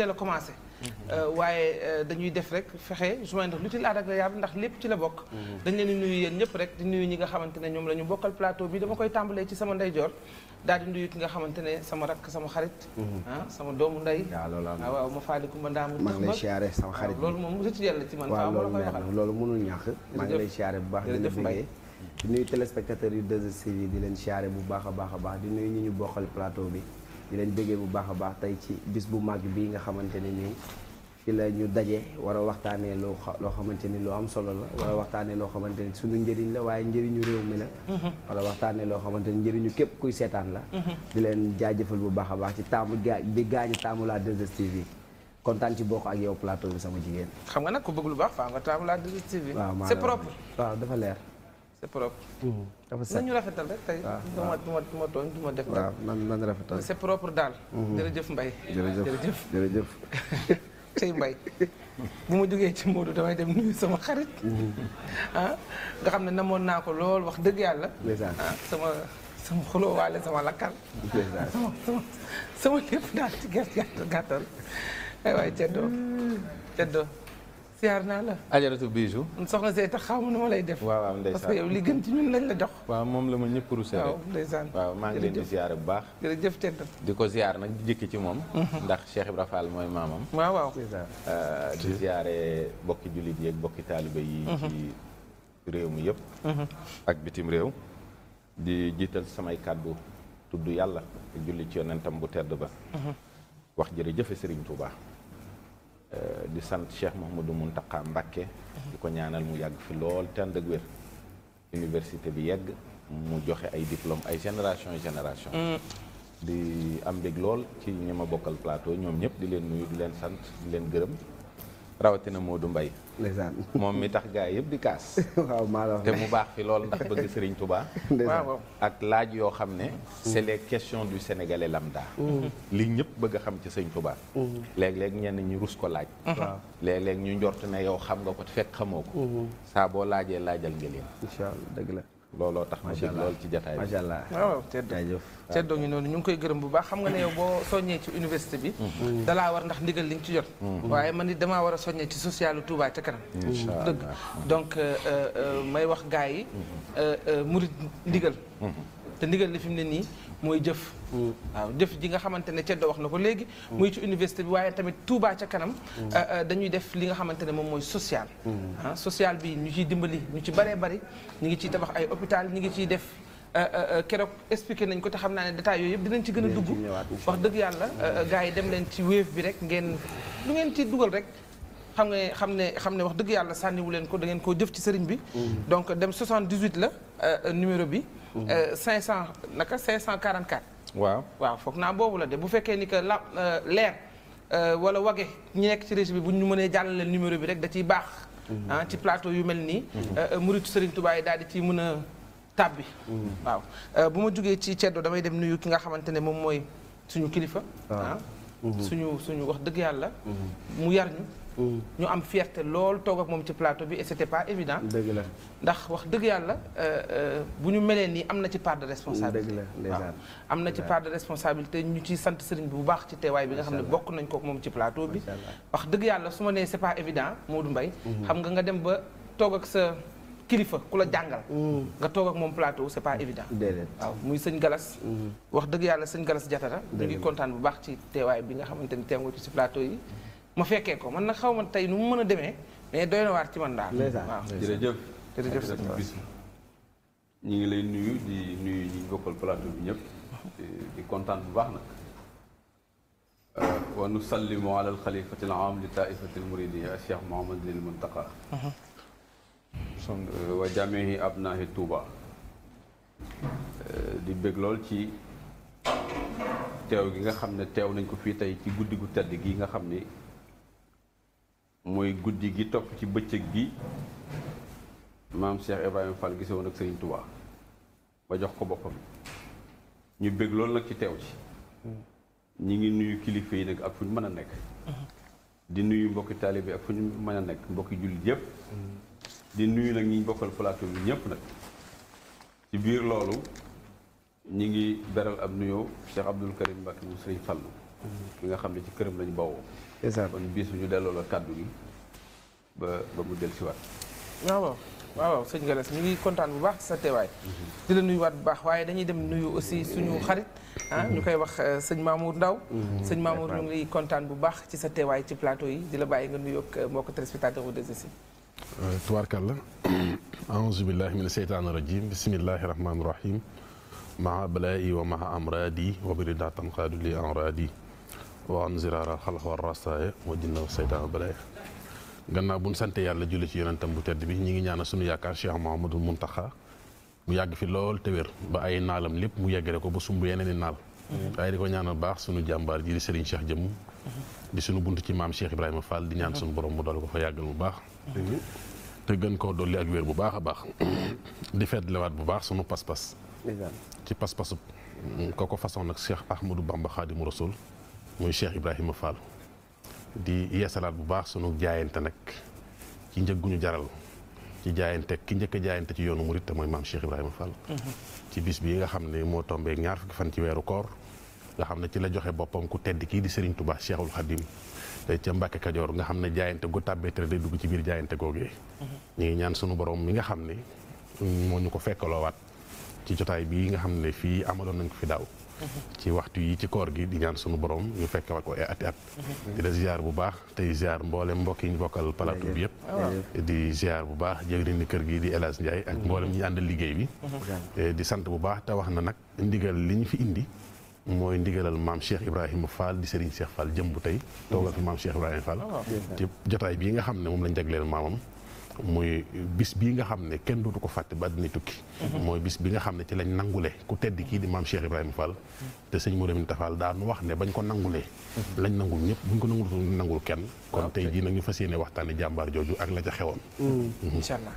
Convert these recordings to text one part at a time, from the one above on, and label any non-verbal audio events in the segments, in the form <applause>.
teel a commencé. Euh, waaye euh, dañuy def rek fexe joindre l'utile à l'agréable ndax lépp ci la bokk. Mhm. dañ leen di nuyu yéen ñëpp rek di nuyu ñi nga xamante ne ñoom la ñu bokkal plateau bi dama koy tàmbalee ci sama ndeyjoor daal di nuyu ki nga xamante ne sama rakk sama xarit. Mhm. ah sama doomu ndey. waaw ah, waaw ma faali kumba ndaamu. maa ngi lay siyaare sama xarit ah, loolu moom rituel la ci man. waaw loolu mënul loolu mënul ñàkk. maa ngi lay siyaare bu baax di la bëggee. di leen siyaare bu baax a baax a baax di nuyu ñi ñu bokkal plateau bi di leen bëggee bu baax a baax tey ci bis bu mag bi nga xamante ne nii fi la ñu daje war a waxtaanee loo loo xamante ni lu am solo la waxtaanee loo xamante ni suñu njëriñ la waaye njëriñu réew mi la mm-hmm. war a waxtaanee loo xamante ni njëriñu képp kuy seetaan la mm-hmm. di leen jaajëfal bu baax a baax ci taamu gaa bi gaañu taamu la 2STV kontaan ci bokk ak yow plateau bi sama jigéen xam nga nag ko bëgg lu baax faa nga taamu la 2STV c'est propre leer c'est propre. Hmm. Ah, nañu rafetal rek tey. Ah, du ma du ma du ma tooñ du ma def. waaw nan nan rafetal. c'est propre daal. Hmm. jërëjëf Mbaye. jërëjëf jërëjëf <laughs> tey Mbaye bu ma jógee ci Modou damay dem nuyu sama xarit. Hmm. Ah, nga xam ne namoon naa ko lool wax dëgg yàlla. sama sama xuloo waale sama lakkal. sama sama daal ci gerte gàttal gàttal. ay waay Ceddo. siyaar naa la. ajaratu bijou. soxna see tax xaw ma nu ma lay def. waaw waaw ndeysaan parce li gën ci ñun lañ la jox. waaw moom la ma ñëpp ruusee rek. waaw maa ngi leen di siyaar bu baax. jërëjëf Tendam. di ko siyaar nag di jëkki ci moom. Mhm. ndax Cheikh Ibra Fall mooy maamam. waaw waaw. Euh, di siyaare bokki jullit yi ak mhm. réew mi yëpp. Mhm. ak réew. di jiital samay kàddu tudd yàlla julli ci yonentam bu tedd ba. wax jërëjëf Serigne Touba. Euh, di sant Cheikh Mouhamadou Mountakha Mbacké di ko ñaanal mu yàgg fi lool ten ànd ak université bi yegg mu joxe ay diplôme ay génération génération mm. di am mbég lool ci ñi bokkal plateau ñoom ñëpp di leen nuyu di leen sant di leen gërëm rawatina Modou Mbaye ndeysaan moom mi tax gaa yëpp di kaas <laughs> waaw maa la te mu baax fi lool ndax bëgg Serigne Touba <laughs> waaw ak laaj yoo xam ne c'est les questions du sénégalais lambda mm. li ñëpp bëgg a xam ci Serigne Touba mm. léeg-léeg ñenn ñi rus ko laaj mm-hmm. waaw léeg ñu njort ne yow xam nga ko fekk xamoo ko mm-hmm. saa boo laajee laajal nga leen incha dëgg la looloo tax ma bëgg lool ci jataay bi macha allah ah, waaw tedd teddoo ñu noonu ñu ngi koy gërëm bu baax xam nga ne yow boo soññee ci université bi mm-hmm. dalaa war ndax ndigal li nga ci jot mm-hmm. waaye man it damaa war a soñee ci socialu Touba ca kanam dëgg donc euh, euh, euh, may wax gars yi mm-hmm. murit ndigal te ndigal li fi mu ne nii mooy jëf waaw jëf ji nga xamante ne Ceddo wax na ko léegi muy ci université bi waaye tamit Touba ca kanam mm. euh, euh, dañuy def li nga xamante ne moom mooy social mm. ah social bi ñu ciy dimbali ñu ci bëree bari ñu ngi ciy tabax ay hôpital ñu ngi ciy def euh, keroog expliqué nañ ko te xam naa ne détails yooyu yëpp dinañ ci gën a dugg wax dëgg yàlla gars yi dem leen ci wéef bi rek ngeen lu ngeen ci dugal rek xam nga xam ne xam ne wax dëgg yàlla sànniwu leen ko da ngeen koo jëf ci sëriñ bi mm. donc dem 78 la numéro bi 500 quarante 544. waaw waaw foog naa boobu la de bu fekkee ni que la euh, leer euh, wala wage ñi nekk ci région bi bu ñu mënee jàllale numéro bi rek da ciy baax. Mhm. Ah, ci plateau yu mel nii. Murit mhm. euh, Serigne tubaay yi daal di ciy mën a tàbbi. Mhm. waaw bu ma jógee ci ceddo damay dem nuyu ki nga xamante ne moom mooy suñu kilifa. Ah. Ah. suñu suñu wax dëgg yàlla. mu yar ñu. ñu am fierté lool toog ak moom ci plateau bi et c'était pas évident. la ndax wax dëgg yàlla euh, euh, bu ñu melee nii am na ci part de responsabilité. dëgg ci part de sant sëriñ bi bu baax ci teewaay bi nga xam ne bokk nañ kook moom ci plateau bi. wax dëgg yàlla su ma nee c'est pas évident Modou Mbaye mhm. xam nga nga dem ba toog ak sa. kilifa ku la jàngal. Mhm. nga toog ak moom plateau c'est pas évident. waaw muy sëñ Galas. Mhm. wax dëgg yàlla sëñ Galas Jatara. ñu ngi kontaan bu baax ci teewaay ma fekkee ko man nag xaw ma tey nu mu mën a demee mais doy na waar ci man daal. waaw jërëjëf jërëjëf sëñ bis ñu ngi lay nuyu di nuyu ñi bokkal plateau bi ñëpp di kontaan bu baax nag wa nusallimu ala alxalifati alam li taifati almuridiya cheikh mohamadin almuntaqa wa jamihi abnaahi touba di bég lool ci teew gi nga xam ne teew nañ ko fii tey ci guddi gu tedd gi nga xam ni mooy guddi gi topp ci bëccëg gi maam Cheikh Ibrahima Fall gise woon ak Serigne Touba ba jox ko boppam ñu bég loolu nag ci teew ci ñi ngi nuyu kilifa yi nag ak fu ñu mën a nekk di nuyu mbokki taalibe ak fu ñu mën a nekk mbokki jullit yëpp di nuyu nag ñu bokkal plateau bi ñëpp nag ci biir loolu ñu ngi beral ab nuyoo Cheikh Abdoul Karim Mbacke mu Serigne Fall mi nga xam ne ci këram lañu bawoo kon biisu ñu delloo la kàddu gi ba ba mu del si waat waaw waaw waaw sëñ Galas ñu ngi kontaan bu baax ci sa teewaay mhm. di la nuyuwaat bu baax waaye dañuy dem nuyu aussi suñu xarit ah mhm. ñu koy wax euh, sëñ Mamour Ndaw mhm. sëñ Mamour ñu ngi kontaan bu baax ci sa teewaay ci plateau yi di la bàyyi nga nuyu euh, ak mbokk téléspectateur bu 2STV euh, tubaarkàlla <coughs> aouzu billahi min seytaani rajim bismillahi rahmaani rahim maha balaayi wa maha amraadi wa birida tanqaadu li amraadi waaw an ziraara xalq wa moo wa jinna wa saytaan balaaya gannaaw bu ñu sant yàlla julli ci yonentam bu tedd bi ñu ngi ñaanal sunu yaakaar Cheikh Mouhamadul Mountakha mu yàgg fi lool te wér ba ay naalam lépp mu yeggale ko ba sumb yeneen i naal. waaye di ko ñaanal baax sunu jàmbaar ji di Serigne Cheikh Jëmm. di sunu bunt ci maam Cheikh Ibrahima Fall di ñaan suñu borom mu dal ko fa yàggal bu baax. te gën koo dolli ak wér bu baax a baax. <clears throat> di fetlewaat bu baax sunu pas-pas. ci pas-pasu ko mm, ko façon nag Cheikh Ahmadou Bamba Xaadimu Rasuul muy Cheikh Ibrahima Fall di yeesalaat bu baax sunu jaayante nak ci njëgguñu jaral ci jaayante ki njëkk jaayante ci yoonu mouride te mooy Cheikh Ibrahima Fall. Mhm. ci bis bi nga xamne mo moo ñaar fukki fan ci wéru koor nga xamne ci la joxe bopam ku tedd ki di Serigne Touba Cheikhul Khadim eh, ci Mbacke Kajoor nga xamne jaayante gu te day dugg ci bir jaayante goge mhm. ñi ñaan sunu borom mi nga xamne mo mm, ñuko fekkalo wat ci jotaay bi nga xamne fi nañ ko fi daw ci waxtu yi ci koor gi di ñaan sunu borom ñu fekk wa ko ay ati at mhm. di la ziar bu baax tey ziar mboolem mbokk yi ñu bokkal plateau bi yëpp di ziar bu baax jëwriñ ni kër gi di El Hadj ak mboolem ñi àndal liggéey bi mhm. eh, di sant bu baax te wax na nag ndigal li ñu fi indi mooy ndigalal maam Cheikh Ibrahima Fall di Serigne Cheikh jëm bu tey mhm. toogal fi maam Cheikh Ibrahima Fall oh, jotaay bii nga xam ne moom lañ jagleel maamam muy bis bii nga xam ne kenn dootu ko fàtte ba àddina tukki. Mhm. mooy bis bi nga xam ne ci lañ nangule ku tedd kii di maam Cheikh Ibrahima Fall. Mhm. te sëñ Modou ne bañ ko nangulee. Mhm. lañ nangul ñëpp buñ ko nangul nangul kenn. Ah, kon tey jii nag ñu fas yéene waxtaanee jàmbaar jooju ak la ca xewoon. Mm. incha allah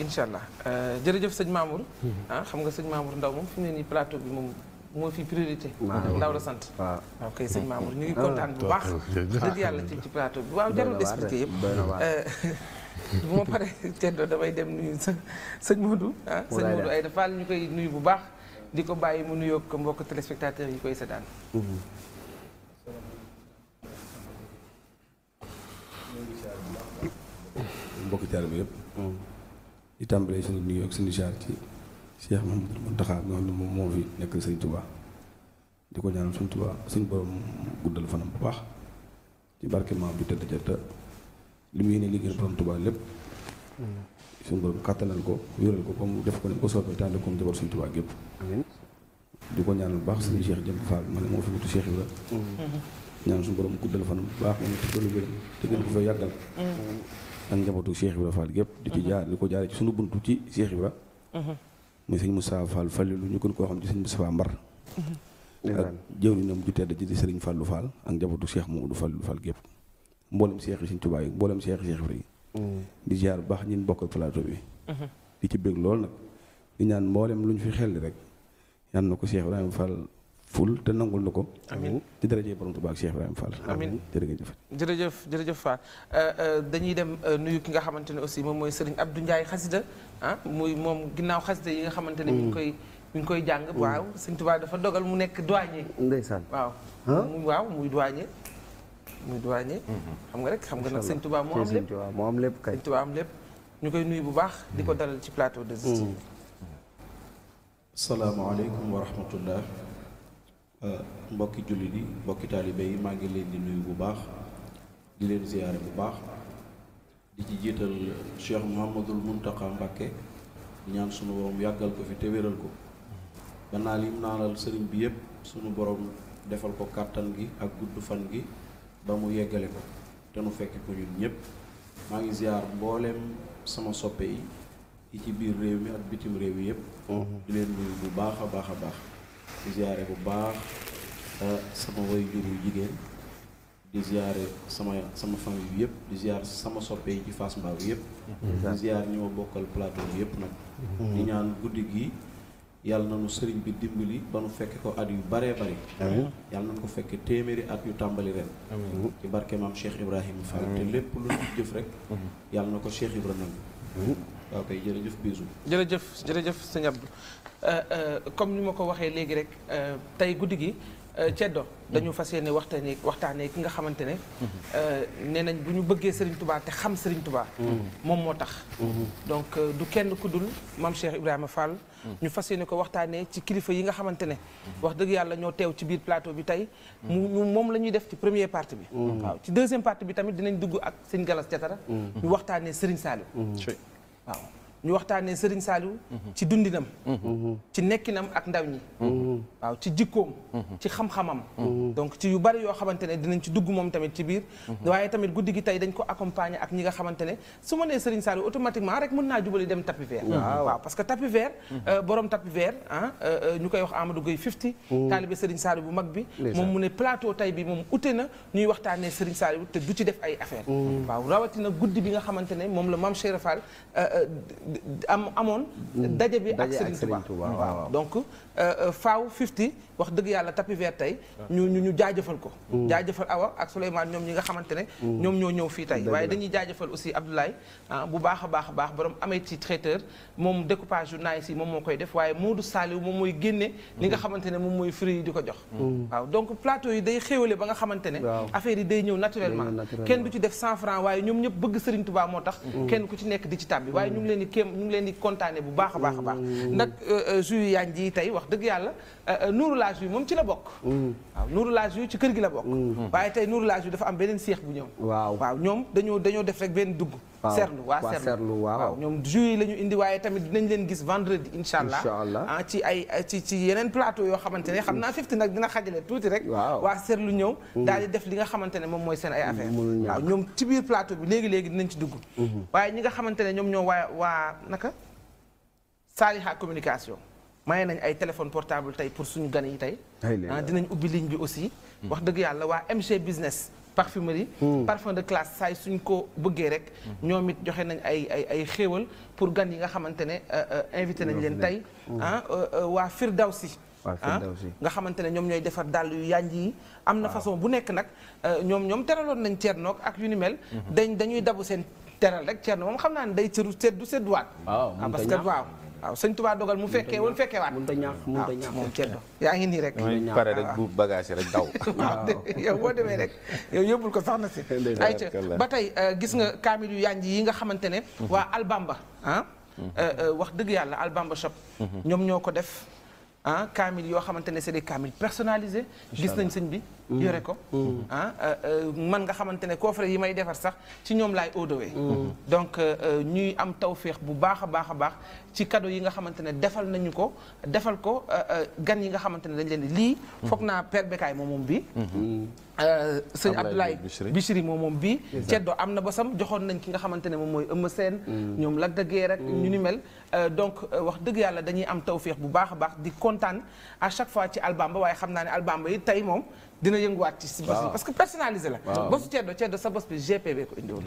incha allah euh, jërëjëf sëñ Mamour. ah xam nga sëñ Mamour Ndaw moom fi mu ne nii plateau bi moom. moo fi priorité. ndaw la sant. waaw waaw kay sëñ Mamour ñu ngi ah, kontaan bu baax. dëgg yàlla ci plateau bi waaw jarul expliqué yëpp. bu ma paree Thiedo <laughs> damay dem nuyu sa sëñ Modou ah sëñ Modou Aïda Fall ñu koy nuyu bu baax di ko bàyyi mu nuyoog mbokk téléspectateurs yi koy seddaan mbokk jaar bi yëpp mm. di tàmbalee suñu nuyu ak suñu jaar ci Cheikh Mamadou Mountakha nga xam ne moom moo fi nekk sëñ Touba di ko ñaanal suñu Touba suñu borom guddal fanam bu baax ci barke maam tëdd jënd li mu yéene liggéeyal borom Tuubaa lépp mm. suñu borom kàttanal ko wéral ko comme def ko ni ko soobee tànn comme jabar suñu Tuubaa gépp di ko ñaanal baax suñu Cheikh Jëm Fall ma moo fi wutu mm. ñaan suñu borom guddal fanam bu baax moom ci tollu wéram te gën ko fa yàggal mm. ak njabootu Cheikh Ibra Fall gépp di ci mm-hmm. jaar di ko jaare ci suñu buntu ci Cheikh Ibra mm-hmm. muy sëñ Moussa Fall Fallilu ñu gën koo xam ci sëñ Moussa Mbar mm-hmm. ak jëwriñam ju tedd ci di sëriñ Fallou Fall ak njabootu Cheikh Mamadou Fallou Fall gépp mboolem cheikh serigne touba yi mboolem cheikh cheikh Ibra di ziar bax ñin bokk plateau bi. Mm-hmm. di ci bég lool nak di ñaan mboolem luñ fi xel rek ñaan nako cheikh ibrahim Fall ful te nangul nako amin amiin di daraje borom Tuubaa ak Seex Ibrahima Fall. amiin jërëjëf. fa euh euh dañuy dem euh, nuyu ki nga xamanteni aussi mom moy Serigne Abdou ndjay khassida han ah, muy mom ginnaw khassida yi nga xamanteni mi mm. koy mi koy jang mm. waaw serigne touba dafa dogal mu nek douanier. ndeysaan waaw. waaw muy douanier. muy douanier. Mm-hmm. xam nga rek xam nga nag sëñ Touba moo am lépp moo am lépp kay sëñ Touba am lépp ñu koy nuyu bu baax. di ko dalal ci plateau de. Mm-hmm. salaamaaleykum wa rahmatullah uh, mbokki jullit yi mbokki taalibe yi leen di nuyu bu baax di leen bu baax di ci jiital Cheikh ñaan sunu borom yàggal ko fi te wéral ko gannaaw li naanal sëriñ bi yépp sunu borom defal ko kàttan gi ak gudd fan gi ba mu yeggale ko te nu fekk ko ñun ñëpp maa ngi ziar mbooleem sama soppe yi ci biir réew mi ak bitim réew yi yëpp. Mhm. di leen nuyu bu baax a baax a baax di ziare bu baax e, sama way yu jigéen di ziare sama sama famille bi yëpp di ziar sama soppe yi ci Fass Mbao yëpp. Mhm. di ziar ñi bokkal plateau bi yëpp nag. Mhm. di ñaan guddi gi. yàlla na nu sëriñ bi dimbali ba nu fekke ko at yu baree bari yàlla na nu ko fekke téeméeri at yu tàmbali ren ci barke maam Cheikh Ibrahima Fall te lépp lu ñu jëf rek yàlla na ko Cheikh Ibrahima nangu waaw kay jërëjëf bisu jërëjëf jërëjëf sëñ Abdou euh, euh, comme ni ma ko waxee léegi rek euh, tey guddi gi ceddo dañu fas yéene waxtaanee waxtaanee ki nga xamante ne. Euh, nee nañ bu ñu bëggee Serigne tubaa te xam Serigne Touba. moom moo tax. donc euh, du kenn ku dul maam Cheikh Ibrahima Fall. ñu fas yéene ko waxtaanee ci kilifa yi nga xamante ne. wax dëgg yàlla ñoo teew ci biir plateau bi tey. mu moom la ñuy def ci premier partie bi. waaw ci deuxième partie bi tamit dinañ dugg ak sëñ Galas Jatara. ñu waxtaanee Serigne Saliou. waaw. ñu waxtaanee Serigne Saliou mhm. ci dundinam mhm. ci nekkinam ak ndaw ñi mhm. waaw ci jikkoom ci xam-xamam donc ci yu bari yoo xamante ne dinañ ci dugg moom tamit ci biir waaye tamit guddi gi tey dañ ko accompagner ak ñi nga xamante ne su ma nee Serigne Saliou automatiquement rek mën naa jubali dem tapis vert waaw parce que tapis vert euh, borom tapis vert ah euh, euh, ñu koy wax Amadou Gueye fifty taalibe Serigne Saliou bu mag bi moom mu ne plateau tey bi moom ute na ñuy waxtaanee Serigne Saliou te du ci def ay affaire waaw rawatina guddi bi nga xamante ne moom la Mame Cheikh am mm. d'ailleurs, donc Euh, euh, faaw 50 wax dëgg yàlla tapis vert tey ah. ñu ñu ñu jaajëfal ko jaajëfal Awa ak Souleymane ñoom ñi nga xamante ne ñoom ñoo ñëw fii tey waaye dañuy jaajëfal aussi Abdoulaye ah, bu baax a baax a baax borom amee ci traiteur moom découpage yu naay si moom moo koy def waaye Modou Saliou moom mooy génne li nga mmh. xamante ne moom mooy fruits yi di ko jox mmh. Mmh. waaw donc plateau yi day xéwale ba nga xamante ne affaire yi day ñëw naturellement kenn du ci def cent francs waaye ñoom ñëpp bëgg Serigne Touba moo tax kenn ku ci nekk di ci tàbbi waaye ñu ngi leen di kéem ñu ngi leen di kontaane bu baax a baax a euh, dëgg yàlla euh, euh, nuuru laaj moom ci la bokk mm. waaw nuuru laaj ci kër gi la bokk mm. Mm. waaye tey nuuru laaj yu dafa am beneen seex bu ñëw waaw waaw ñoom dañoo dañoo def rek benn dugg serlu waa serlu waaw ñoom juillet la ñu indi waaye tamit dinañ leen gis vendredi incha allah ah ci ay ci ci yeneen yoo xamante ne xam naa fifti nag dina xajale tuuti rek waa serlu ñëw daal def li nga xamante ne moom mooy seen ay affaire waaw ñoom ci biir plateau bi léegi-léegi dinañ ci dugg mm-hmm. waaye ñi nga xamante ne ñoom ñoo waa waa naka saaliha communication maye nañ ay téléphone portable tey pour suñu gan yi tey ah, dinañ ubbi ligne bi aussi hmm. wax dëgg yàlla waa MG business parfumerie hmm. parfum de classe saay suñ ko bëggee rek hmm. ñoom it joxe nañ ay ay ay xéewal pour gan yi nga xamante ne euh, euh, invité nañ leen tey ah euh, waa ah, Firdawsi nga xamante ne ñoom ñooy defar dàll yu yànj yi am na façon bu nekk nag ñoom ñoom teraloon nañ ceernoog ak yu ni dañ dañuy dabu seen teral rek ceerno moom xam naa ne day cëru seddu sedduwaat ah, parce que waaw waaw sëñ Tuubaa dogal mu fekkee woon fekkee waat. mënut a ñaax mënut a ñaax moom ceddo yaa ngi nii rek. mënut pare rek buub bagage rek daw. <laughs> <laughs> yow boo demee rek yow yóbbul ko na si. ay ca ba tey euh, gis nga kaamil yu yànj yi nga xamante ne. Mhm. waa Albamba ah. Mhm. Euh, euh, wax dëgg yàlla Albamba shop. Mhm. ñoom ñoo ko def ah kaamil yoo xamante ne c'est des kaamil personnalisés. gis nañ sëñ bi. Mm. yore ko mm. ah, ah euh, man nga xamante ne coffret yi may defar sax ci ñoom laay odowe mm. donc euh, euh, ñuy am tawféex bu baax a baax a baax ci cadeau yi nga xamante ne defal nañu ko defal ko gan yi nga xamante ne dañ leen di lii foog naa per bekaay moom moom bi sëñ Abdoulaye Bichri moom moom bi ceddo am na bosam joxoon nañ ki nga xamante ne moom mooy ëmm seen ñoom la dëggee rek ñu ni mel donc wax dëgg yàlla dañuy am tawféex bu baax a baax di kontaan à chaque fois ci albamba waaye xam naa ne albamba yi tey moom dina yënguwaat parce que personnalisé la bésu ceddo ceddo sa bés bi GPB ko indiwoon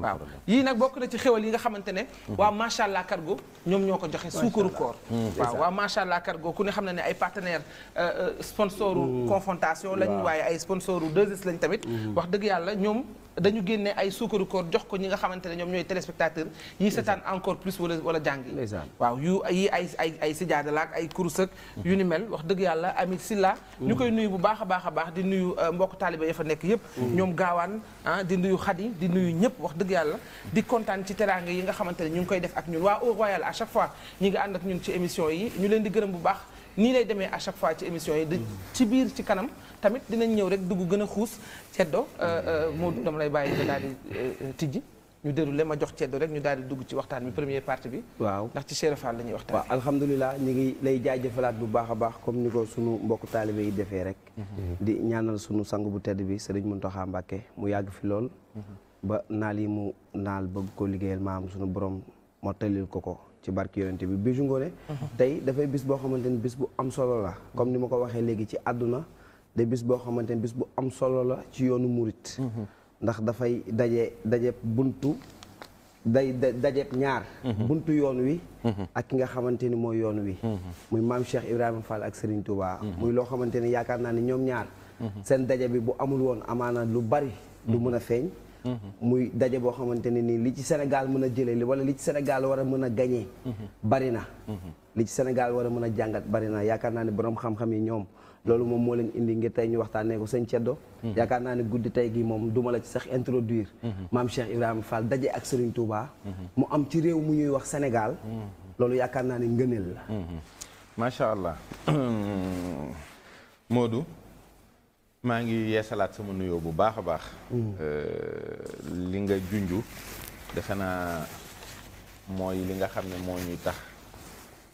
waaw yii nag bokk na ci xéwal yi nga xamante ne mhm. waa machallah cargo ñoom ñoo ko joxe suukaru koor mhm. waaw waa machallah cargo ku ne xam na ne ay partenaire euh, euh, sponsoru confrontation lañ waaye ay sponsoru 2S lañ tamit mhm. wax dëgg yàlla ñoom dañu génne ay suukaru koor jox ko ñi nga xamante ne ñoom ñooy téléspectateur yi seetaan encore plus wala wala jàng yi waaw yu yi ay ay ay laak ay kurus ak yu ni mel wax dëgg yàlla ami silla mm. ñu koy nuyu bu baax a baax a baax di nuyu euh, mbokk taaliba ya fa nekk yëpp mm. ñoom gaawaan ah di nuyu xadi di nuyu ñëpp wax dëgg yàlla di kontaan ci teraanga yi nga xamante ne ñu ngi koy def ak ñun waa au royal à chaque fois ñi ngi ànd ak ñun ci émission yi ñu leen di gërëm bu baax nii lay demee à fois ci émission yi mm. ci biir ci kanam tamit dinañ ñëw rek dugg gën a xuus ceddo euh, euh, Modou dama lay bàyyi nga daal di euh, tijji ñu déroulé ma jox ceddo rek ñu daal di dugg ci waxtaan bi première partie bi. waaw ndax ci Cheikh Fall la ñuy waxtaan. waaw alhamdulilah ñu ngi lay jaajëfalaat bu baax a baax comme ni ko sunu mbokku taalibe yi defee rek. Mhm. di ñaanal sunu sangu bu tedd bi mun Mountakha Mbacké mu yàgg fi lool. Mhm. ba naal yi mu naal bëgg ko liggéeyal maam sunu borom moo tëlil ko ko. ci barke yonente bi Bijou Ngoné mhm. tey dafay boo xamante ni bis bu am solo la comme ni ma ko waxee léegi ci àdduna de bis boo xamante ne bis bu am solo la ci yoonu murit mhm. ndax dafay daje daje buntu day dajeeb ñaar mhm. buntu yoon wi mhm. ak ki nga xamante ni mooy yoon wi muy maam Cheikh Ibrahima Fall ak Serigne Touba muy loo xamante ni yaakaar naa ni ñoom ñaar seen daje bi bu amul woon amaana lu bari du mën a feeñ muy daje boo xamante ne nii li ci Sénégal mën a jëlee li wala li ci Sénégal war a mën a gañee bari na li ci Sénégal war a mën a jàngat bari na yaakaar naa ni boroom xam yi ñoom loolu moom moo leen indi ngir tey ñu waxtaanee ko sañ Ceddo mhm. yaakaar naa ne guddi tey gii moom duma la ci sax introduire mhm. maam Cheikh Ibrahima Fall daje ak Serigne Touba mhm. mu am ci réew mu ñuy wax Sénégal loolu yaakaar naa ne ngëneel la macha allah <clears throat> Modou maa ngi salaat sama nuyoo bu baax a baax euh, li nga junju defe naa mooy li nga xam ne moo ñuy tax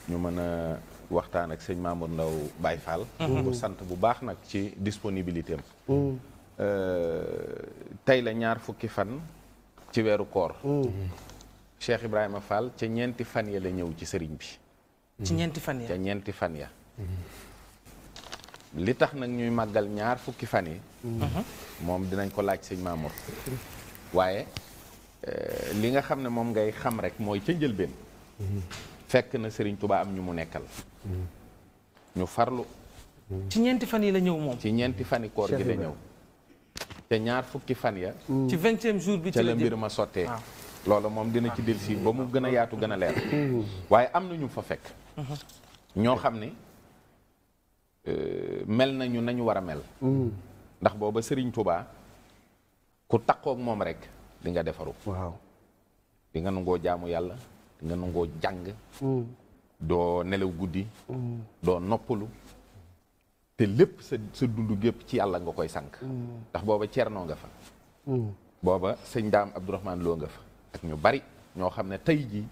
ñu mën a waxtaan ak sëñ Mamour Ndaw Baye Fall. Mm-hmm. ko sant bu baax nag ci disponibilité am. Mm-hmm. Euh, tey la ñaar fukki fan ci weeru koor. Mm-hmm. Cheikh Ibrahima Fall ca ñeenti fan ya la ñëw ci sëriñ bi. ñeenti fan ya ca ñeenti fan ya. li tax nag ñuy màggal ñaar fukki fan yi. moom dinañ ko laaj sëñ Mamour. waaye euh, li nga xam ne moom ngay xam rek mooy ca njëlbeen. fekk na sëriñ Touba am ñu mu nekkal. ñu farlu ci ñeenti fan yi la ñëw moom ci ñeenti fani koor gi la ñëw te ñaar fukki fan ya ci vingtième jour bi ci la mbir ma sottee ah. loolu moom dina ci delsi ba mu gën a yaatu gën a leer mm-hmm. waaye am na ñu fa fekk mm-hmm. ñoo xam ni euh, mel nañu nañu war a mel mm. ndax booba Serigne Touba ku takkook moom rek di nga defaru waaw di nga nangoo jaamu yàlla di nga nangoo jàng mm. doo nelaw guddi mm. doo noppalu te lépp sa sa dund gépp ci yàlla nga koy sànq mm. ndax booba ceernoo nga fa mm. booba sëñ daam abdourahman loo nga fa ak ñu bari ñoo xam ne tey jii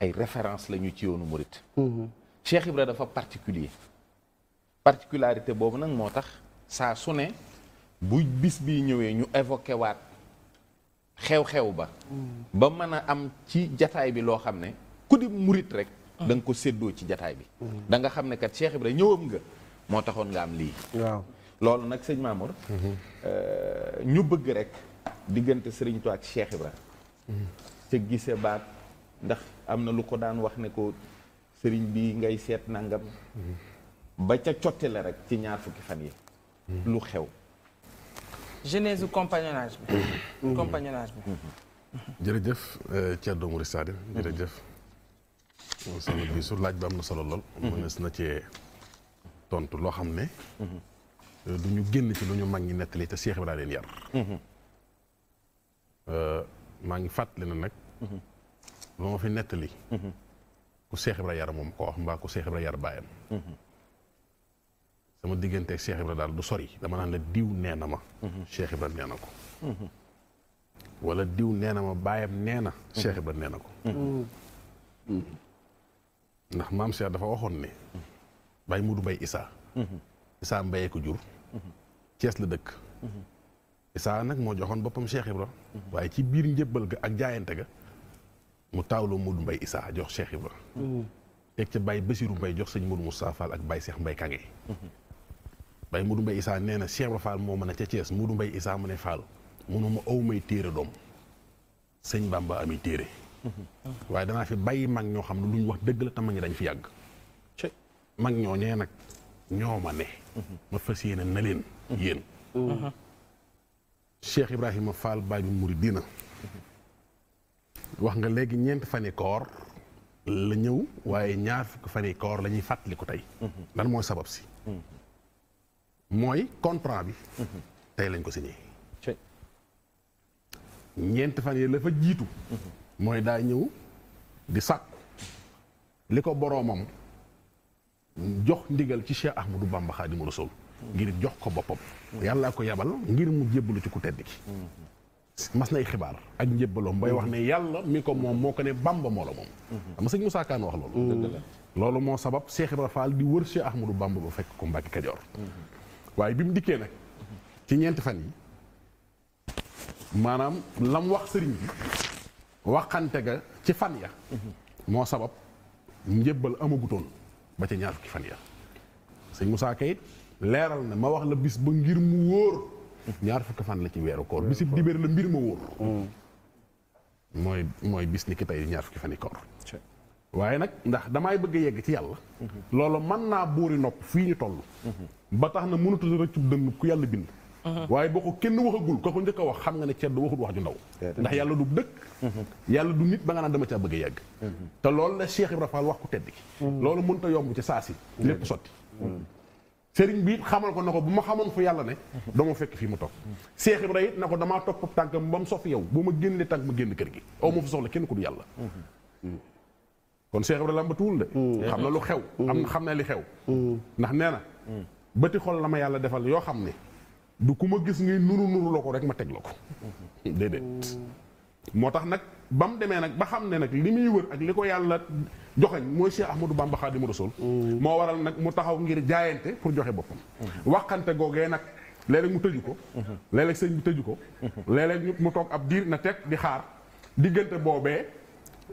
ay référence lañu ci yoonu murit mm-hmm. Cheikh Ibra dafa particulier particularité boobu nag moo tax saa su ne bu bis bi ñëwee ñu évoqué waat xew-xew ba ba mën a am ci jataay bi loo xam ne ku di murit rek danga ko séddoo ci jataay bi mm-hmm. da nga xam ne kat Cheikh Ibra ñëwam nga moo taxoon nga am lii waaw loolu nag sëñ Mamour mm-hmm. euh, ñu bëgg rek diggante Sëriñ Tuubaa ak Cheikh Ibra mm-hmm. ca gise baat ndax am na lu ko daan wax ne ko sëriñ bi ngay seet nangam ba ca cotti la rek ci ñaar fukki fan yi lu xew genèse du compagnonnage bi compagnonnage bi jërëjëf euh, Thierno Mouride Sadikh jërëjëf solo su laaj bi am na solo lool. Mhm. mënees na cee tontu loo xam ne. Mhm. Euh, du ñu génn ci lu ñu mag ñi nettali te Cheikh Ibrahima leen yar. Mhm. Euh, maa ngi fàttali na nag. lu ma fi nettali. ku Cheikh Ibrahima yar moom ko wax mbaa ku Cheikh Ibrahima yar baayam. sama diggante ak Cheikh Ibrahima daal du sori dama naan la diw nee na ma. Cheikh Ibrahima nee na ko. wala diw nee na ma baayam nee na. Cheikh Ibrahima nee na ko. ndax maam Cheikh dafa waxoon ne Baye Modou Mbaye Issa Issa Mbaye ko jur Cees la dëkk Issa nag moo joxoon boppam Cheikh la waaye ci biir njëbbal ga ak jaayante ga mu taawloo Modou Mbaye Issa jox Cheikh Ibra teg ca Baye Basirou Mbaye jox sëñ Modou Moussa Fall ak Baye seex Mbaye Kange Baye Modou Mbaye Issa nee na Cheikh Ibra Fall moo mën a ca Cees Modou mbay isaa ma ne Fall munuma aw may téere doom sëñ Bamba amee téere waaye danaa fi bàyyi mag ñoo xam ne luñ ñu wax dëgg la te mag ñi dañ fi yàgg. mag ñoo ñee nag ñoo ma ne. Mhm. ma fas yéene na leen. Mhm. yéen. Mhm. Cheikh Ibrahima Fall Baabul Muridiina wax nga léegi ñeent fani koor la ñëw waaye ñaar fukki fani koor la ñuy fàttaliku tey. lan mooy sabab si. mooy contrat bi. tey lañ ko signé. ñeent fan yi la fa jiitu. mooy daa ñëw di sàkku li ko boroomam jox ndigal ci Cheikh Ahmadou Bamba Xaadimu Rasuul ngir jox ko boppam yàllaa ko yabal ngir mu jébbalu ci ku tedd ki mas nay xibaar ak njébbaloom bay wax ne yàlla mi ko moom moo ko ne Bamba moo la moom xam nga sëñ Moussa Kane wax loolu loolu moo sabab Cheikh Ibra Fall di wër Cheikh Ahmadou Bamba ba fekk ko Mbàkke Kajoor waaye bi mu dikkee nag ci ñeenti fan yi maanaam lam wax sëriñ bi waxante ga ci fan ya mo sabab njëbbal amagutoon ba ci ñaar fukki fan ya seigne Moussa Kayit leral na ma wax la bis ba ngir mu wóor ñaar fukki fan la ci weeru koor di dibéer la mbir ma wóor moy mm. moy bis ni ki tay ñaar fukki fan ni koor waye nak ndax damaay bëgg yegg ci yalla mm-hmm. lolu man na buri nopp fi ñu tollu mm-hmm. ba tax na mënatu rëccub dëng ku yalla bind Mm-hmm. waaye boo ko kenn waxagul ko ko njëkk wax xam nga ne Thierno waxut wax ju ndaw ndax yàlla du dëkk mm-hmm. yàlla du nit ba nga naan dama caa bëgg a yàgg mm-hmm. te loolu la Cheikh ra Fall wax ku tedd ki loolu mënut a yomb ci saa si lépp sotti sëriñ bi it xamal ko na ko bu ma xamoon fu yàlla ne ma fekk fii ma toog Cheikh Ibra it na ko damaa topp tànkam ba bam sof yow bu ma génnee tànk ma génn kër gi aw moo fa soxla kenn ku du yàlla mm. kon Cheikh Ibra lambatuwul de mm. xam na lu xew mm. am xam na li xew ndax nee na bëti xol la yàlla defal yoo xam ne du ku ma gis ngay nuru nuru la ko rek ma teg la ko déedéet moo tax nag ba mu demee nag ba xam ne nag li muy wër ak li ko yàlla joxeñ mooy Cheikh Ahmadou Bamba Khadimu Rasul mm. moo waral nag mu taxaw ngir jaayante pour joxe boppam mm-hmm. waxante googee nag léeg mu tëju ko mm-hmm. léeg-léeg sëñ tëju ko mm-hmm. léeg-léeg mu toog ab diir na teg di xaar diggante boobee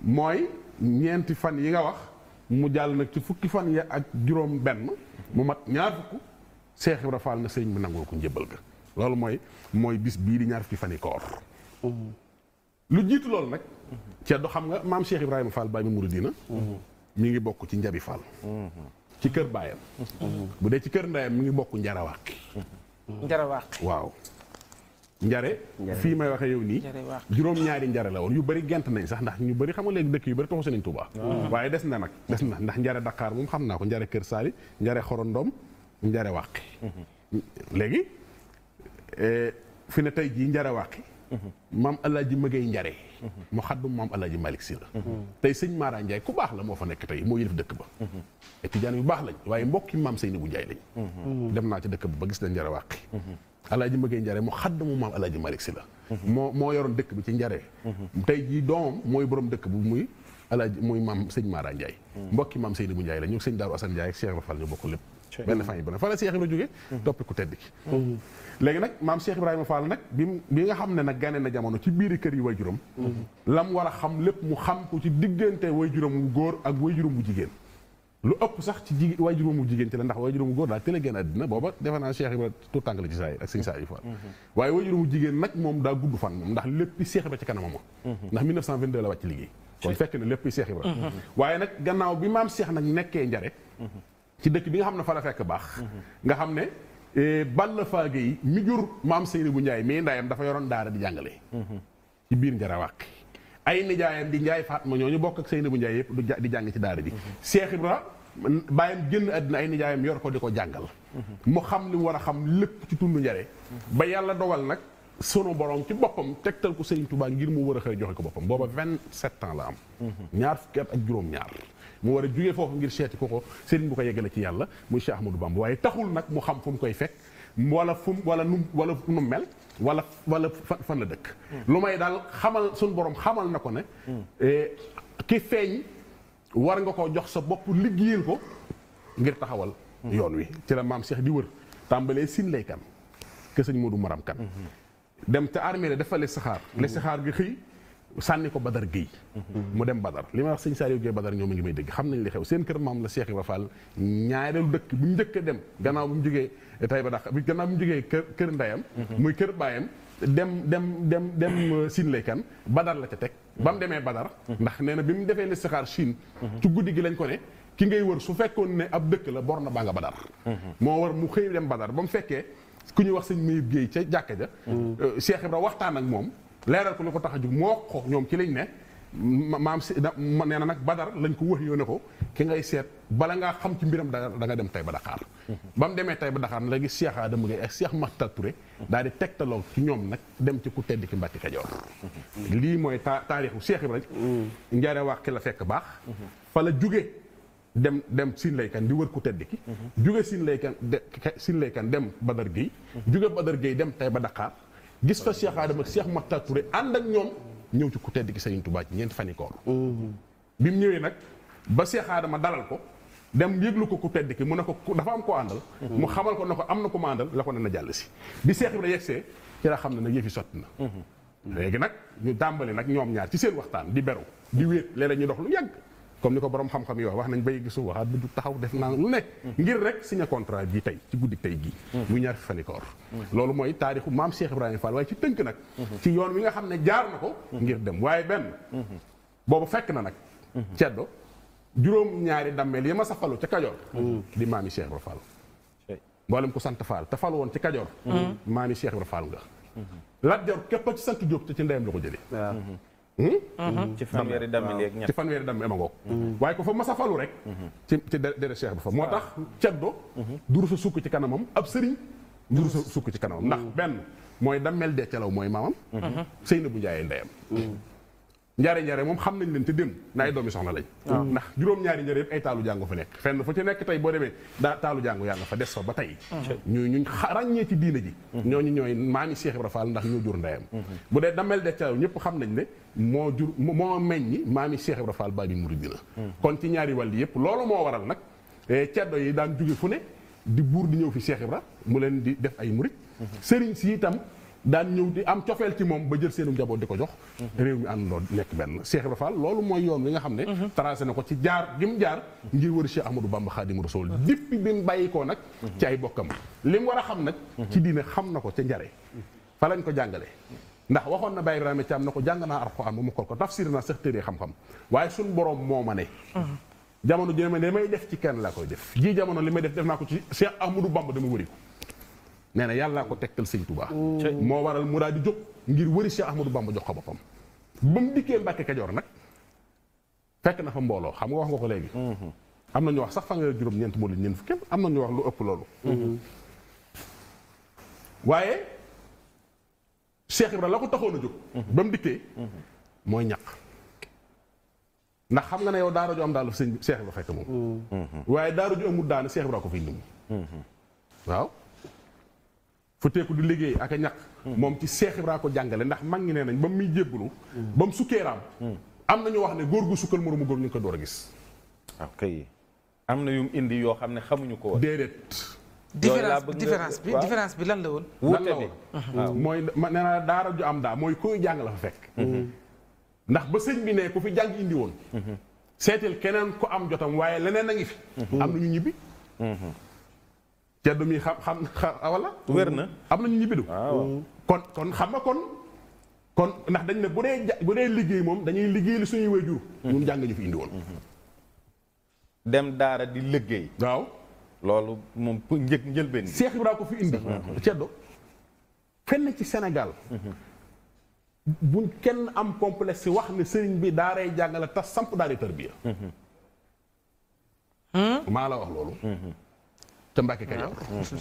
mooy ñeenti fan yi nga wax mu jàll nag ci fukki fan yi ak juróom benn mu mat ñaar fukk Cheikh Ibra Fall na sëriñ bi nangul ko njëbbal ga lolou moy moy bis bi di ñaar fi fani koor lu lolou nak ci do xam nga mam Cheikh Ibrahima Fall baye mouridina Muridina mi ngi bokk ci njabi Fall ci keur bayam bu de ci wak ndeyam mi ngi njara waw njare fi may waxe yow ni juróom-ñaari njare la won yu bari gent nañ sax ndax ñu bari xam nga leg dekk yu bari taxu nañ touba waye dess na nak dess na ndax njare Dakar moom xam na ko njare keur sali njare Xorondom njare wàqi léegi eh, fi ne tey jii njare wàqi maam alaaji mëgey njare mu xaddum maam alaaji malik si la tey sëñ Mara Ndiaye ku baax la moo fa nekk tey moo yëlif dëkk ba et tijaan yu baax lañ waaye mbokki maam bu Ndiaye lañ dem naa ci dëkk ba ba gis na njare wàqi alaaji mëgey njare mu xaddamu maam alaaji malik si la moo moo yoroon dëkk bi ci njare tey jii doomam mooy borom dëkk bu muy alaaji muy maam sëñ Mara Ndiaye mbokki maam Seynabou Ndiaye la ñoo sëñ Daaru Asan Ndiaye ak Cheikh Rafal ñu bokk lépp benn fan yi bu la fa la Cheikh Ibrahima jógee mm-hmm. toppi ku tedd ki mm-hmm. léegi nag maam Cheikh Ibrahima Fall nag bi bi nga xam ne nag gane na jamono ci biiri kër yi way juróom mm-hmm. lam war a xam lépp mu xam ko ci diggante way juróom wu góor ak way juróom bu jigéen lu ëpp sax ci jigéen way juróom wu jigéen ci la ndax way juróom wu góor daal teel a génn àddina booba defe naa Cheikh Ibrahima tout tànk la ci saa yi ak sëñ saa yi Fall waaye way juróom wu jigéen nag moom daa gudd fan moom ndax léppi Cheikh Ibrahima ci kanamam ndax 1922 la wàcc liggéey kon fekk na lépp Cheikh Ibrahima waaye nag gannaaw bi maam Cheikh nag nekkee njare ci dëkk bi nga xam ne fa la fekk baax nga xam ne eh, Balla Faage yi mi jur maam Seyni bu Njaay mais ndaayam dafa yoroon daara di jàngale ci biir Ngarawàq ay nijaayam di Njaay Fatma ñooñu bokk ak Seyni bu Njaay yëpp di jàng ci daara ji Cheikh Ibra bàyyam génn àddina ay nijaayam yor ko di ko jàngal mu xam li mu war a xam lépp ci tund njare ba yàlla dogal nag sunu borom ci boppam tegtal ko Serigne tubaa ngir mu war a xëy joxe ko boppam booba vingt sept la am ñaar fukki ak juróom-ñaar mu war a jugee foofu ngir seeti ko ko sëriñ bu ko yeggale ci yàlla muy Cheikh Ahmadou bamb waaye taxul nag mu xam fu mu koy fekk wala fu wala nu wala nu mel wala wala fan la dëkk. lu may daal xamal sun borom xamal na ko ne. ki feeñ war nga ko jox sa bopp liggéeyal ko ngir taxawal. yoon wi ci la maam Cheikh di wër tàmbalee sin lay kan ke sëñ Modou Maram kan. dem te armée defal li saxaar. li saxaar gi xëy. sànni ko Badar Guèye mu dem Badar li ma wax sëñ Saliou Guèye Badar ñoom mi ngi may dégg xam nañ li xew seen kër maam la Cheikh Ibra Fall ñaareelu dëkk bu njëkk a dem gannaaw bu mu jógee eh, tay ba dax gannaaw bu mu jógee kër kër ndeyam mhm. muy kër baayam dem dem dem dem euh, Sine lay kan Badar la ca teg ba mu demee Badar mhm. ndax nee na bi mu defee listixaar Chine mhm. ci guddi gi lañ ko ne ki ngay wër su fekkoon ne ab dëkk la bor na baa nga Badar moo war mu xëy dem Badar ba mu fekkee ku ñuy wax sëñ Mayib Guèye ca jàkka ja euh, Cheikh Ibra waxtaan ak moom leral ko lako ko tax a jug moo ko ci lañ ne maam si ma na badar lañ ko wax yoo ki ngay seet bala nga xam ci mbiram da nga dem tay ba Dakar mhm. ba mu demee tay ba Dakar léegi Cheikh adam ngay Cheikh Makhtar Touré di ci ñom nak dem ci ku tedd ki mbatti ka jor mhm. li ta tarikhu Cheikh ibrahim ndiaré mhm. wax ki la fekk bax fa la juggé dem dem lay kan di wër ku tedd ki sin lay kan sin lay kan dem badar Juga juggé badar dem tay ba Dakar gis fa Cheikh aadama ak Cheikh Makhtar ànd ak ñoom ñëw ci ku tedd ki Serigne Touba ci ñeent fani mm-hmm. bi mu ñëwee nag ba Cheikh aadama dalal ko dem yëglu ko ku tedd ki mu ne ko dafa am ko àndal mm-hmm. mu xamal ko ne ko am na ko ma àndal la ko ne na jàll si bi Cheikh Ibra yegsee ci la xam ne nag yëfi sotti na mm-hmm. léegi nag ñu tàmbali nag ñoom ñaar ci seen waxtaan di beru di wéet léeg ñu dox lu yàgg comme ni ko boroom xam-xam yi wax wax nañ bay gisu waxaat bu taxaw def naa lu ne ngir rek signé contrat bi tey ci guddi tey gi mm-hmm. muy ñaar fani koor mm-hmm. loolu mooy taarixu maam Cheikh Ibrahima Fall waaye ci tënk nag mm-hmm. ci yoon wi nga xam ne jaar na ko ngir dem waaye benn boobu fekk na nag ceddo juróom ñaari dammeel yi ma sa falu ca Kajoor di maami Cheikh Ibrahima Fall mboolem ku sant Fall te falu woon ci Kajoor maami Cheikh Ibrahima Fall nga Lat Joor képp ci sant Jóob te Hmm? Mm-hmm. ci fanweeri dammi léegi ñett ci fanweeri dammi ama ngoog mm-hmm. waaye ko fa masa falu rek mm-hmm. ci ci dere cheikh ba fa moo tax ceddo duru sa sukk ci kanamam ab sëriñ duru sa sukk ci kanamam ndax benn mooy dammel deecalaw mooy maamam sëy na bu njaayee ndeyam njare njare moom xam nañ leen te dem na ay doomi soxna lañ ndax juróom-ñaari njare yëpp ay taalu jàngo fa nekk fenn fu ci nekk tey boo demee daa taalu jàngo yaa nga fa des fa ba tey mhm. ñu ñu ràññee ci diina ji mhm. ñooñu ñooy maami Cheikh Ibra Fall ndax ñoo jur ndeyam mhm. bu dee damel de caaw ñëpp xam nañ ne moo jur moo meññi maami Cheikh Ibra Fall baabi muridina kon ci ñaari wàll yëpp loolu moo waral nag eh, ceddo yi daan jóge fu ne di buur di ñëw fi Cheikh Ibra mu leen di def ay murid sëriñ si itam daan ñëw di am cofeel ci moom ba jël seenu njaboot di ko jox mhm. réew mi àndandoo nekk benn Cheikh Ibra Fall loolu mooy yoon wi nga xam ne mhm. tracé na ko ci jaar gi mu jaar ngir wër Cheikh Ahmadou Bamba Khadim Rasoul mhm. depuis bi mu bàyyi koo nag ci ay bokkam li mu war a xam nag ci diine xam na ko ca njare fa lañ ko jàngale ndax waxoon na Baye Ibrahima Thiam na ko jàng naa Alxuraan bu mu kor ko tafsir naa sax téere xam-xam waaye suñ borom moo ma ne jamono ji ne li may def ci kenn laa koy def jii jamono li may def def naa ko ci Cheikh Ahmadou Bamba dama nee na yàllaa ko tegtal sëñ Touba. moo waral mu daal di jóg ngir wëri Cheikh Ahmadou Bamba jox ko boppam. ba mu dikkee Mbàkke nag fekk na mbooloo xam nga wax nga ko léegi. Mhm. am na ñu wax sax fanweeri juróom-ñeent moo leen ñeent fukki am na ñu wax lu ëpp loolu. Mhm. waaye Cheikh la ko taxoon a jóg. Mhm. ba mu dikkee mooy ñaq. ndax xam nga ne yow daara ju am daal sëñ Cheikh fekk moom. waaye daara ju amul daana Cheikh Ibra ko fiy lim. waaw. fu teeku di liggéey ak a ñaq moom ci Seex Ibra ko jàngale ndax mag ñi nee nañ ba muy jébbulu ba mu sukkeeraam am na ñu wax ne góor gu sukkal moromu góor ñu ngi ko door a gis waaw na yum indi yoo xam ne xamuñu ko woon déedéet différence bi différence bi lan la woon lan la woon mooy nee daara ju am daa mooy koy jàng la fa fekk mhm. ndax ba sëñ bi ne ku fi jàng indi woon mhm. seetal keneen ku am jotam waaye leneen a ngi fi mhm. am na ñu ñibbi jàddu mi xam xam wala. Ah, wér na am na ñu ñibbidu. kon kon xam nga kon. kon ndax dañ ne bu dee ja bu dee liggéey moom dañuy liggéey li suñuy waajur. Mm-hmm. ñun jàng ñu fi indi woon. Mm-hmm. dem daara di liggéey. waaw loolu mom pour një njëlbeen. Seex Ibra ko fi indi. Mm-hmm. ceddo fenn ci Sénégal. buñ kenn am complexe wax ne sëriñ bi daaray jàngale tas samp daara tarbiya. maa la wax loolu. ca Mbacke Kajoor. Ah.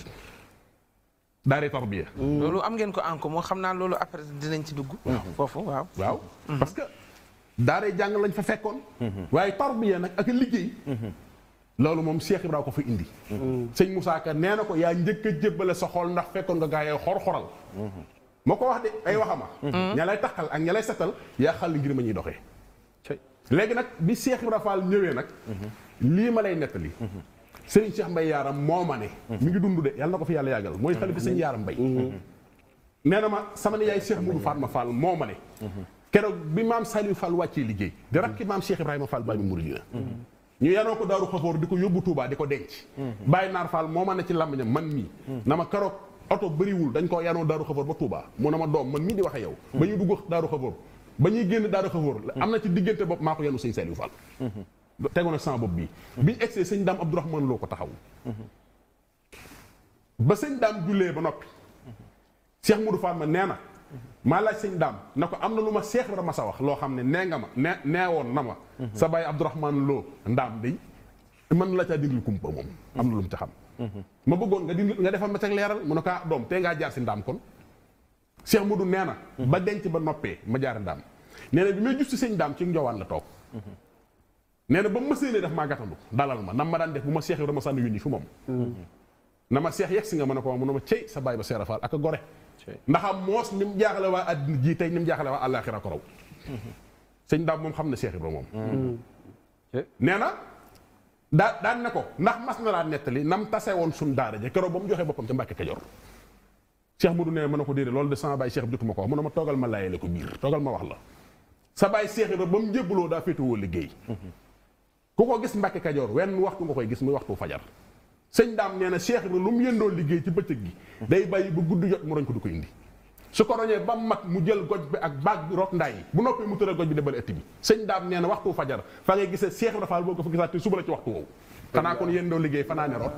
<laughs> daaree tarbiya. Mm. loolu am ngeen ko en moo xam naa loolu après dinañ ci dugg. Mm. Ah, foofu waaw. Mm-hmm. parce que daaree jàng lañ fa fekkoon. Mm-hmm. waaye tarbiya nag ak liggéey. Mm-hmm. loolu moom Cheikh Ibrahima ko fa indi. sëñ Moussa Ka nee na ko yaa njëkk a sa xool ndax fekkoon nga gaa yee xor-xoral. moo ko wax de ay waxama. ña lay taxal ak ña lay setal yaa xal ngir a ñuy doxee. léegi nag bi Cheikh Ibrahima Fall ñëwee nag. lii ma lay nettali. sëriñ Cheikh mbay Yaaram moo ma ne. Mm-hmm. mi ngi dund de yàlla na ko fi yàlla yàggal mooy xalifa sëñ Yaaram Mbaye. Mm-hmm. nee na ma sama yaay nijaay Cheikh Moudou ma mm-hmm. Fall moo ma ne. keroog bi maam Saliou Fall wàccee liggéey. di rakki maam Cheikh Ibrahima Fall baa bi Mouride ñu yanoo ko daaru xafoor di ko yóbbu Touba di ko denc. Baye Naar Fall moo ma ne ci làmbañam man mii. na ma keroog oto bëriwul dañ koo yanoo daaru xafoor ba Touba mu ne ma doom man mii di waxe yow. ba ñuy dugg daaru xafoor ba ñuy génn daaru xafoor. am na ci diggante bopp maa ko yanu sëñ Saliou Fall. tegu na sama bopp bi biñu egsee sëñ daam Abdourahmane loo taxaw ba seigne daam jullee ba nopi Cheikh Moudou Fatma nee na maa laaj am ma Cheikh Ibrahima sa wax lo xamné ne nga ma ne nee woon sa bàyyi Abdourahmane lo ndam day man la ca dindul kumpa moom am na lu ma bëggon nga dindul nga defal ma tek leeral mu ne ko ah, doom jaar seigne kon Cheikh Moudou néna ba denc ba noppee ma jaar ndam néna bi may juste seigne ci la tok nee na ba mu ma séenee daf maa gàttandu dalal ma nam ma daan def bu ma seex yi dama sànni yun yi na ma seex yegg si nga mën a ko mu ne ma cey sa baay ba seera faal ak a gore am moos ni mu jaaxale waa jii tey ni jaaxale waa àllaaxira sëñ daam moom xam na Cheikh Ibra moom nee na daa daan ne ko ndax mas na laa nettali nam tase woon suñ daara ja keroog ba mu joxee boppam ca Mbàkke Kajoor Cheikh Mudu nee mën a ko déedéet loolu de sama baay Cheikh jotuma ko wax mu a ma toogal ma laayale ko biir toogal ma wax la sa baay Cheikh ba ba mu jébbaloo daa féetewoo liggéey kuko gis mbacke kadior wenn waxtu nga koy gis muy waxtu fajar señ dam neena Cheikh Ibra lum yendo liggey ci bëccëg gi day bàyyi bu gudd jot mu roñ ko du ko indi su ko roñe bam mat mu jël goj bi ak bag bi rot ndaay bu noppee mu tere goj bi debal etti señ dam neena waxtu fajar fa ngay gisse Cheikh rafal boko fa gisati suba la ci waxtu wow xanaa kon yendo liggey fana ne rot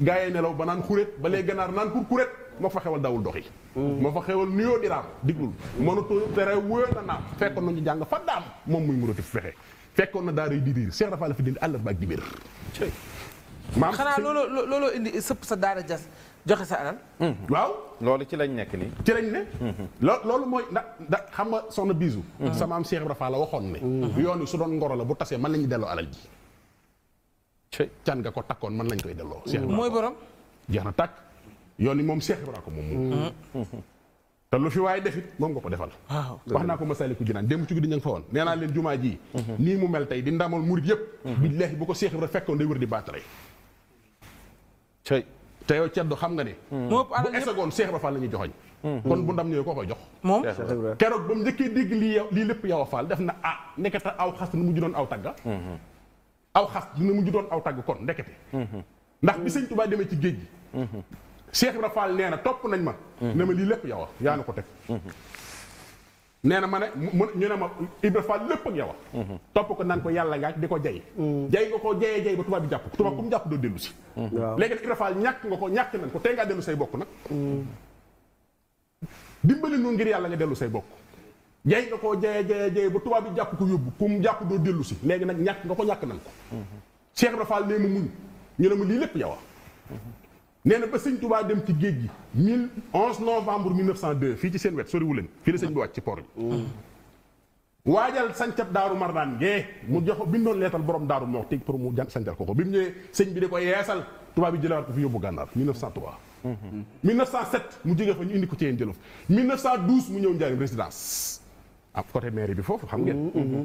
gaa yee nelaw ba naan xuréet ba lay ganar nan pour xuréet mo fa xewal dawul doxi mm. mo fa xewal nuyo diraam diglul monu tere wo na naam fekkoon nañu jang fa dam mom muy murati fexé fekkoon na daaray di riir Cheikh Rafaal la fi dindi àllarba ak dibéer. maam xanaa looloo looloo indi sëpp sa daara jas joxe sa alal. Hmm. waaw. loolu ci lañ nekk nii. ci lañ ne. Hmm. loolu mooy ndax ndax xam nga soxna bisu. Hmm. sa maam Cheikh Rafaal la waxoon ne. yoonu wi su doon ngoro la bu tasee mën lañu delloo alal ji. can nga ko takkoon mën lañ koy delloo. Cheikh mooy borom. jeex na takk yoon wi moom Cheikh Ibrahima ko moom. te lu fi waaye defit moom nga ko defal wax naa ko Masaalikul Jinaan démb ci guddi ña nga fa woon nee naa leen jumaa ji nii mu mel tey di ndamal murit yëpp billaahi bu ko Seex Ibra fekkoon day wër di baatare te yow ceddo xam nga ne bu esegoon Seex Ibra Fall la ñuy joxoñ hmm. kon bu ndam ñëwee koo koy jox moom keroog ba mu njëkkee dégg lii lii lépp yow a def na ah ndekete aw xas mu mujj doon aw tagga hmm. aw xas dina mujj doon aw tagg kon ndekete hmm. ndax bi sëñ ci géej Cheikh Ibra Fall nee topp nañ ma. Mhm. ne ma lii lépp yow a yaa na ko teg. Mhm. nee na ma ne mu ñu ma Ibra lépp yow a. Mhm. topp ko naan ko yàlla ngaaj di ko jay. jay nga ko jay ba jàpp ko. tubaab jàpp doo dellu si. waaw ñàkk nga ko ñàkk nañ ko tey ngaa bokk nag. dimbali nu ngir yàlla nga dellu say bokk. jay nga ko jayee jayee jàpp ko yóbbu mu jàpp doo dellu si léegi nag ñàkk nga ko ñàkk nañ ko. Cheikh Ibra Fall lii lépp yow nee na ba sëñ Touba dem ci géej gi mille onze novembre 1902 fii ci seen wet soriwu leen fii la sëñ bi wàcc ci port bi mm. waajal sancab daaru marnaan ngee mu jox bindoon leetal borom daaru moo teg pour mu jan sancal ko ko bi mu ñëwee sëñ bi da ko yeesal tubaab bi jëlawaat bu fi yóbbu gànnaar 1903 1907 mu jógee fa ñu indi ko ci yéen jëlof 1912 mu ñëw njaarim résidence ah côté mairie bi foofu xam ngeen mm-hmm.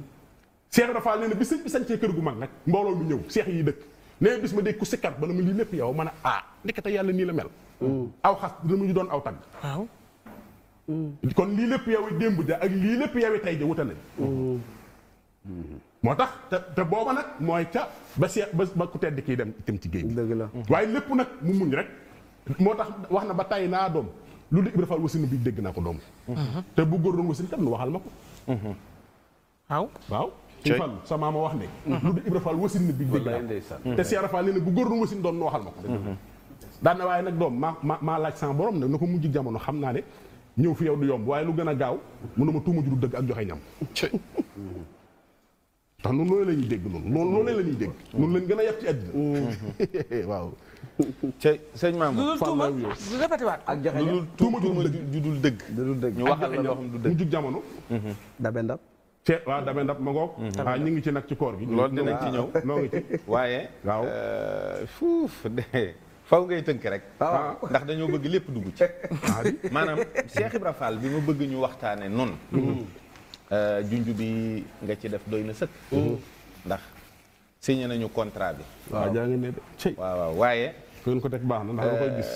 Cheikh Rafal nee na bi sëñ bi cee kër gu mag nag mbooloo mu ñëw seex yi dëkk nee bis ma dégg ku sikkat bala ma lii lépp yow ma ne ah ndekete yàlla nii la mel. Mm. aw xas dina mu ñu doon aw tagg. waaw. Mm. kon lii lépp yow démb ja ak lii lépp yow tey ja wuta nañ. Mm. moo tax te te booba nag mooy ca ba seet ba ba ku tedd dem ci géej gi. la mm-hmm. waaye lépp nag mu muñ rek. moo tax wax na ba tay naa doom lu di Ibra Fall bi dégg naa ko doom. Mm-hmm. te bu góor doon wasin tam nu waxal ma ko. Mm-hmm. waaw. Sëñ Fall sa maama wax ne mhm. lu dul Ibra Fall wasin na bi dégg naa te mhm. Seera Fall nee na bu góor doon wasin doon na ma ko mhm. daan waaye nag doom ma maa laaj sama borom nag na ko mujj jamono xam naa ne ñëw fi yaw du yomb waaye lu gën a gaaw mu ne ma tuuma ju dëgg ak joxe ñam tax nun loolu la dégg noonu loolu loolu la ñuy dégg noonu leen gën a yàpp ci àddina <laughs> waaw cey sëñ maam du répété ak joxe ñam tuuma ju dul dëgg du dul dëgg ñu waxal la loo xam jamono dabe ceeb waaw dame ndab ma ngoog ah, ñu ngi ci nag ci koor bi loolu dinañ ci ñëw noo ngi ci waaye waaw euh, fuuf <laughs> de faw ngay tënk rek ah. Ah, ndax dañoo bëgg lépp dugg ci maanaam Cheikh Ibra bi ma bëgg ñu waxtaane noonu mm-hmm. euh, junj bi nga ci def doy na sëkk mm-hmm. ndax signé nañu contrat bi waaw jaa ngi ne de waaw waaw waaye fi ngeen ko teg baax na ndax dama koy gis.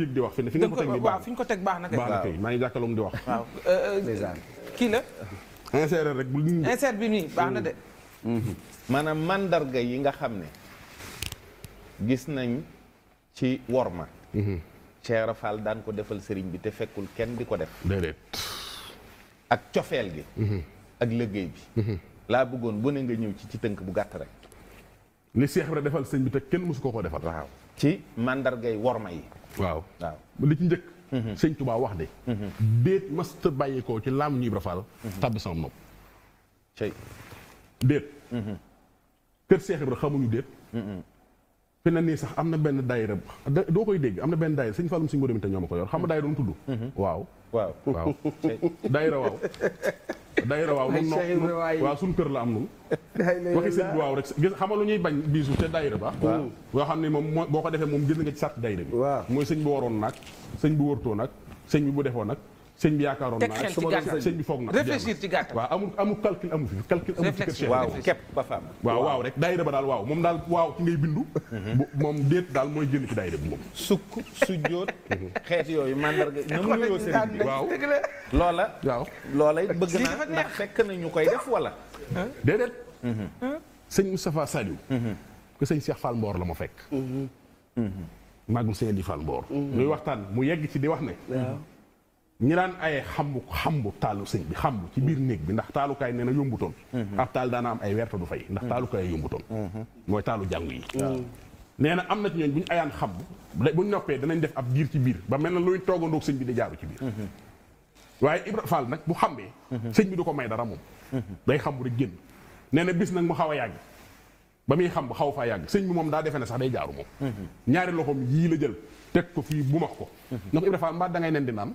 Euh, di wax fi ne fi ngeen ko teg baax na waaw kay maa ngi jàkkaloom di wax waaw kii la insert rek bu insert bi nii baax na de. Mhm. maanaam màndarga yi nga xam ne gis nañ ci worma. Mhm. Cheikh Fall daan ko defal sëriñ bi te fekkul kenn di ko def. ak cofeel gi. Mhm. ak liggéey bi. laa bëggoon bu ne nga ñëw ci ci tënk bu gàtt rek. li Cheikh Ibrahima defal sëñ bi te kenn mësu ko ko defal. waaw ci mandargay worma yi. waaw waaw li ci njëkk. Mhm. sëñ Touba wax de. Mhm. déet masta bàyyi ko ci laamu Ibra Fall. Mhm. tàbbi sama nopp. cey déet. kër Seex Ibra xamuñu déet. fi na nii sax am na benn daayira doo koy dégg am na benn daayira sëñ Fallum sëñ Modou mi te ñoo ma ko yor xam nga daayira doon tudd. waaw. waaw waaw <laughs> daayira waaw daayira waaw nun waaye waaw suñ kër la am nun waxi sëñ bi waaw rek gis xamal lu ñuy bañ biisu te daayira ba yoo xam ne moom moo boo ko defee moom gën nga ci sart daayira bi mooy sëñ bi waroon nag sëñ bi wërtoo nag sëñ bi bu defoo nag sëñ bi yaakaaroon naa rek sama sëñ bi foog na réfléchir ci gàttal waaw amul amul calcul amul fi calcul amul fi kër Cheikh waaw képp ba faam waaw waaw rek daayira ba daal waaw moom daal waaw ci ngay bindu mhm. moom déet daal mooy génn ci daayira bi moom sukk sujjóot mhm. xeet yooyu mandarga ñoom nuyoo sëriñ bi waaw loola waaw loola bëgg naa ndax fekk na ñu koy def wala déedéet mhm. sëñ Moustapha Saliou que sëñ Cheikh Fall Mboor la ma fekk maagum sëñ Edi Fall Mboor ñuy waxtaan mu yegg ci di wax ne ñi daan ay xambu xambu taalu sëñ bi xambu ci biir néeg bi ndax taalukaay nee na yombutoon mhm. ab taal daan am ay weerta du fay ndax mhm. taalukaay yombutoon mhm. mooy taalu jàngu yi nee na am na ci ñooñ bu ñu ayaan xambu bu noppee danañ def ab diir ci biir ba mel na luy toogandoog sëñ bi di jaaru ci biir waaye Ibra Fall nag bu xambee sëñ bi du ko may dara moom day xambu rek génn nee na bis nag mu xaw a yàgg ba muy xambu xaw faa yàgg sëñ bi moom daa defee na sax day jaaru moom ñaari loxoom yii la jël teg ko fii bu max ko na ko Ibra Fall mbaa da ngay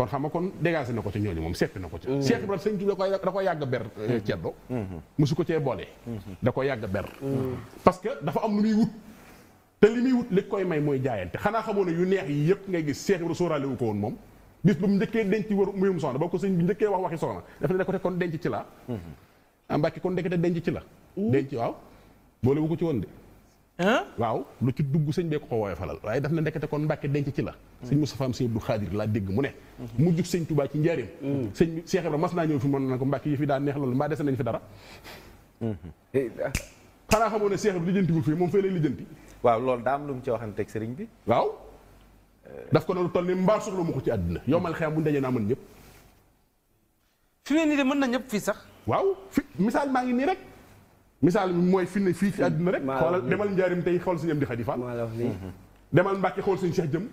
kon xam nga kon dégagé na ko ci ñooñu moom seppi na ko ci mm. Cheikh Ibrahima sëñ Tuubaa da koy da ko yàgg ber ceddo eh, mm-hmm. mm-hmm. mosu ko cee boole mm-hmm. da ko yàgg ber parce dafa am lu muy wut te li muy wut li koy may mooy jaayante xanaa xamoon ne yu neex yi yëpp ngay gis Cheikh Ibrahima sóoraale wu ko woon moom bis bu mu njëkkee denc war muyum soxna ba ko sëñ bi njëkkee wax waxi soxna dafa ne da ko kon denc ci la am ah, mbàkki kon ndekete denc ci la boole wu ko ci woon de waaw lu ci dugg sëñ bee ko ko woowee falal waaye daf na ndekete kon Mbàkke denc ci la sëñ Moustapha am sëñ Abdou Khadir laa dégg mu ne mhm. mujjug sëñ Touba ci njaareem mhm. sëñ bi Cheikh Ibra mas naa ñëw fi mën na ko Mbàkke yi fi daa neex loolu mbaa dese nañ fi dara mhm. eh, ah. xanaa xamoo ne Cheikh Ibra fii moom fee lay lijjanti waaw loolu daa am lu mu ci waxante ak sëriñ bi waaw eh. daf ko ne lu toll ni mbaa soxla mu ko ci àdduna yomal xeex bu dajee naa mën ñëpp fi mu ne de mën na ñëpp fii sax waaw fi misaal maa ngi nii rek misaal bi mooy fi ne fii ci àdduna rek. xoolal demal njaarim tey xool suñu am di xadi Fall. Mm-hmm. demal Mbàkke xool suñu Cheikh jëm.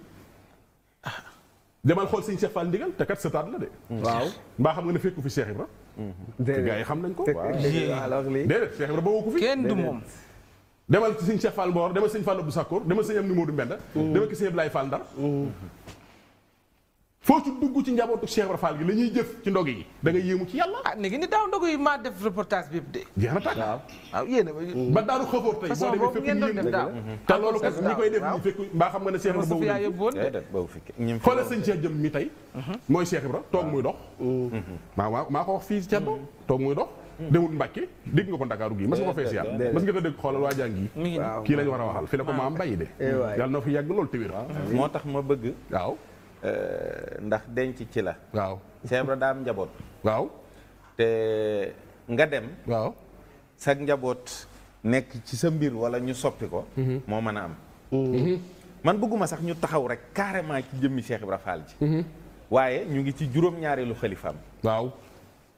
demal xool suñu Cheikh Fall ndigal te kat sëtaat la de. Mm-hmm. waaw mbaa xam nga ne fekku fi Cheikh Ibra. Mm-hmm. déedéet gaa yi xam nañ ko. déedéet Cheikh Ibra ba woo ko fi. kenn du moom. demal ci suñu Cheikh Fall Mboor demal suñu Fall Abdou Sakkoor demal suñu am ni Modou Mbenda. demal ki suñu Ablaye Fall Ndar. foo ci dugg ci njabootu Cheikh Ibra Fall gi la ñuy jëf ci ndog yi da nga yéemu ci yàlla. ah léegi ni daaw ndog yi maa def reportage bi de. na tàkk waaw waaw ah, yéen a. ba mm. daaru xëfoor tey boo demee fépp yéen def daaw. Mm-hmm. Ah, te loolu kat ñi koy def ñu fekk mbaa xam nga ne Cheikh Ibra boobu la ñu fekkee. xoolal sëñ Cheikh jëm mi tey. Mm-hmm. mooy Cheikh Ibra toog muy dox. Mm-hmm. maa maa ko wax fii Thierno toog muy dox. demul Mbàkke dégg nga ko Ndakaaru gii mas nga ko fee xoolal waa jàng yi kii lañ war a waxal fi la ko ah, maam bàyyi de eh, yàlla na fi yàgg loolu te wér moo tax ma bëgg waaw Euh, ndax denc ci la. waaw Cheikh Ibra daa am njaboot. waaw te nga dem. waaw sa njaboot nekk ci sa mbir wala ñu soppi ko. Mhm. moo mën a am. Mhm. man bëgguma sax ñu taxaw rek carrément ci jëmmi Cheikh Ibra Fall ji. Mhm. waaye ñu ngi ci juróom-ñaareelu xalifaam. waaw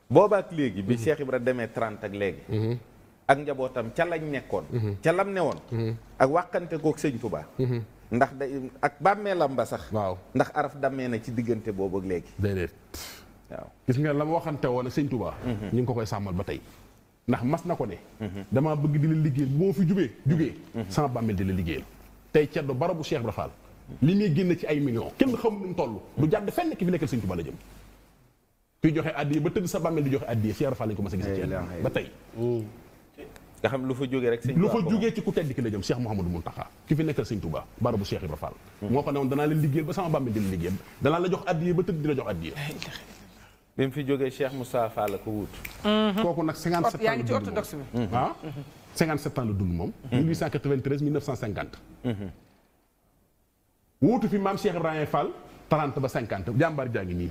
boobaak léegi. bi Cheikh Ibra demee trent ak léegi. ak njabootam ca lañ nekkoon. ca lam ne woon. ak wàqante koog sëñ Touba. ndax day ak bàmmeelam ba sax. waw ndax araf damé na ci digënté bobu ak légui déedéet waw gis nga lam waxanté waxante Seyd Touba. ñing ko koy samal ba tay ndax mas nako né mhm. dama bëgg di la liggéeyal bo fi jubé jugé mhm. sama bàmmeel di la tay ci do barabu Cheikh Ibra limi genn ci ay millions kenn xam lu tollu du jadd fenn ki fi nekkal Seyd Touba la jëm. kuy joxé addi ba teug sa bàmmeel di joxé addi Cheikh Ibra ko mas gis. ci ba tay nga xam lu fa jógee rek lu fa jógee ci ku tedd ki la jëm Cheikh Mouhamadou Mountakha ki fi nekkal sëñ Touba barabu Cheikh Ibra Fall hmm. moo ko ne woon danaa leen liggéeyal ba sama bàmbi di la danaa la jox addiye ba tëdd di jox addiye bi mu fi jógee Cheikh Moussa Fall ko wut hmm. kooku nag 57 yaa ngi ci orthodoxe bi hmm. ah 57 ans la dund moom 1893 1950 wóotu fi maam Cheikh Ibrahima Fall 30 ba 50 jàmbaar jaa ngi nii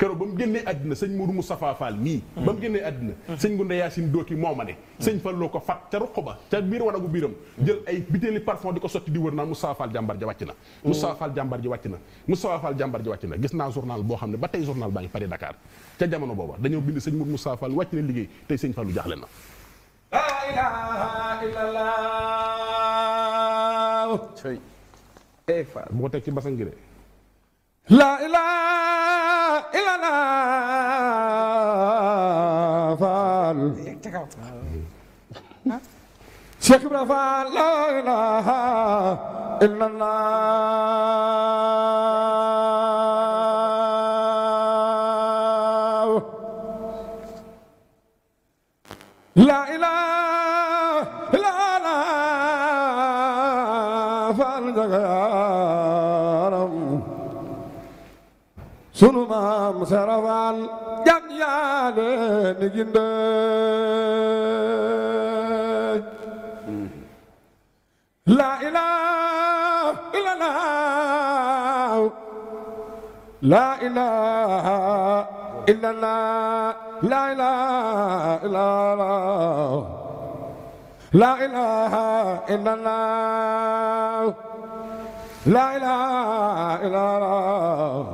keroog ba mu génnee àddina sëñ Mourou Moustapha Fall mii mm-hmm. ba mu génnee àddina mm-hmm. sëñ Gunda Yaasin Dooki moo ma ne mm-hmm. sëñ Falloo ko fat ca ruq ba ca biir wanagu biiram jël ay bitéeli parfum di ko sotti di wër naan Moustapha Fall jàmbaar ji wàcc na Moustapha Fall ji wàcc na Moustapha Fall jàmbaar wàcc na gis naa journal boo xam ne ba tey journal baa ngi Paris Dakar ca jamono booba dañoo bind sëñ Mourou Moustapha Fall wàcc na liggéey tey sëñ Fallu jaaxle ci basangiré laa ilaaha illallaah Faal Cheikh Ibra Faal laa ilaaha illallaah sarawal jag yaale la ilaha illallah la ilaha illallah la ilaha illallah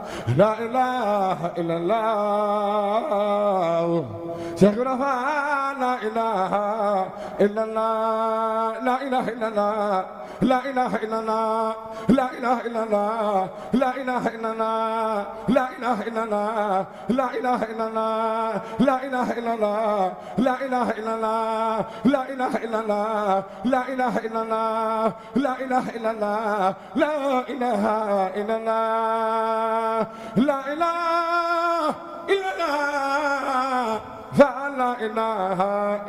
لا إله إلا الله شيخنا فا لا إله إلا الله لا إله إلا الله لا إله إلا الله لا إله إلا الله لا إله إلا الله لا إله إلا الله لا إله إلا الله لا إله إلا الله لا إله إلا الله لا إله إلا الله لا إله إلا الله لا إله إلا الله لا إله إلا الله لا إله إلا الله لا إله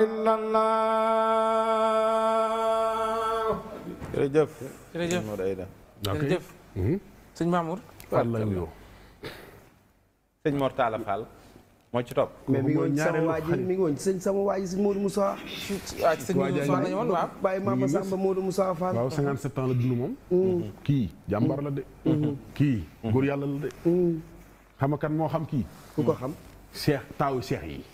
إلا الله رجف رجف نعم. رجف سيد معمور الله يو سيد مرتع لفعل moo ci topp. mais mi ngi woon sama waa ji mi ngi woon sëñ sama waa ji si Modou Moussa. waa ci sëñ Modou Moussa la ñu woon waaw. bàyyi Maba Samba Modou Moussa Fall. waaw 57 ans la dund moom. Mm. kii jàmbaar la de. Mm-hmm. Mm-hmm. kii góor yàlla la de. Mm. xam kan moo xam kii. ku ko xam. seex taawu seex yi.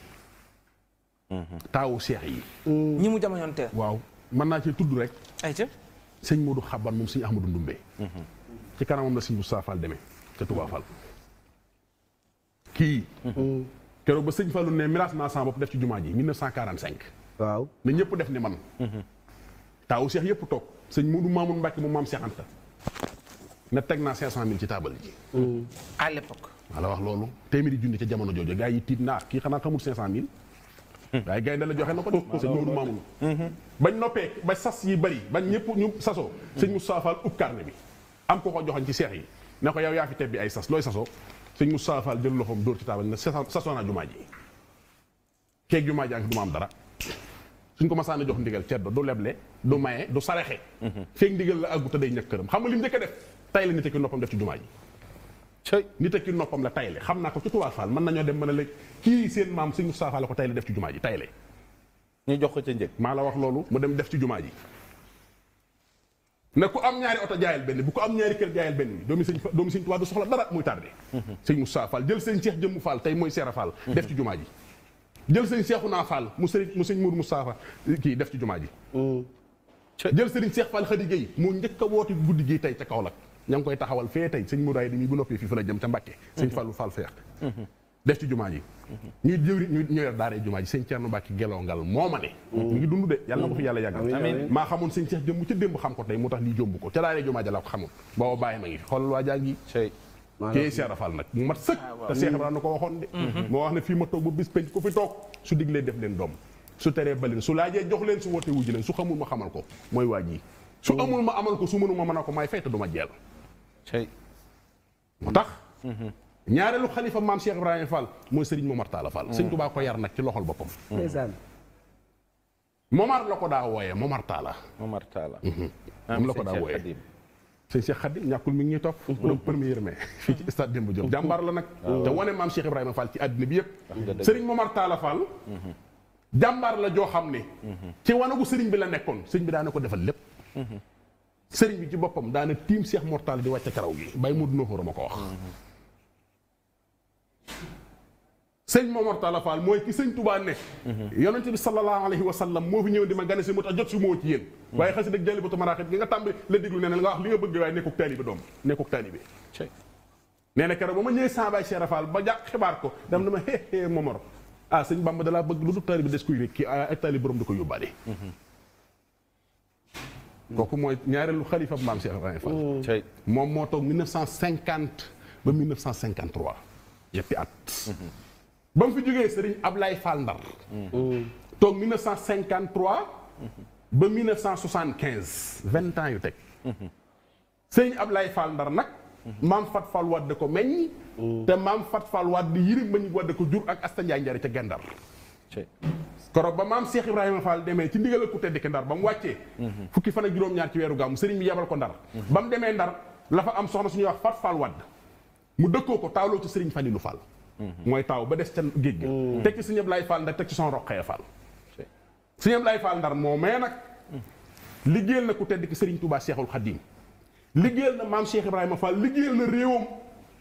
Mm-hmm. taawu seex yi. Mm. ñi mu jamonoon teel. waaw mën naa cee tudd rek. ayca. sëñ Modou Xaban moom sëñ Ahmadou Ndumbe. ci kanamam la sëñ Moussa Fall demee ca Touba Fall. kii. keroog ba sëñ Fallou ne miraas naa sama bopp def ci jumaa ji 1945. waaw ne ñëpp def ni man. Mhm. taawu seex yëpp toog sëñ Moudou Mamoun Mbacke mu maam Seex Anta. ne teg naa 500000 ci taabal ji. Mhm. à l'époque. maa la wax loolu téeméeri junni ca jamono jooju gars yi naa kii xanaa xamul 500000. waaye mhm. gars yi na ko de <laughs> sëñ Moudou Mamoun. bañ noppee ba sas yi bari ba ñëpp ñu sasoo. sëñ Moustapha Fall ub carnet bi. am ko ko joxoon ci seex yi ne ko yow yaa fi tebbi ay sas looy sasoo. sëñ Moussa Fall jël loxoom dóor ci taabal ne sasoo naa jumaa ji keeg jumaa ji du ma am dara suñ ko masaan a jox ndigal ceddo du leble du maye du saraxe mhm. feeg ndigal la ak te day ñëkk këram xam nga lim njëkk a def tay la nit ak noppam def ci jumaa ji nit ak noppam la tayle xam naa ko ci Touba Fall mën nañoo dem mën a la kii seen maam sëñ Moussa Fall la ko tayle def ci jumaa ji tayle ñu jox ko ca njëg maa la wax loolu mu dem def ci jumaa ji ne ku am ñaari oto jaayal benn bu ku am ñaari kër jaayal benn bi doomi sëñ doomi sëñ Tuubaa du soxla dara muy tardé sëñ Moussa Fall jël sëñ Cheikh Jëmmu Fall tey mooy Seera Fall def ci jumaa ji jël sëñ Cheikhouna mu sëriñ mu sëñ Mour kii def ci jumaa ji mm. jël seen Cheikh Fall Khady Gueye moo njëkk a woote guddi gi tey ca Kaolack ña ngi koy taxawal fee tey sëñ di dañuy bu noppee fii fa la jëm ca Mbàkke sëñ mm-hmm. Fallu Fall Feex mm-hmm. def ci jumaa ji ñuy jëwri ñu ñoo yor daaree jumaa ji sëñ Thierno Mbacke gelongal moo ma ne mm. mi ngi dund de yàlla na ko fi yàlla yàggal maa xamoon sëñ Cheikh jëmm ca démb xam ko tey moo tax lii jomb ko ca daaree jumaa ji laa ko xamoon booba bàyyi ma ngi xoolal waa jaa ngi kii Cheikh Rafal nag mu mat sëkk ah, te Cheikh Rafal na ko waxoon de mm-hmm. moo wax ne fii ma toog ba bis penc ku fi toog su diglee def leen doom su teree baleen su laajee jox leen su wootee wujj leen su xamul ma xamal ko mooy waa ji su mm. amul ma amal ko su mënu ma mën a ko may fay te du ma jeel moo tax mm-hmm. ñaarelu khalifa mam Cheikh ibrahim Fall moy Serigne Momar tala Fall. serigne touba ko yar nak ci loxol bopam boppam. Momar lako da woyé Momar tala Momar tala am lako da woyé wooyee. Cheikh Khadim ñakul mi ngi ñuy le premier mai fi ci stade Demba Diop. jambar la nak te woné mam Cheikh ibrahim Fall ci adina bi yëpp. Serigne Momar tala Fall. jambar la jo xamné ne. ci wanagu Serigne bi la nekkon serigne bi daana ko defal lépp. Serigne bi ci bopam da na tiim Cheikh Mortal di wacc karaw gi. bay mu dund ma ko wax. sëñ Momar Talla mooy ki sëñ Touba ne mhm. yonente bi sallallahu alayhi wa sallam moo fi ñëw di ma gane si moo tax jot si moo ci yéen mhm. waaye xasi dëgg jëli batu maraaxib gi nga tàmbali la diglu nee na nga wax li nga bëgg waaye nekkuk taalibe doom nekkuk keroog ba ma ñëwee Samba Cheikh Rafal ba jàq xibaar ko dam dama hé hé Momar ah sëñ Bamba dalaa bëgg lu du taalibe des kuy rek ki ah, ay taalibe borom da ko yóbbaale mhm. kooku mooy ñaareelu xalifa maam Cheikh Ibrahima Fall moom moo toog 1950 ba 1953 ñetti at. Mhm. ba mu fi jógee Serigne Ablaye Fall Ndar. Mhm. toog 1953. Mhm. ba 1975 20 ans yu teg. Serigne Ablaye Fall Ndar nag. maam Fat Fall Wade ko meññ. Oh. te maam Fat Fall Wade yëriñ ba ñu Wade ko jur ak Asta Ndiaye Njare ca Gendar. korob ba maam Cheikh Ibrahima Fall demee ci ndigal ku tedd ki ndar ba mu wàccee. fukki fan ak juróom-ñaar ci weeru gàmm Serigne bi yebal ko ndar. ba mu demee ndar la fa am soxna suñuy wax Fat Fall Wade. mu dëkkoo ko taawloo ci Serigne Fadilou Fall. mooy taaw ba des ca géej ga. Mm. teg ci Serigne Ablaye Fall ndar teg ci son roqee Fall. Serigne Ablaye Fall ndar moo may nag. liggéeyal na ku tedd ki Serigne Touba Cheikhul Khadim. liggéeyal na maam Cheikh Ibrahima Fall liggéeyal na réewam.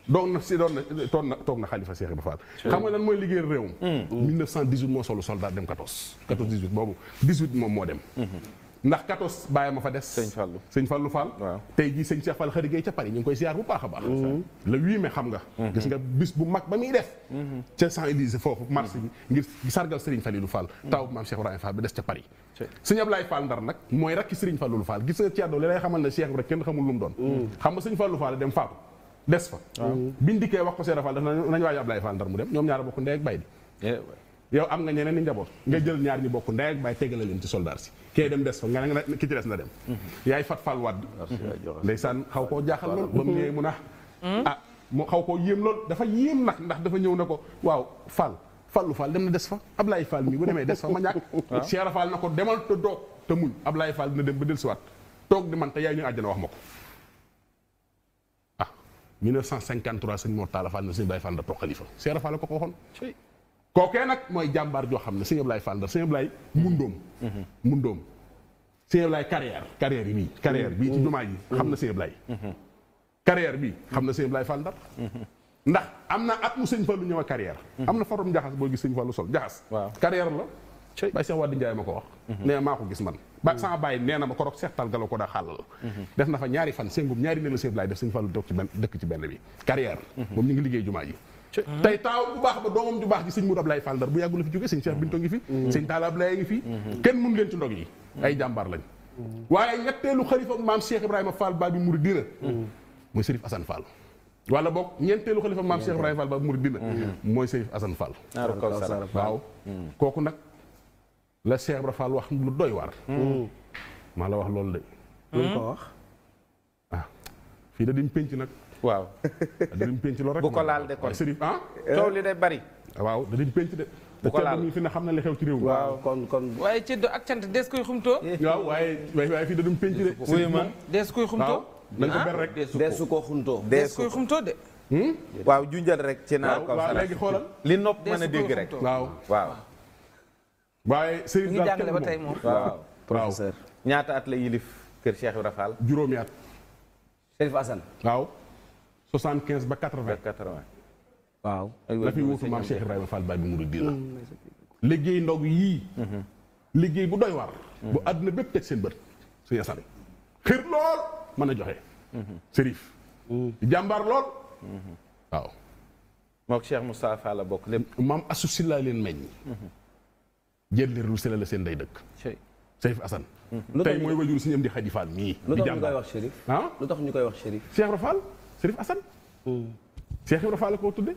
doon na si doon na toog na toog xalifa Cheikh Ibra Fall xam nga lan mooy liggéey réewam. Mm. moo solo soldat dem 14. 14 18 boobu 18 moom moo dem. Mm-hmm. ndax katos bàyyi ma fa des. sëñ Fallou sëñ Fallou Fall. waaw tey jii sëñ Cheikh Fall xarigéey ca Paris ñu ngi koy ziar bu baax a baax. Mhm. le 8 mai xam nga. Mhm. gis nga bis bu mag ba muy def. Mhm. ca Champs-Élysées foofu mars bi ngir sargal Serigne Fallou Fall. taw maam Cheikh Ibrahima Fall bi des ca Paris. sëñ Ablaye Fall ndar nag mooy rakki Serigne Fallou Fall gis nga Thierno li lay xamal ne Cheikh rek kenn xamul lu mu doon. xam nga sëñ Fallou Fall dem faatu des fa. biñ dikkee wax ko Cheikh Fall daf nañu waaj Ablaye Fall ndar mu dem ñoom ñaar bokk ndey ak bay di eh, yow am nga ñeneen nga jël ñaar ñu bokk ndey ak bay tegale leen ci soldaar kee dem des fa nga ne ki ci des na dem. Mhm. yaay fat fal wadd. ndeysaan xaw koo jaaxal lool ba mu ñëwee mun a. Hmm? ah mu xaw koo yéem lool dafa yéem nag ndax dafa ñëw na ko waaw fal fallu fal dem na des fa Ablaye Fall mi bu demee des fa ma ñàkk. waaw ah. Cheikh na ko demal te doog te muñ Ablaye Fall dina dem ba dellusiwaat toog di man te yaay ñu àjjana wax ma ko. 1953 ah, sëñ Mor Talla Fall na kookee nag mooy jàmbaar joo xam ne seigne Ablaye Fall seigne sëñ mundom mundom seigne sëñ carrière carrière bi carrière bi ci jumaa ji xam na carrière bi xam na sëñ Ablaye Fall ndax am na at mu seigne Fallu ñëw carrière. am na forom njaxas boo gis seigne Fallu sol jaxas carrière la. bay seigne wadi ndjay mako wax. Mhm. nee maa ko gis man. ba mhm. sama bàyyi nee na ma ko rok sextal galo ko da xàllal. Mhm. def na fa ñaari fan sëngum ñaari ne la sëñ Ablaye def seigne Fallu dok ci ben dekk ci ben bi carrière. mom ñi ngi liggéey jumaa Hmm. tay taw bu baax ba domam ju baax ci seigne Mourou lay Fall bu yagul fi joge seigne Cheikh hmm. bintongi fi hmm. seigne Talla Ablaye ngi fi ken mun ngeen ci ndog yi ay jambar lañ waaye ñetteelu xalifa mam Cheikh Ibrahima Fall ba bi muri dina mooy Serif Assane Fall wala bok ñeenteelu khalifa mam Cheikh Ibrahima Fall ba bi dina Serif Assane Fall waaw koku nak la Cheikh Ibrahima Fall wax lu doy war maa la wax loolu de lu ko wax ah fi da dim penc nak waaw. <laughs> danañ penc loolu rek. bu ko laal de kon Serif ah. li day bari. Ah, waaw danañ penc de. bu ko laal fi na xam na li xew ci réew waaw kon kon. waaye ceddo ak des koy xumtoo. Eh. waaw waaye waaye fii danañ penc de. wuyu ma des koy xumtoo. nañ ko ah? ber rek deesu ko xumtoo. deesu koy xumtoo de. Hmm? waaw junjal rek ci naar kaw waaw xoolal. li nopp mën a dégg rek. waaw waaw. waaye ba tey ñaata at la yilif kër waaw. 75 ba 80 ba 80. waaw la fi wuutu maam bi mu mm, ndog yii. Mm-hmm. liggéey bu doy waar. Mm-hmm. bu àdduna bépp teg seen bët su yasan xir lool mën a joxe. Mm-hmm. sërif. jàmbaar lool. waaw. mook Cheikh bokk lépp. maam asu si laa leen meññ. jël leen lu la seen day dëkk. Serif Assane. tey mooy wajur si ñoom di xaji mii. di jàmbaar ah? lu tax ñu koy wax Serif. ah lu Serif Assane Cheikh Ibrahim Fall ko tudde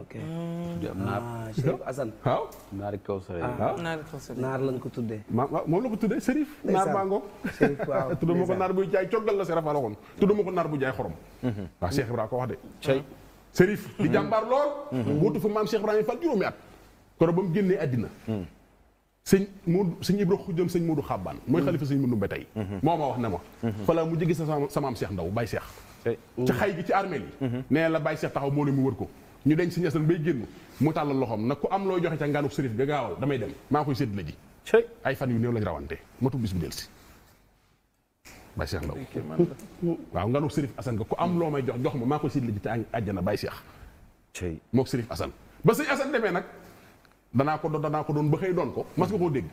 ok na Cheikh Nar ko naari Kawsare Nar ko Kawsare Nar lañ ko tudde. Mo lo ko tudde Serif Nar naar Cheikh waaw. Tudde mo ko nar bu jaay ciogal la Serif Fall waxoon Tudde mo ko nar bu jaay xorom Hmm. Wa Cheikh Ibrahim ko wax de Serif di jàmbaar lool wuutu fu mam Cheikh Ibrahim Fall juróomi at koro bam genné adina. Hmm. sëñ Modou sëñ Ibra Xujam sëñ Modou Xabbaan moy khalifa mhm. sëñ Modou Mbay tey mhm. moo wax na ma mhm. fala mu jigi sa samaam Cheikh Ndaw Baye Cheikh ci xay gi ci armeel yi mhm. nee la bàyyi seex taxaw moo la mu wër ko ñu denc sëñ Asan bay génn mu tàllal loxoom nag ku am looy joxe ca ngaanuk sërif bi gaawal damay dem maa koy sédd la ji fan yu néew lañ rawante matul bis bu del si bàyyi seex ndaw waaw ngaanuk sërif asan nga ku am loo may jox jox ma maa koy sédd la ji te àjjana bàyyi seex mook sërif asan ba sëñ asan demee nag danaa ko doon danaa ko doon ba xëy doon ko mas nga koo dégg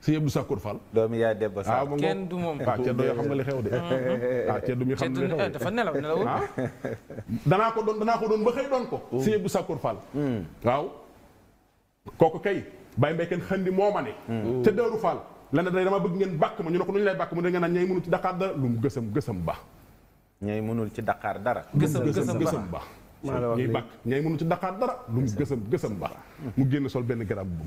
si Abdou Sakour Fall. doom yaay Demba Sarr ah, kenn du moom. ah ceddo yoo xam nga li xew de. Mm-hmm. ah ceddo mi xam nga li xew de dafa nelaw nelawul. Ah? danaa ko doon danaa ko doon ba xëy doon ko. Mm. si Abdou Sakour Fall. Mm. waaw kooku kay Baye Mbaye kenn xandi moo ne. te mm. Dóoru Fall lan la dama bëgg ngeen bàkk ma ñu ne ko ñu lay bàkk ma da nga naan ñay mënul ci Dakar dara lu mu gësam ba. ñay mënul ci Dakar dara. gësam gësam gësam ba. ñuy bàkk ñay mënul ci Dakar dara lu mu gësam gësam ba. mu génn sol benn garab bu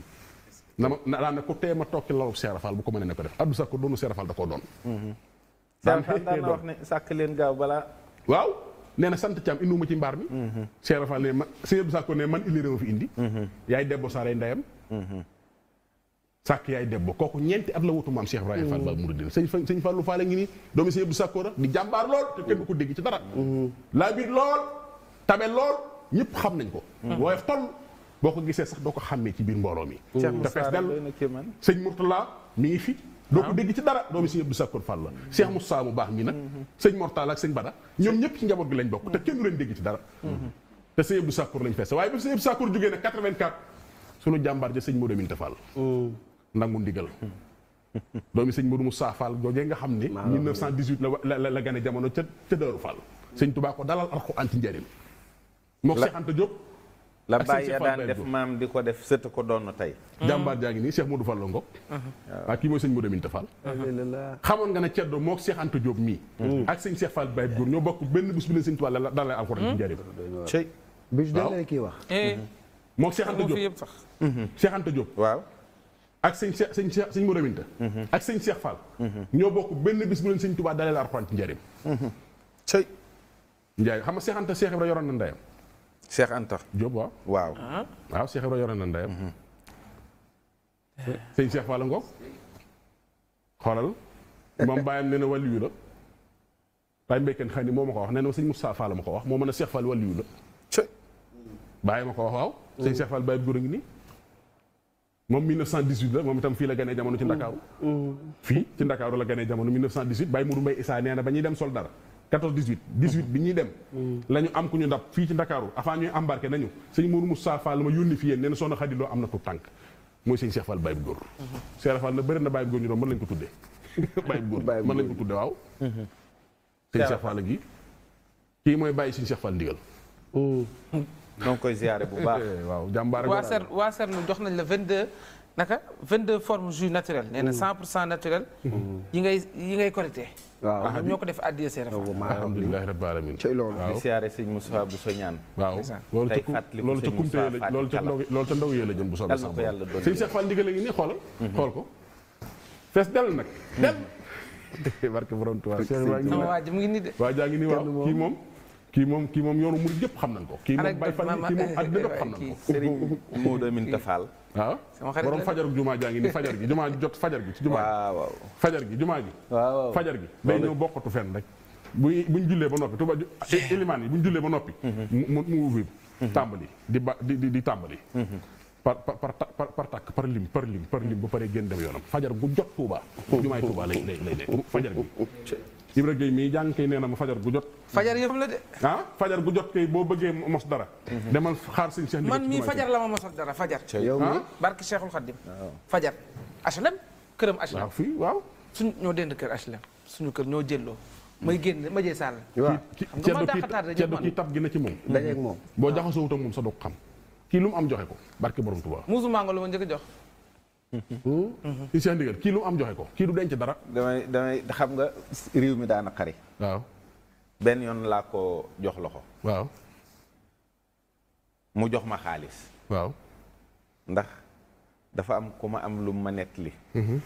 na ma daan ne ku tee ma toog ci lorub Seera Fall bu ko mënee ne ko def Abdou Sakko doonu Seera Fall da koo doon. Mm-hmm. daan daan na wax ne sàkk leen gaaw balaa. waaw nee na sant Thiam indiwuma ci mbaar mi. Mm-hmm. Seera Fall ne ma sëñ Abdou Sakko ne man illi réew fi indi. Mm-hmm. yaay debbo Saare Ndayam. sàkk yaay debbo kooku ñeenti at la wutu maam Cheikh Ibrahima Fall Baal Mourideen sëñ sëñ Fallou Fall ngi nii doomi sëñ Abdou Sakko di jàmbaar lool te kenn du ko dégg ci dara. laa biir lool tabe lool ñëpp xam nañ ko. woyof toll. boo ko gisee sax doo ko xàmmee ci biir mbooloo mi. te sëñ Mourtala mi ngi fi. doo ko ah. dégg ci dara doomi sëñ Abdou Sakkour Fall la. Mm-hmm. Cheikh Moussa mu baax mi nag. Mm-hmm. sëñ Mortala ak sëñ Bada ñoom ñëpp ci njaboot gi lañ bokk. te mm-hmm. kenn du leen dégg ci dara. te sëñ Abdou Sakkour lañ fees waaye ba sëñ Abdou Sakkour jógee nag 84. sunu jàmbaar ja sëñ Modou Minta Fall. Mm. nangu ndigal. <laughs> doomi sëñ Modou Moussa Fall joojee nga xam ne. 1918 la la la gane jamono ca ca Daaru Fall. sëñ Touba ko dalal Alxuraan ci njëriñ. mook Cheikh Anta la bàyyi ya daan def maam di ko def sët ko doon tey jàmbaar jaa ngi nii Cheikh Modou Fallou Ngom waaw kii mooy sëñ Modou Aminta Fall xamoon nga ne Ceddo mook Cheikh Anta Diop mii mm. ak sëñ Cheikh Fall Baye Góor bokk benn bis bi leen sëñ Tuubaa daan lay alxuraan ci njëriñ mm. cey bis dalee kii wax eh. mm-hmm. mook Cheikh Anta Diop sax mm-hmm. Cheikh Anta Diop waaw ak sëñ Cheikh sëñ Cheikh sëñ Modou Aminta mm-hmm. ak sëñ Cheikh Fall ñoo bokk benn bis bu leen sëñ Tuubaa dalee alxuraan ci njëriñ cey njëriñ xam nga Cheikh Anta Cheikh yoroon na ndeyam Cheikh Anta. Diop waaw. waaw ah. waaw Cheikh na ndeyam. Mhm. sëñ Cheikh Fall Ngom xoolal moom bàyyam nee na wàllu yu ma ko wax nee na sëñ Moussa Fall ma ko wax moo mën a Cheikh Fall wàllu la. ko wax waaw. a ngi nii. moom 1918 la moom itam fii la ganee jamono ci Ndakaaru. Mm. Mm. fii ci Ndakaaru la ganee jamono 1918 Baye Mourou Mbaye Issa nee na ba ñuy dem soldar. 14 18 18 bi ñuy dem mm. la am ku ñu dab fii ci Ndakaaru avant ñuy embarqué nañu sëñ Mourou Moussa Fall ma yónni fi yéen nee na soxna Xadi Lo am na tub tànk mooy sëñ Cheikh Fall Baye Góor mm-hmm. Cheikh Fall na bëri na Baye Góor ñu doon mën lañ ko tudde <laughs> Baye Góor mën lañ ko tudde waaw mm-hmm. sëñ Cheikh Fall gi kii mooy bàyyi sëñ Cheikh Fall ndigal donc mm. koy ziyaare bu baax <laughs> eh, waaw a waa ser waa ser nu jox nañ la 22 naka 22 formes jus naturel mm. waaw ñoo ko def addiya seen fa alhamdulilah rabbil alamin ci loolu di siyaare sëñ Moussa bu soñaan waaw loolu tey fàttaliku loolu ca kumte yee la jëm bu soobee sax sëñ Cheikh Fall ndigal a ngi nii xoolal mhm. xool ko fees del nag mhm. del <laughs> barke borom Tuubaa waa ji mu ngi nii de waa jaa ngi nii waaw kii moom kii moom kii moom yoonu murid yëpp xam nañ ko. kii moom bay fan kii moom àddina yëpp <laughs> xam nañ ko. Serigne ah? fajar jumaa jaa ngi ni fajar gi jumaa jot fajar gi. ci jumaa fajar gi jumaa gi. waaw fajar gi day ñëw bokkatu fenn rek. bu buñ jullee ba noppi tuba ilimaan e-, yi buñ jullee ba noppi. Mhm. mu mhm. di ba di di tàmbali. Mhm. par par par par tàkk par lim par lim par lim ba pare génn dem yoonam fajar gu jot Tuuba. Oh, jumaay oh, Tuuba oh, lay lay lay fajar gi. Ibra Gueye mii jàng kay nee na ma fajar gu jot. fajar yëpp la de. ah fajar gu jot kay boo bëggee mos dara. Mhm. demal xaar sëñ Cheikh. man mii fajar la ma mosal dara fajar. yow mii ah, barki Cheikhul Khadim. fajar HLM këram HLM. waaw fii waaw. suñ ñoo dend kër HLM suñu kër ñoo jëlloo. may génn ma jëy sàll. waaw ma kii tab gi na ci moom. dajeeg moom boo ah. jaxasoo wuute moom sa doog xam. kii lu mu am joxe ko barki borom Tuubaa. musu maa nga lu ma Hmm? Hmm? ci seen ndigal kii lu am joxe ko kii du denc dara. damay damay xam nga réew mi daana xari waaw benn yoon laa ko jox loxo. waaw. mu jox ma xaalis. waaw. ndax dafa am ku ma am lu ma nettali. Hmm?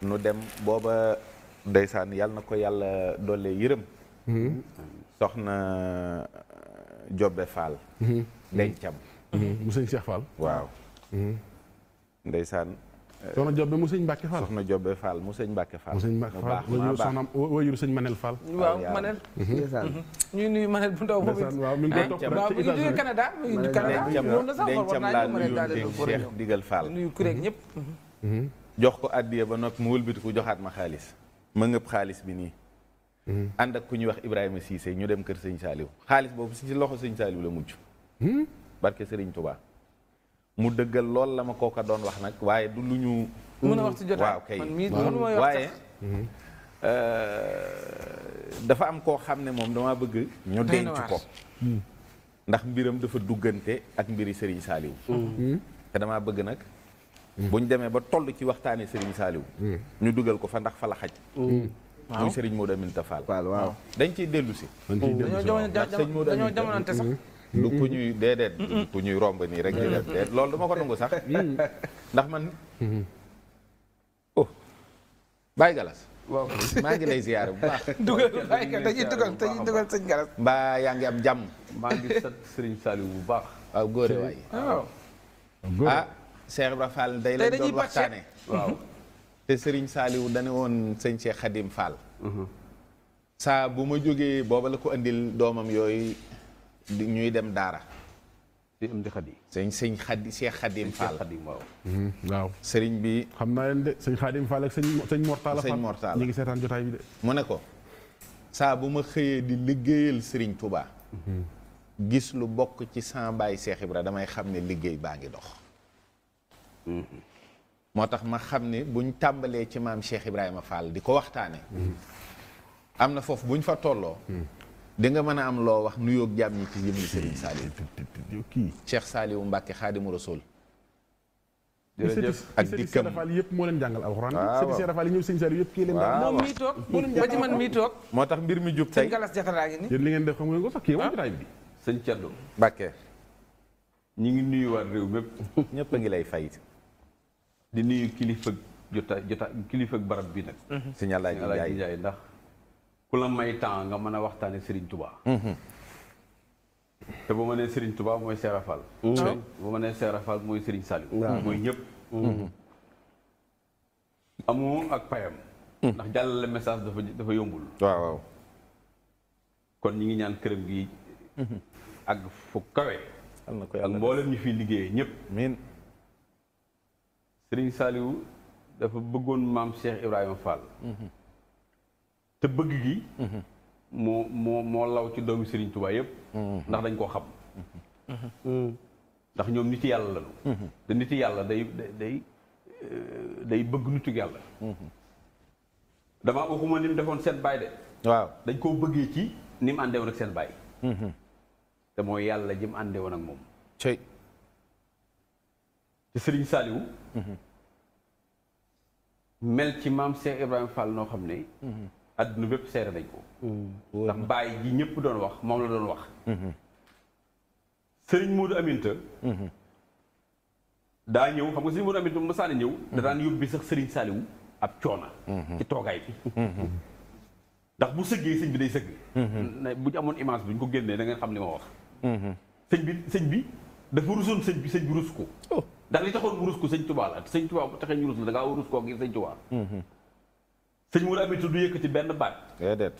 nu dem booba ndeysaan yàlla na ko yàlla doole yërëm. soxna eh, Jobbe Fall. dencam. mu sëñ Cheikh Fall. waaw. ndeysaan eh, soxna Jobbe mu sëñ Mbacke Fall soxna Jobbe Fall mu sëñ Mbacke Fall. mu sëñ Mbacke Fall wajur sëñ Manel Fall. waaw Manel. Mhm. Mhm. ñuy nuyu Manel bu ndaw boobu it. waaw mi ngi koy nuyu Cheikh Digal mhm. jox ko addiya ba noppi mu wëlbati joxaat ma xaalis. ma ngëb xaalis bi nii. ànd ak ku ñuy wax Ibrahima Cissé ñu dem kër sëñ Saliou xaalis boobu si loxo sëñ Saliou la mujj. barke Serigne Touba. mu dëggal lool la ma kooka doon wax nag waaye du lu ñu. mën a wax ci jotaay waaw kay waaye. Euh, dafa am koo xam ne moom damaa bëgg. ñu denc ko. Hmm. ndax mbiram dafa duggante ak mbiri Serigne Saliou. Hmm. Hmm. te damaa bëgg nag. bu ñu demee ba toll ci waxtaanee Serigne Saliou. ñu dugal ko fa ndax fa la xaj. waaw sëriñ moo Modou Aminta Fall. dañ ciy dellu si. dañ ciy dellu si waaw Aminta dañoo jamonante lu ku ñuy déedéet. lu ku ñuy romb nii rek di def ko nangu sax ndax man. Mm-hmm. oh Baye Galas. waaw maa ngi lay ziyaare bu baax. <laughs> dugal dugal sëñ Galas. mbaa yaa ngi am jàmm. maa ngi sant Serigne Saliou bu baax. waaw góore waay. ah Cheikh Ibra day lañ doon waxtaane waaw te Serigne Saliou dane woon sëñ Cheikh Khadim Fall. Mm-hmm. saa bu ma jógee booba la ko andil doomam yooyu. ñuy dem daara si am di xadi sëñ sëñ xadi Seex Xadim Fall waaw waaw sëriñ bi xam naa leen Fall ak sëñ sëñ Mortala Fall ngi seetaan jotaay bi de mu ne ko saa bu ma di liggéeyal sëriñ Touba gis lu bok ci 100 bàyyi Seex Ibra damay xam ne liggéey dox moo ma xam buñ tàmbalee ci maam Cheikh Ibrahima Fall di ko waxtaane am buñ fa tolloo di nga mën a am loo wax nuyoog jàmm ñi ci jëmmi Serigne Saliou kii Cheikh Saliou Mbacke Xaadimu Rasul jërëjëf ak dikkam rafal yëpp moo leen jàngal alxuraan sëñ yi ñëw sëñ moo tax mbir mi jub tey galas jaxaraa ngi ni yéen li ngeen def xam ngeen bi sëñ Thierno Mbacke ngi nuyuwaat réew mépp ñëpp a ngi lay fay di nuyu kilifa jota jota kilifa barab bi nag sëñ Alaaji Njaay ndax ku la may temps nga mën a waxtaane Serigne Touba. Mhm. te bu ma nee Serigne Touba mooy Serigne Fall. Mhm. bu ma nee Serigne Fall mooy Serigne Saliou. mooy ñëpp. Mhm. amu ak payam. ndax jàllale message dafa dafa yombul. waaw waaw. kon ñu ngi ñaan këram gi. ak fu kawe. ak mboolem ñu fi liggéeyee ñëpp. amiin Serigne Saliou dafa bëggoon maam Cheikh Ibrahima Fall. te bëgg gi. Mhm. moo moo moo law ci doomi Serigne Touba yëpp. Mhm. ndax dañ koo xam. Mhm. Mm. ndax ñoom nit yàlla lañu. te nit yàlla day day day euh, bëgg nitu yàlla. damaa waxuma ni mu defoon seen baay de. waaw dañ koo bëggee ci ni mu àndewoon ak seen baay. te mooy yàlla ji mu àndewoon ak moom. tey te Serigne Saliou. mel ci maam Cheikh Ibrahima Fall noo xam ne. adduna bépp seere nañ ko mm, ndax bàyyi ji ñëpp doon wax moom la doon wax mm-hmm. sëriñ Moodu Aminta mm-hmm. daa ñëw xam nga sëriñ Moodu Aminta mu masaana ñëw mm-hmm. da daan yóbbi sax sëriñ Saaliwu ab coona ci toogaay bi ndax bu sëggee sëñ bi day sëgg bu ñu amoon image bi ko génnee da ngeen xam li ma wax sëñ bi sëñ bi dafa rusoon sëñ bi sëñ bi rus ko oh. ndax li taxoon mu rus ko sëñ Tuubaa la sëñ Tuubaa bu taxee ñu rus la da ngaa rus koo ngir sëñ Tuubaa sëñ Mourou Aminta du yëkkati benn baat. déedéet.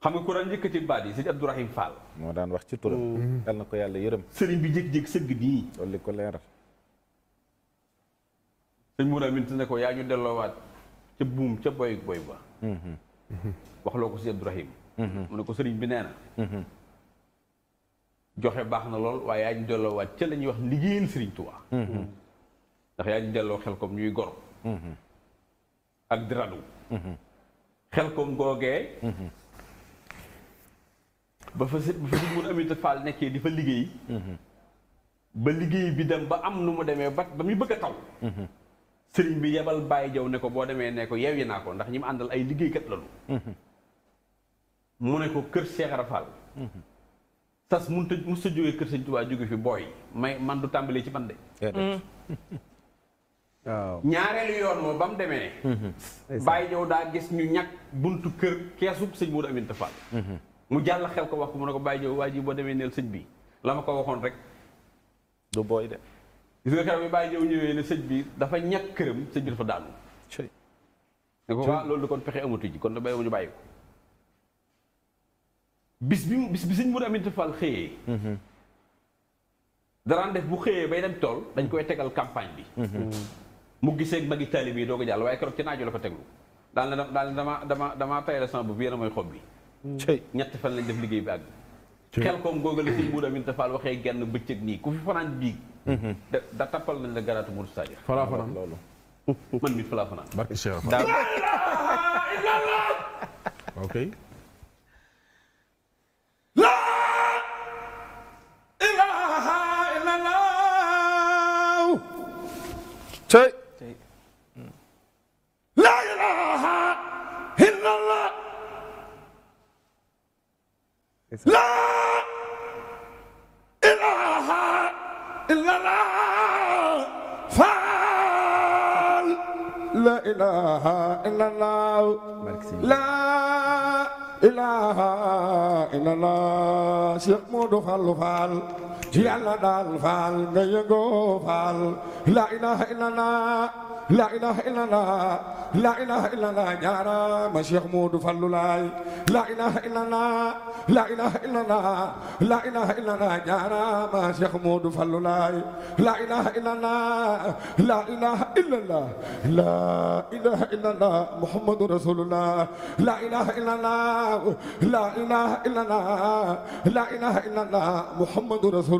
xam nga ku daan yëkkati baat yi sëñ Abdourahim Fall. moo daan wax ci turam. dal mm-hmm. na ko yàlla yërëm. sëriñ bi jékki-jékki sëgg nii. loolu ko leeral. sëñ Mourou Aminta ne ko yaa ñu delloowaat ca buum ca boy boy ba. Mm-hmm. Mm-hmm. waxloo ko sëñ Abdourahim. mu ne ko sëriñ bi nee joxe baax na lool waaye yaa ñu delloowaat ca la ñuy wax liggéeyal sëriñ Tuubaa. ndax yaa ñu delloo xel comme ñuy gor. ak di radu xel kom googee ba fa si ba fa si mun amit faal nekkee di fa liggéey ba liggéey bi dem ba am nu mu demee ba ba muy bëgg a taw sëriñ bi yebal bàyyi jow ne ko boo demee ne ko yeew yi naa ko ndax ñi mu àndal ay liggéeykat lañu mu ne ko kër Cheikh Rafal sas mun ta mun sa jógee kër Sëñ Tuubaa jóge fi booy may man du tàmbalee ci man de <laughs> waaw ñaareelu yoon moom ba mu demee. bàyyi ñëw daa gis ñu ñàkk buntu kër keesu sëñ Modou Aminta Fall. Mhm. mu jàll xel ko wax ko mu ne ko bàyyi ñëw waa ji boo demee neel sëñ bi la ko waxoon rek. du booy bi bàyyi ñëw ñëwee ne bi dafa ñàkk këram sëñ bi dafa daanu. ne ko waa loolu kon pexe amatu ji kon da bàyyi ñu bàyyi ko. bis bi bis bi sëñ Modou Aminta Fall xëyee. Mhm. daraan def bu xëyee bay dem tool dañ koy tegal campagne bi. Mhm. mu gisee ak magi taalib yi doo ko jàll waaye ci naaju la ko teglu dal na daal dama dama dama tayale sama bu biir mooy xob bi hmm. ñett fan lañ def liggey bi ag xel koom googu ci mu dem Aminta Fall waxee genn ak ni ku fi fanan bi hmm. da tapal nañ la garatu mur Sadio fala fanaan lolu man mi fala fanaan barke Cheikh okay Take. لا إله إلا الله فعل لا إله إلا الله لا إله إلا الله شيخ مودو فال فال yàlla daal faal nga yëngoo faal la ilaha illallah la ilaha illallah la ilaha illallah jaaraama Cheikh Moodu Fallu Laay la ilaha illallah la ilaha illallah la ilaha illallah jaaraama Cheikh Moodu Fallu Laay la ilaha illallah la ilaha illallah la ilaha illallah Muhammadu Rasulullah la ilaha illallah la ilaha illallah la ilaha illallah Muhammadu Rasulullah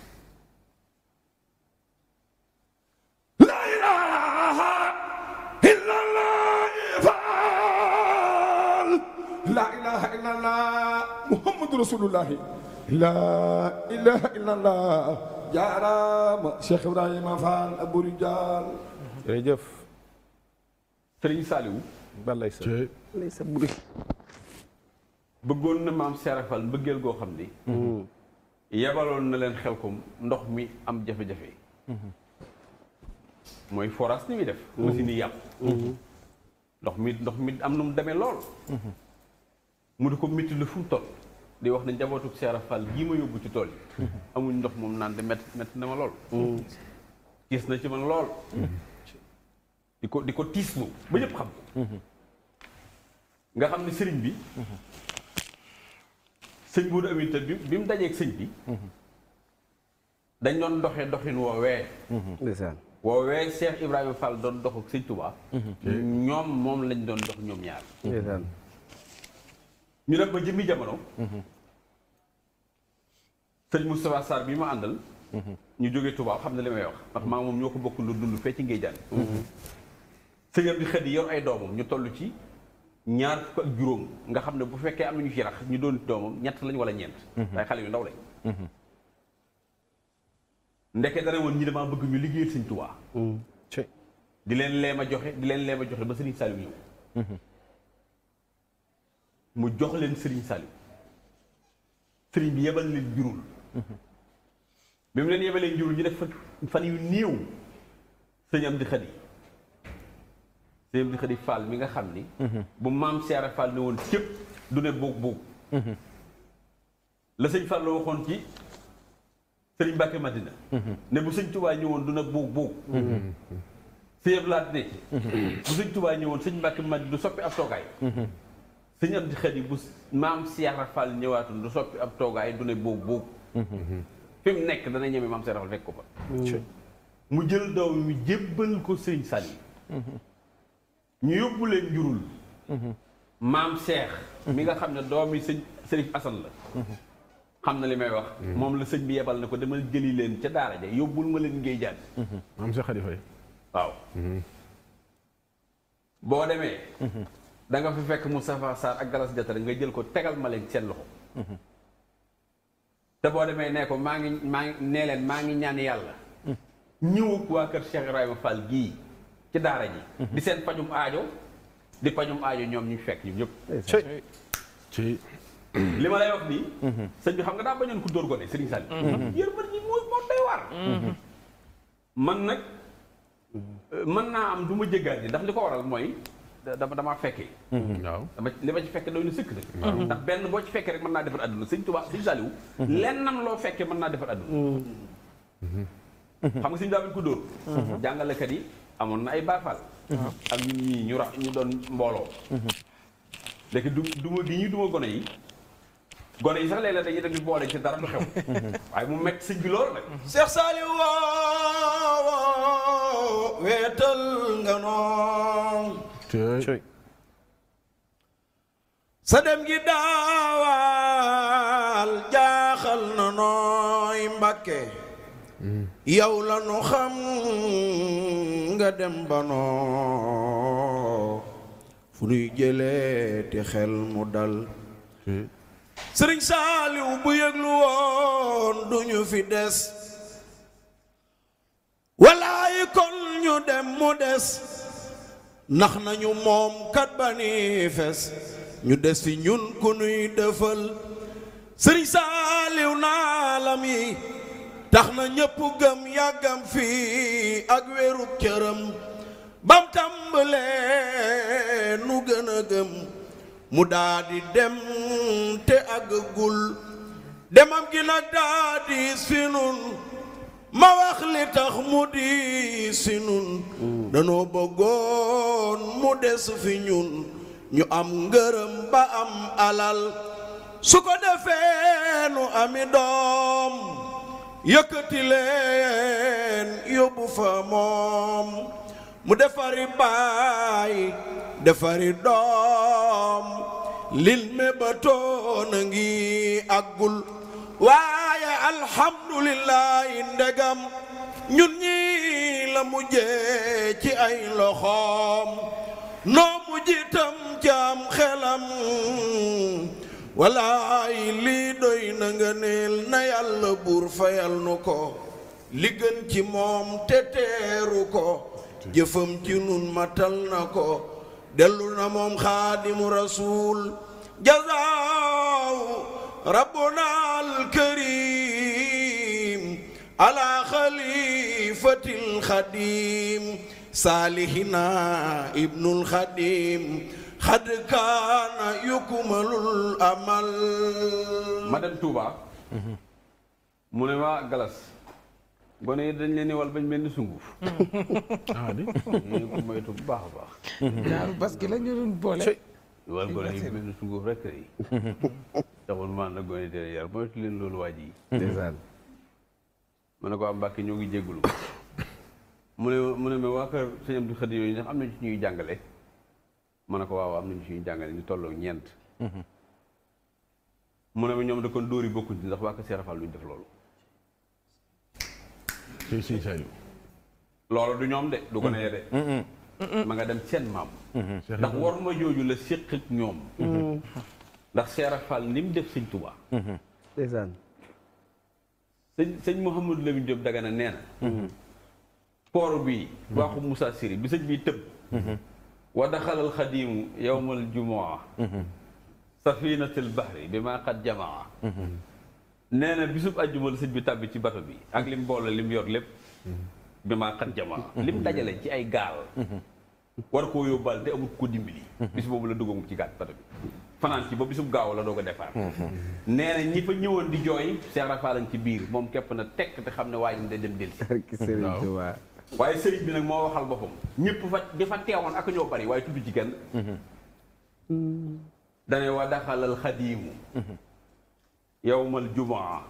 rasulullahi laa ilaha illallah jaaraama Cheikh Ibrahima Fall Abou Rijal jërëjëf Sëriñ Saliou balay sa balay sa bëggoon na maam Seera Fall mbëggeel goo xam ni mm-hmm. yebaloon na leen xel ko ndox mi am jafe-jafe mm-hmm. mooy forage ni muy def mm-hmm. machine yi yàpp ndox mi ndox mi am na mu deme lool mu di ko métti la fu toll di wax ne njabootug Seera Fall gii ma yóbbu ci tool yi <laughs> amuñ ndox moom naan de mett mett na ma lool mm. gis na ci man lool mm-hmm. di ko di ko tiis moom ba ñëpp xam mm-hmm. nga xam ne sëriñ bi mm-hmm. sëñ Buudu Aminta bi bi mu dajeeg sëñ bi dañ doon doxee doxin woowee woowee Cheikh Ibrahima Fall doon dox ak sëñ Touba ñoom moom lañ doon dox ñoom ñaar ñu def ba jëmmi jamono sëñ Moustapha Sarr bi ma àndal. ñu jógee Touba xam na li may wax. ndax maa moom ñoo ko bokk lu dund fee ci Ngéejaan. sëñ di xëy yor ay doomam ñu tollu ci ñaar fukk ak juróom nga xam ne bu fekkee am na ñu ci ñu doon doomam ñett lañ wala ñeent. waaye mhm. xale yu ndaw lañ. Mhm. ndeke dana woon ñi damaa bëgg ñu liggéeyal sëñ Touba. Mhm. di leen leema joxe di leen leema joxe ba Serigne Saliou ñëw. mu jox leen Serigne Saliou. bi yebal leen jurul. bi mu leen yebalee njur ñu def fan yu néew sëñ Amdi Xadi sëñ Amdi Xadi Fall mi nga xam ni bu maam Seera Fall ne woon cëpp du ne boog boog la sëñ Fall la waxoon ci sëriñ Mbàkke Madina ne bu sëñ Tuubaa ñëwoon du ne boog boog sëñ Abdu Laat ne bu sëñ Tuubaa ñëwoon sëñ du bu maam Seera Fall ñëwaatoon du soppi ab toogaay du ne boog boog fi mu nekk dana ñeme maam Seex Rafal fekk ko fa. mu jël doom ñu jébbal ko sëñ Sali. ñu yóbbu leen njurul. maam Seex. mi nga xam ne doom yi sëñ Sërif Asan la. xam na li may wax. moom la sëñ bi yebal na ko demal jëli leen ca daara ja yóbbul ma leen ngay jàng. maam Seex Xadi Fay waaw. boo demee. da nga fi fekk Moustapha Sarr ak Galas Jatara nga jël ko tegal ma leen seen loxo. te boo demee ne ko maa ngi maa ngi nee maa ngi ñaan yàlla. Mm. ñëw waa kër Cheikh Ibrahima Fall gii ci daara ji. Mm-hmm. di seen pajum aajo di pajum aajo ñoom ñu fekk ñun ñëpp. li ma lay wax nii. Mm-hmm. sëñ bi xam nga daa bañoon ku dóor gone Serigne Sall. Mm-hmm. yërmande ñi mooy moo doy war. man nag mën naa am du ma jéggaat ji ndax li ko waral mooy. dama damaa fekkee. Mhm. waaw dama li ma ci fekkee doy na nag. ndax benn boo ci fekkee rek mën naa defar àdduna sëñ Tuubaa sëñ Saaliw. Mhm. lennam loo fekkee mën naa defar àdduna. Mhm. xam nga sëñ Daawuda ko dóor. jàngalekat yi amoon na ay baafal. ak ñun ñii ñu rax ñu doon mbooloo. léegi du duma gi ñuy duma gone yi. gone yi sax léeg-léeg dañuy dem di boole ci dara du xew. waaye mu métti sëñ bi loolu nag. Cheikh Saaliw wéetal nga noonu. sa dem gi daawaal jaaxal na nooy mbàkke mm. yow la nu xam nga dem ba noo fu nuy jëlee ti xel mu dal sëriñ saaliw bu yëglu woon du fi des walaay kon ñu dem mu des ndax nañu moom kat ba ñu des ci ñun ku nuy dëfal sëriñ saaliw naalam yi tax na ñépp gëm yàggam fii ak wéeru cëram bam tàmbalee nu gën a gëm mu daa di dem te àggagul demam gi nag daa di nun ma wax li tax mu di si nun danoo bëggoon mu des fi ñun ñu am ngërëm ba am alal su ko defee nu ami doom yëkkati yóbbu fa moom mu defari baay defari doom lil me ba ngi àggul waaye alhamdulillahi ndegam ñun ñi la mujjee ci ay loxoom noo mujjitam jaam xelam walaay lii doy na nga na yàlla buur fayal nu ko li gën ci moom te teeru ko jëfam ci nun matal na ko dellu na moom xaadimu rasuul jazaaw ربنا الكريم على خليفة الخديم صالحنا ابن الخديم قد كان يكمل الأمل مدام توبا mu ne waa galas gone yi dañ leen ni wal bañ mel ni sunguf ah di bu baax a baax daal parce que la ñu doon wal gone yi mel ni sunguf rek yi taxul ma nag gone teel yar loolu waa ji ma ne ko am mbàkke ñoo ngi jéggulu mu mu ne ma waa kër sëñ Abdou Khadi yooyu ne ko waaw am nañ ci ñuy jàngale ñu tolloo mhm. mu ne ma ñoom da kon dóor yi bokkuñ ci ndax waa kër Serafal luñ def loolu loolu du ñoom de du ko nee de mm-hmm. Mm-hmm. ma nga dem seen maam mm-hmm. ndax war ma jooju la séq ak ñoom ndax Seera Fall ni mu def sëñ Touba. Mhm. ndeysaan. sëñ sëñ Mouhamadou Lamine Diop Dagana nee na. koor mhm. bi mhm. waaxu Moussa Siri bi sëñ bi tëb. wa daxalal xadiimu yowmal jumaa. safinatil bahri bi maa xat jamaa. nee na bisub àjjuma la sëñ bi tàbbi ci bato bi ak lim boole lim yor lépp. bi maa xat jamaa. mu dajale ci ay gaal. war koo yóbbaal te amul ko dimbali. bis boobu la dugg ci gaat bato bi. fanan ci ba bisub gaaw la dogo a départ mhm. nee ñi fa ñëwoon di joy Cheikh Rafa lañ ci biir mom képp na tek te xam ne waa ji day dem delsi waaye serigne bi nak mo waxal bopam ñepp fa di fa ak ñoo bari tuddu ci genn mhm. dane wa khadim yawm al mhm. jumaa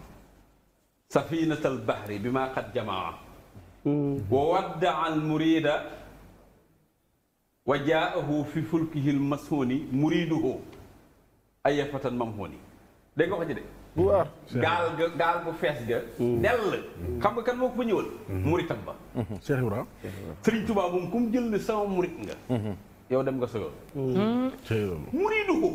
al bahri bima qad jamaa wa al murida wajaahu fi fulkihi al masuni muriduhu ay fatan mam xoon yi dégg nga wax ji de gaal ga gaal bu fees ga mm. dell xam nga kan moo ko fa ñëwal mm-hmm. muritam ba mm-hmm. Cheikh Ibrahima Sëriñ Tuubaa moom ku mu jël ne sama murit nga mm-hmm. yow dem nga sa yoon mm. muriduhu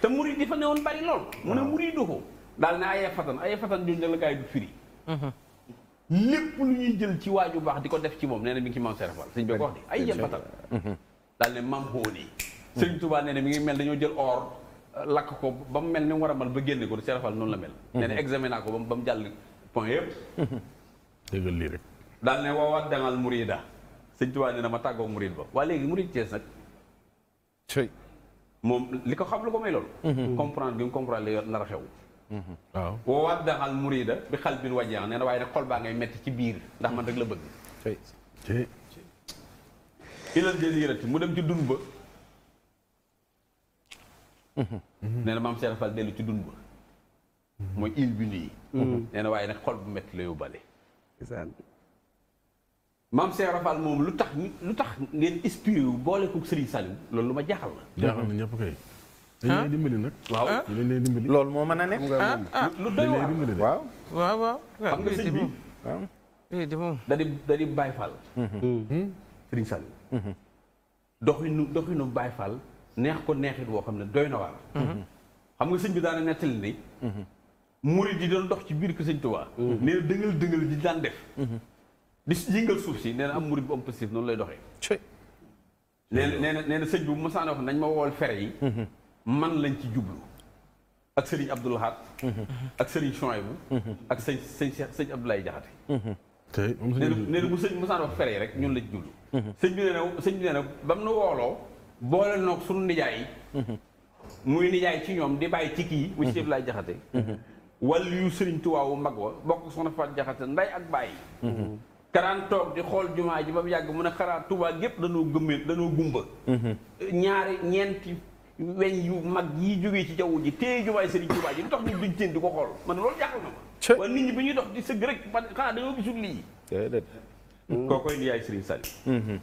te murid yi fa newoon bari lool mu ne ah. muriduhu daal ne ay fatan ay fatan ñun ne la kaay du firi lépp lu ñuy jël ci waaju baax di ko def ci moom nee na mi ngi ci mam serafal sëñ bi ko wax di ay fatan daal ne mam xoon yi Sëriñ Tuubaa nee na mi ngi mel dañoo jël or euh, lakk ko ba mu mel ni mu war a mel ba génne ko Cheikh Fall noonu la mel. Mhm. nee na examen naa ko ba mu ba mu jàll point yëpp. <laughs> dëggal lii rek. daal ne woowaat demal Mourida Sëriñ Tuubaa nee na ma tàggoo Mourid ba waa léegi Mourid Thiès nag. tey moom li xam lu ko may loolu. Mhm. comprendre bi mu comprendre li nar a xew. Mhm. waaw woowaat demal bi xal bi nu wàññeeku nee na waaye nag xol baa ngay metti ci biir ndax man rek la bëgg. tey tey. ilal jëliirati mu dem ci dund ba. Mm-hmm. nee na maam Cheikh Fall dellu ci dund ba mm-hmm. mooy il bi nii nee waaye nag xol bu métti la yóbbaale maam Cheikh Fall moom lu tax lu tax ngeen inspiré wu boole ko Serigne Saliou loolu lu ma jaaxal la jaaxal na ñëpp kay dañ loolu moo mën a nekk lu doy waaw waaw xam nga sëñ bi da di da di Baye Fall mm-hmm. Serigne Saliou doxinu doxinu Baye Fall neex ko neexit woo xam ne doy na waar mhm. Mhm. xam nga sëñ bi daana nettali ni mhm. murid yi doon dox ci biir ko sëñ Tuubaa nee na dëngal dëngal ji daan def di yëngal suuf si nee na am murid bu am positif noonu lay doxee nee na nee na sëñ bi bu masaana wax nañ man lañ ci jublu ak sëriñ Abdoul Ahad ak sëriñ Chouaïbou ak sëñ sëñ sëñ Abdoulaye Diakhaté nee na bu sëñ masaana wax fere yi rek ñun la jublu sëñ bi nee na sëñ bi ba mu nu wooloo boole noog sunu nijaay yi mhm. muy nijaay ci ñoom di bàyyi ci kii mu mhm. siif laay jaxate mhm. wal yu sëriñ tuwaawu mag wa bokk soxna fat jaxate nday ak bàyyi karaan di xool jumaa ji ba mu yàgg mun a xaraat tubaa gépp dañoo gëmmee dañoo gumba ñaari ñeenti weñ yu mag yi jógee ci jaww ji téye jumaay sëriñ tubaa ji lu tax ñu duñ teen di ko xool man loolu jàqal na ma wala nit ñi bi ñuy dox di sëgg rek man xanaa dañoo gisul lii koo koy nijaay sëriñ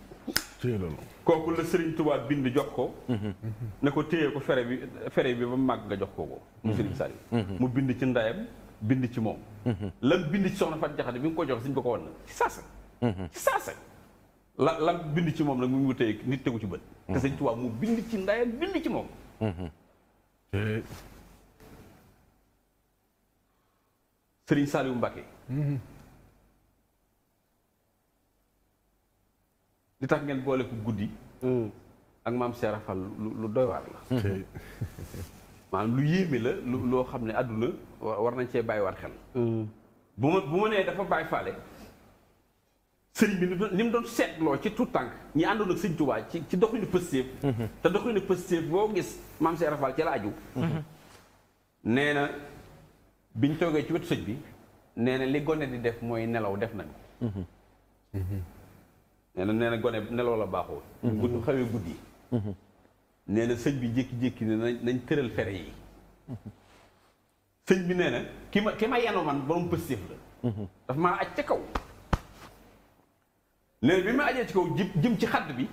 kooku la Serigne Touba bind jox ko. Mm-hmm. ne ko téye ko fere bi fere bi ba mu màgg nga jox ko ko. mu mm-hmm. Serigne Saliou. Mm-hmm. mu bind ci ndayam bind ci moom. lan bind ci soxna Fatou Diakhaté bi ko jox suñ ko ko la lan bind ci moom nag mu ngi téye nit tegu ci bët. te Serigne Touba mu bind ci ndayam bind ci moom. Serigne Saliou Mbacké. li tax ngeen boole ko guddi. Mm. ak maam Cheikh Rafal lu doy waar la. <laughs> maanaam lu yéeme la lu loo xam ne àdduna war nañ cee bàyyiwaat xel. Mm. bu ma bu ma nee dafa bàyyi faale. sëriñ bi ni mu doon seetloo ci tout tànk ñi àndoon ak sëriñ Tuubaa ci ci doxalinu positif. Mm-hmm. te doxalinu positif boo gis maam Cheikh Rafal ci la aju. Mm-hmm. nee na biñ toogee ci wetu sëñ bi nee na li gone di def mooy nelaw def nañ nee na nee na gone nelaw la baaxoo. gudd xawee guddi. nee na sëñ bi jékki-jékki ne nañ tëral fere yi. sëñ bi nee na ki ma ki ma yanoo man borom positif la. daf maa aj ca kaw. nee na bi ma ajee ci kaw jëm jëm ci xadd bi.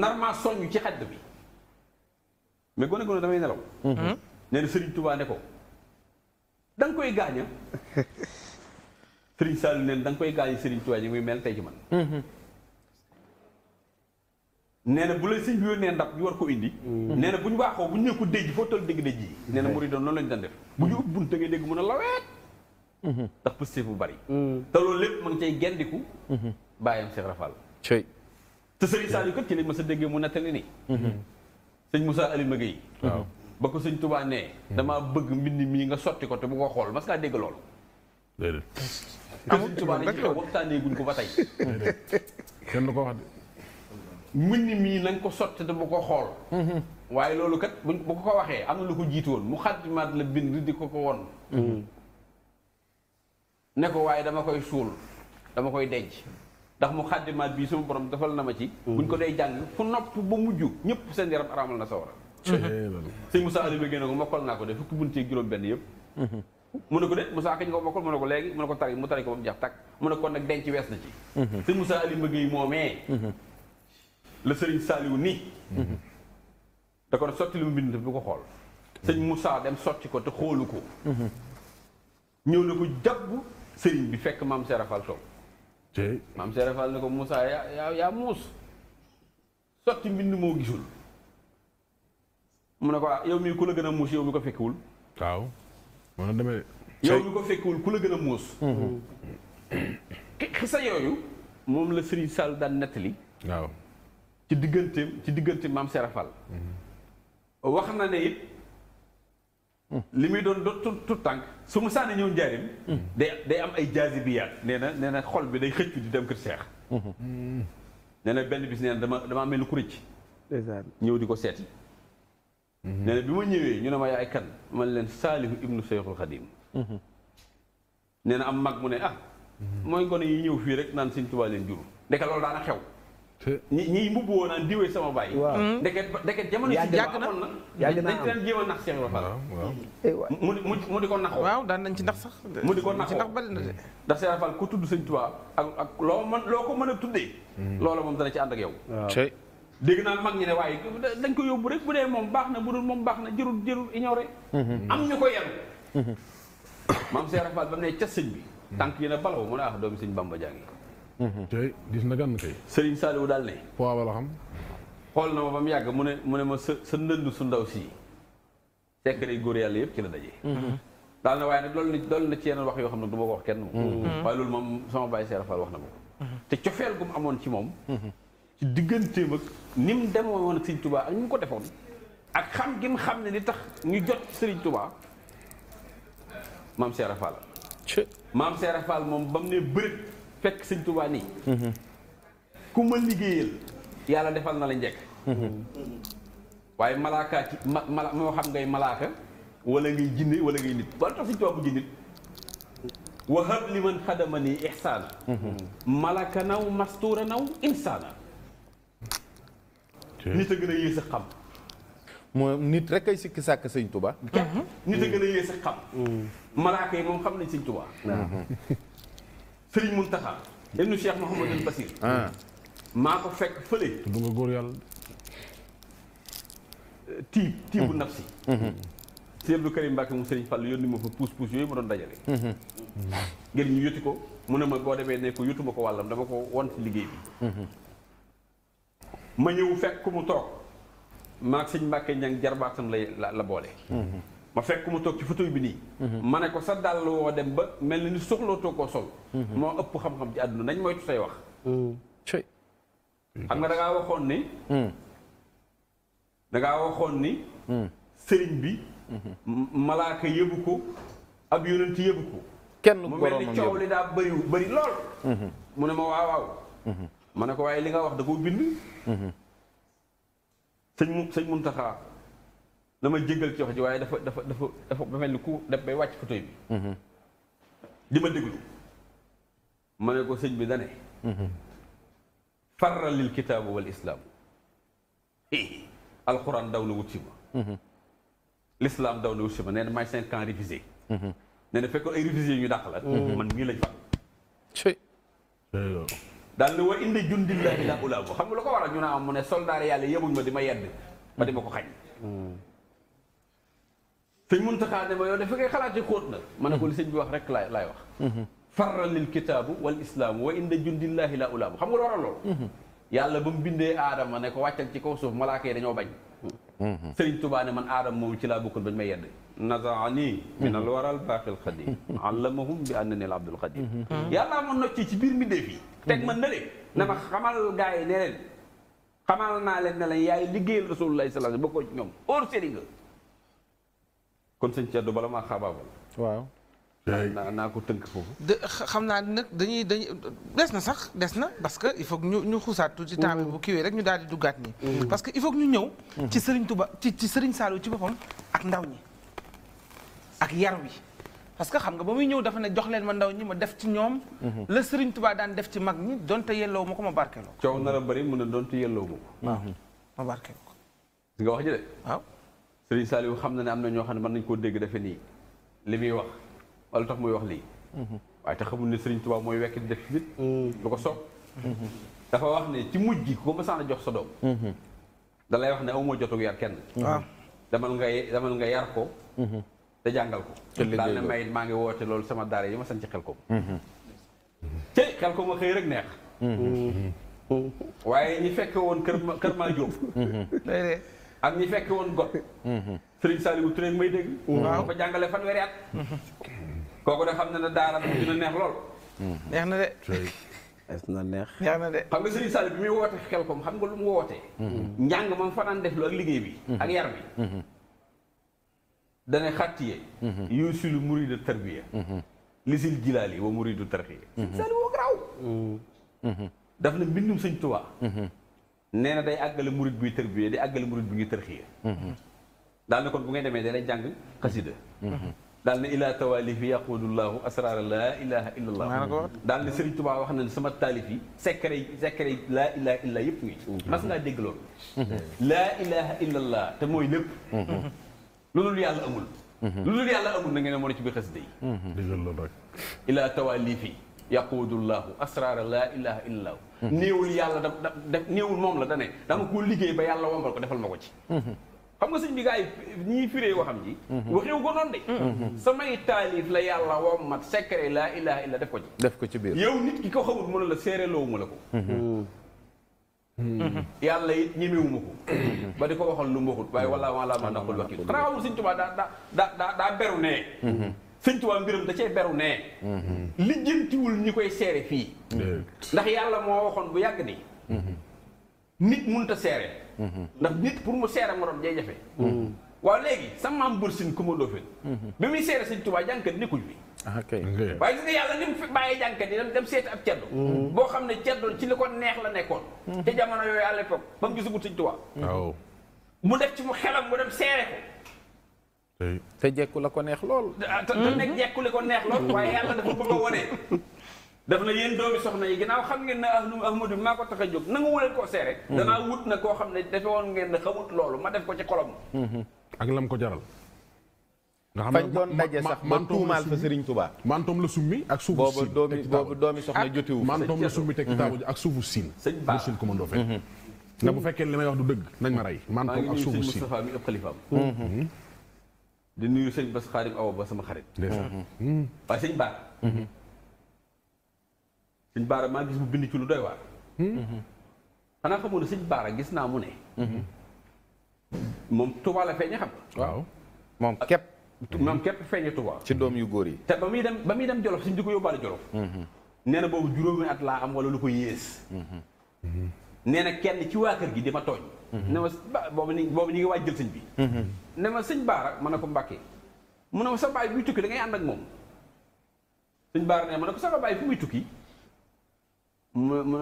nar maa soññ ci xadd bi. mais gone gone damay nelaw. nee na Serigne Touba ne ko da nga koy gaaña Serigne Sall neen da nga koy gaaña Serigne Touba ñu muy mel tey ci man. nee na bu la sëñ bi yónnee ndab ñu war ko indi mm. nee bu ñu baaxoo bu ñu nee ko déj foo toll dégg déj yi mm. nee na murid doon noonu lañu daan def bu ñu ub bunt da ngay dégg mën a laweet mm-hmm. ndax pësté bu bari mm. te loolu lépp ma ngi cay gendiku mm-hmm. te sëriñ Saliou kat ci déggee mu nettali ni mm-hmm. sëñ Moussa Alima Gueye waaw ba ko sëñ Touba nee damaa bëgg mbind mii nga sotti ko te bu ko xool mas ngaa dégg loolu déedéet te sëñ Touba ne ci waxtaanee guñ ko ba tey kenn du ko wax de mën mii lañ ko sotti te bu ko xool. Mhm. waaye loolu kat bu ko ko waxee am na lu ko jiitu woon mu xaddimaat la bind di ko ko won mhm. ne ko waaye dama koy suul dama koy denc ndax mu xaddimaat bii sama borom defal na ma ci. Mhm. buñ ko dee jàng fu nopp ba mujj ñëpp seen yaram araamal na sawara. sëñ Moussa Aliou bi génne ko mokkal naa ko de fukki bunt ak juróom mu ne ko de Moussa kañ ko mokkal mu ko léegi mu ko tari mu tari ko ba kon nag wees na ci. sëñ Moussa Aliou Mbëggey moomee. la sëriñ Saliou nii da ko sotti lu mu bind bu ko xool sëñ Moussa dem sotti ko te xoolu ko ñëw na ko jàpp sëriñ bi fekk maam Serafal toog maam Serafal ne ko Moussa yaa yaa mbind moo gisul mu ne ko ah, yow mii ku la gën a muus yow mi ko fekkiwul waaw mën ku la gën a muus mm-hmm. moom la sëriñ Sall daan nettali waaw ci diggante ci diggante maam Serafal. Mm-hmm. wax na ne it. li muy doon doon tout tànk su ma sànni ñëw njaarim mm-hmm. day day am ay jaasibiyaat nee na nee na xol bi day xëccu di dem kër seex. Mm-hmm. nee na benn bis nee na dama dama mel ni ku rëcc. ñëw di ko seet nee na bi ma ñëwee ñu ne ma yaay man leen saalihu ibnu Seyxul Xadim. nee na am mag mu ne ah. mooy gone yi ñëw fii rek naan Sëñ Tuubaa leen jur ndeka loolu daana xew. ñi ñi mbubb woon sama bàyyi. deket deket jamono yi. yàgg na yàgg na dañ ci daan a nax Cheikh Ibra Fall. mu mu di ko naxoo. waaw nañ ci nax sax. mu di ko ci nax bari na de. Cheikh Ibra Fall ku tudd Sëñ Tuubaa ak ak loo mën loo ko mën a tuddee. dana ci ak yow. mag ñi ne dañ ko rek ignoré. am Cheikh bi. tank yi balaw mu na wax doomi sëñ Bamba jangi. Mm-hmm. te gis na a kay. Serigne Saliou daal ne. poids wala xam. xool na ma ba mu yàgg mu ne mu ne ma sa sa su ndaw sii. secret yi góor yàlla yëpp ci la daje. Mm-hmm. daal na waaye nag loolu na loolu na ci yeneen wax yoo xam ne du ma ko wax kenn. Mm-hmm. waaye loolu moom sama bàyyi Seera Fall wax na ma ko. te cofeel gu mu amoon ci moom. ci digganteem ak ni mu demoo woon ak ak ni mu ko defoon. ak xam gi mu xam ne ni tax ñu jot Serigne Touba maam Seera Fall. maam Seera Fall moom ba mu ne bërët. Fek seigne touba ni hmm kuma liggéeyal yalla defal na la hmm waye malaka ci mo xam ngay malaka wala ngay jinné wala ngay nit ba tax bu wahab hab liman khadamani ihsan hmm malaka naw mastura naw insana nit a gën a yées xam mo nit rek ay sikki sak seigne touba mhm. nit a xam mhm. malaka yi mo xam na seigne touba Serigne Mountakha ibnu Cheikh Mouhamadul Basir. Ah. maa ko fekk fële. du nga góor yàlla. tiib tiibu nafsi. Sëñ Abdou Karim Mbacke mu Serigne Fall yónni ma fa puus puus yooyu ma doon dajale. ngir ñu yotti ko mu ne ma boo demee ne ko yotu ko wàllam dama ko won ci liggéey bi. ma ñëw fekk ku mu toog maa ak sëñ Mbacke ñang jarbaatam la la boole. ma fekk mu toog ci fauteuil bi nii. Mhm. ma ne ko sa dàll woo dem ba mel na ni soxlootoo koo sol. Mhm. moo ëpp xam-xam ci àdduna nañ moytu say wax. Mhm. xam nga da waxoon ni. da waxoon ni. sëriñ bi. malaaka yëbu ko ab yonent yëbu ko. kenn boromam mu mel ni coow li daa bëri bëri lool. mu ne ma waaw ma ne ko waaye li nga wax da koo bind. sëñ mu sëñ Muntaxa dama jéggal ci wax ji waaye dafa dafa dafa dafa mel ni ku def bay wàcc fauteuil bi di ma déglu ma ne ko sëñ bi dane farra lil kitaabu wal islam al quran daw na wut si ma l'islam daw na wut si ma nee na maay cinq ans révisé nee na fekkoon ay révisé ñu dàq la man mii lañ fat dal ne wa indi jundillahi la ulaa xam nga lu ko waral ñu naa am mu ne soldat yàlla yebuñ ma di ma yedd ba di ma ko xañ في منتقى دابا ولا في خلاتي كوتنا ما نقول سيدي بوخ رك لا لا يوخ فر للكتاب والاسلام وان جند الله لا اولام خم نقول ورا لول يا الله بم بيندي ادم ما نكو واتال تي كوسوف ملائكه دانيو باج سيدي توبا ني من ادم مو تي لا بوكل بن ما يد نزعني من الورى الباقي القديم علمهم بانني العبد القديم يا الله مو نوتي تي بير ميدي تك ما نري نما خمال غاي نيرن خمالنا لن لا ياي ليغي رسول الله صلى الله عليه وسلم بوكو نيوم اور kon sëñ Thierno bala maa xaabaabal. waaw. naa naa ko tënk foofu. de xam naa nag dañuy dañuy des na sax des na parce que il faut ñu ñu xusaat tuuti temps bi bu kiiwee rek ñu daal di duggaat nii. Mm-hmm. parce que il faut que ñu ñëw. Mm-hmm. ci Serigne Touba ci ci Serigne Saliou ci boppam ak ndaw ñi ak yar wi. parce que xam nga ba muy ñëw dafa ne jox leen ma ndaw ñi ma def ci ñoom. Mm-hmm. la Serigne Touba daan def ci mag ñi donte yelloo ma ko ma barkeloo. coow nar a bëri mu ne donte yelloo ma ko. waaw ma barkeloo ko. nga Serigne Saliou xam na ne am na ñoo xam ne man nañ koo dégg defe nii li muy wax wala tax muy wax lii mhm. waaye te xamul ne Serigne Touba mooy wekk di def nit lu mm. ko soob mhm. dafa wax ne ci mujj gi ko mësaan a jox sa doom mhm. dalay wax ne awuma jotug yar kenn ah. dama nga damal nga yar ko te jàngal ko daal ne may maa ngi woote loolu sama daara yi ma sañ ci xel ko cey xel ko ma xëy rek neex waaye ñi fekk woon kër kër maa jóob ak ñi fekk woon got mhm. Serigne Saliou Touré may dégg waaw fa jàngale fanweeri at kooku de xam ne na daara bi dina neex lool mhm. neex na de xam nga Serigne Saliou bi muy woote xel kom xam nga lu mu wootee mhm. njàng ma fanaan def lu ak liggéey bi ak yar bi dana xàttiye yow si lu muridu tarbiya lisil jilaali wa muridu tarxiya Saliou woo garaaw daf na mbindum sëñ Tuubaa nee na day àggale murit buy tërbiyee day àggale murit bi ngi tërxiye daal ne kon bu ngay demee da lay jàng xasida daal ne ilaa tawaalif yi yaqudullaahu asraar laa ilaha illa allah daal ne Sëriñ Tuubaa wax na ne sama taalif yi secret yi secret yi mas ngaa dégg loolu laa ilaha illa allah te mooy lépp lu dul yàlla amul lu yàlla amul na ngeen ne ci biir xasida yi ilaa tawaalif yaquudullaahu asraara laa la illaahu néewul yàlla da da néewul moom la da ne dama liggéey ba yàlla wombal ko defal ma ko ci xam nga sëñ bi gars yi ñii firee waxam ji mhm. waxewu ko noonu de mhm. Mhm. samay taalif la yàlla wommat secret laa ilaha illa def ko def ko ci biir yow nit ki ko xamul mën a la séeréloowu ma la ko yàlla it ñemewuma ko ba di ko waxal lu mu waxut waaye wala wala ma naqul wakil xanaa xamul sëñ Tuubaa daa daa daa daa beru nee sëñ Tuubaa mbiram da cee beru nee. lijjantiwul ñi koy seere fii. ndax yàlla moo waxoon bu yàgg ni. nit mënut a seere. ndax nit pour mu seere doon jay jafe. waaw léegi sama maam Bursin Kumba Ndoofeen. Mhm. bi muy seere sëñ Tuubaa jànkat nekkuñ fi. ah kay waaye gis nga yàlla ni mu fi bàyyee jànkat yi dem seeti ab ceddo. Mhm. boo xam ne ceddoon ci li ko neex la nekkoon. te mhm. jamono yooyu à l'époque ba mu gisagut sëñ oh. mu def ci mu xelam mu dem seere ko. te jekku la ko neex lool. Ah, te nekk jekku la ko neex lool waaye yàlla dafa bëgg a wane. daf na yéen doomi soxna yi ginnaaw xam ngeen ne ahlu ahmadu bi maa ko tax a jóg nangu wuleen koo mm-hmm. na koo xam ne defe woon ngeen ne xamut loolu ma def ko ci xolom. Mm-hmm. ak lam ko jaral. nga xam ne fañ doon daje sax ba tuumaal fa Serigne Touba. mantoom la summi ak suufu siin boobu doomi boobu doomi soxna jotiwu. mantoom la summi teg taabu ak suufu siin. sëñ Ba sin ko mën doo fekk. ndax bu fekkee li may wax du dëgg nañ ma rey. mantoom ak suufu siin maa ngi nuyu di nuyu sëñ Bass Xaadim Awa ba sama xarit. Mm-hmm. Mm-hmm. waaye sëñ Baara. Mm-hmm. sëñ Baara maa gis mu bind ci lu doy waar. xanaa xamoon ne sëñ Baara gis naa mu ne. moom Touba feeñ feeñee xam. waaw moom képp. moom képp feeñee Touba. ci doom yu góor yi. te ba muy dem ba muy dem Jolof suñ di ko yóbbaale Jolof. nee na boobu juróomi at laa am wala lu ko yées. nee kenn ci wa kër gi dima togn tooñ mhm. ne ma boobu ni boobu ñu ngi wajjal jël bi mhm. ne ma sëñ baara ma ne ko sa bay bu tukki da ngay and ak mom sëñ bar ne manako sa bay fu muy tukki mu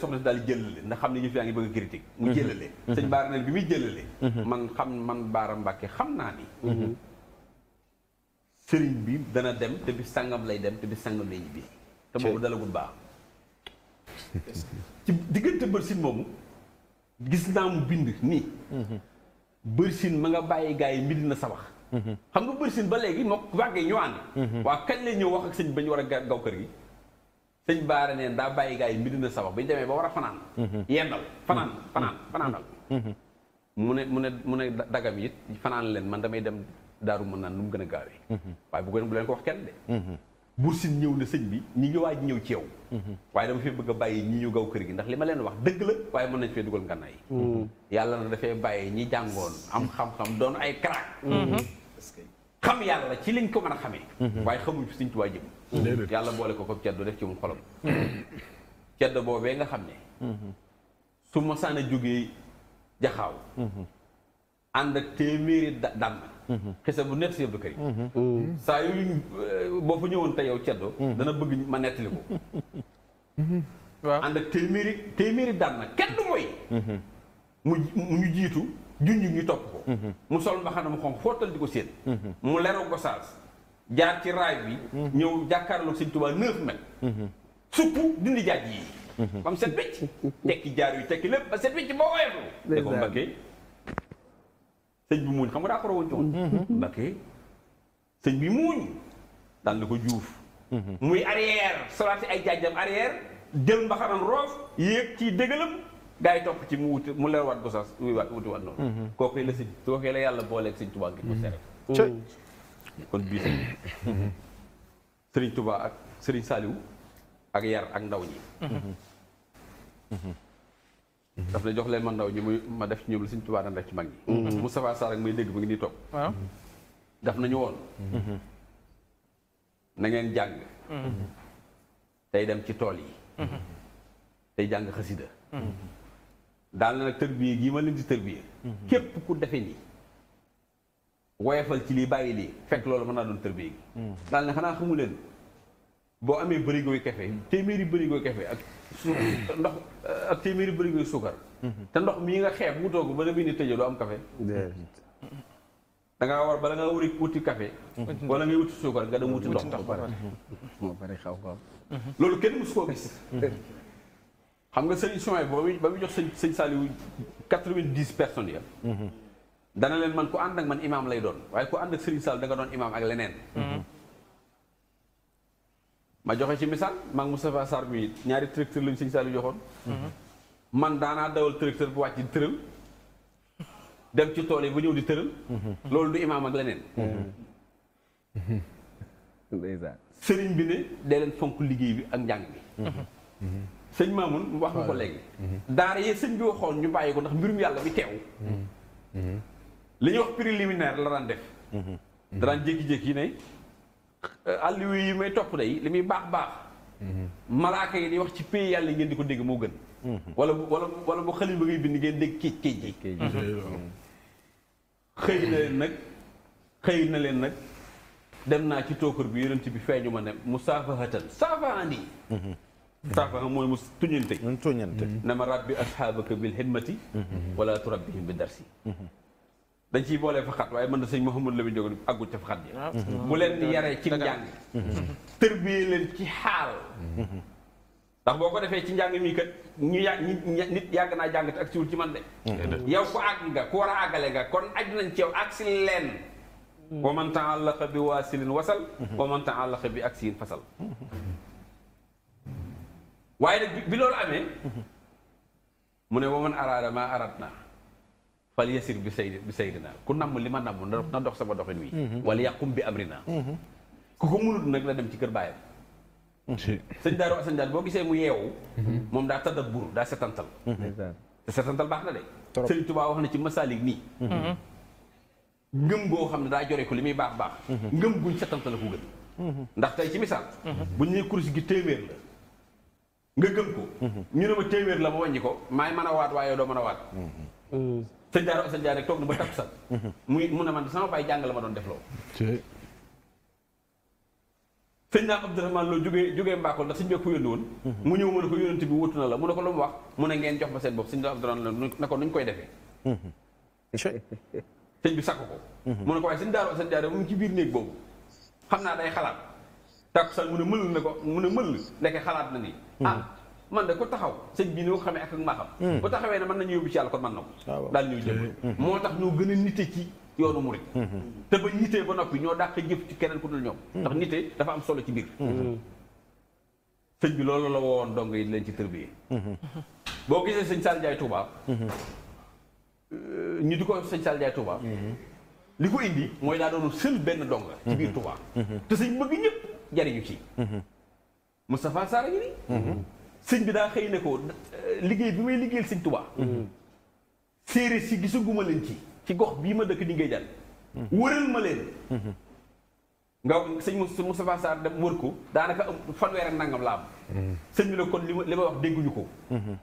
soxna dal daal jëlale ndax xamni ñu fi yaa bëgg critique mu mhm. jëlale sëñ bar ne bi muy jëlale man xam man baara mbàkke xam na ni sëriñ bi dana dem te bi sangam lay dem te bi sangam lay ñibbi te boobu dalagul baax <laughs> ci diggante bërsine moomu gis naa mu bind nii. bërsine ma nga bàyyi gars yi mbind na sabax. xam nga bërsine ba léegi moom wàggee ñoo ànd. waa kañ la ñëw wax ak sëñ bañ war a gaw kër gi. sëñ baara neen daa bàyyi gars yi mbind na sabax ba ñu demee ba war a fanaan. yendal fanaan fanaan fanaanal. mu ne mu ne mu ne dagam it fanaan leen man damay dem daaru mën naan lu mu gën a gaawee. waaye bu gën bu leen ko wax kenn de. bursin ñëw na sëñ bi ñi ngi waaj ñëw ci yow mhm. waaye dama fee bëgg a bàyyi ñi ñu gaw kër gi ndax li ma leen wax dëgg la waaye mën nañ fee dugal ngànnaay mhm. yàlla na dafay bàyyi ñi jàngoon am xam-xam doon ay crack mhm. xam yàlla ci liñ ko mën a xamee waaye xamuñ fi sëñ Tuubaa jëm yàlla boole ko ko ceddo def ci mu xolam ceddo boobee nga xam ne su ma saan a jógee jaxaaw ànd ak téeméeri dànn xisa bu nekk si Abdou Karim mm-hmm. Mm-hmm. saa yu euh, boo fa ñëwoon tey yow ceddo mm-hmm. dana bëgg ma nettali ko ak téeméeri téeméeri daan na kenn mooy mu ñu jiitu junj ñu topp ko mu sol mbaxana mu xonq footal di ko séen mu leru ko saas jaar ci raay bi ñëw jàkkaarloog sëñ Tuubaa neuf mètres supp dindi jaaj yi bam set wicc tekki jaar yu tekki lépp ba set wicc boo woyatu de ko mbaggee sëñ bi muuñ xam nga daa ko rawoon ñoon Mbakke mm-hmm. sëñ bi muuñ daan na ko juuf mm-hmm. muy arrière solaati ay jaajam arrière jël mbaxanam roof yéeg ci dëggalam gaa yi topp ci mu wuti mu leer waat Gosaas wuy waat wuti waat noonu mm-hmm. kooku la sëñ kooku la yàlla booleeg sëñ Tuubaa ngi ko sere kon sëriñ Tuubaa ak sëriñ Saaliw ak yar ak ndaw ñi Mhm. daf lay jox leen man ndaw ñi muy ma def ci ñoom la Sëñ Tuubaa daan def ci mag ñi mhm. Moustapha Sarr ak may dégg mu ngi nii toog daf nañu woon mhm. na ngeen jàng tey dem ci tool yi tey jàng xasida daal na nag tërbiye gii ma leen di tërbiye képp ku defe nii woyefal ci lii bàyyi lii fekk loolu mën naa doon tërbiye gi daal ne xanaa xamu boo amee bërigoy café téeméeri bërigoy café ak su ndox ak téeméeri bërigoy suukar te ndox mii nga xeeb mu toog ba da bi ni tëjee doo am café da ngaa war bala ngaa wuri wuti café wala ngay wuti suukar nga dem wuti ndox xaw ko loolu kenn mosu koo gis xam nga sëñ Souhaïbou ba muy ba jox sëñ sëñ Saliou quatre-vingt-dix personnes ya mhm. dana leen man ku ànd ak man imaam lay doon waaye ku ànd ak sëriñ Sall da doon imaam ak leneen mhm. ma joxe ci misaal maa ngi Moustapha Sarr mi ñaari tracteur lañu sëñ Saliou joxoon. Mhm. man daanaa dawal tracteur bu wàcc di tëral. dem ci tool yi ba ñëw di tëral. Mhm. loolu du imaam ak leneen. Mhm. sëriñ bi ne dee leen fonk liggéey bi ak njàng bi. sëñ Mamoun wax nga ko léegi. daara yee sëñ bi waxoon ñu bàyyi ko ndax mbirum yàlla bi teew. li ñuy wax préliminaire la daan def. daraan jékki-jékki ne. àll euh, yi may topp day li muy baax baax. Mhm. malaaka yi di wax ci pays yàlla yi ngeen di ko dégg moo gën. Mhm. wala wala wala bu xalima ngay bind ngeen dégg kéej kii yi. xëy na leen nag xëy na leen nag dem naa ci tookar bi yonent bi feeñu ma ne mu saafahatan saafaandi. Mhm. saafaha mooy mu tuñante. tuñante. na ma rabbi asxaabaka bil xidmati. wala turabbihim bi darsi. dañ ci bolé faxat waaye mën na sëñ Mouhamadou Lamine Diop àggul ca faxat mu len leen yaré ci njang tërbiyee len ci xal ndax boko ko ci njang mi kat ñu ya-, nit yag na jang ak siwul ci man dé yow ko ag nga ko wara agalé nga kon aj nañ ci yow ak si len wa man taallaqa bi wasilin wasal wa man taallaqa bi aksin fasal waye nak bi lolu amé mune wa man arada ma aradna fal yasir bi say bi sayrina ku namm li ma namm na dox sama doxin wi wala yàqum bi amrina ku ko munut nag la dem ci kër baayam sëñ daaru asan jaan boo gisee mu yeewu moom daa tadabbur daa setantal te setantal baax na de sëñ tubaa wax na ci masaalik nii ngëm goo xam ne daa jore ko li muy baax baax ngëm guñ setantal ko gën ndax tey ci misaal bu ñuy kurus gi téeméer la nga gëm ko ñu ne ma la ma wàññi ko maay mën a waat waaye a sëñ Daara Ousseyn jaar rek toog na ba takku sax. Mhm. muy a man sama bàyyi jàng ma doon def loolu. sëñ naa Abdourahmane loo jógee jógee Mbakol ndax sëñ bi ko yónni mhm. mu ñëw mu ne ko yónnante bi wutu na la mu ne ko lu mu wax mu ne ngeen jox ma seen bopp sëñ naa Abdourahmane na ko nuñ koy defee. Mhm. <laughs> sëñ bi sakku ko. mu ne ko waaye sëñ Daara Ousseyn Diagne mu ci biir néeg boobu xam naa day xalaat takku sax mu ne mël na ko mu ne mël ndeke xalaat na ni ah, man de ko taxaw sëñ bi ni ko xamee ak ak maaxam hmm. bu taxawee ne man nañu yóbbu ci yàlla kon mën na ko ah, daal ñuy jëm hmm, hmm, moo tax ñoo gën a nite ci yoonu murit te ba nitee ba noppi ñoo dàq jëf ci keneen ku dul ñoom ndax nite dafa am solo ci biir sëñ bi loolu la woon dong yi leen ci tërbiyee boo gisee sëñ Sall Ndiaye euh, ñu di ko sëñ Sall Ndiaye li ko indi mooy daa doonu sël benn dong ci biir Touba te sëñ bëgg ñëpp jariñu ci Moustapha Sarr ngi nii sëñ bi daa xëy ne ko euh, liggéey bi may liggéeyal sëñ Tuubaa mhm. séeréer si gisaguma leen ci ci gox bii ma dëkk di ngay jàll mhm. wëral ma leen mhm. nga sëñ Moustapha Sarr dem wër ko daanaka fanweer ak nangam la am sëñ bi ne kon li ma li ma wax dégguñu ko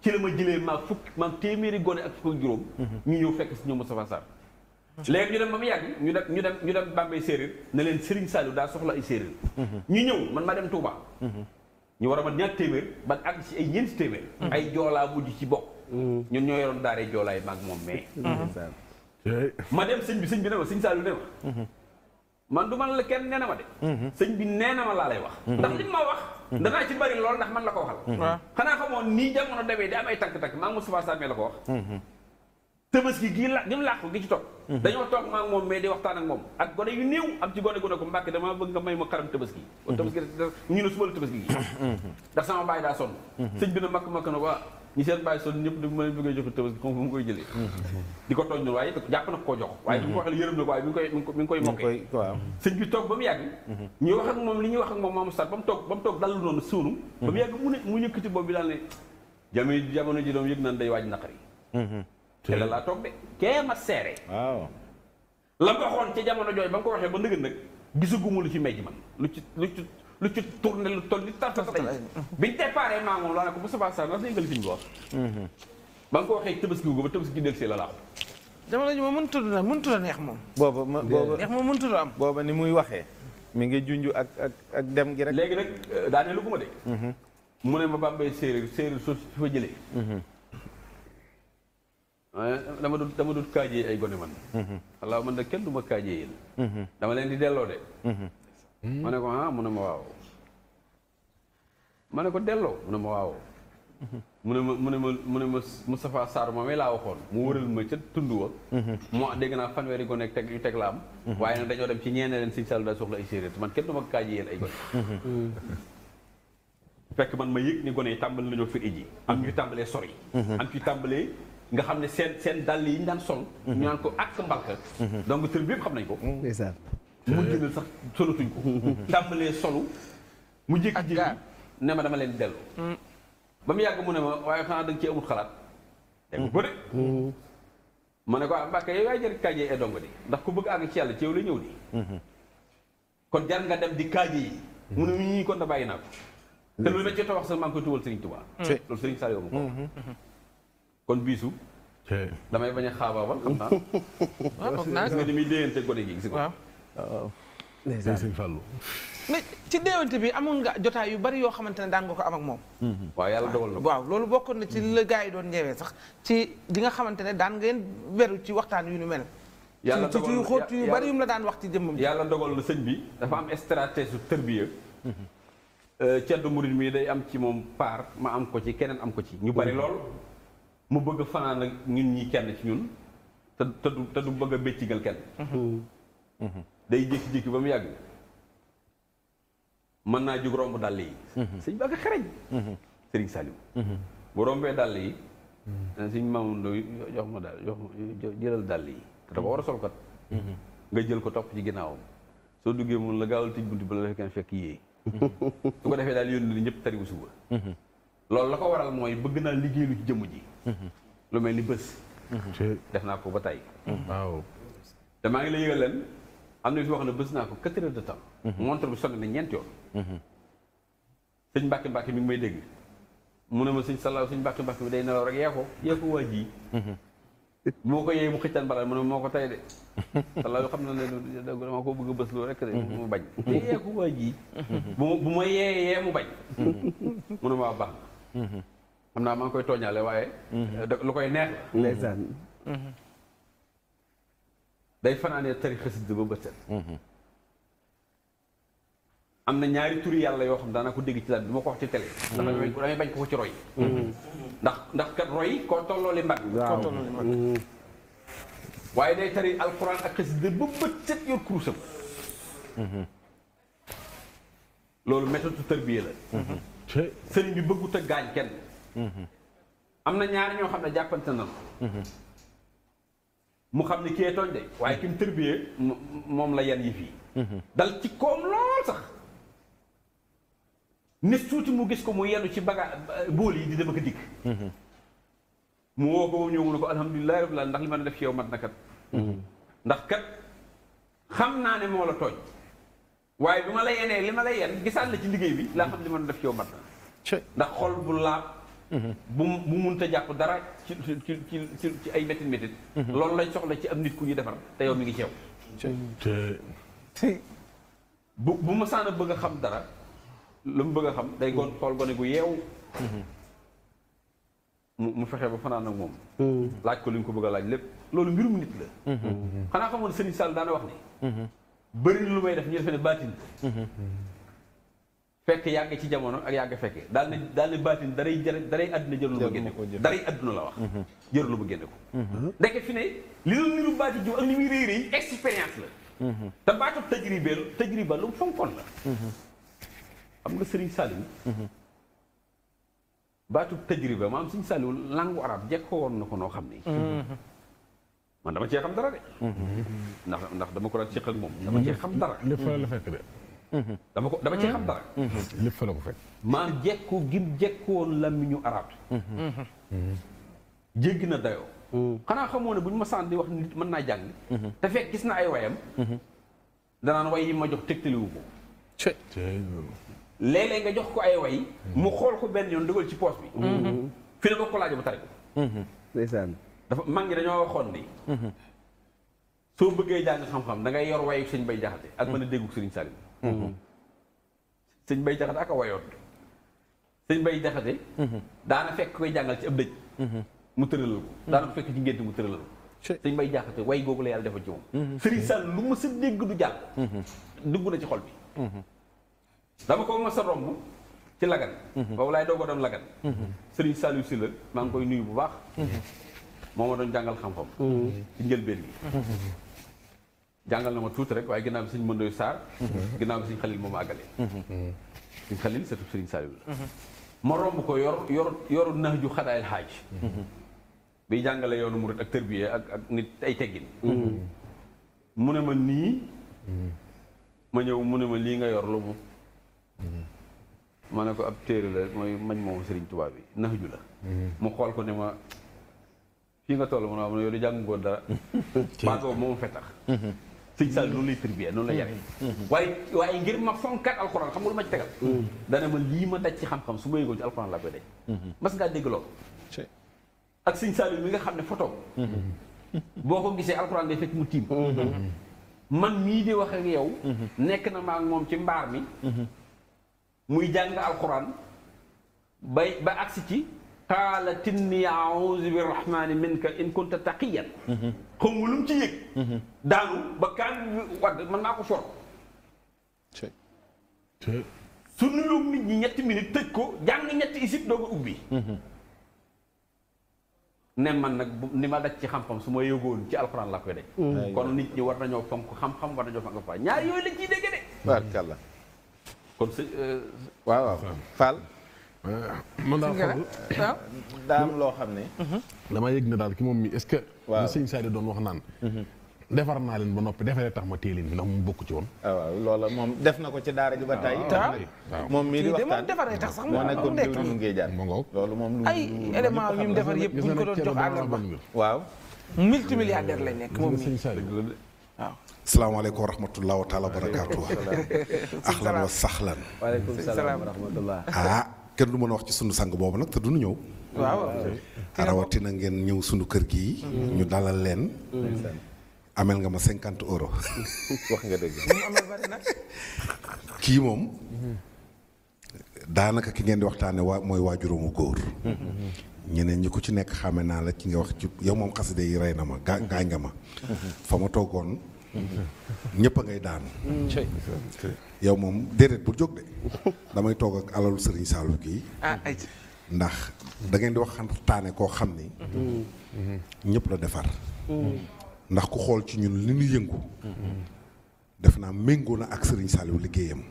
ci la ma jëlee maag fukki maag téeméeri gone ak fukki juróom ñu ñëw fekk si ñoom Moustapha Sarr léegi ñu dem ba mu yàgg ñu dem ñu dem ñu dem Bambey séeréer ne leen Serigne Saliou daa soxla ay séeréer ñu ñëw man maa dem Touba ñu war a mën ñaar téeméer ba ak si ay ñeenti téeméer. Mm-hmm. ay joolaa mujj ci bokk. Mm-hmm. ñu ñoo yoroon daaree joolaay maag moom mais. Mm-hmm. ma dem sëñ bi sëñ bi ne ma sëñ Saliou ne ma. man du man la nee na ma de. sëñ bi nee na laa lay wax. ndax li ma wax. danaa ci bari lool ndax man la ko waxal. xanaa xamoon nii jamono demee di am ay takk-takk maa ngi Moustapha Samé la ko wax. tabaski gii la gim làqu gi ci toog mhm. dañoo toog maak moom mais di waxtaan ak moom ak gone yu néew am ci gone gu ne ko mbàkke damaa bëgg nga may ma xaram tabaski mhm. tabaski ñu ne suba la tabaski gi mhm. ndax sama bàyyi daa sonn sëñ bi na makk makk na waa ñi seen bàyyi sonn ñëpp di mën bëgg a jox tabaski comme mu koy jëlee di ko tooñ waaye jàpp na ko jox waaye bi mu ko waxee yërëm la waaye mi ngi koy mokkee sëñ bi toog ba mu yàgg ñu wax ak moom li ñuy wax ak moom toog ba mu toog dallu noonu sóonu bi daal ne ji doom yëg naan day waaj naqar te la tok de kee ma seere waaw la nga xon ci jamono joy bang ko waxe ba ndëgën nag gisugumul ci meji man lu ci lu ci lu ci tourner lu toll ni tartas dañ biñ déparé maa moom laa ne ko bu sa saa nas yëngal fiñ ko wax hmm bang ko waxee tëbaski gu ba tëbaski del si la la dama lañu mo muntu na muntu la neex mom booba booba neex mom muntu la am booba ni muy waxe mi ngi junj ak ak ak dem gi rek léegi nag euh, daanee lu guma ma de mhm. mu ne ma bambay séré séeréer soo fa jëlé hmm Eh, dama dul dama dul kaajee ay gone man. xalaa mhm. man nag kenn du ma kaajee yéen. Mhm. dama leen di delloo de. Mhm. ma ne ko ah mu ne ma waaw. ma ne ko delloo mu ne ma waaw. mu ne ma mu ne ma mu ne ma Moustapha moom laa waxoon mu wëral ma ca tund wa moo dégg naa fanweeri gone ak teg yu teg la am waaye nag dañoo dem ci ñeene leen siñ sall da soxla ay séeréer man kenn du ma kaaj yéen ay gone fekk man ma yëg ni gone yi tàmbali nañoo firi ji am ñuy tàmbalee sori am nga xam sen sen dal yi ñaan sol. Mhm. ñaan ko ak mbalka mhm. donc tër bi xamnañ xam nañ ko. Mm. ndeysaan mujj na sax solatuñ ko. Mhm. <laughs> tambalé solo mu jékki-jékki ne ma dama leen del delloo. Mm. ba mu yàgg mu ne ma waye xana dang ci amul xalat dem ko de. mané mm. ko mbaka ah Mbacke yow yaay jël kaaje e dongo di ndax ku bëgg ag ci yalla ci yow la ñëw di. kon jar nga dem di kaaje yi. mu ñu ñi kon da bayina ko. te lu ma ci wax sax maa ngi koy tuwal Serigne Touba. lool Serigne Saliou yow ko. kon biisu. damay bañ a xaabaabal xam naa. <laughs> waaw nga ni muy déyante gone gi gis nga. waaw. ci déwante bi amoon nga jotaay yu bari yoo xamante ne daan nga ko am ak moom. Mm-hmm. waaw yàlla dogal na waaw loolu bokkoon na ci la gars yi doon ñëwee sax ci li nga xamante ne daan ngeen beru ci waxtaan yu nu mel. yàlla dogal na ci xóot la daan wax ci jëmmam. yàlla dogal na sëñ bi dafa am stratégie su tërbiya. Mm-hmm. Euh, ceddu murid mi day am ci moom paar ma am ko ci keneen am ko ci. ñu bari mm-hmm. lool. mu bëgg a fanaan ak ñun ñi kenn ci ñun te te du te du bëgg a béccigal kenn mm-hmm. Mm-hmm. day jékki-jékki ba mu yàgg mën naa jóg romb dàll yi mm-hmm. sëñ bi ak a xereñ sëriñ Saliou bu rombee dàll yi sëñ Mamoun Ndoye jox ma dàll jox jëlal dàll yi te dafa war a solkat nga jël ko topp ci ginnaawam soo duggee mun la gaawal tëj bunti ba la la kenn fekk yéey <laughs> su ko defee daal yónni ñëpp tariwu suba lol la ko waral moy bëgg na liggéey mhm. lu ci jëm ji lu melni bëss bés mhm. def na ko ba tay mhm. waaw dama ngi lay yëgal leen am na bis wax na bëss na ko 4 heures de temps montre bu sonné ñent ñeenti yoon señ Mbàkke Mbàkke mi ngi may dégg mu ne ma señ salaaw señ Mbàkke Mbàkke bi day nelaw rek yee ko waji ko waa ji mu xëccan balal mu ne moko tay de <laughs> salaaw xam na ne dama ko bëgg bëss bés rek de mu bañ te waji bu ma yee mu bañ mu ne ma baax xam naa maa koy tooñaale waaye. Mhm. lu koy neex. Mhm. ndeysaan. Mhm. day fanaanee tari xasida ba bët set. am na ñaari turi yàlla yoo xam daana ko dégg ci daal du ko wax ci télé. damay bañ ko ci roy. ndax ndax kat roy koo tollooli mbag. koo waaye day tari alquran ak xasida ba bët set yor kurusam. loolu méthode tarbiya la. sëriñ bi bëggut a gaañ kenn. am na ñaari ñoo xam ne jàppante na ko. mu xam ni kee tooñ de waaye ki mu tërbiyee moom la yan yi fii. dal ci koom lool sax. ne tuuti mu gis ko mu yenu ci baga bool yi di dem ak a dikk. mu woo ko ñëw mu ne ko alhamdulilah rabbil ndax li ma def ci yow mat na kat. ndax kat xam naa ne moo la tooñ. waaye bi ma la yenee li ma la yen gisaan la ci liggéey bi laa xam li ma doon def ci yow mat ndax xol bu laab mm-hmm. bu bu munta jàpp dara ci ci ci ci ay métit métit mm-hmm. loolu lañ soxla ci am nit ku ñu defar te yow mi ngi ceew yow bu bu ma bëgg a xam dara lu mu bëgg a xam day gon xool gone gu yeew mm-hmm. mu mu fexe ba fanaan ak moom laaj ko li ñu ko bëgg laaj lépp loolu mbirum nit la xanaa xamoon Sëriñ Sall daana wax ne bëri na lu may def ñu defee ne baatin mhm. fekk yàgg ci jamono ak yàgg fekk daal ne daal ne baatin daray jar daray àdduna jërul ma génne ko daray àdduna la wax mhm. jërul ma génne ko mhm. ndeke fi ne li doon niru baati jiw ak ni muy réy réy expérience la te baatu tajribe tajriba lu mu fonkoon la xam nga sëriñ Saliou baatu tajriba suñ sëriñ Saliou langue arabe ko won na ko noo xam ne man dama cee xam dara de. ndax ndax dama ko daan seq ak moom. dama cee xam dara lépp fa la dama ko dama cee xam dara. lépp fa la ko fekk. maa jekku gim jekkoon làmmiñu arab. jéggi na dayoo. xanaa xamoo ne bu ñu ma sant di wax nit mën naa jàng. te fekk gis na ay wayam. danaan way yi ma jox tegtaliwu ko. léeg-léeg nga jox ko ay way. mu xool ko benn yoon dugal ci poos bi. Mm-hmm. fi ne ko laajee ba tari dafa mag ñi dañoo waxoon ni. Mhm. soo bëggee jàng xam-xam da ngay yor wayu sëñ bay jaxate ak mën a déggu sëriñ Saliou. Mhm. sëñ bay jaxate ak a wayoon. sëñ bay mhm. daana fekk koy jàngal ci ab dëj. mu tëralal ko. daana ko fekk ci ngénte mu tëralal ko. sëñ bay jaxate way googu la yàlla defal ci moom. sëriñ Saliou lu ma sa dégg du jàll. dugg na ci xol bi. dama ko ma sa romb ci lagan. boobu laay doog a doon lagan. sëriñ Saliou si la maa ngi koy nuyu bu baax. moo ma doon jàngal xam-xam. Mm-hmm. ci njëlbeen gi. Mm-hmm. jàngal na ma tuuti rek waaye ginnaaw bi sëñ Mëndooy Saar. Mm-hmm. ginnaaw bi sëñ Xalil moom àggale. sëñ Xalil sëtub sëriñ Saliou la. ma romb ko yor yor yoru nax ju xadaayal bi jàngale yoonu murit ak tërbiyee ak ak nit ay teggin. mu ne ma nii. ma ñëw mu ne ma lii nga yor lu mu. ma ne ko ab téere la mooy mañ moomu sëriñ tubaab bi nax ju la. mu xool ko ne ma. fii nga toll mo a am yow di jàng góor dara maa <laughs> ko moom fetax seigne Sall noonu lay tribuer non la yare mm-hmm. way way ngir ma fonkat alcorane xam nga lu ma ci tegal mm-hmm. dana ma li ma daj ci xam-xam su may go ci alcorane la koy daj mm-hmm. mas nga deg lo ak seigne Sall mi nga xamne photo boko ko gisee day mu tim man mi di wax ak yow nek na ak mom ci mbar mi muy jang alcorane bay ba aksi ci qaalat inni auzu birrahmani minka in kunta taqiyan xam nga lu mu ci yëg daanu ba kaan wadd man maa ko for su nuyoog nit ñi ñetti minute tëj ko jàng ñetti isib dooga ubbi ne man nag ni ma daj ci xam-xam su ma yëgoon ci alxuraan laa koy daj kon nit ñi war man daal foofu daa am loo xam ne. dama yëg na daal ki moom mi est-ce que. waaw li sëñ Sadio doon wax naan. defar naa leen ba noppi defaree tax ma téelin bi ndax mu bokk ci woon. loola moom def na ko ci daara ji a tey. waaw moom mii di waxtaan kii defaree tax sax mu nekkoon diwlin Ngéjaan. loolu ko doon jox àllarba. waaw. multimilliardaire lay nekk moom mii. waaw. salaamaaleykum wa rahmatulah wa taala wa barakaatu. ahlan wa sahlan. waaleykum salaam wa kenn du mën a wax ci sunu sang boobu nag te duñu ñëw. waaw ah, rawatina ngeen ñëw sunu kër gi ñu dalal leen. ameel nga ma cinquante euros. <laughs> wax kii moom. daanaka ki ngeen di waxtaanee waa mooy waajuróomu góor. ñeneen ñi ku ci nekk xame naa la ci nga wax ci yow moom xasida yi rey na ma gaañ nga ma. fa ma toogoon. ñëpp a ngay daanu. yow moom déedéet bu jóg de damay toog ak alalu Serigne Sallou gi ah, ndax da di wax xantaane koo xam ni. ñëpp la defar. ndax ku xool ci ñun li ñu yëngu. def naa méngoo na ak Serigne Sallou liggéeyam.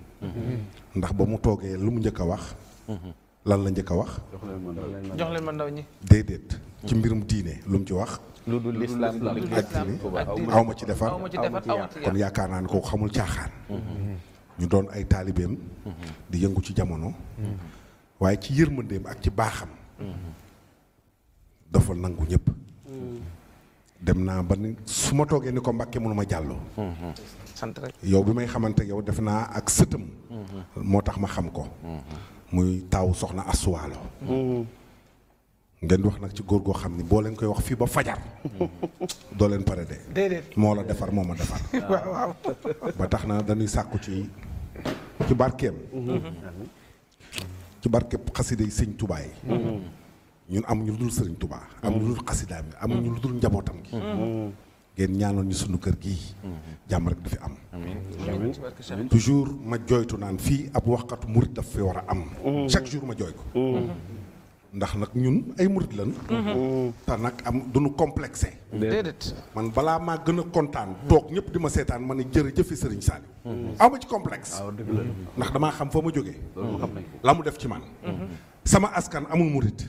ndax ba mu toogee lu mu njëkk a wax. lan la njëkk a wax. jox leen ma ndaw ñi déedéet. ci mbirum diine lu mu ci wax. lu dul lislaam aw ma ci defar kon yaakaar naa ne kooku xamul ñu doon ay mhm. di yëngu ci jamono mhm. waaye ci yërmandeem ak ci baaxam mhm. dafa nangu ñëpp dem naa ba ni su ma toogee ni ko mbàkke mënuma jàlloo yow bi may xamante yow def ak ma xam ko muy tahu soxna aswalo. ngeen di wax nag ci góor goo xam ni boo leen koy wax fii ba fajar doo leen pare de. moo la defar moo ma defar. <laughs> ba tax na dañuy sàkku ci ci barkeem. ci barkeem xasida yi sëñ tubaay yi. ñun amuñu lu dul sëriñ Tuubaa. amuñu lu dul xasidaam yi amuñu lu dul njabootam gi. ngeen ñaanal ñu sunu kër gi jàmm rek fi am. toujours ma jooytu naan fii ab waxkatu murit daf fi war a am. Mm. chaque jour ma jooy ko. Mm. ndax nag ñun ay murit lan mhm. te nag am duñu complexé déedéet man balaa maa gën a kontaan toog ñëpp di ma seetaan ma ne jërëjëfi Sëriñ Saaliw mhm. awma ci complexe ndax damaa xam foo ma jógee la mu def ci man mhm. sama askan amul murit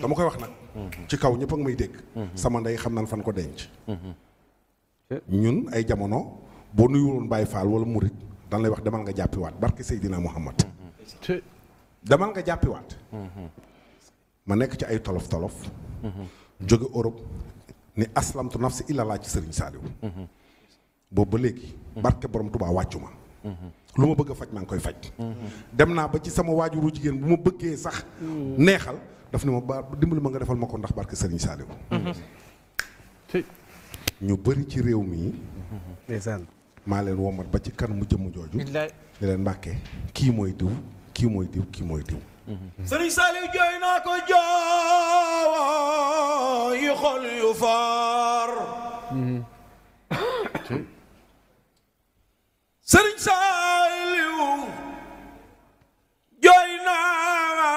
dama koy wax nag ci kaw ñëpp ak may dégg sama ndey xam naan fan ko denc ñun ay jamono boo nuyu woon Baay Faal wala murit dan lay wax demal nga jàppiwaat barke Seydina Muhammad demal nga jàppiwaat. Mhm. ma nekk ci ay tolof tolof. Mhm. jóge Europe ni aslamtu nafsi illa laa ci Serigne Saliou. Mhm. boobu ba léegi. barke borom Tuubaa wàccu ma. lu ma bëgg a faj maa ngi koy faj. dem naa ba ci sama waajuru jigéen bu ma bëggee sax. Mm. neexal daf ne ma ba dimbali ma nga defal ma ko ndax barke Serigne Saliou. ñu bëri ci réew mi. ndeysaan maa leen womat ba ci kan mu jëmm jooju. di leen mbàkkee kii mooy diw. kii mooy diw kii mooy diw mm-hmm. sëriñ Saliou jooy naa ko joowo yu xol yu foor mm-hmm. <coughs> sëriñ Saliou jooy naa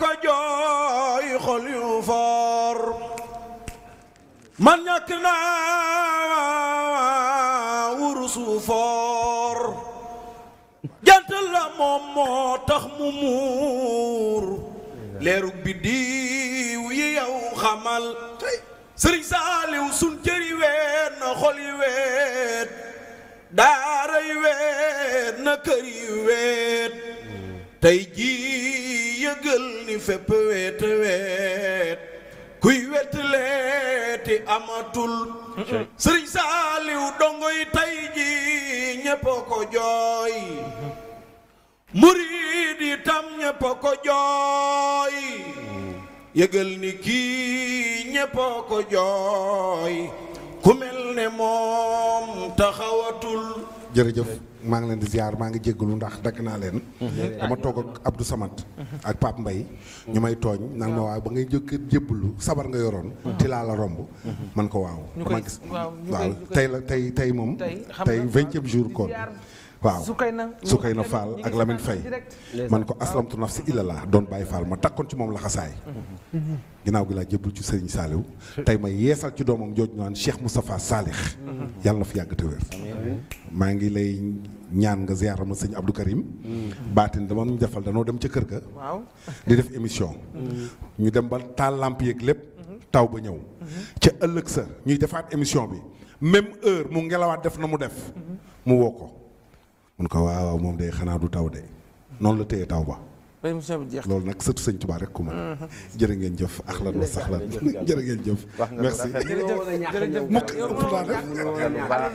ko jooy xol yu foor man ñàkk naa moom moo tax mu muur leerug bi diw yi yow xamal sëriñ saaliw sun cëri weet na xol yi weet daara yi na kër yi weet tey jii yëgal ni fépp weet weet kuy wet leeti amatul sëriñ saaliw dongo yi tey jii ñépp a ko jooy murid yi tam ko jooy yëgal ni kii ñëpp ko jooy ku mel ne moom taxawatul jërëjëf maa ngi leen di ziar maa ngi jéggalu ndax dagg naa leen dama toog ak Abdou Samad ak Pape Mbaye ñu may tooñ naan ma waaw ba ngay jóg jébbalu sabar nga yoroon ti laa romb man ko waaw dama gis waaw tey la tey tey moom tey vingtième jour koon waaw su kay na Fall ak Lamine fay man ko aslamtu nafsi illallah doon Baye Fall ma takkoon ci moom laxasaay ginnaaw gi laa jébul ci Serigne Saliou tey ma yeesal ci doomam jooju naan Cheikh Moustapha Salih yàlla na fi yàgg te wér maa ngi lay ñaan nga ziyaara ma sëñ Abdou Karim mm. baatin dama ñu defal danoo dem ca kër ga di def émission mm. ñu dem ba taal làmp yeeg lépp taw ba ñëw mm-hmm. ca ëllëg sa ñuy defaat émission bi même heure mu ngelawaat def na mu def mm-hmm. mu woo ko mun ko waaw moom day xanaa du taw de noonu la téye taw ba. bay monsieur bi jeex loolu nag sëtu sëñ Tuubaa rek ku ma. Mhm. jërë ngeen jëf axlan wa saxlan jërë ngeen jëf. merci jërëjëf mukk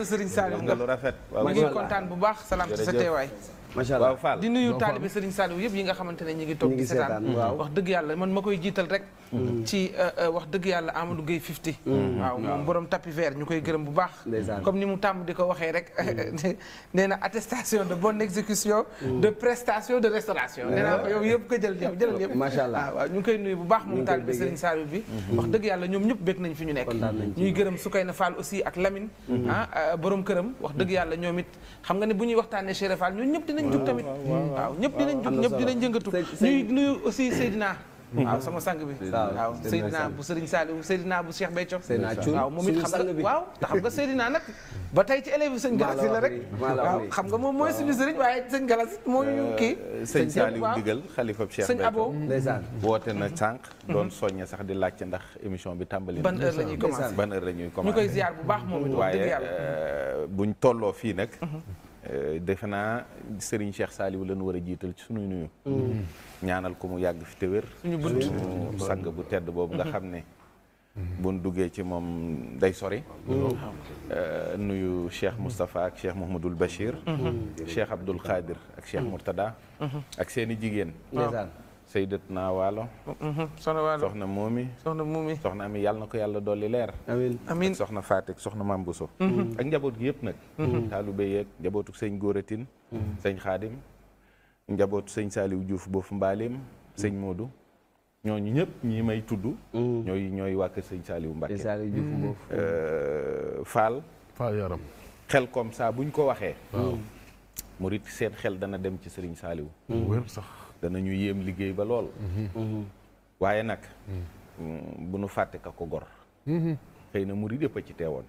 sëriñ nga lu rafet ma ngi kontaan bu baax salaam ci sa teewaay. macha allah waaw Fall di nuyu taalibe sëriñ Saliou yëpp yi nga xamante ne ñu ngi toog di seetaan wax dëgg yàlla man ma koy jiital rek Mm-hmm. ci euh, euh, wax dëgg yàlla Amadou Gueye 50. Mm-hmm. waaw moom borom tapis vert ñu koy gërëm bu baax. comme ni mu tàmm di ko waxee rek. Mm-hmm. <laughs> nee na attestation de bonne exécution. de prestation de restauration. nee naa ko yow yëpp ko jël yow jëlal yëpp. macha allah waaw ñu koy nuyu bu baax moom taalibe Serigne Saliou bi. wax dëgg yàlla ñoom ñëpp bég nañ fi ñu nekk. ñuy gërëm Soukayna Fall aussi ak Lamine. ah euh, borom këram wax dëgg yàlla ñoom it xam nga ne bu ñuy waxtaanee Chéré Fall ñoom ñëpp dinañ jug waaw mm-hmm. ah, sama sang bi waaw Seydina bu Serigne Saliou Seydina bu Cheikh Béthio waaw ah, moom it xam nga waaw te xam nga nag ba tey ci élève sëñ Galas la rek xam nga moom mooy suñu sëriñ waaye sëñ Galas mooy euh, kii sëñ Saliou ndigal xalifa Cheikh Béthio sëñ Abo ndeysaan mm-hmm. woote na sànq doon soññe sax di laajte ndax émission bi tàmbali ban heure la ñuy commencé ban heure la ñuy commencé ñu koy ziar bu baax moom it waaye euh, buñ tolloo fii nag mm-hmm. Euh, defe naa Serigne Cheikh Saliou lañ war a jiital ci suñu nuyu. Mm. ñaanal ko mu yàgg fi te wér. suñu sang bu tedd boobu nga mm-hmm. xam ne. Mm-hmm. buñ duggee ci moom day sori. Mm-hmm. Euh, nuyu Cheikh Moustapha ak Cheikh Mouhamadul Bachir. Cheikh Abdoul Khadir ak Cheikh Mourtada. ak seen jigéen. Sayyidatna Waalo. Mhm, soxna Waalo soxna Momi. soxna Momi soxna Ami yàlla na ko yàlla dolli leer. amiin amiin soxna Fatick soxna so mhm. ak njaboot gi yëpp nag. Mhm. taalibe yeeg njabootu sëñ Góoratin. sëñ Xaadim njabootu sëñ Saliou juuf boofu Mbaalim sëñ Modou. ñooñu ñëpp ñi may tudd. ñooy ñooy waa kër sëñ Saliou Mbacke. Saliou Diouf boofu. Euh, Fall. Fall yaram. xel comme ça buñ ko waxee. murit seen xel dana dem ci sëriñ Saliou. danañu yéem liggéey ba lool. waaye nag. bu nu fàtte ka ko gor. xëy na murid yëpp a ci teewoon.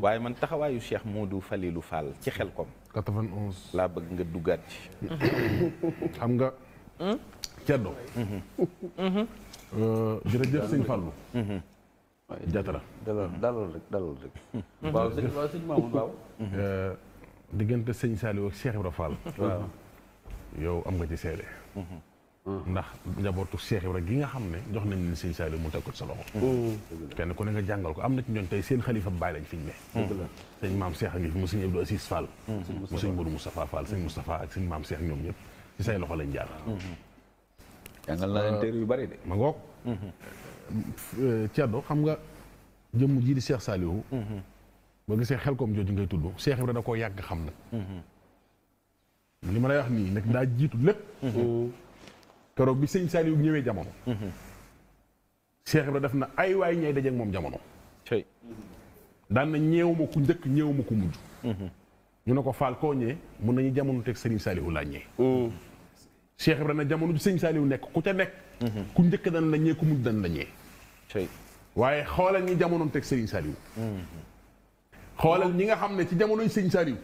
waaye man taxawaayu Cheikh Modou Falilou Fall ci xel kom. 91 laa bëgg nga duggaat ci. xam nga. ceddo. Hmm? Hmm. Euh, hmm. euh, diggante sëñ Saliou ak Cheikh Ibrahima Fall. waaw yow am nga ci seede. ndax njabootu Cheikh Ibrahima gi nga xam ne jox nañ leen sëñ Saliou mu ko sa loxo. kenn ku ne nga jàngal ko am na ci ñoom tey seen xalifa bàyyi lañ fi ñu ne. dëgg maam Cheikh a ngi fi mu sëñ Abdou ñoom ñëpp ci say loxo lañ jaar. jàngal na leen téere yu bari de. ma ngoog. xam nga jëmm jii di Cheikh Saliou. Mhm. boo gisee xel koom jooju ngay tudd Cheikh Ibrahima da koo yàgg xam na. Mhm. li ma lay wax nii nag daa jiitu lépp. keroog bi sëñ Saliou ñëwee jamono. Cheikh Ibra def na ay waay ñay dajeeg moom jamono. daan na ñeewu ku njëkk ñeewu ma ku mujj. Mhm. ñu ne ko faal koo ñee mun nañu jamono teg Serigne Saliou laa ñee. Cheikh Ibra na jamono ju sëñ Saliou nekk ku ca nekk. Mhm. ku njëkk dan la ñee ku mujj dan la ñee. waaye xoolal ñi jamono teg Serigne Saliou. Mhm. xoolal ñi nga xam ne ci jamonoy sëñ Saliou.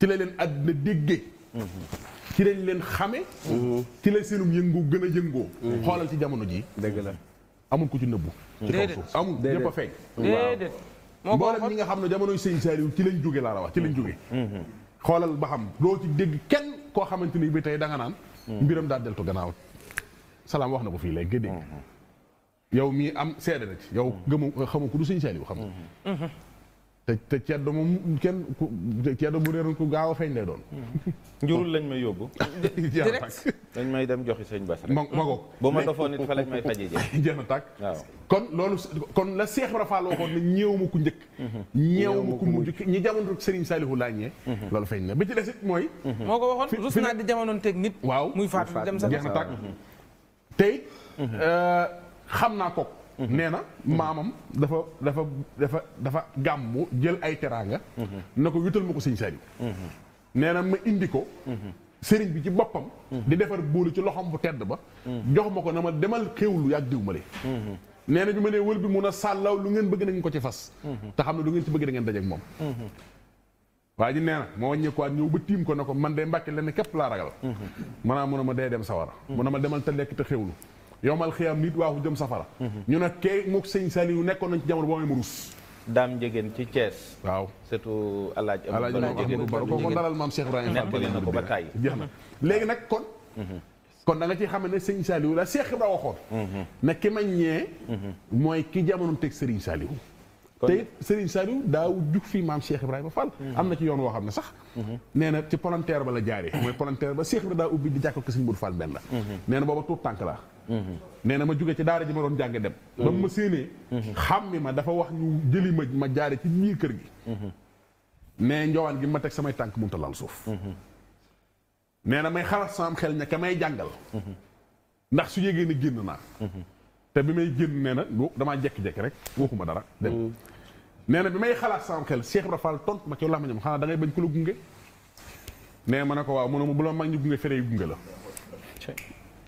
ci la leen àddina déggee ci lañ leen xame ci la seenum yëngu gën a yëngoo xoolal ci jamono ji dëgg la amul ku ci nëbbu ci kaw suuf amul ñëpp a feeñ nga xam ne jamonoy sëñ Saaliw ci lañ jóge laa la wax ci lañ jóge xoolal ba xam doo ci dégg kenn koo xamante ni bi tey danga naan mbiram daa deltu gannaaw salaam wax na ko fii léegi dégg mm-hmm. yow mii am seede na ci yow gëmu xamu ko du sëñ Saaliw xam te te ceddo moom kenn ku ceddo bu réeroon ku gaaw a feeñ lay doon. njurul lañ may yóbbu. <laughs> direct dañ may dem joxi sëñ Bass rek. ma ma ko bu ma defoon nit fa lañ may fajee jëf. <laughs> na tàkk kon loolu kon la Seex Ibra Faal waxoon ne ñeewu ku njëkk. Mhm. ñeewu ma ku mujj ñi jamono Serigne Saliou Laañe. Mhm. loolu feeñ na bi ci des mhm. naa di jamonoon teg nit. waaw muy faatu dem jeex na tàkk. te euh, xam naa ko. Mhm. Nena, Mamam, mhm. dafa dafa dafa dafa Jel jël ay teranga mhm. Nako ko mako seigne ko nena ma indi ko. sëriñ bi ci bopam di defar bolu ci loxom bu tedd ba. jox mako nama demal kewlu ya diw male nena nee na bi ma nee bi muna a lu ngeen beug nañ ko ci fas. ta xamna lu ngeen ci beug da ngeen dajeeg moom. waa ji nee na ma wàññeekuwaat ba tim ko nako man de mbacke len kep la ragal. muna ma de dem sawara. muna ma demal te lek te xewlu yowmal xiyaam nit waaxu jëm safara mhm. ñu ne kee mook sëñ Saliou nekkoon nañ ci jamono boo ma rus daam njëgeen ci Thiès. waaw surtout alaaj alaaj Amadou Baro ko dalal maam Cheikh Ibrahima nettali na ko ba kaay jeex na léegi nag kon mhm. kon da ci xam ne sëñ Saliou la Cheikh Ibrahima waxoon mhm. ne ki ma ñee mooy ki jamono teg Serigne Saliou te it Serigne Saliou daa jug fii maam Cheikh Ibrahima Fall am na ci yoon woo xam ne sax nee na ci palanteer ba la jaaree <laughs> mooy palanteer ba Cheikh Ibrahima daa ubbi di jàkko ko Serigne Bour Fall benn nee booba tuut tànk la Mhm. nee ma jóge ci daara ji ma doon jànge dem ba mhm. ma Nenjawan mhm. xammi ma dafa wax ñu jëli ma ma jaare ci biir kër gi ne gi ma teg samay tànk mu talal suuf may xalaat sama xel ña ka may jàngal ndax su yégee ni génn naa te bi may génn nee na damaa jekki-jekki rek waxuma dara dem nee bi may xalaat sama xel Cheikh rafal tont ma ci lama ñam xanaa da ngay bañ ko la gunge ma ne ko mu bu la mag ñu gunge fere yu gunge la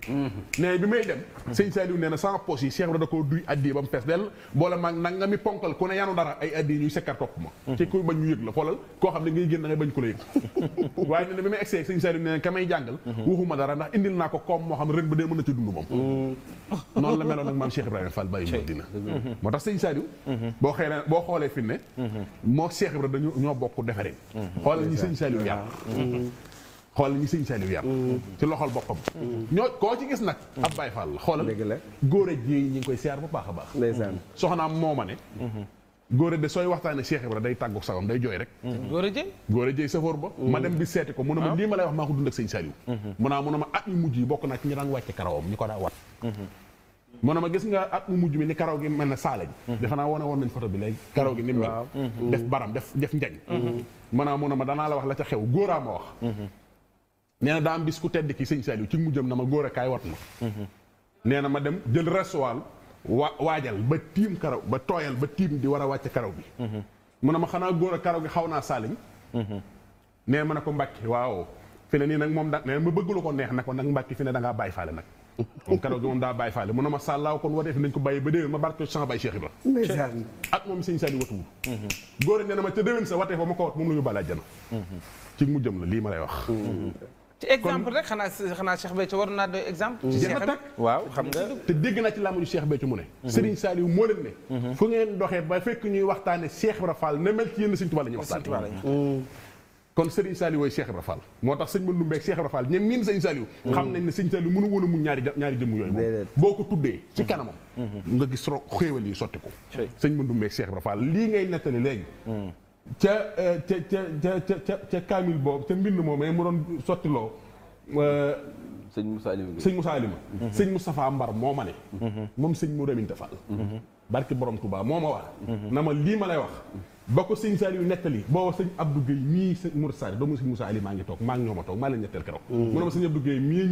nee mm-hmm. bi may dem sëñ Saliou nee na sama poche yi Cheikh Ibra da koo duy addi ba mu fees dell boole maag nag mi ponkal ku ne yanu dara ay addi ñuy sekkar topp ma ci mm-hmm. ku bañ ñu yëg la xoolal koo xam ne ngay génn da bañ ko la yëg <laughs> waaye nee na bi may egsee sëñ Saliou nee ka may jàngal mm-hmm. waxuma dara ndax indil naa ko koom moo xam ren ba dee mën na ci dund moom noonu la meloon nag maam Cheikh Ibrahima Fall bàyyi dina moo tax sëñ Saliou boo xëy boo xoolee fi ne moo ñoo bokk defaree xoolal ñi sëñ Saliou yàq xoolal ñi sëñ Saliou yar mm. ci loxol boppam mm. ñoo koo ci gis nag ab Baye Fall la xoolal góor a ji ñi ngi koy siyaar bu baax a baax ndeysaan soxnaam moo ma ne mm-hmm. góor de sooy waxtaane Cheikh Ibra day tàggu sagam day jooy rek mm-hmm. góor a jëy góor ba mm-hmm. ma dem bi seeti ko mu ne ma ah. lii ma lay wax maa ko dund ak sëñ Saliou mu naa mu ne mujj yi bokk naa ci ñu daan wàcce karawam ñu ko daa wat mu ne ma gis nga at mu mujj bi ni karaw gi mel na saalañ defe naa wane woon nañ photo bi léegi karaw gi ni mel def baram def def njañ naa mu ne ma danaa wax la ca xew góoraa ma wax nee daa am bis ku tedd ki sëñ Saliou ci mu jëm na ma góor a kaay wat ma. nee na ma dem jël resuwaal wa waajal ba tiim karaw ba tooyal ba tiim di war a wàcc karaw bi. mu ne ma xanaa góor a karaw gi xaw naa saaliñ. nee ma ne ko mbàkki waaw fi ne nii nag moom da nee ma bëgg lu ko neex ne ko nag mbàkki fi ne da ngaa bàyyi faale nag. moom karaw gi moom daa bàyyi faale mu ne ma sàllaaw kon watee fi nañ ko bàyyi ba déwén ma barke sama bay Cheikh Ibra. ak moom sëñ a na ma ca déwén sa watee fa ma ko wat moom la ñu bala jana. ci mu ma lay wax. ci exemple rek xanaa xanaa Cheikh Béthio war naa doy exemple. ci Cheikh waaw xam nga. te dégg naa ci làmmiñu Cheikh Béthio mu ne. Mhm. Serigne Saliou moo leen ne. Mhm. fu ngeen doxee ba fekk ñuy waxtaane Cheikh Ibra Fall ne mel ci yéen Serigne Touba la ñuy mhm. waxtaane. kon Serigne Saliou wooy Cheikh Ibra Fall moo tax sëñ Manoumbe Mbeek Cheikh Ibra Fall ñoom miin Serigne Saliou. xam nañ ne Serigne Saliou mënu woon a muñ ñaari ñaari jëmm yooyu. moom boo ko tuddee ci kanamam. nga gis ro xéewal yi sotti ko. sëñ Manoumbe Mbeek Cheikh Ibra Fall lii ngay nettali léegi Euh, ca ca ca ca ca ca kaamil boobu ca mbind moomee mu doon sottiloo euh, sëñ Moussa Alima sëñ Moussa Alima sëñ Moustapha Mbar moo ma ne mhm. moom sëñ mu Raminta Fall mhm. barki borom Touba moo ma wax mhm. na ma lii ma lay wax ba ko sëñ Saliou nettali booba sëñ Abdou Guèye mii sëñ Mour doomu sëñ Moussa Ali ngi toog maa ngi ñoo ma toog maa leen ñetteel keroog mm-hmm. mu ne ma sëñ Abdou mm-hmm.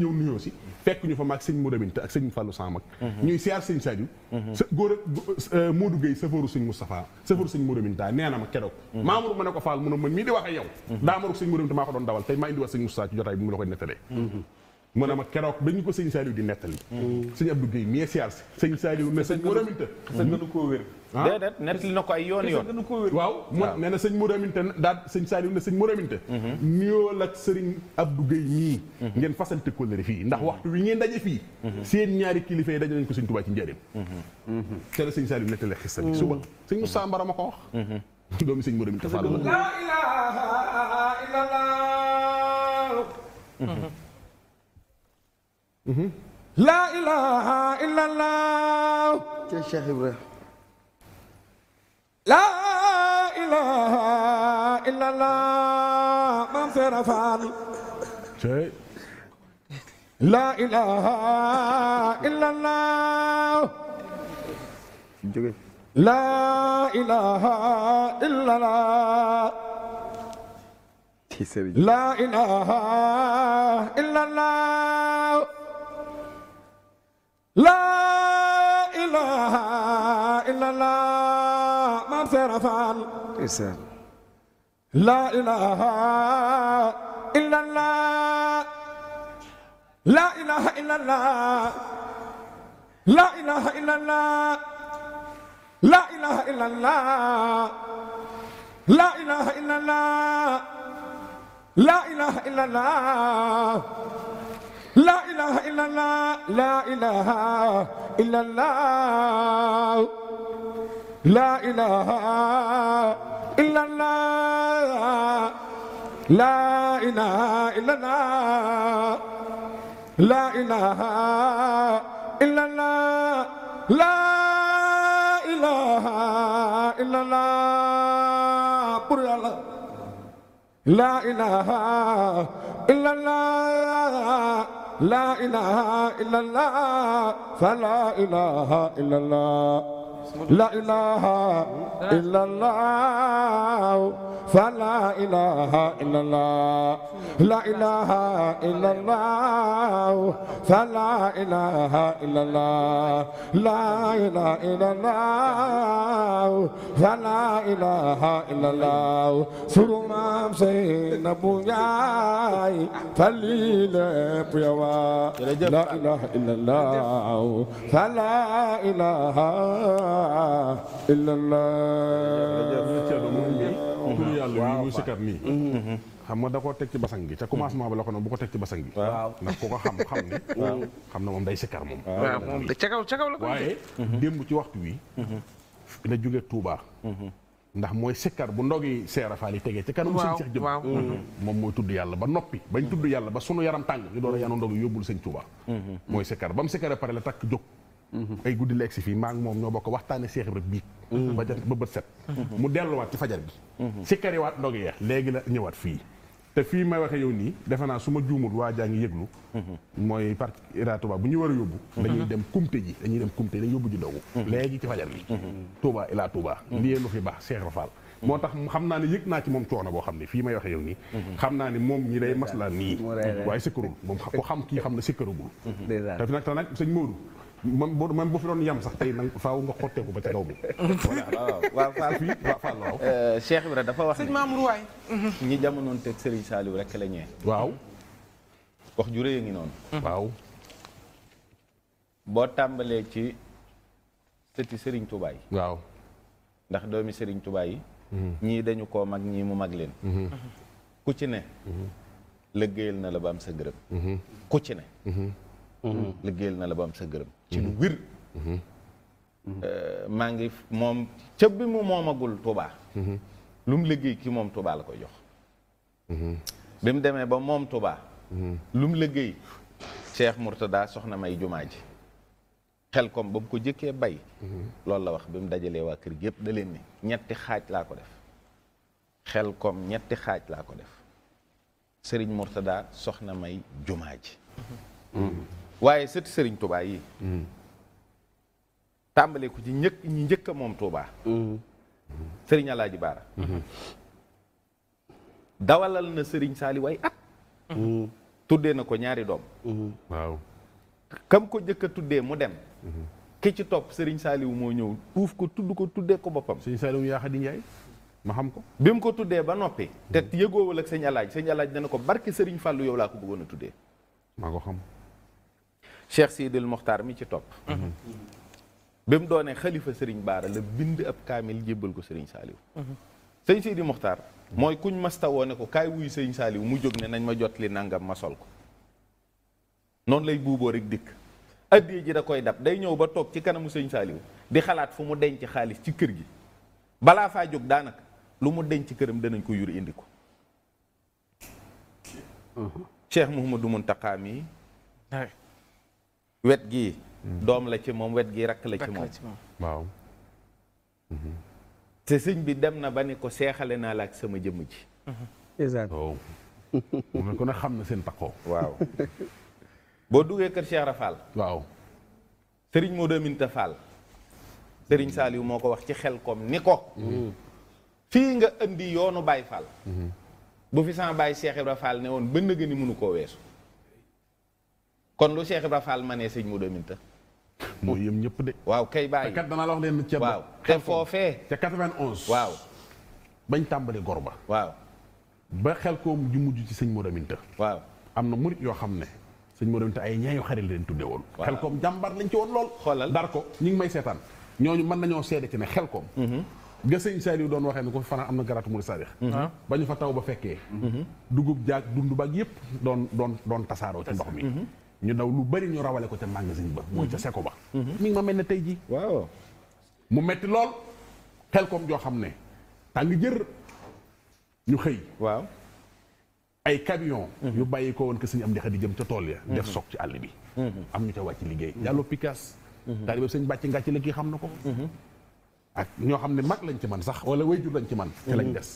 mm-hmm. sa góor a euh, Modou ma keroog ma ne ko Fall mu ne man mii di wax ak daa maruk sëñ sëñ Moustapha ci jotaay bi mu la koy nettalee mu a ma keroog dañu ko sëñ Saliou di nettali. Mm. sëñ Abdou Guèye mi siyaar si. sëñ Saliou ne sëñ Modou Aminta. a gënu koo wér. Ah? déedéet nettali na ko ay yoon yoon gënu koo wér. waaw mu nee na sëñ Modou Aminta daal sëñ Saliou ne sëñ Modou Aminta. Mm-hmm. nuyoo ak sëriñ Abdou Guèye mii. Mm-hmm. ngeen fasante kóllëre fii ndax mm-hmm. waxtu wi ngeen daje fii. seen ñaari kilifa yi daje nañ ko sëñ Touba ci njëriñ. te la sëñ Saliou nettali xista bi suba sëñ Moussa ma ko wax. doomi sëñ laa ilaha illallah. ca Cheikh Ibrahima. laa ilaha illallah. maam Seera Faal. laa ilaha illallah. laa ilaha illallah. laa ilaaha illallaah لا إله إلا الله ما في رفان لا إله إلا الله لا إله إلا الله لا إله إلا الله لا إله إلا الله لا إله إلا الله لا إله إلا الله لا إله إلا الله لا إله إلا الله لا إله إلا الله لا إله إلا الله لا إله إلا الله لا إله إلا الله قل الله لا إله إلا الله لا إله إلا الله فلا إله إلا الله لا إله إلا الله فلا إله إلا الله لا إله إلا الله فلا إله إلا الله لا إله إلا الله فلا إله إلا الله سرما سين بوياي فليل بيوا لا إله إلا الله فلا إله illa allah xam nga da koo teg ci basang gi ca commencement ba la ko noonu bu ko teg ci basang gi ndax ku ko xam xam ne xam na moom day sikkar moom waaw moom ca kaw ca kaw la ko waaye ci waxtu wi la jóge Touba ndax mooy sikkar bu ndogi seera faal yi tegee ci kanam sëñ Seex jëm moom mooy tudd yàlla ba noppi bañ tudd yàlla ba sunu yaram tàng ñu doon a yanu ndog yóbbul sañ Touba mooy sikkar ba sikkaree pare la takk jóg Mhm. ay guddi lexi fi mak mom moom ñoo bokk waxtane Cheikh Ibrahima bi mhm. ba jatt ba beut set mhm. mu wat ci fajar bi kari wat ndog yeex legi la ñewat fi te fi may waxe yow ni defana suma joomul wa juumul yeglu moy parti yëglu mooy bu ñu wara yobbu dañuy dem kumte ji dañuy dem kumte dañuy yobbu ji dogu legi ci fajar bi toba Ila toba li yelu fi bax Cheikh Rafal motax xamna ni naa ci moom coono bo xamni fi may waxe yow ni xamna ni mom moom ñi day masla ni way sikkarul mom ko xam ki xamna ne sikkarugul te nak te nag Modou même boo même bu fi doon yam sax tey nag faaw nga xotteeku ba ca kaw bi. <laughs> waaw Fall fii waaw Fall waaw. Euh, dafa wax ne sëñ Mamour waay. <laughs> ñi jamonoon teg Serigne Saliou rek la ñëwee. waaw. wax ju rëy a ngi noonu. waaw. boo tàmbalee ci sëti Serigne Touba waaw. ndax doomi sëriñ tubaay yi. Mhm. ñii dañu ko mag ñii mu mag leen. Mhm. ku ci ne. Mhm. lëggéeyal na la ba am sa gërëm. ku ci ne. Mm-hmm. liggéeyal na la ba am sa gërëm ci lu mm-hmm. wir mm-hmm. euh, maa ngi moom cëb bi mu moomagul Touba lu mu liggéey ki moom tubaa la ko jox bi mu demee ba moom Touba lu mu liggéey Cheikh Mourtada soxna may jumaa ji xel kom ba mu ko jëkkee bay loolu la wax bi mu dajalee waa kër gi yëpp da leen ni ñetti xaaj laa ko def xel kom ñetti xaaj laa ko def Serigne Mourtada soxna may jumaa ji waaye sëti sëriñ Touba yi mm. tàmbale ko ci ñëkk ñi njëkk a moom Touba mm. sëriñ Alaaji Baara mm-hmm. dawalal na sëriñ Saaliw ay at mm. tuddee na ko ñaari doom mm-hmm. waaw kam ko njëkk tuddee mu dem mm-hmm. ki ci topp sëriñ Saaliw moo ñëw uuf ko tudd ko tuddee ko boppam sëriñ Saaliw yaa Xadi Njaay ma xam ko bi mu ko tuddee ba noppi te yëgoowul ak sëñ alaaj sëñ alaaj dana ko barke sëriñ Fàllu yow laa ko bëggoon a tuddee maa ko xam Cheikh Sidil Mokhtar mi ci topp mhm. Mhm. bi mu doonee xalifa sëriñ Baara la bind ab kaamil jébbal ko sëriñ Saaliw sëñ Sidi Mokhtar mooy kuñ masta woone ko kaay wuyu sëñ Saaliw mu jóg ne nañ ma jot li nangam ma sol ko noonu lay buuboo rek dikk addiya ji da koy dab day ñëw ba toog ci kanamu sëñ Saaliw di xalaat fu mu denc xaalis ci kër gi balaa faa jóg daanaka lu mu denc këram danañ ko yur indi ko mhm. Cheikh Mouhamadou Mountakha mi wet gi mm-hmm. doom la ci moom wet gi rakk la ci moom waaw mm-hmm. te sëñ bi dem na ba ni ko seexale naa la ak sama jëmm ji moom mm-hmm. oh. ko na xam na seen takkoo waaw boo duggee kër Cheikh Rafal waaw sëriñ Modou Aminta Fall sëriñ Saliou moo ko wax ci xel koom ni ko fii nga indi yoonu Baye Fall bu fi sama Baye Cheikh Ibra ne woon ba nëgë ni mënu koo weesu kon lu Cheikh Ibra Fall manee sëñ Modou Aminta moo yëm ñëpp de. waaw kay bàyyi te kat danaa la wax leen ceeb waaw te foofee. te 91. bañ tàmbali gor ba. waaw. ba xel koom ju mujj ci sëñ Modou Aminta. waaw am na murit yoo xam ne. sëñ Modou Aminta ay ñaañu xarit leen tudde woon. waaw xel koom jàmbaar lañ ci woon lool. xoolal dar ko ñu may seetaan ñooñu mën nañoo seede ci ne xel koom. Mm-hmm. ga sëñ Saliou doon waxee nu ko fanaan am na garaatu mu saarix mm-hmm. ba ñu fa taw ba fekkee. Mm-hmm. dugub jaag dund baag yëpp doon doon doon tasaaroo ci ndox mi. ñu daw lu bari ñu rawale ko ca magasin ba mooy ca seko ba mhm. mi ngi ma mel ne tey ji waaw mu metti lool xel koom joo xam ne tàng jër ñu xëy waaw ay camion mhm. yu bàyyi ko woon que suñu am di xadi jëm ca tool ya mhm. def soog ci àll bi am ñu ca wàcc liggéey jàllo picaas taalibe sëñ bàcc ngàcc la kii xam na ko ak ñoo xam ne mag lañ ci man sax wala wayjur lañ ci man ci lañ des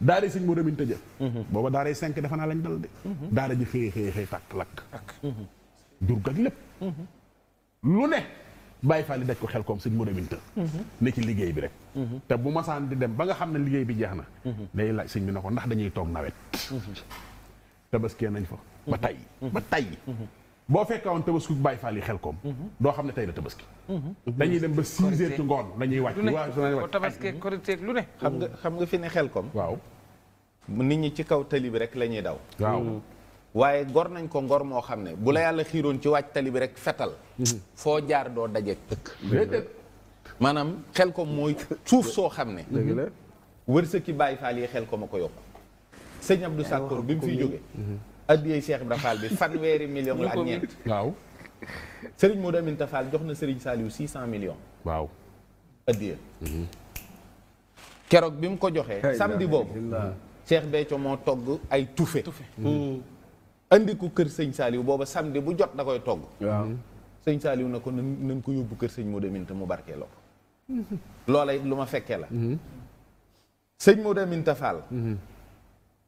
daara sëñ moo demin tëjë mhm. booba daara cinq defe naa lañ dal de mhm. daara ji xëy xëy xëy tàkk lakk jur mhm. gak lépp lu ne bàyyi faali daj ko xel koom sëñ moo demin të ne liggéey bi rek te bu masaan di dem ba nga xam ne liggéey bi jeex na day laaj sëñ bi na ko ndax dañuy toog nawet tabaskee nañ fa ba tay ba tay boo fekkoon tabaski bàyyi faal yi xel koom. doo xam ne tey la tabaski. dañuy dem ba 6 heures ci ngoon dañuy wàcc. lu ne waaw tabaski korite ne. xam nga xam nga fi ne xel koom. waaw. nit ñi ci kaw tali rek la ñuy daw. Mm. waaye gor nañ ko ngor moo xam ne bu la yàlla xiiroon ci wàcc tali bi rek fetal. Mm-hmm. foo jaar doo dajeeg tëkk. maanaam xel koom mooy suuf soo xam ne. dëgg la mm-hmm. wërsëg ki bàyyi faal yi xel ko a ko yokk. sëñ Abdou Sakkoor bi mu fiy jóge mm-hmm. addiyee Cheikh Ibra Fall bi fanweeri million la ak ñeent waaw Serigne Modou Aminta Fall jox na Serigne Saliou 600 millions waaw addiyee mhm. keroog bi mu ko joxee samedi boobu Cheikh Béthio moo togg ay tufe mm. Mm. andi ko kër sëñ Saliou booba samedi bu jot na koy togg mm-hmm. sëñ Saliou na ko nañ ko yóbbu kër sëñ Modou Aminta mu barkeeloo ko mm-hmm. loola it lu ma fekkee la mm-hmm. sëñ Modou Aminta Fall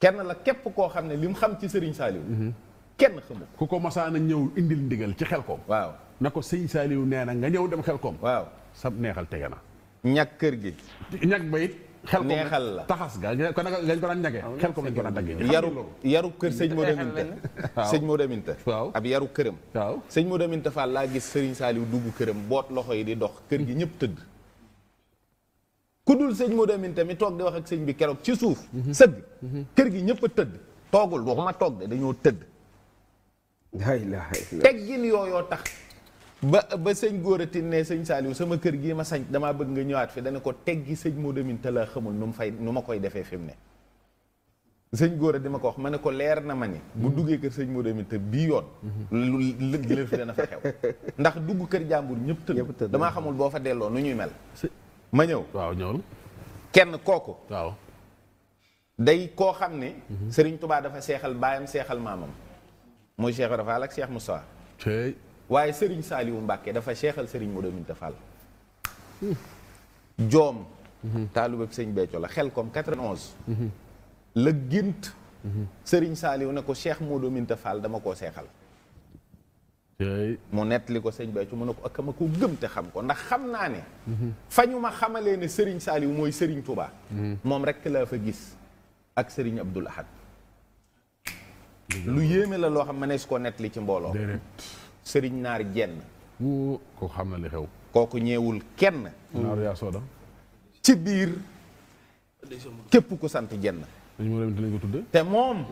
kenn la képp koo xam ne li mu xam ci Serigne Saliou. Mhm. kenn xamu ku ko masaana ñëw indil ndigal ci xel ko waaw na ko sëñ Saliou nee na nga ñëw dem xel koom. waaw sab neexal tege na. ñag kër gi. ñag ba it. xel koom neexal la taxas ga nga ko daan ñage. xel koom lañ ko daan ñage. yaru yaru kër sëñ Modou Minta. waaw sëñ Modou Minta. waaw ab yaru këram. waaw sëñ Modou Minta Fall laa gis Serigne Saliou dugg këram boot loxo yi di dox kër gi ñëpp tëdd. ku dul sëñ Modou Amine tamit toog di wax ak sëñ bi keroog ci suuf. sëgg kër gi ñëpp a tëdd. toogul waxuma toog de dañoo tëdd. teggin yooyoo tax. ba ba sëñ góoratin ne sëñ Saliou sama kër gii ma sañ damaa bëgg nga ñëwaat fi dana ko teggi sëñ Modou Amine laa xamul nu mu fay nu ma koy defee fi mu ne. sëñ góor a di ma ko wax ma ne ko leer na ma ni bu duggee kër sëñ Modou Amine te bii yoon lu lëf dana fa xew ndax dugg kër jàmbur ñëpp tëdd damaa xamul boo fa delloo nu ñuy mel ma ñëw waaw ñëwul kenn kooku waaw day koo xam ne sëriñ tubaa dafa seexal baayam seexal maamam muy Cheikh Ibra Fall ak Cheikh Moussa waaye sëriñ Saaliwu Mbàkke dafa seexal sëriñ Modou Minta Fall joom taalibab sëñ Béthio la xel comme 91 mhm. la gént sëriñ Saaliwu ne ko Cheikh Modou Minta Fall dama koo seexal mu nettali ko sëñ Béthio mu ne ko ak ma ko gëm te xam ko ndax xam naa ne fa ñu ma xamalee ne sëriñ Saliou mooy sëriñ Touba moom rek laa fa gis ak sëriñ Abdoul Ahad lu yéeme la loo xam ma ne su ko nettali ci mbooloo sëriñ naar jenn ko xam na li xew kooku ñeewul kenn naar yaa sooda ci biir képp ku sant jenn te moom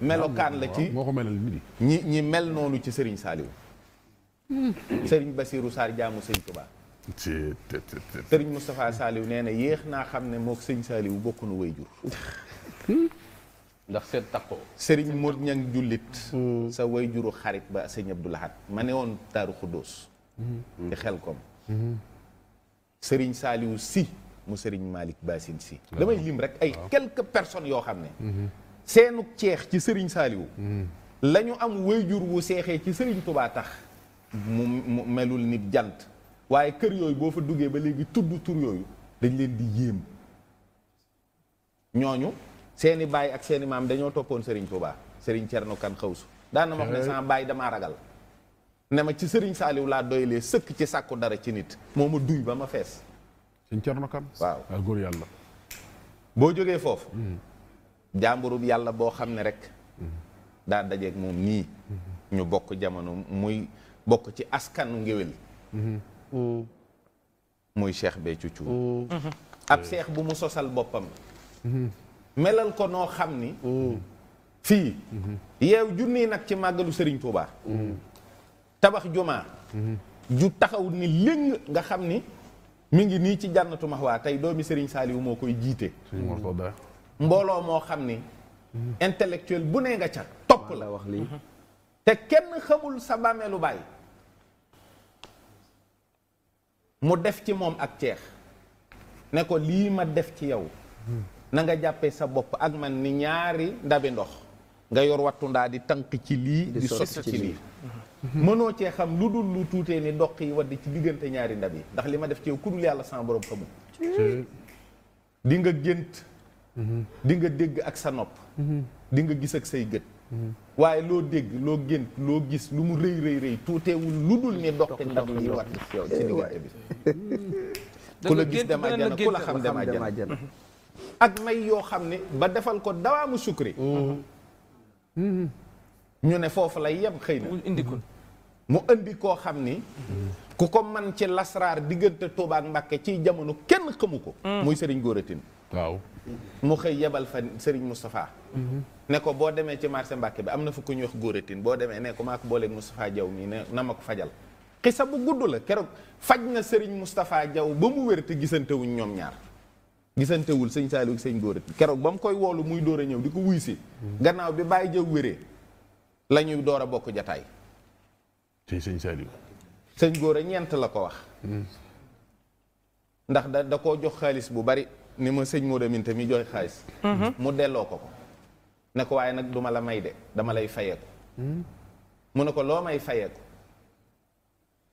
melokan la ci moko melal nit ñi ñi mel nonu ci Serigne saliw Serigne basirou sar jaamu Serigne Touba ci Serigne mustapha saliw neena na yéex naa xam ne Serigne saliw bokku nu wayjur ndax set takko Serigne mod ñang julit sa wayjuru juru xarit ba Serigne Abdou Lahad manewon taru woon Daaru di xel kom Serigne saliw si mu Serigne malik Bassine si damay lim rek ay quelques personnes yo xamne seenu ceex ci sëriñ saaliw hmm. lañu ñu am wayjur wu seexee ci sëriñ tubaa tax mu melul nit jant waaye kër yooyu boo fa duggee ba léegi tudd tur yooyu dañ leen di yéem ñooñu seeni baay ak seeni maam dañoo toppoon sëriñ tubaa sëriñ cerno kan xawsu daana ma wax ne eh. sama baay damaa ragal ne ma ci sëriñ saaliw laa doylee sëkk ci sàkku dara ci nit moo ma duy ba ma fees sëriñ cerno kan waaw ah, boo jógee foofu hmm. jàmburub yàlla boo xam ne rek daa dajeeg moom nii ñu bokk jamono muy bokk ci askanu ngéwél muy Cheikh Béthio Thioune ab seex bu mu sosal boppam mhm. melal ko noo xam ni mhm. fii mhm. yeew junni nag ci màggalu sëriñ Touba. tabax jumaa ju taxaw ni léng nga xam ni mi ngi nii ci jànnatu maxwaa tey doomi sëriñ Saliou moo koy jiite mbooloo moo xam ni intellectuel bu ne nga ca topp la wax lii te kenn xamul sa bàmmeelu bàyyi mu def ci moom ak ceex ne ko lii ma def ci yow na nga jàppee sa bopp ak man ni ñaari ndabi ndox nga yor wattu ndaa di tànk ci lii di sotti ci lii mënoo cee xam lu dul lu tuutee ni doq yi wadd ci diggante ñaari ndabi ndax li ma def ci yow ku dul yàlla sama borom xamul di nga gént di nga dégg ak sa nopp di nga gis ak say gët waaye loo dégg loo gént loo gis lu mu rëy rëy rëy tuuteewul lu dul ne doxte ndax liy wat yow ci eh, diggante bi <laughs> ku la gis dama jana ku la xam dama jana <laughs> ak may yoo xam ne ba defal ko dawaamu sukri mm-hmm. ñu ne foofu lay yem xëy na mu indi koo xam ni mm-hmm. ku ko man ci lasraar diggante Touba ak Mbàkke ci jamono kenn xamu ko mm. muy sëriñ Góoratin waaw mu xëy yebal fa sëriñ Moustapha mm-hmm. ne ko boo demee ci marché Mbàkke bi am na fu ku ñuy wax Góoratin boo demee ne ko maa ko booleeg Moustapha Jaw mii ne na ma ko fajal xisa bu gudd la keroog faj na sëriñ Moustapha Jaw ba mu wér te gisantewuñ ñoom ñaar gisantewul sëñ Saaliw sëñ Góoratin keroog ba mu koy woolu muy dóor a ñëw di ko wuy si mm-hmm. gannaaw bi bàyyi jaw wéree la ñuy door a bokk jataay sëñ Saaliw sëñ góor a ñeent la ko wax ndax da da koo jox xaalis bu bari ni ma sëñ Modou Aminta mi joxe xaalis mu delloo ko ko ne ko waaye nag duma la may de dama lay fayee ko mu ne ko loo may fayee ko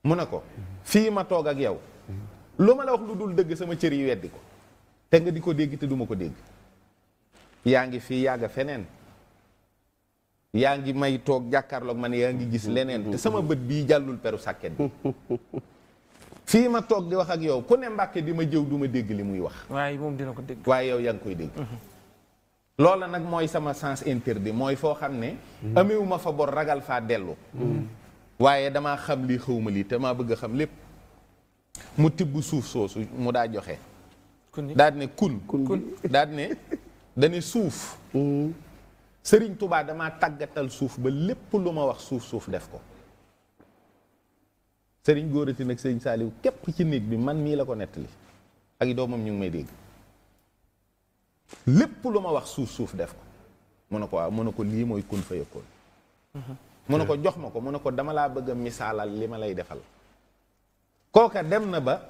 mu ne ko fii ma toog ak yow lu ma la wax lu dul dëgg sama cër yi weddi ko te nga di ko dégg te duma ko dégg yaa ngi fii yàgg feneen yaa ngi may toog ma ne yaa ngi gis leneen te sama bët bii jàllul peru sàkket bi <laughs> fii ma toog di wax ak yow ku ne mbàkke di ma jëw du ma dégg li muy wax. waaye moom dina ko dégg. waaye yow koy mhm. loola nag mooy sama sens interdit mooy foo xam ne. Mhm. amewu ma fa bor ragal faa dellu. Mhm. waaye damaa xam lii xawma lii te maa bëgg a xam lépp. mu tibb suuf soosu mu daa joxe. daal ne kun. kun daal ne dane suuf. sëriñ tubaa damaa tàggatal suuf ba lépp lu ma wax suuf suuf def ko sëriñ góorati nag sëriñ saaliw képp ci nit bi man mii la ko nettali ak doomam ñu ngi may dégg lépp lu ma wax suuf suuf def ko mu ne ko waaw mu ne ko lii mooy kun fa yëkkoon mhm. mu ne ko jox ma ko mun ne ko dama laa bëgg a misaalal li ma lay defal kooka dem na ba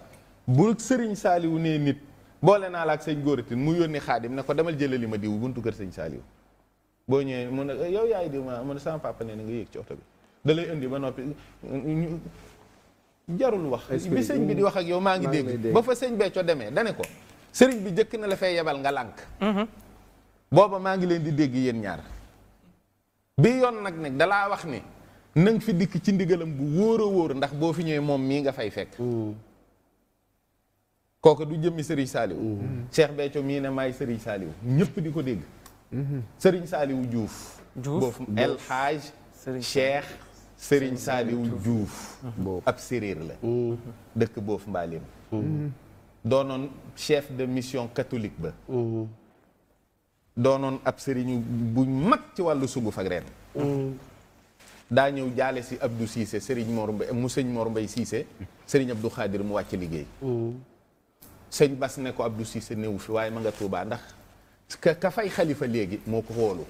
bu sëriñ saaliw nee nit boole naa la ak sëñ góorati mu yónni xaadim ne ko demal jëlali ma diw buntu kër sëñ saaliw boo ñëwee mun na yow yaay diw ma mun na sama papa nee na nga yéeg ci oto bi da indi ba noppi jarul wax bi sëñ bi di wax ak yow maa ngi dégg ba fa sëñ Béthio demee dane ko sëriñ bi jëkk na la fay yebal nga lànk mm-hmm. booba maa ngi leen di dégg yéen ñaar bi yoon nag nag dalaa wax ni nang fi dikk ci ndigalam bu wóor a wóor ndax boo fi ñëwee moom mii nga fay fekk kooku du jëmmi sëriñ Saaliw Cheikh Béthio mii ne may sëriñ Saaliw ñëpp di ko dégg Mhm. Serigne Saliou Diouf. Diouf El Hadj Cheikh Serigne Saliou Diouf. Mhm. ab séréer la. Mhm. dëkk boof Mbalim. doonoon chef de mission katolik ba. doonoon ab sëriñu bu mag ci wàllu sunguf ak reen daa ñëw jaale si Abdou Cissé sëriñ Mor Mbay mu sëñ Mor Mbay Cissé sëriñ Abdou Xaadir mu wàcc liggéey sëñ Bas ne ko Abdou Cissé néewu fi waaye ma nga Tuubaa ndax ka ka fay xalifa léegi moo ko wóolu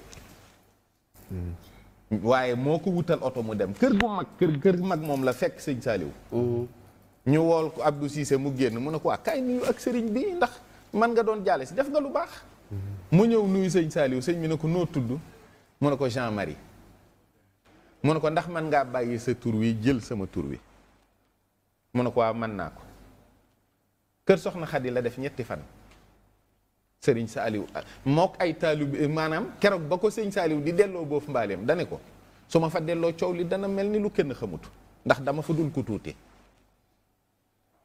mm. waaye moo ko wutal oto mu dem kër gu mag kër kër mag moom la fekk sëñ Saaliw mm. ñu wool ko Abdou Cissé mu génn mu ne ko waa kaay nuyu ak sëriñ bi ndax man nga doon jaale si def nga lu baax mm. mu ñëw nuyu sëñ Saaliw sëñ bi ne ko noo tudd mu ne ko Jean Marie mu ne ko ndax man ngaa bàyyi sa tur wi jël sama tur wi mu ne ko waa mën naa ko kër soxna Xadi la def ñetti fan sëriñ Saaliw ah, mook ay taalibe eh, maanaam keroog ba ko sëriñ Saaliw di delloo boofu mbaaleem dane ko su ma fa delloo coow li dana mel ni lu kenn xamut ndax dama fa dul ko tuuti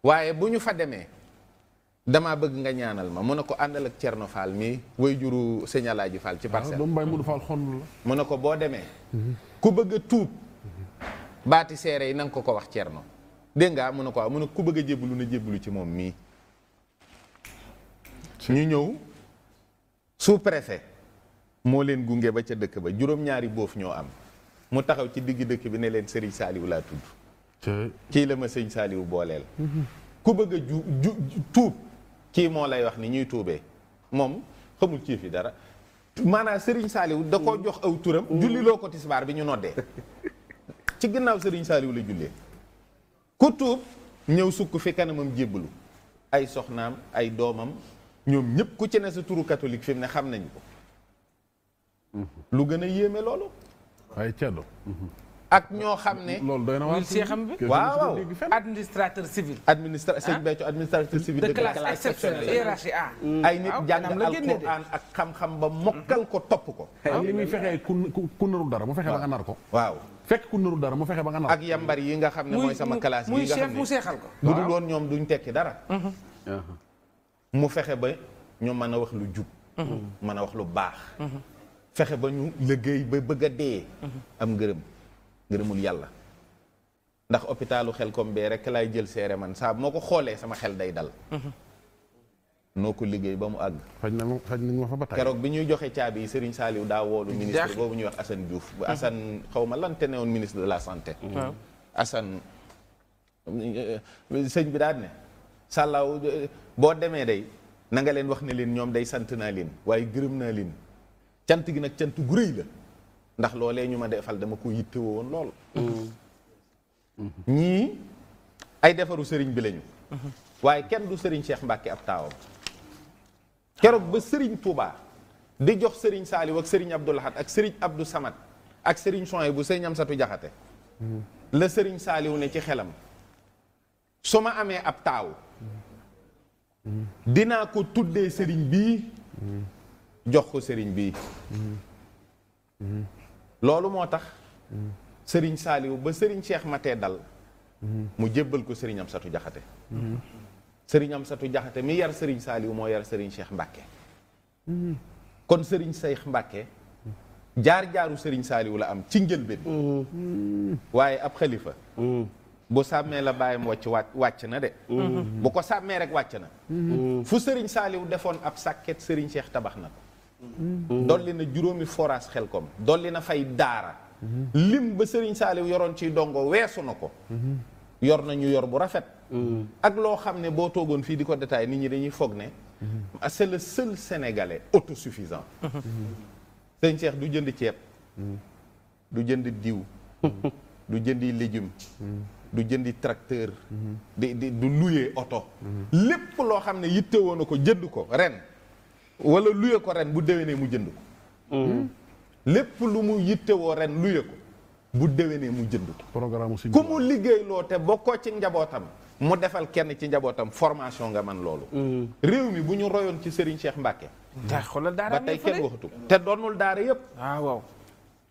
waaye bu ñu fa demee damaa bëgg nga ñaanal ma mu ne ko àndal ak Cerno Faal mi way juru sëñ Alaaji Faal ci ah, parcelle mu ne ko boo demee mhm. ku bëgg a tuub baati seere yi na ko ko wax Cerno dégg nga mu ne ko waaw mu ne ku bëgg a na jébbalu ci moom mii ñu ñëw su préfet moo leen gunge ba ca dëkk ba juróom-ñaari boof ñoo am mu taxaw ci digg dëkk bi ne leen Serigne Saliou laa tudd. kii la ma sëñ Saliou booleel. ku bëgg a ju tuub kii moo lay wax ni ñuy tuubee moom xamul ciif yi dara maanaa sëriñ Saliou da ko jox aw turam. julli loo ko tisbaar bi ñu noddee. ci ginnaaw sëriñ Saliou la jullee ku tuub ñëw sukk fi kanamam jébbalu ay soxnaam ay doomam ñoom ñëpp ku ci ne sa turu catholique fi ne xam nañu ko. lu gën a yéeme loolu. waaye ak ñoo xam ne. loolu doy na waar xam bi waaw administrateur civil. administra ah? sëñ Béthio administrateur civil. de classe exceptionnelle hiérarchie A. Mm. ay nit ah, jàngal alquran ak xam-xam ba mokkal ko topp ko. li muy fexee ku ku naru dara mu fexe ba nga nar ko. waaw fekk ku dara mu fexe ba nga nar ak yambar yi nga xam ne mooy sama classe. yi nga xam ne muy chef mu seexal bu dul woon ñoom duñ tekki dara. Mm-hmm. mu fexe ba ñu man a wax lu jub man mm-hmm. a wax lu baax mm-hmm. fexe ba ñu liggéey ba bëgg a dee mm-hmm. am ngërëm ngërëmul yàlla ndax hôpitalu xel kom bee rek laay jël seere man saa moo ko xoolee sama xel day dal noo ko liggéey ba mu àgg faj na faj nañ ma fa ba tey keroog bi ñuy joxe caabi yi Serigne Saliou daa woolu ministre boobu ñuy wax Assane juuf bu Assane xaw ma lante ne woon ministre de la santé Assane euh, sëñ bi daal ne sàllaaw bo demee day na nga len wax ne len ñom day sant na len waaye gërëm na len cyant gi nak cyant gu reuy la ndax lolé ñuma défal dama ko yitté won lool. ñi ay défaru sëriñ bi lañu. waaye kenn du sëriñ Cheikh mbacké ab ba sëriñ Touba di jox sëriñ ak sëriñ Abdou Lahad ak sëriñ Abdou Samad ak sëriñ Soy bu sëriñ satou jaxaté le sëriñ Saliou ne ci xélam suma amé ab taaw. dinaa ko tuddee sëriñ bii jox ko sëriñ bii loolu moo tax sëriñ saaliwu ba sëriñ Cheikh matee dal mu jébbal ko sëriñ satu Jaxate sëriñ Amsatu Jaxate mi yar sëriñ saaliw moo yar sëriñ Cheikh Mbàkke kon sëriñ Cheikh Mbàkke jaar-jaaru sëriñ saaliw la am ci njëlbeen mm. waaye ab xalifa mm. bu sàmmee la bàyyam wàcc wàcc wàcc na de mm-hmm. bu ko sàmmee rek wàcc na mm-hmm. fu sëriñ saaliw defoon ab sàkket sëriñ Cheikh tabax na ko mm-hmm. dolli na juróomi forage xel ko dolli na fay daara lim ba sëriñ saaliw yoroon ciy dongo weesu na ko yor na ñu yor bu rafet ak loo xam ne boo toogoon fii di ko détail nit ñi dañuy foog ne c'est le seul sénégalais autosuffisant sëriñ Cheikh du jënd ceeb du jënd diw du jëndi légume du jëndi tracteur mhm. di di du luyee oto mhm. lépp loo xam ne yitte woon ko jënd ko ren wala luye ko ren bu déwénee mu jënd ko mhm. lépp lu mu yitte woo ren luye ko bu déwénee mu jënd ko programme ku mu liggéeyloo te bokkoo ci njabootam mu defal kenn ci njabootam formation nga man loolu réew mi bu ñu royoon ci Serigne Cheikh Mbacke ba tey kenn waxatu te doonul daara yëpp ah, waaw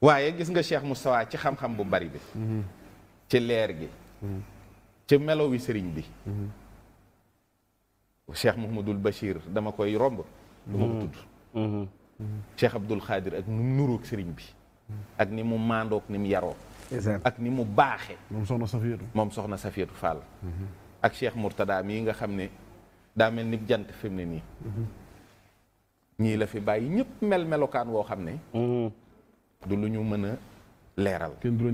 waaye gis nga Cheikh Moustapha ci xam-xam bu bari bi ci leer gi ci melo wi sëriñ bi mm-hmm. cheikh Mouhamadoul Bachir dama koy romb du ma ko tudd mm-hmm. Mm-hmm. cheikh Abdoul Khadir ak nu mu nuroog sëriñ bi ak ni mu maandoog ni mu yaroo ak ni mu baaxe moom soxna Safiyetu moom soxna Safiyetu Fall ak cheikh mii nga xam ne daa mel ni jant fi ne nii ñii la fi bàyyi ñëpp mel melokaan woo xam ne du lu ñu mën a leeral kenn du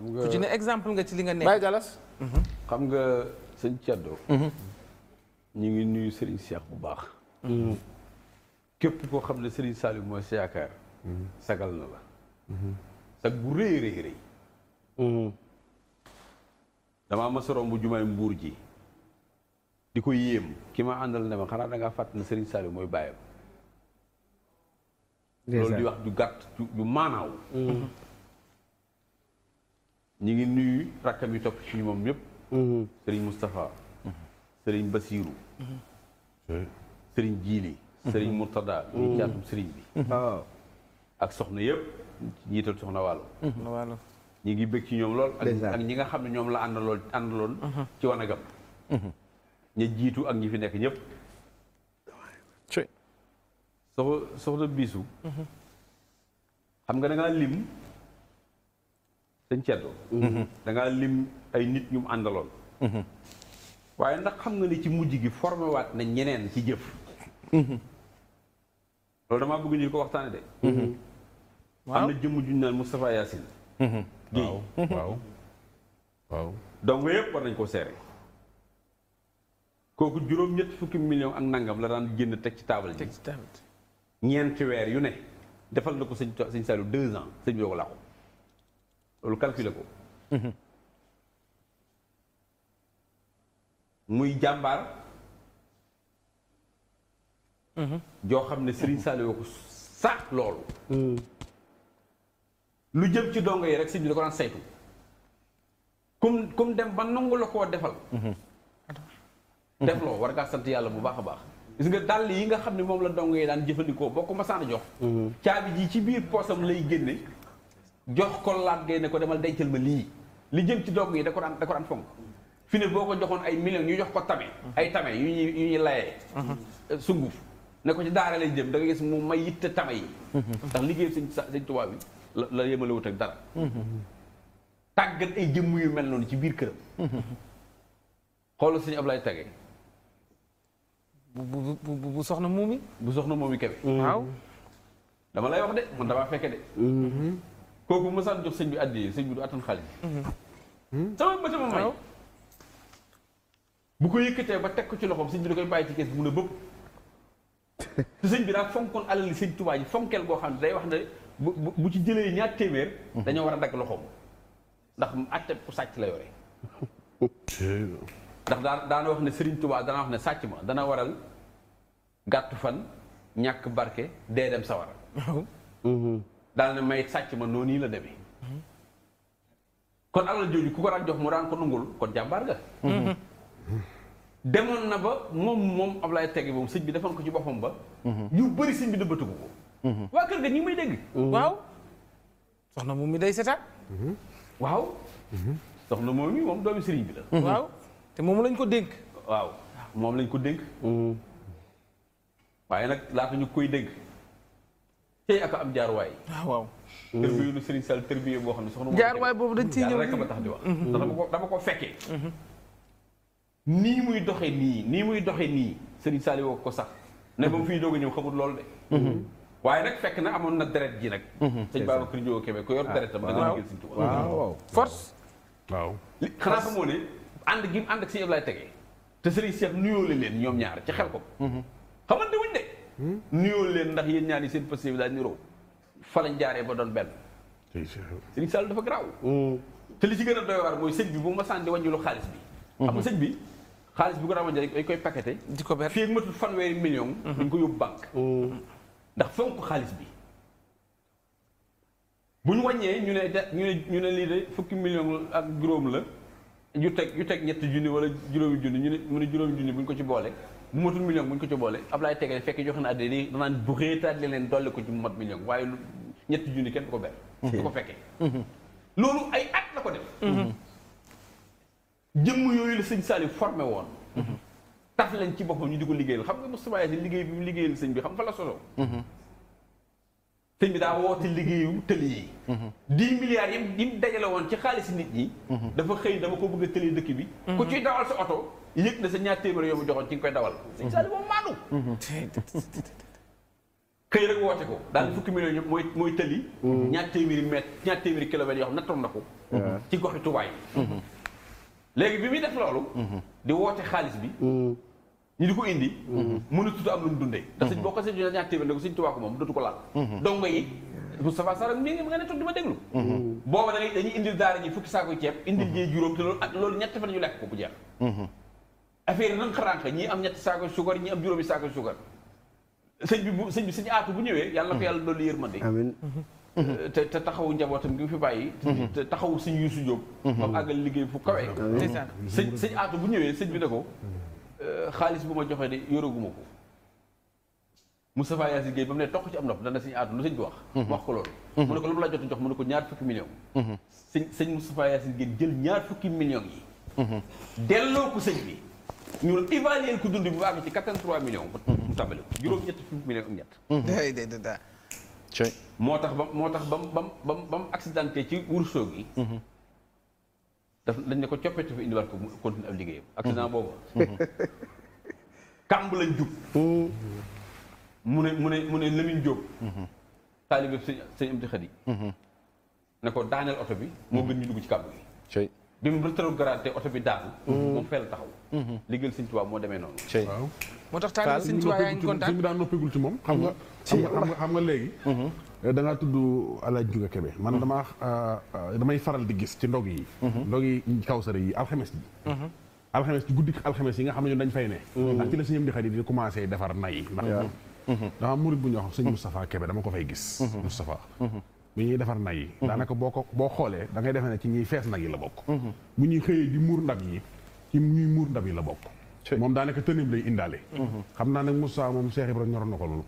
xam ci ne exemple nga ci li nga nekk. Baye Galas. Mhm. xam nga sëñ Ceddo. Mhm. ñu ngi nuyu Serigne Cheikh bu baax. Mhm. képp koo xam ne Serigne Saliou mooy sa yaakaar. sagal na la. sag bu rëy rëy rëy. damaa mas a jumaay mbuur ji. di ko yéem ki ma àndal ne ma xanaa dangaa ngaa fàtt na Serigne Saliou mooy bàyyam. loolu di wax ju gàtt ju maanaaw. ñu ngi nuyu rakkam yi topp ci moom ñëpp. Mhm. sëriñ Moustapha. Mhm. sëriñ basiiru mhm. sëriñ Djili. Serigne Mourtada. ñu caatum Serigne bi. Ah. ak soxna yëpp ñiital soxna Waalo. ñu ngi bëgg ci ñoom lool. ak ñi nga xam ne ñoom la àndaloon àndaloon. ci wanagam. ña jiitu ak ñi fi nekk ñëpp. soxna soxna xam nga da lim. dañ ceddoo mhm. da ngaa lim ay nit ñu mu àndaloon mhm. waaye ndax xam nga ne ci mujj gi formé na ñeneen ci jëf mhm. loolu damaa bëgg ñu ko waxtaane de am na jëmm juñ naan Moustapha Yacine Guèye waaw waaw donc yëpp war nañ koo seere kooku juróom ñett fukki million ak nangam la daan génn teg ci taabal ji ñeenti weer yu ne defal na ko sëñ sëñ Saliou deux ans sëñ bi doo ko làqu loolu calculer ko. Mhm. muy jàmbaar. Mhm. joo xam ne Serigne Saliou ko sax loolu. Mm. lu jëm ci dongo yi rek Serigne bi da ko daan saytu. comme kum dem ba nangu la koo defal. Mhm. def loo war ngaa yàlla bu baax a baax. gis nga dàll yi nga xam ne moom la dongo yi daan jëfandikoo boo ko ma a jox. caabi ji ci biir poosam lay génne. jox ko laat gay ne ko demal dencal ma lii li jëm ci dogg yi da ko daan da ko daan fonk fi boo ko joxoon ay millions ñu jox ko tame ay tame yu ñuy yu ñuy layee sunguf ne ko ci daara jëm da mu may yitte tame yi ndax liggéey sëñ sëñ tubaab bi la la yemale wut ak dara tàggat ay jëm yu mel noonu ci biir këram xoolal sëñ Ablaye Tage bu bu bu soxna moomi bu soxna moomi kebe waaw dama lay wax de man damaa fekke de mm-hmm. kooku mosaan jox sëñ bi àddee sëñ bi du attan xaalis mm-hmm. sama ma sama may bu ko yëkkatee ba teg ko ci loxoom sëñ bi da koy bàyyi ci kees bi mun a bëpp sëñ bi daal fonkoon alali sëñ tubaa ji fonkeel boo xam ne day wax ne bu ci jëlee ñaar téeméer mm-hmm. dañoo war a dagg loxoom ndax atte ku sàcc la yore <laughs> ndax daan daana wax ne sëriñ tubaa dana wax ne sàcc ma dana waral gàttu fan ñàkk barke dee dem sawara daal ne may sàcc ma noonu la demee kon alal jooju ku ko daan jox mu daan ko nungul kon jàmbaar ga demoon na ba moom moom Ablaye Tege moom sëñ bi defoon ko ci boppam ba yu bëri sëñ bi dëbbatugu ko dégg waaw soxna moom mi moom mi moom doomi sëriñ bi la waaw te moom lañ ko dénk waaw moom lañ ko dénk mm. waaye nag laata ñu koy dégg tey aka am jaaruwaay. Ah, waaw. tërbiyu lu Serigne Sall tërbiyu boo xam ne soxna. jaaruwaay boobu dañ ciy ñëw rek ma tax di wax. ndax mm-hmm. ko dama ko fekkee. Mm-hmm. nii muy doxe nii nii muy doxee nii Serigne Sall woo ko sax ne ba mu fiy doog a ñëw xamut loolu de. Mm-hmm. waaye nag fekk na amoon na deret ji nag. sëñ Babacar Diop Kébé ku yor ah, deretam da nga liggéey Serigne Touba. waaw force. waaw li si Ablaye Tege te Serigne Cheikh nuyoo leen ñoom ñaar ci xel ko. xamante wuñ de. nuyoo leen ndax yéen ñaari seen passé bi daal niroo fa lañ jaaree ba doon benn. sëriñ Sall dafa garaaw. Mm. te li ci gën a doy mooy sëñ bi bu ma sànni wàññilu xaalis bi. Mm-hmm. xam bi xaalis bi ko daan wàññi dañ koy paqueté. di ko ber fii ak matul fanweeri million. Mm-hmm. dañ ko yóbbu banque. Mm-hmm. ndax fonk xaalis bi. bu ñu wàññee ñu ne ñu ñu ne lii de fukki million ak juróom la yu teg yu teg ñetti junni wala juróomi junni ñu ne mu ne juróomi junni bu ñu ko ci boole. mu matul million bu ñu ko ci boole Ablaye Tegel fekk joxe na àddina nii danaan bu réetaat leen dolli ko ci mu mat million waaye lu ñetti junni kenn du ko ber hmm. du ko fekkee hmm. loolu ay at la ko def hmm. jëmm yooyu la sëñ Saliou formé woon taf leen ci boppam ñu di ko liggéeyal xam nga Moustapha Sy liggéey bi mu liggéeyal sëñ bi xam fa la solo sëñ bi daa woote liggéeyu tëli yi. 10 milliards yim yim dajale woon ci xaalis nit ñi. dafa xëy dama ko bëgg a tëli dëkk bi. ku ciy dawal sa oto yëg na sa ñaar téeméer yow mu joxoon ci nga koy dawal. sëñ Saliou moom maanu. xëy rek woote ko daal fukki millions yëpp mooy mooy tëli. ñaar téeméeri mètre ñaar téeméeri kilomètres yoo xam nattoon na ko. ci goxi Touba yi. Mm-hmm. léegi bi muy def loolu. Mm-hmm. di woote xaalis bi. Mm-hmm. ñi di ko indi. Mhm. mënut a am lu mu dundee. ndax mhm. sëñ boo ko sëñ bi ñaar téeméer ne ko sëñ moom dootu ko laal. Mhm. dongo yi Moustapha Sarr mi ngi nga ne toog di ma déglu. booba da ngay dañuy indil daara ji fukki saako ceeb. indil jee juróom te loolu ak loolu ñett fan ñu lekk ko bu jeex. affaire yi nan xarank ñii am ñetti saako sukar ñii am juróomi saako sukar sëñ bi bu sëñ bi sëñ aatu bu ñëwee yàlla na ko yàlla dolli yërmande amiin te te taxawu njabootam gi mu fi bàyyi te taxawu sëñ Yuusu Jóob moom àggal liggéey fu bu ñëwee sëñ bi ne ko xaalis bu ma joxe de yoraguma ko Moustapha Yacine Gueye ba mu ne toq ci am ndox dana sëñ aatu lu sëñ bi wax mhm. wax ko loolu mhm. mu ne ko lu mu la jot jox mu ne ko ñaar fukki million mhm. sëñ sëñ Moustapha Yacine Gueye jël ñaar fukki millions yi delloo ko sëñ bi ñu évaluer ko dund bi ba am ci 83 mu tàmbali ko juróom-ñetti fukki millions ñett moo tax ba moo tax bam bam bam ba ci wurso gi daf dañ ne ko coppite fi indiwaat ko mu continuer ab liggéeyam. Mhm. accident boobu. Mhm. kàmb lañ jub. Mhm. mu ne mu ne mu ne Lamine Diop. taalibe sëñ sëñ Amdi Xadi. ne ko daaneel oto bi. moo gën ñu dugg ci kàmb gi. bi mu rétrogradé oto bi daanu. moom fee la taxaw. liggéeyal sëñ Tuubaa moo demee noonu. waaw moo tax taalibe sëñ Tuubaa yaa ngi kontaan bi daan noppigul ci moom. xam nga xam nga xam nga léegi. Eh, da ngaa tudd alaaj juga kebe man damaa mhm. ah, ah, damay faral di gis ci ndog yi mhm. ndog yi kawsara yi alxames ji mhm. alxames ji guddi yi nga xam ne ñun dañ fay ne ndax ci la suñu di xarit di commencé defar nay ndax dama murit bu ñu wax sëñ Moustapha Kebe dama ko fay gis Moustapha bu ñuy defar nag yi daanaka boo ko boo xoolee da ngay defe ne ci ñuy fees nag yi la bokk bu ñuy xëyee di muur ndab yi ci ñuy muur ndab yi la bokk moom daanaka tënim lay indaale xam naa nag Moustapha moom Cheikh Ibrahima ñoroon na ko loolu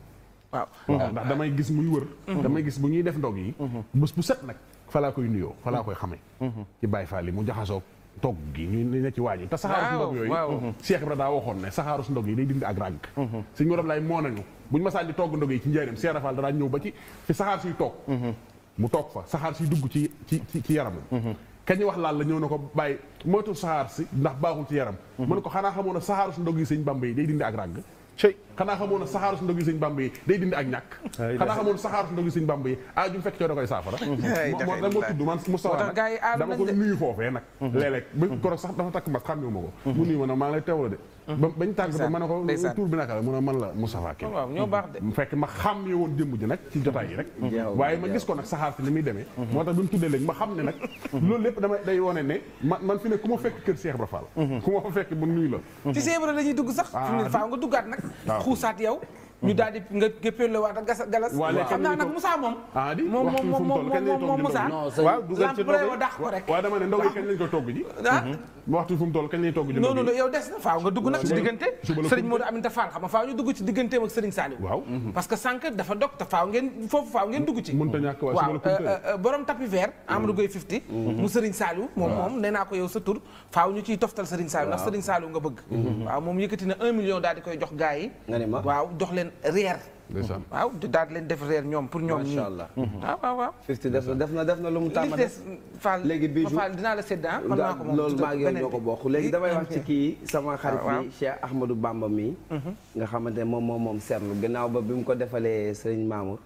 waaw ndax damay gis muy wër damay gis bu ñuy def ndog yi bés bu set nag falaa koy nuyoo falaa koy xamee ci Baay Faal yi mu jaxasoo togg gi ñu ne ci waañu te saxaaru su ndog yooyu su ndog yi day dindi ak rànk suñ ma doon laay moo nañu buñ ci ba ci fi saxaar suy toog mu toog fa saxaar suy dugg ci ci la ñëw na ko bàyyi moytu saxaar si ndax baaxul ci yaram mu ne ko xanaa xamoon ne saxaaru su ndog yi sëñ Bamba yi day dindi ak rànk xanaa xamoon saxaaru su ndogi sëñ bamba yi day dindi ak ñàkk xanaa xamoon saxaaru su ndogi sëñ bamba yi ah fekk coo da koy saafara moo da moo tudd man Moustapha nag dama ko nuyu foofee nag mhm. mhm. mhm. de ba bañ tàgg ba ma ne man la Moustapha Kébé ma xam ne woon jëmm ji nag ci jotaay yi rek waaye ma gis ko nag saxaar si ni muy demee moo tax bi tuddee léegi ma xam ne nag loolu lépp dama day wone ne man fi ne ku ma fekk kër Cheikh Ibra Fall ku ma fa fekk ba nuyu la ci Cheikh Ibra dugg sax ah, faa nga duggaat nag puusaat yow ñu daal di nga gëppeel waat ak gasa galas. xam naa nag Moussa moom. ah di moom moom moom Moussa. waaw dugal ci ko rek. waaw dama ne ndogu ah. kañ lañ ko togg ah. hmm, ji. nag ci diggante. Aminta Fall xam nga dugg ci digganteem ak Serigne Saliou. Hmm. parce que sànq dafa dog faaw ngeen foofu faaw ngeen dugg ci. mënut a ñàkk waaw waaw euh, euh, borom tapis vert. Hmm. Amadou Gueye fifty. mu Serigne Saliou moom moom nee naa ko yow sa tur faaw ñu ciy toftal Serigne Saliou ndax Serigne Saliou nga rear Mhm. waaw daal leen def reer ñoom pour ñoom ñii. macha allah waaw mhm. mhm. ah, waaw waaw. fifty def na def na def na lu mu tàmm def léegi bijou Fall dinaa ah, damay wax ci kii sama ah, xarit bi Cheikh Ahmadou Bamba mi nga xamante ne moom moom moom seetlu gannaaw ba bi mu ko defalee Serigne Mamour.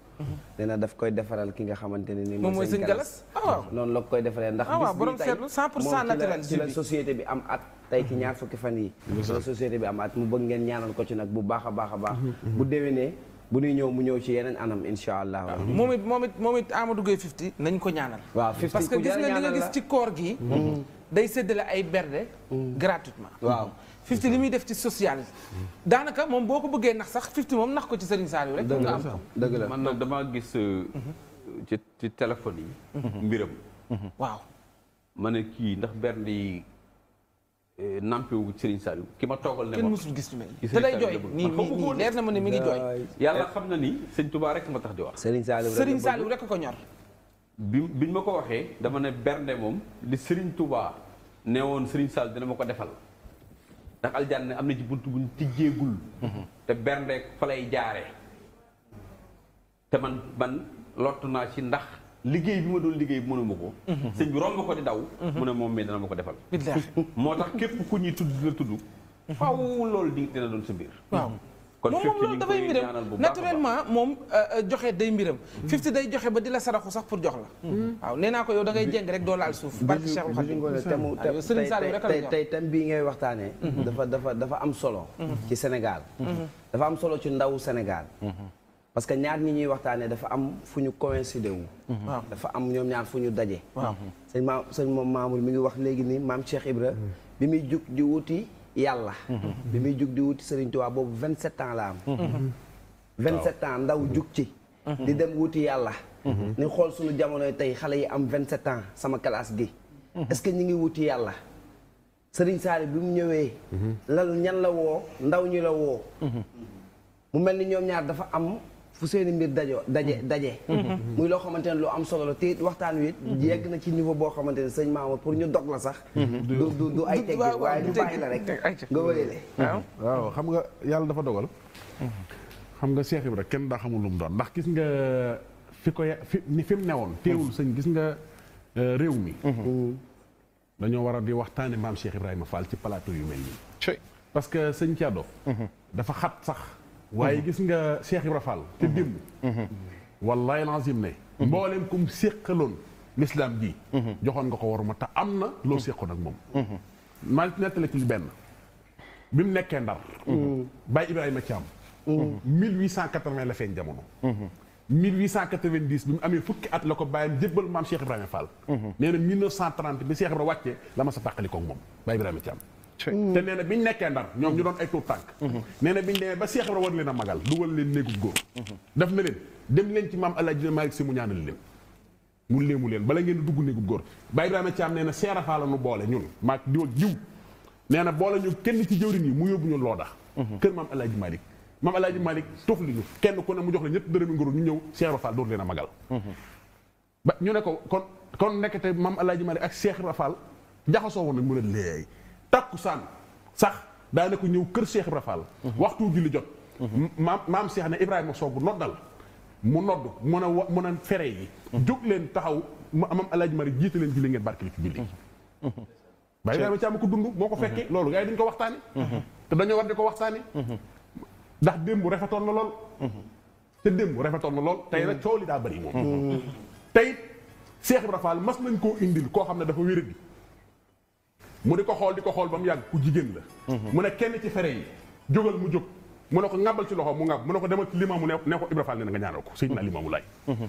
dina daf koy defaral ki nga xamante ne ni moom mooy sëñ galas waaw noonu la koy defaree ndax bis borom seetlu cent pour cent naturel ci la société bi am at tey ci ñaar fukki fan yi ci la société bi am mu bëgg ngeen ñaanal ko ci nag bu baax a baax a baax bu déwénee bu nuy ñëw mu ñëw ci yeneen anam incha allah. Ah, moom it moom it moom it Amadou nañ ko ñaanal. waaw 50 parce que gis nga li nga gis ci koor gi. Mm-hmm. day séddale ay berde. Mm-hmm. gratuitement. waaw 50 li muy def ci social. Mm-hmm. daanaka moom boo ko bëggee nax sax 50 moom nax ko ci Serigne Saliou rek. dëgg la am ko dëgg man nag damaa gis euh, ci ci téléphone yi. mbiram. waaw ma ne kii ndax berde yi. nampiwu Serigne Saliou ki ma toogal. ne ma kenn mësul gis lu mel nii te day jooy nii nii leer na ne mi jooy. yàlla xam na ni sëñ tubaa rek ma tax di wax. Serigne Saliou rek Serigne Saliou rek ko ñor. bi biñ ma ko waxee dama ne bernde moom li Serigne Touba ne woon Serigne Saliou dina ma ko defal ndax aljanna am na ci bunt buñ tijjeegul. te bernde fa lay jaare te man man naa ci ndax liggéey bi ma doon liggéey mënu ma ko. Mhm. sëñ bi romb ko di daw. Mhm. mu ne moom mais dana ma ko defal. <laughs> moo tax képp ku ñuy tudd di la tudd. Mhm. faaw loolu di dina doon sa biir. waaw kon moom moom loolu dafay mbiram naturellement moom euh, euh, joxe day mbiram. fifty day joxe ba di la saraxu sax pour jox la. waaw nee naa ko yow da ngay jéng rek doo laal suuf. barke Cheikhul Khadim Sëriñ Saliou rek tey tey thème bii ngay waxtaanee. dafa dafa dafa am solo. ci Sénégal. dafa am solo ci ndawu Sénégal. parce que ñaar ñi ñuy waxtaanee dafa am fu ñu coïncider wu. dafa am ñoom ñaar fu ñu daje. sëñ maam sëñ moom Mamour mi ngi wax léegi ni maam Cheikh Ibra bi muy jug di wuti yàlla. bi muy jug di wuti Serigne Touba boobu 27 ans la am. 27 ans ndaw jug ci. di dem wuti yàlla. ni xool suñu jamonoy tey xale yi am 27 ans sama classe gi. est-ce que ñu ngi wuti yàlla. Serigne Saliou bi mu ñëwee. Mhm. lan ñan la woo ndaw ñi la woo. Mhm. mu mel ni ñoom ñaar dafa am. fu seeni mbir dajoo dajé mm-hmm. dajé mm-hmm. muy lo xamante ne lu am solo la te waxtan wi mm-hmm. yegg na ci niveau bo xamante seigne sëñ pour ñu dog la sax. du du du ay teg way du bàyyi la rek nga wëyale. waaw xam nga yalla dafa dogal. xam nga Cheikh Ibra kenn da xamul lu mu doon ndax gis nga fi ko ya, ni fim mu newoon. teewul sëñ gis nga euh, réew mi. dañu wara di waxtaane mam Cheikh Ibrahima Fall ci plateau yu melni parce que seigne tiado dafa xat sax. waaye gis nga Cheikh Ibra Fall te mhm. démb mhm. wallaay lazim ne mhm. mboolem kum séqaloon l'islam ji joxoon nga ko waruma te am na loo séqoon ak moom maa nettali ci benn bi mu nekkee ndar Baye Ibrahima Thiam 1880 la feeñ jamono 1890 bi mu amee fukki at la ko bàyyam jébbal maam Cheikh Ibrahima Fall nee na bi Cheikh Ibra wàccee la ma sa tàqali koog moom Baye Ibrahima Thiam Mm. te nee bi ñu nekkee ndar ñoom ñu doon ay tuut tànk mm-hmm. nee bi ñu a magal dugal leen néegub góor mm-hmm. daf na leen dem leen ci maam Alaaji leen mu léemu leen bala dugg néegub góor Baye Ibrahima Thiam nee na seerafa la nu boole ñun maag diw na boole ñu kenn ci jëwriñ yi mu yóbbu ñu loo dax mm-hmm. kër maam Alaaji Maalik maam Alaaji Maalik toof li kenn ku ne mu jox la ñett dërëmi nguru ñu ñëw Seex Faal door leen a magal ba ñu ne ko kon kon nekk te maam Alaaji Maalik ak Seex jaxasoo woon nag mu ne léegi takkusaan sax daanaka ñëw kër Cheikh Ibra Fall waxtu julli jot maam maam Cheikh ne Ibrahima Sogg noddal mu nodd mun a wa mun a fere yi jóg leen taxaw mu amam alaaji mari jiite leen julli ngeen barkeli ci julli ba Ibrahima Thiam ko dund moo ko fekkee loolu gars dañ ko waxtaane te dañoo war di ko waxtaane ndax démb rafetoon na lool te démb rafetoon na lool tey nag coow li daa bëri moom tey Cheikh Ibra mas nañ koo indil koo xam ne dafa wéradi mu ne ko xol di ko bam yag ku jigen la mhm. mu ne kenn ci fere yi jogal mu jog mu ne ko ngabal ci loxo mu ngab mu ne ko demal ci limaamu ne ko Ibra Fall ne nga ñaanal ko sayyidina mhm. Limaamu lay mhm.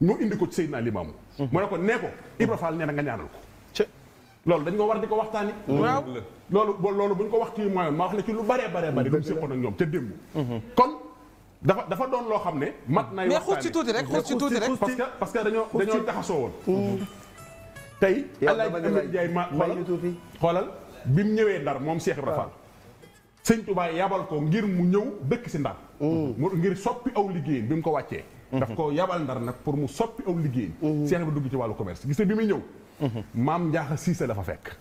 mu indi ko ci sayyidina Limaamu mu ne ko ne ko Ibra Fall ne nga ñaanal ko lolou dañ ko war diko waxtani waxtaani waaw loolu buñ ko ci mooyoon ma wax ne ci lu bare bare bare ci xon ak ñom te démb kon dafa dafa doon lo xamne mat nay waxtaani mais xuus ci tuti rek xuus ci tuti rek parce que parce que dañu dañu taxaso won tey alaaj Ahmed Ndiaye ma xoolal bi mu ñëwee ndar moom Cheikh Ibrahima Fall sëñ Touba yabal ko ngir mu ñëw dëkk si ndar mm. ngir soppi aw liggéey bi mu ko wàccee mm-hmm. daf ko yabal ndar nag pour mu soppi aw liggéey mm-hmm. Cheikh bi dugg ci wàllu commerce gis nga bi muy ñëw mm-hmm. maam Ndiakha Cissé la fa fekk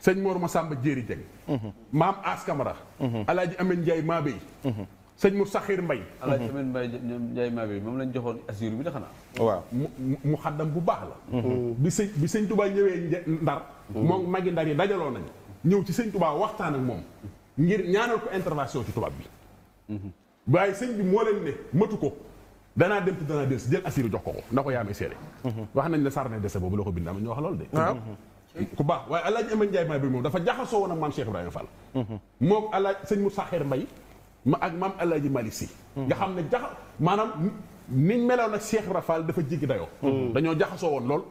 sëñ Mor Massamba Jéeri Jeng maam As Camara alaaji Ahmed Ndiaye Mabey sëñ mu sax mbay alaaji Amin Mbay Njaay maa lañ joxoon assur bi de xanaa waaw mu mu xaddam bu baax la mm-hmm. Mm-hmm. bi sëñ bi sëñ tubaa ñëwee ndar mm-hmm. moom magi ndar yi dajaloo nañ ñëw ci sëñ tubaa waxtaan ak moom ngir ñaanal ko intervention ci tubaab bi waaye sëñ bi moo leen ne matu ko danaa dem te danaa des jël assur jox na ko yaamee seede nañ ne sarne dese boobu la ko bind ñu wax loolu de ku baax waaye alaaji Amin Njaay maa bi moom dafa jaxasoo woon ak maam Cheikh Ibrahima Fall moom alaaj sëñ mu saxir mbay ma ak maam El Hadj Malick Sy nga xam ne jaxa maanaam niñ meloon ak Cheikh Ibra Fall dafa jéggi dayoo. dañoo jaxasoo woon lool.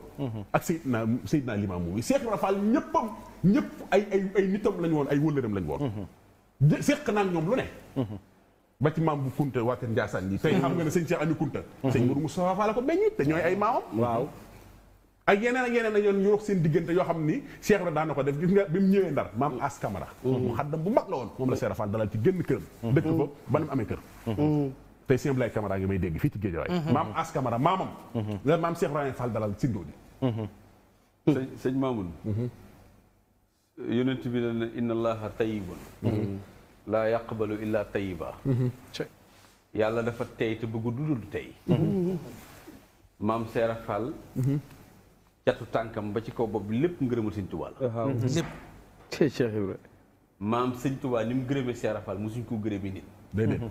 ak Seydina Seydina Limamou bi Cheikh Ibra Fall ñëppam ñëpp ay ay ay nitam lañ woon ay wëllëram lañ woon. jë naan na ñoom lu ne. ba ci maam bu Kunta waa kër Ndiassane yi tey xam nga ne sëñ Cheikh Ami Kunta. sëñ Mourou Moustapha Fall la ko beñi te ñooy ay maamam. waaw ak yeneen ak yeneen ak yoon ñu wax seen diggante yoo xam ni Cheikh Ibrahima daan na ko def gis nga bi mu ñëwee ndar maam as camara mm-hmm. mu xaddam bu mag la woon moom la Cheikh Rafal dalal ci génn këram mm-hmm. dëkk ba ba ni mu amee kër mm-hmm. tey Cheikh Abdoulaye Camara ngi may dégg fii ci Géejawaay maam as camara la maam Cheikh Ibrahima Fall dalal sindoo di sëñ Mamoun yonent bi la ne inna allaha tayibun laa yaqbalu dafa tey te bëggu dudul tey maam Cheikh Rafal catu tànkam ba ci kaw bopp lépp ngërëmal sëñ Tuubaa la lépp Cheikh Ibra maam sëñ Tuubaa ni mu gërëmee Cheikh Rafal mosuñ ko gërëmee nit déedéet mhm.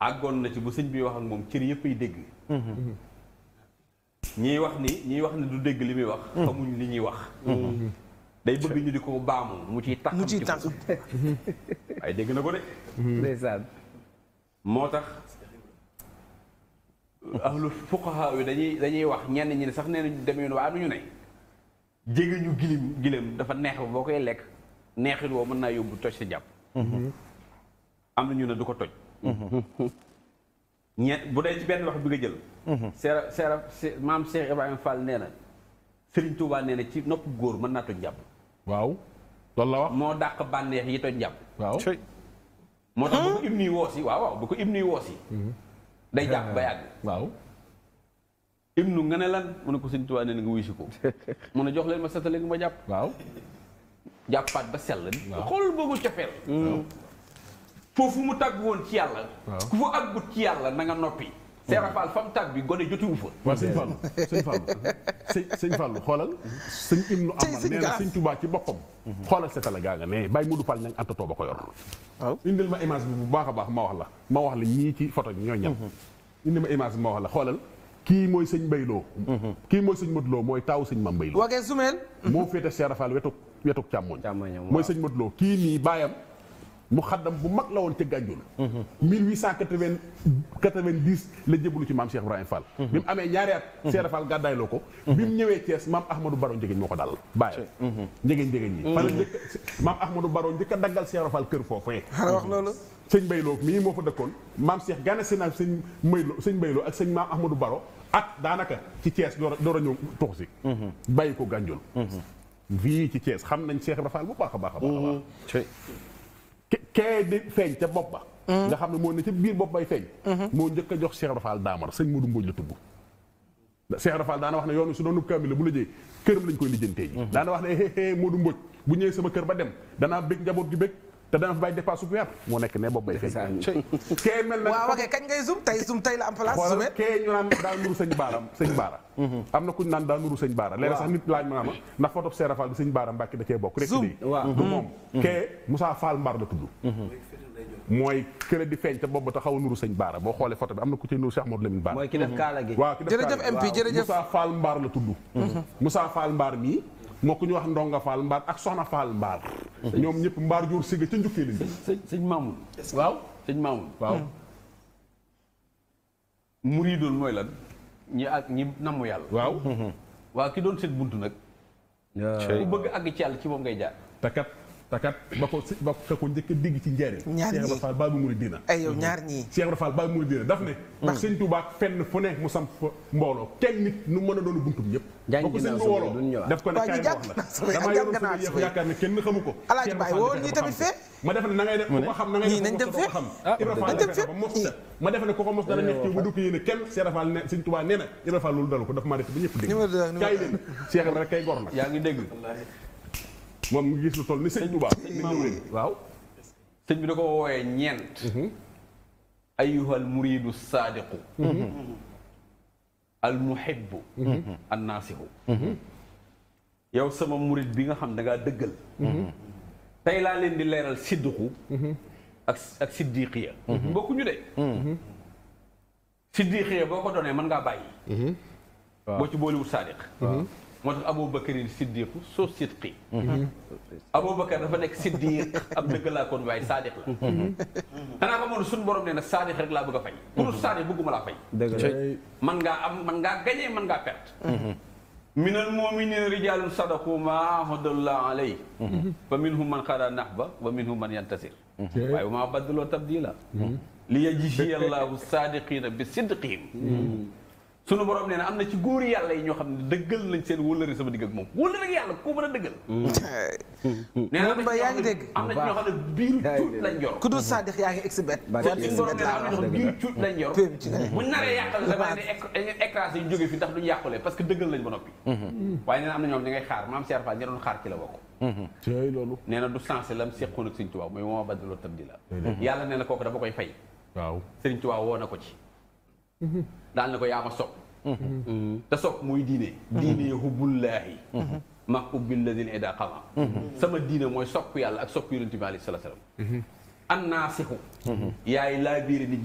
àggoon na ci bu sëñ bi wax ak moom cër yëpp ay dégg mhm. Mhm. ñiy ni ñiy wax ni du li muy wax xamuñ li ñuy wax day di ko baamu mu ciy tax mu ciy tax waaye <laughs> dégg na ko de moo tax ahlu fuqaha yi dañuy dañuy wax ñenn ñi sax nee nañ demee waa am ñu ne jege ñu gilim gileem dafa neex ba boo koy lekk neexit woo mën naa yóbbu toj sa jàpp. am na ñu ne du ko toj. ñeent bu dee ci benn wax bi nga jël. seera seera maam Cheikh Ibrahima Fall nee na Serigne Touba nee na ci nopp góor mën naa toj jàpp. waaw loolu la wax. moo dàq bànneex yi toj jàpp. waaw moo tax bu ko ibni woosi waaw waaw bu ko ibni woosi. day jàpp ba yàgg. <laughs> waaw. ibnu nga ne lan mu ne ko sëñ Tuubaa ne nga wuyu si ko <laughs> mun a jox leen ma setale nga ma jàpp. waaw. jàppaat ba sell. waaw xool boobu cofeel. foofu mu tagg woon ci yàlla. ku fa àggut ci yàlla na nga noppi. Seera Fall fam tag bi gone jotiwu fa. waaw sëñ Fall sëñ Fall sëñ sëñ Fall xoolal. sëñ Ibnu Amar nee na sëñ Tuubaa ci boppam. xoolal seetal gaa nga ne Baye Modou Fall ña nga àttatoo ba ko yor. indil ma image bi bu baax a baax ma wax la ma wax la ñii ci foto bi ñooy ñan. Mhm. indil ma image bi ma wax la xoolal. kii mooy sëñ Mbayloo. Mhm. kii mooy sëñ Moduloo mooy taawu sëñ Mam Mbayloo. wagee sumeel. moo féete Seera Fall wetu wetu càmmoñ. càmmoñ mooy sëñ Moduloo kii nii baayam. mu xaddam bu mag la woon ca gànjul 1890 la jébbalu ci maam Cheikh Ibrahima Fall mhm. bi mu amee ñaari at Cheikh mhm. Fall gàddaay loo ko mhm. bi mu ñëwee Thiès maam Ahmadou Baro njegéñ njëkk a daggal Cheikh Fall kër foofee wax loolu sëñ Mbayloo ci Thiès a xam nañ Cheikh Ibrahima Fall bu baax a baax a baax kee di feeñ ca bopp ba nga xam ne moo ne ca biir bopp bay feeñ moo njëkk a jox Cheikh Rafal daamar sëñ Modou Mbodj la tudd Cheikh Rafal daana wax ne yoonu su doon nub kaamil la bu la jee këram lañ koy lijjantee ji mhm. daana wax ne hé hé Modou Mbodj bu ñëwee sama kër ba dem danaa bég njaboot gi bég te dana fa bàyyi dépasse weer moo nekk ne boobu bay feeñ kee mel na waaw ok kañ ngay zoom tey zoom tey la am place zoomé kee ñu naan daa nuru sëñ baara sëñ baara mhm. am na ku ñu naan daa nuru sëñ sax nit laaj ma ma ndax photo Serap Fall bi sëñ baara Mbàkke da cee di du mhm. moom mhm. kee Moussa Fall Mbar la boobu te xaw boo xoolee photo bi am na ku ci nuru Cheikh ki def kaala gi waaw ki def jërëjëf la tudd Moussa Fall Mbar mii moo ku ñu wax ndonga Fall Mbaar ak Soxna Fall Mbaar. ñoom ñëpp Mbaar Diour Siga ca njukkee lañu. sëñ sëñ Mamoun. waaw sëñ Mamoun waaw. muriidoon mooy lan ñi ak ñi namu yàlla. waaw. waa ki doon seet buntu nag. ku bëgg àgg ci yàlla ci moom ngay jaar. takat ba ko ba ko njëkk a dégg ci njëriñ. ñaar ñii Cheikh Ibra Fall Baabul Muridiina. ay yow ñaar ñii. Cheikh Ibra Fall Baabul Muridiina mm. mu samp mbooloo kenn nit nu daf ne kaay wax bu dugg yéene kenn Cheikh Ibra Fall ne Sëñ Touba nee na Ibrahima Fall loolu rek kay gor nag yaa ngi dégg moom mu gis lu toll ni sëñ Touba. waaw sëñ bi da ko woowee ñeent. Mhm. ayyuhal muridu saadiqu. Mhm. al muhibbu. Mhm. an naasihu. yow sama murid bi nga xam da ngaa dëggal. tey laa leen di leeral siddiqu. ak ak siddiqiya. bokkuñu de. siddiqiya boo ko doonee mën ngaa bàyyi. boo ci booliwut saadiq. moo tax Aboubacarine Siddiqu soo sidqi mhm. Aboubacar dafa nekk Siddiq ab dëgg laa kon waaye Sadiq la. danaa mhm. mhm. ko moom suñu borom nee na Sadiq rek laa bëgg a fay. pour Sadiq bëgguma laa fay. dëgg man ngaa am man ngaa gagné man ngaa perte. minal mu'minina rijalun sadaqu ma ahadullah alayhi fa minhum man qada nahba wa minhum man yantasir waaye ma baddaloo tabdila li yajziya allahu sadiqina bi sidqihim sunu borom nee na am na ci góor yàlla yi ñoo xam ne dëggal nañ seen wóllëre sama digg ak moom wóllëre yàlla ku mën a dëggal. Hmm. na sa bàyyi ne écrasé yu jógee fi tax duñ yàqule parce que dëggal lañ ba noppi. Hmm. waaye nee na am na ñoom ñi xaar maam Cheikh Fall ñi xaar ci la bokk. Hmm. tey loolu. nee na du sensé lam seqoon ak Sëriñ Tuubaa mooy moo ma badaloo tabdila. yàlla nee kooku dafa koy fay. waaw Sëriñ Tuubaa woo ko ci daal na ko yaa ma sopp mm-hmm. Mm-hmm. te sopp muy diine mm-hmm. diine hubbullaahi ma ubbil ladina ida xama sama diine mooy sopp yàlla ak sopp yonente bi alayhi salaatu salaam an naasixu yaay laa biire nit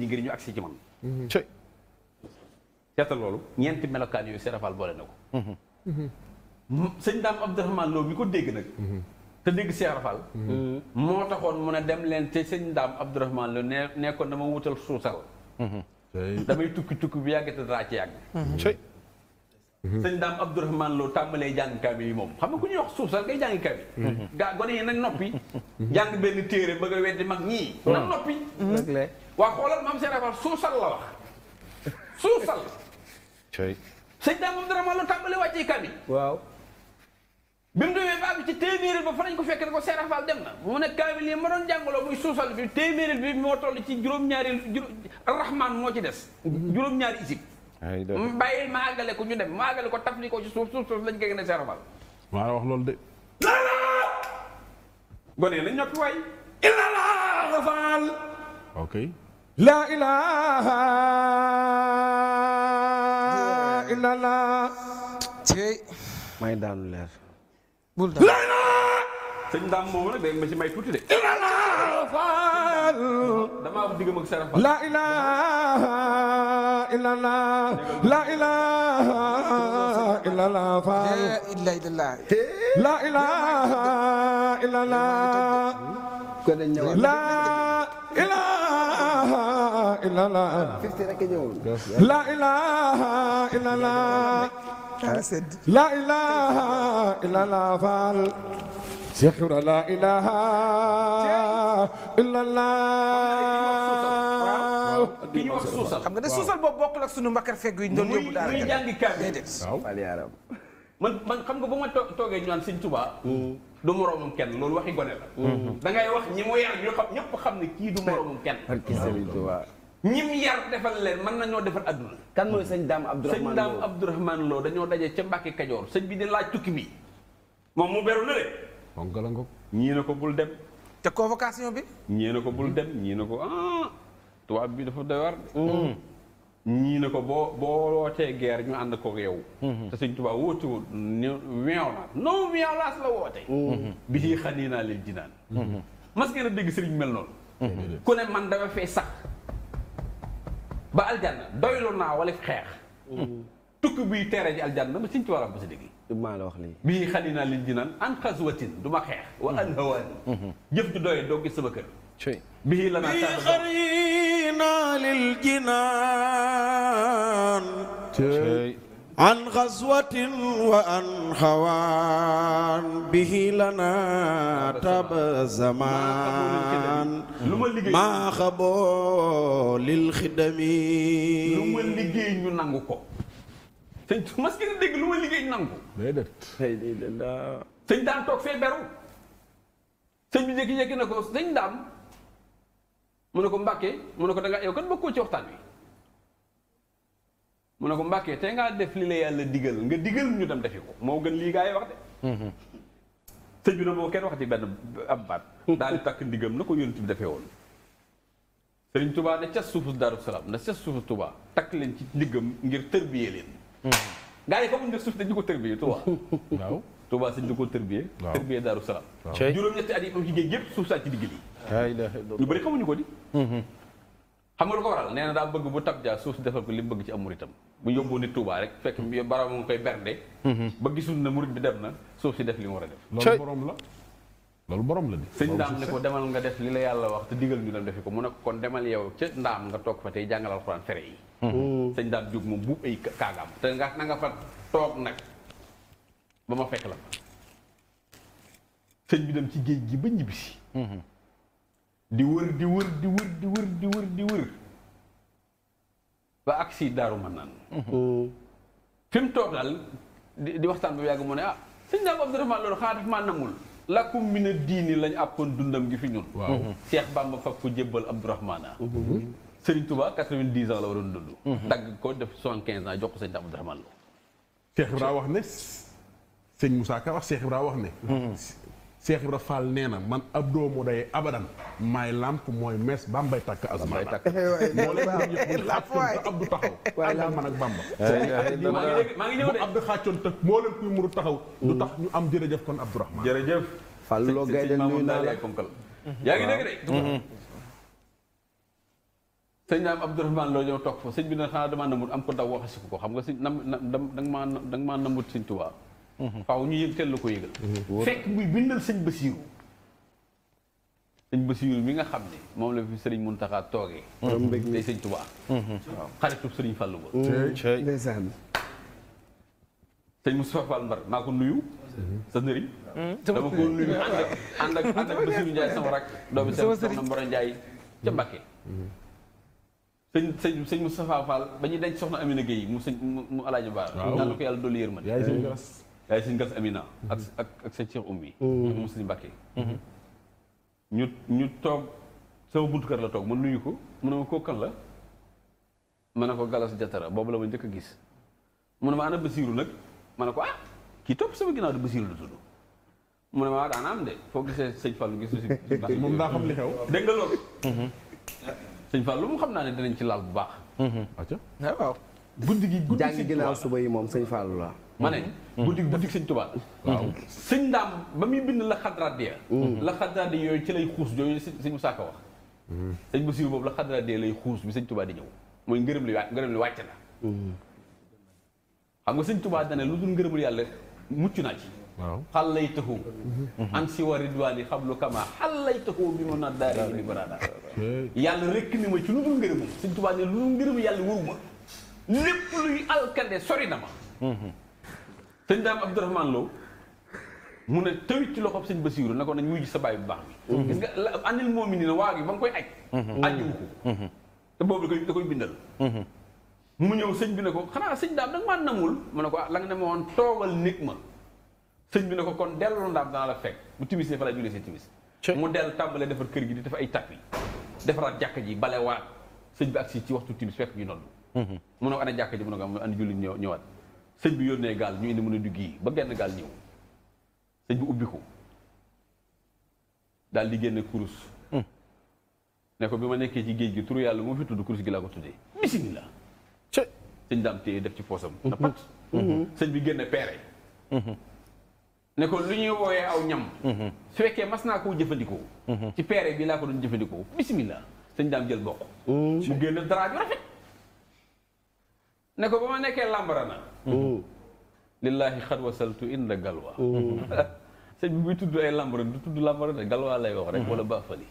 loolu ñeenti na ko sëñ daam Abdourahmane Lo mi ko dégg nag te dégg serafal moo taxoon mun a dem leen te sëñ daam Abdourahmane Lo ne nekkoon dama wutal suusal Tapi tukki tukki bu yàgg te dara hmm. ci yàgg. Hmm. sëñ daam Abdourahman Lo tàmbalee jàng kaamil yi moom xam nga ku ñuy wax suuf sax ngay jàng kaamil. Hmm. gaa gone yi nañ noppi. jàng benn téere bëgg a weddi mag ñii. noppi. waa xoolal seen affaire suusal la wax suusal. sëñ daam Abdourahman tàmbalee waaw. bi mu demee ba ci téeméeri ba fa lañ ko fekk ne ko Seera fall dem na mu ne kamil yi ma doon jàngaloo muy suusal bi téeméeri bi mo toll ci juróom-ñaari rahman moo ci des juróom-ñaari isib bàyyil ma àggale ko ñu dem ma àggale ko tafli ko ci suuf suuf suuf lañ gegne gën fall Seera wax loolu de gone lañ ñoppi way illa la faal ok la ilaha illa la tey may daanu leer bul daal sëñ Dame boobu nag dégg ma ci may tuuti de. damaa am diggam ak Serap Fall. la ilaha illallah la ilaha illallah Fall. la ilaha illallah. la ilaha illallah. la ilaha illallah. la ilaha illa allah faal sexura la ilaha illa allah bi ñu wax suusal xam nga suusal boobu bokkul sunu mbakar fegg yi ñu doon yóbbu daal muy jàngi man man xam nga ba ma toogee ñu naan sëñ Tuubaa mm. du moroomam kenn loolu gone la mm-hmm. da ngay wax ñi mu yar ñu xam ñëpp xam ne kii du moroomam kenn ñim yar defal leen mën nañoo defal adduna. kan sañ sëñ Dame Abdourahmane Lo sëñ Dame Abdourahmane Lo dañoo daje ca Mbàkke Kajoor sañ bi di laaj tukki bi moom mu beru na de. moom galango. ñii na ko bul dem. te convocation bi. ñii na ko bul dem ñii na ko ah tubaab bi dafa doy war. Hmm. ñii na ko boo boo wootee geer ñu ànd ko yow. Hmm. te sëñ tubaab woote woon violence non violence la woote. Hmm. bi ci xanii naa leen jinaan mas ngeen a dégg sëriñ mel noonu. ku ne man dafa fee sax. ba aljanna doylu naa wala fi xeex tukki buy teere ji aljanna ma siñ ci war a ba si dégg maa la wax lii bii xali naa leen jinan an xaswatin du ma xeex wa an hawaan jëf ju doy doo gis sama kër bii la naa xari naa lil jinaan عن غزوة وعن خوان به لنا تب زمان ما خبو للخدم لما لغي ñu nangu ko sëñ mas ki dégg lu ma liggéey ñu nangu déedéet daan toog fee beru sëñ bi jékki-jékki na ko sëñ daam mu ne ko Mbàkke mu ne ko da yow kan bokkoo ci waxtaan wi mu ne ko Mbàkke tey ngaa def li la yàlla digal nga digal ñu dem defe ko moo gën lii gaa yi wax de. Mm-hmm. na moo kenn waxati benn am baat. daal di takk ndigam na ko yonent bi defee woon. sëriñ Touba ne ca suufu Daaru Salaam ne ca suufu Touba takk leen ci ndigam ngir tërbiyee leen. Mm-hmm. gaa yi foofu ngir suuf dañu ko tërbiyee Touba. <laughs> waaw Touba sëñ bi ko tërbiyee. waaw waaw juróom-ñetti at yi am ci géej yëpp suuf saa ci digg lii. ñu bëri xamuñu ko di. Mm-hmm. xam nga ko waral nee na daa bu tab jaa suuf defal li mu bëgg ci am muritam bu yóbbu nit Touba rek fekk baraw mu ngi koy bernde mhm. ba gisul na murit bi dem na suuf ci def li mo wara def lolou borom la lolou borom la de sëñ ndaam ne ko demal nga def li la yalla wax te digal ñu dem def ko mu ne ko kon demal yow ci ndam nga tok fa tay jangal alcorane fere yi mhm. oh. seigne ndam jóg moom bu ay kagam te nga nga fa tok nak bama fekk la seigne bi dem ci geej gi ba ñibbisi mhm. di wër di wër di wër di wër di wër di wër ba ak si man naan fi mu toog daal di waxtaan bu yàgg mu ne ah sëñ daam Abdourahmane loolu xanaa daf maa namul làkkum mina diini lañ àppoon dundam gi fi ñun waaw Cheikh Bamba fab ko jébbal Abdourahmane a Sëriñ Touba 90 ans la waroon dund dagg ko def 75 ans jox ko sëñ daam Abdourahmane la Cheikh wax ne sëñ Moussa Ka wax Cheikh Ibrahima wax ne hmm. Cheikh Ibra Fall nee na man ab doomu day abadan maay làmp mooy mees bambay takk asmaana. <laughs> moo leen di ñëw bu xàccoon Abdou taxaw. <laughs> <laughs> taxaw. du ñu am jërëjëf kon Abdourahmane. jërëjëf. Fallou Gueye dañ nuyu naa la yaa ngi mm-hmm. Mm-hmm. bi nag xanaa damaa namut am ko xam nga sëñ nam da nga maa da nga maa namut sëñ Tuubaa Mm-hmm. faaw ñu yëg teel la ko yëgal. Mm-hmm. fekk muy bindal sëñ Basiiru sëñ Basiiru mi nga xam ne moom la fi sëriñ Muntaxa toogee. tey sëñ Tubaa. Mm-hmm. waaw xaritub sëriñ Fàllu ba. ndeysaan. sëñ Moustapha Fall Mbar Njaay ca Mbàkke. sëñ sëñ sëñ ba ñuy denc soxna Amina Gueye mu sëñ mu Alaaji Baar. waaw yàlla ko yàlla dolli yërmande. yaay sëñ Gas Amina. Mhm. ak ak ak sëñ Cheikh Oumy. Mhm. ak Muslim Mbacké. Mhm. ñu ñu toog sama buntu la toog ma nuyu ko mu ne ma kooku la ma ne ko Galas Jatara boobu la ma njëkk a gis mu ne ma ana Basiiru nag ma ne ko ah kii topp sama ginnaaw de Basiiru la tudd mu ne ma ah daanaa am de foo gisee sëñ Fallou gis <laughs> si. moom daa xam li xew dégg nga loolu. sëñ Fallou mu xam naa ne dinañ ci laal bu baax. waaw ah, waaw. guddi gi guddi si ginnaaw suba yi moom sëñ Fallou la. ma ne. Mm-hmm. boutique boutique sëñ Tuubaa. Mm-hmm. sëñ ndaam ba muy bind la xadraat mm-hmm. la xadraat dee yooyu ci lay xuus yooyu sëñ Musaa Ka wax. sëñ bu siiw boobu la xadraat dee lay xuus bi sëñ Tuubaa di ñëw mooy ngërëm li wàcc ngërëm li xam nga sëñ Tuubaa dana lu dul ngërëmul yàlla mucc naa ci. waaw xal lay taxu. an si wa ridwaani xablu kama xal lay taxu bi ma yàlla rekk ni ma ci lu dul ngërëmam sëñ Tuubaa ne lu dul yàlla wóoru ma lépp luy alkande sori na ma. Tenda daam Abdourahmane Lo mu ne tawit ci loxop señ basirou nako nañ muy gis sa baye bu baax mhm. gis nga anil momini na waagi bang gi ba nga koy aj mhm. ko mhm. te bobu da koy da koy bindal mu ñew señ bi nako xana señ sëñ nak ma namul mu ne ah, la nga ne mo won togal nit ma señ bi nako kon dellu ndaam danaa la fek bu timis ne fa la julé ci timis mu del tambalé defar kër gi di def ay tapi yi defaraat jàkk ji waat señ bi ak ci ci waxtu timis fek ñu mu nako ana jakk ji mu nako ana julli sëñ bi yónnee gaal ñu indi mën a dugg yi ba genn gaal ñëw sëñ bi ubbi ko daal di génn kurus. Hmm. ne ko bi ma nekkee ci géej gi turu yàlla moo fi tudd kurus gi laa ko tuddee bisimilah. sëñ daam def ci poosam. Hmm. na pat. Hmm. bi génne peere. ne ko lu aw ñam. mas naa koo jëfandikoo. ci peere bi laa ko doon jëfandikoo bisimilah sëñ jël bokk. mu génne dara ju rafet. ne ko bama nekké lambarana lillahi khad wasaltu inda galwa sëñ bi tuddu ay lambarana du tudd lambarana galwa lay wax rek wala baafali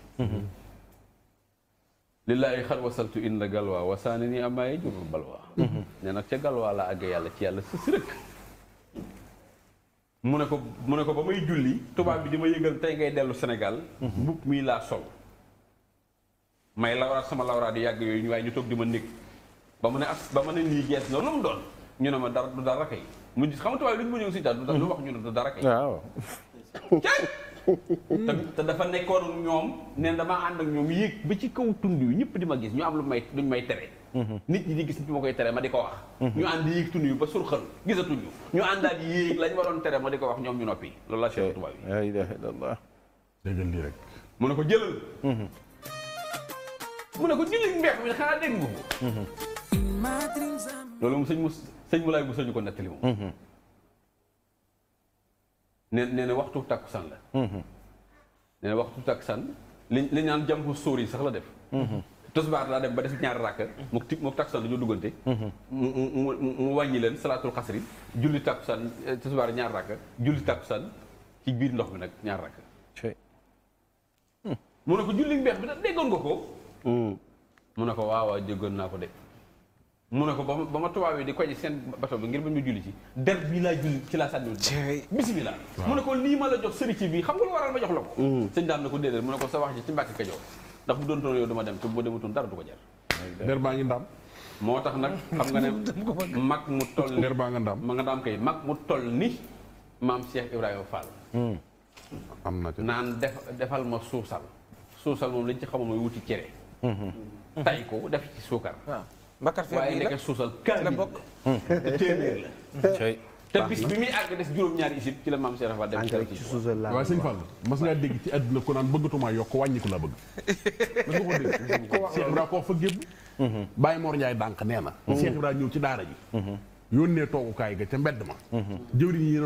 lillahi khad wasaltu inda galwa wasaani ni amaa balwa mm-hmm. ne nak ci galwa la ag yalla ci yalla ci sirek mu ne ko mu ko ba julli tuba bi dima ma tay ngay delu senegal mm-hmm. mi la sol may sama di yag yoy ñu way ñu tok di ma Bamane as, Bamane ak ba mu ne nii gees loolu mu doon ñu ne ma dara du dara kay mu gis xam nga tubaab yi duñ ma ñëw si daal du wax ñu du dara kay waaw dafa ne ak ba ci kaw tund yu di ma gis ñu am lu may duñ may tere mhm. nit ñi mhm. gitu di gis nit ma koy tere ma di ko wax ñu ànd yéeg tund yu ba surxal gisatuñu ñu àndaat yéeg lañ ma doon tere ma di ko wax ñoom ñu noppi loolu la cheikh tubaab la ilaha illallah déggal lii rek mu ne ko jëlal mu ne ko mi loolu moom sëñ mu sëñ mu laay bu sëñu ko nettali moom mhm. nee nee na waxtu tàkkusaan la mhm. nee na waxtu tàkkusaan li li naan jàmpu sóor sax la def mhm. tosbaar laa dem ba def ñaari ràkk mook ti mook la dañoo duggante mu mu wàññi leen salaatul xasri julli tàkkusaan eh, tosbaar ñaari ràkk julli tàkkusaan ci biir ndox mi nag ñaari ràkk mu ne ko julli mbeex bi nag déggoon nga ko mu ne ko waaw waaw naa ko de mu ne ko ba ma tubaab di koji sen bato bi ngir bañ julli ci der bi la julli ci la sañu bismillah mu ne ko lii ma la jox sëri ci bi xam nga lu waral ma jox lako ko mm. sëñ daam ne ko déedéet ko sa wax ci ci mbàkki ka jox ndax bu doon toon yow duma dem te bu demutoon dara du ko jar der ba ngi ndam motax nak xam nga ne <laughs> mak mu toll der ba nga ndam ma nga ndam kay mak mu toll ni mam Cheikh ibrahim Fall mm. am na naan defal ma sousal sousal mom liñ ci xam moy wuti cere mm-hmm. tay ko def ci sukar Bakar Feer waaye nekk suusal kaay la bokk <laughs> téeméer la te bis bi muy àgg des juróom-ñaari isib ci la maam Cheikh Rafal dem ci suusal la waaw sëñ Fall mas ngaa dégg ci àdduna ko naan bëggatumaa yokk wàññi ko laa bëgg mas <laughs> nga ko dégg Cheikh Ibra ko fa gébb mhm. Baye Mor Ndiaye dànk nee na mhm. Cheikh Ibra ñëw ci daara ji mhm. yónnee toogukaay ga ca mbedd ma jëwriñ yi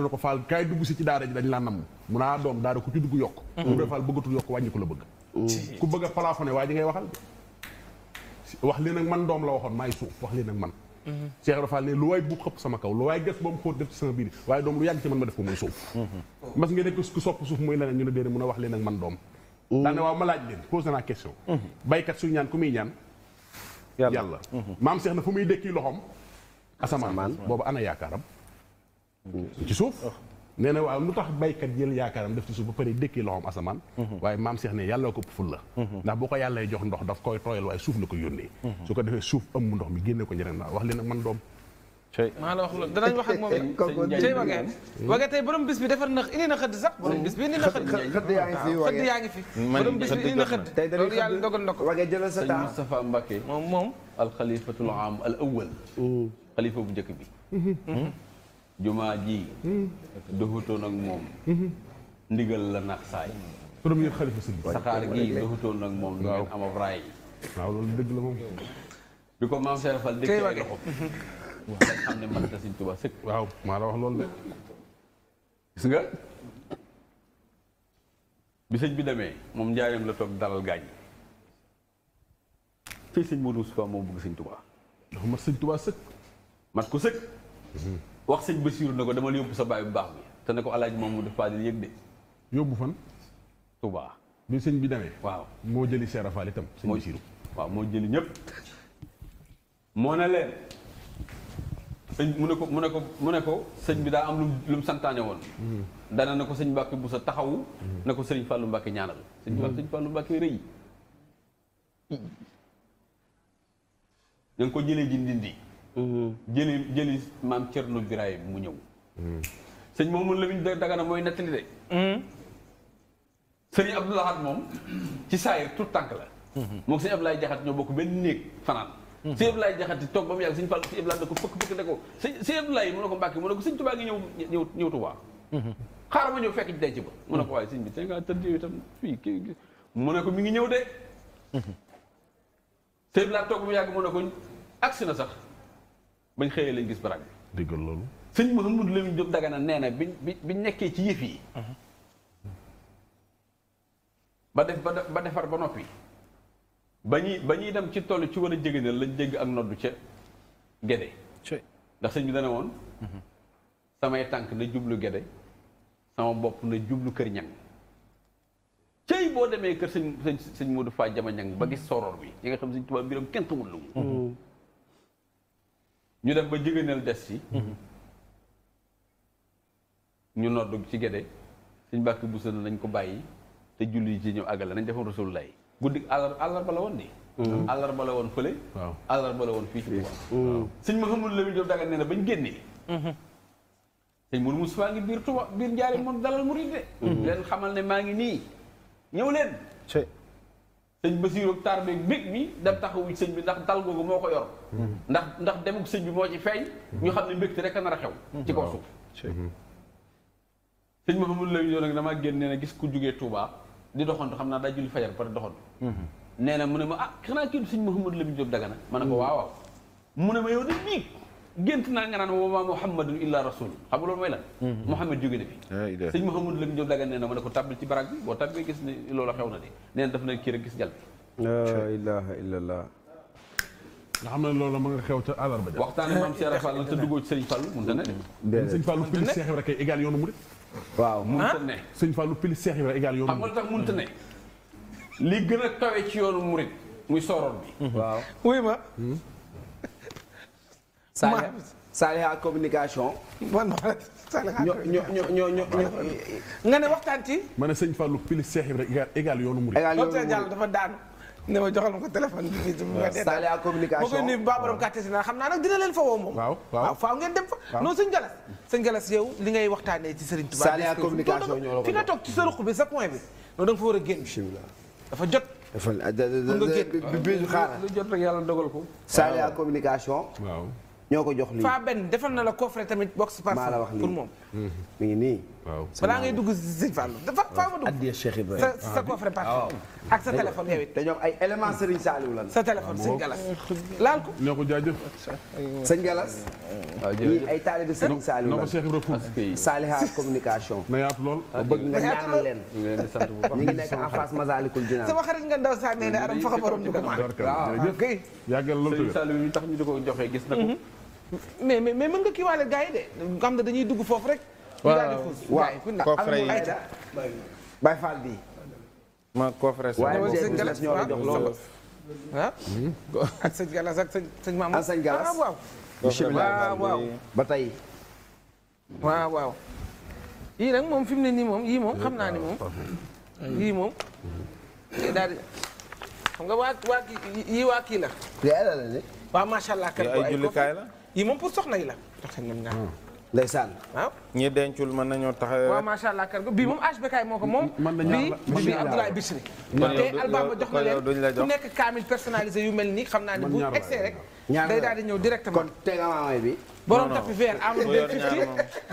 ne ah, doom daara ku ci dugg yokk mu defal bëggatul yokk wàññi ko bëgg ku bëgg a plafonné waa ji ngay waxal wax leen ak man doom la waxoon maay suuf wax leen ak man Cheikh Ibra Fall lu waay bu xëpp sama kaw lu waay gës ba mu def ci sama biir waaye doom lu yàgg ci man ma def ko muy suuf mas nga nekk ku sopp suuf muy leneen ñu ne déedéet mun a wax leen ak man doom daane waaw ma laaj leen posé naa question mhm. baykat suy ñaan ku muy ñaan yàlla mhm. maam Cheikh na fu muy dékki loxoom asamaan boobu ana yaakaaram mhm. ci suuf oh. nee na waaw lu tax baykat jël yaakaaram def ci suuf ba pare dëkkee loxoom asamaan waaye maam Cheikh ne yàlla ko ëpp ful la ndax boo ko yàllay jox ndox daf koy tooyal waaye suuf la ko yónnee su ko defee suuf ëmb ndox mi génne ko ñeneen na wax leen nag man doom maa la wax loolu danañ wax ak moom tey wagee wagee tey borom bis bi defar na indi na xëdd sax borom bis bi indi na xëdd xëdd yaa ngi fi borom bis bi indi na xëdd tey loolu yàlla ndogal ndoko wagee jëlal sa temps Moustapha Mbacké moom moom alxalifatul am al awal xalifa bu njëkk bi jumaa ji hmm. doxutoon ak moom hmm. ndigal la nax saay premier xalifa si saxaar gi doxutoon ak moom du ngeen am ab raay waaw loolu dëgg la moom bi ko maam Cheikh Fall dëgg ay loxo hmm. wax ne maa wax loolu de bi demee moom njaareem la toog dalal gaañ fii sëñ Modou mat Sëñ Tuubaa sëkk mat ko sëkk wax sëñ Basiiru ne ko demal la yóbbu sa baay bu baax bi te ne ko alaaji Mamadou Fadil yëg de yóbbu fan Touba bi sëñ bi demee waaw moo jëli Seera Faal itam sëñ Basiiru waaw moo jëli ñëpp moo ne leen sëñ mu ne ko mu ne mu ne ko sëñ bi daa am lu mu santaane woon mm-hmm. dana ne ko sëñ Mbàkke bu sa taxawu mm-hmm. ne ko sëriñ Fàllu Mbàkke ñaanal sëñ Mbàkke mm-hmm. sëñ Fàllu Mbàkke rëy da nga ko jëlee ji ndindi Mm-hmm. jëli jëli maam Thierno Birahim mu ñëw. Mm-hmm. sëñ Mamadou Lamine Dagana mooy nettali de. Mm-hmm. sëñ Abdou Lahad moom ci saayir tout tànk la. moom sëñ Abdoulaye Jaxate ñoo bokk benn néeg fanaan. sëñ Abdoulaye Jaxate toog ba mu yàgg sëñ Fall sëñ Abdoulaye da ko fëkk fëkk da ko sëñ sëñ Abdoulaye mu ne ko Mbàkke mu ne ko sëñ Tuubaa ngi ñëw ñëw ñëw Tuubaa. xaaral ma ñëw fekk ci denc ba. mu ne ko waaye sëñ mu ne mi ngi ñëw de. sëñ Abdoulaye toog ba mu yàgg mu ne ko agsi na sax. bañ xëyee lañ gis barab bi. dëggal loolu. sëñ Mouhamadou Lamine Diop Dagana nee na bi bi nekkee ci yëf yi. Mhm. ba def ba defar ba noppi. ba ñuy ba ñuy dem ci toll ci war a jege ne lañ dégg ak noddu ca Gede. ndax sëñ bi dana woon. Mhm. samay tànk na jublu Gede sama bopp na jublu kër ñang cey boo demee kër sëñ sëñ sëñ Modou Faye Jama ñang ba gis soror bi ñi nga xam sëñ tubaab mbiram kenn tawul lu mu mhm. ñu dem ba jigéenal des si mhm. ñu nodd ci gédé suñ bàkk bu sën nañ ko bàyyi te julli ci ñëw àggale nañ defoon rasulullah yi guddi àllar àllarba la woon di mhm. àllarba la woon fële àllarba la woon fii ci boppam sëñ Mouhamadou Lamine Diop dagal nee na bañ génnee mhm. sëñ Mourou Moustapha ngi biir Touba biir njaari moom dalal murid de leen xamal ne maa ngi nii ñëw leen sëñ ba ak taar beeg bég mi dam taxawuñ sëñ bi ndax dal googu moo ko yor. Hmm. ndax ndax demuk sëñ bi moo ci feeñ. Hmm. ñu xam ne mbégte rek a nar a xew. Hmm. ci kaw suuf. sëñ Mouhamadou Lamine Diop nag dama génn nee na gis ku jugee Touba di doxantu xam naa daa julli fajar pare doxantu. nee na mu ne ma ah xanaa kii du sëñ Mouhamadou Lamine Diop Dagana. ma ne ko waaw waaw mu ne ma yow de biig gént naa nga naan wa ma muhammadun illa rasul xam nga loolu mooy lan mhm. muhammad jóge na fi sëñ Mouhamadou Lamine Diop dagan nee na ma ne ko tàbbil ci baraag bi boo tàbbee gis ne loolu xew na de nee na daf na kii rek gis jal bi laa ilaha illallah nga xam ne loolu ma nga xew te àllarba ja waxtaane maam Cheikh Ibra Fall la te duggoo ci sëñ Fallou mun ta ne sëñ Fallou pili Cheikh Ibra kay égal yoonu murid waaw mun ta ah? ne sëñ Fallou pili Cheikh Ibra égal yoonu murid xam nga tax mun ta ne li gën a kawe ci yoonu murid muy soroon bi waaw ma hmm? Saliha Saliha communication. man ñoo ñoo ñoo nga ne waxtaan ci. ma ne sëñ Fallou pili Seex Ibra égal égal yoonu Mouride. égal yoonu Mouride dafa daanu. ne ma joxal ma ko téléphone bi fii ci bu ma dee Saliha communication moo koy nuyu Babaram Kàtte xam naa nag dina leen fa woo moom. waaw waaw faaw yow li ngay waxtaanee ci Serigne Touba. Saliha communication ñoo la ko fi nga toog ci sa ruq bi sa point bi. non da nga fa war a génn. dafa jot. dafa bi bi xaaral lu jot rek yàlla dogal ko. Saliha communication. ñoo ko jox lii faa benn defal na la coffret tamit box parfum maa la wax lii pour moom. mi ngi nii. waaw balaa ngay dugg Sëñ Fallou dafa ah. faa ma dugg. addiya Cheikh Ibrahima sa sa ah, coffret ah, parfum ak sa téléphone yow it. te ñoom ay éléments Serigne Saliou lan. sa téléphone sëñ Galas. laal ko ñoo ko jaajëf. sëñ Galas. waaw jërëjëf ñii ay taalibe Serigne Saliou lan. noo ko Cheikh Ibrahima Foum. Saliha communication. na yaatu lool. bëgg nga ñaanal leen. ñu ngi nekk en face Masalikul Jinaan. sama xarit nga ndaw saa nee ne aram fa ko borom du ko maa. waaw kay yàggal loolu. Serigne Saliou yi tax ñu di ko joxe gis na ko mhm. mais mais mais mën nga kii waale gars yi de nga xam ne dañuy dugg foofu rek. waaw waaw coffre yi Baye Fall bi. ma coffre sa waaye sëñ Galas ñoo la jox loolu. ah. ak sëñ Galas ak sëñ sëñ Mamadou. ak ah, sëñ Galas ah, waaw. bisimilah waaw ba tey. waaw waaw. yii nag moom fi mu ne nii moom yii moom xam naa ne moom. yii moom. daal di xam nga waa waa kii yii waa kii la. waaw macha allah. kër ay jullikaay la. yi moom pour soxna yi la. soxna ñoom ñaar. Hmm. ndeysaan. waaw ñi dencul mën nañoo tax. waaw macha allah kàr bii moom HBK moo ko moom. mën nañu bi bi Abdoulaye Bichri. te albamba jox na leen ku nekk kaamil personnalisé yu mel nii xam naa bu excès rek. day daal di ñëw directement. kon tegaamaay bi. borom tapis vert am na 250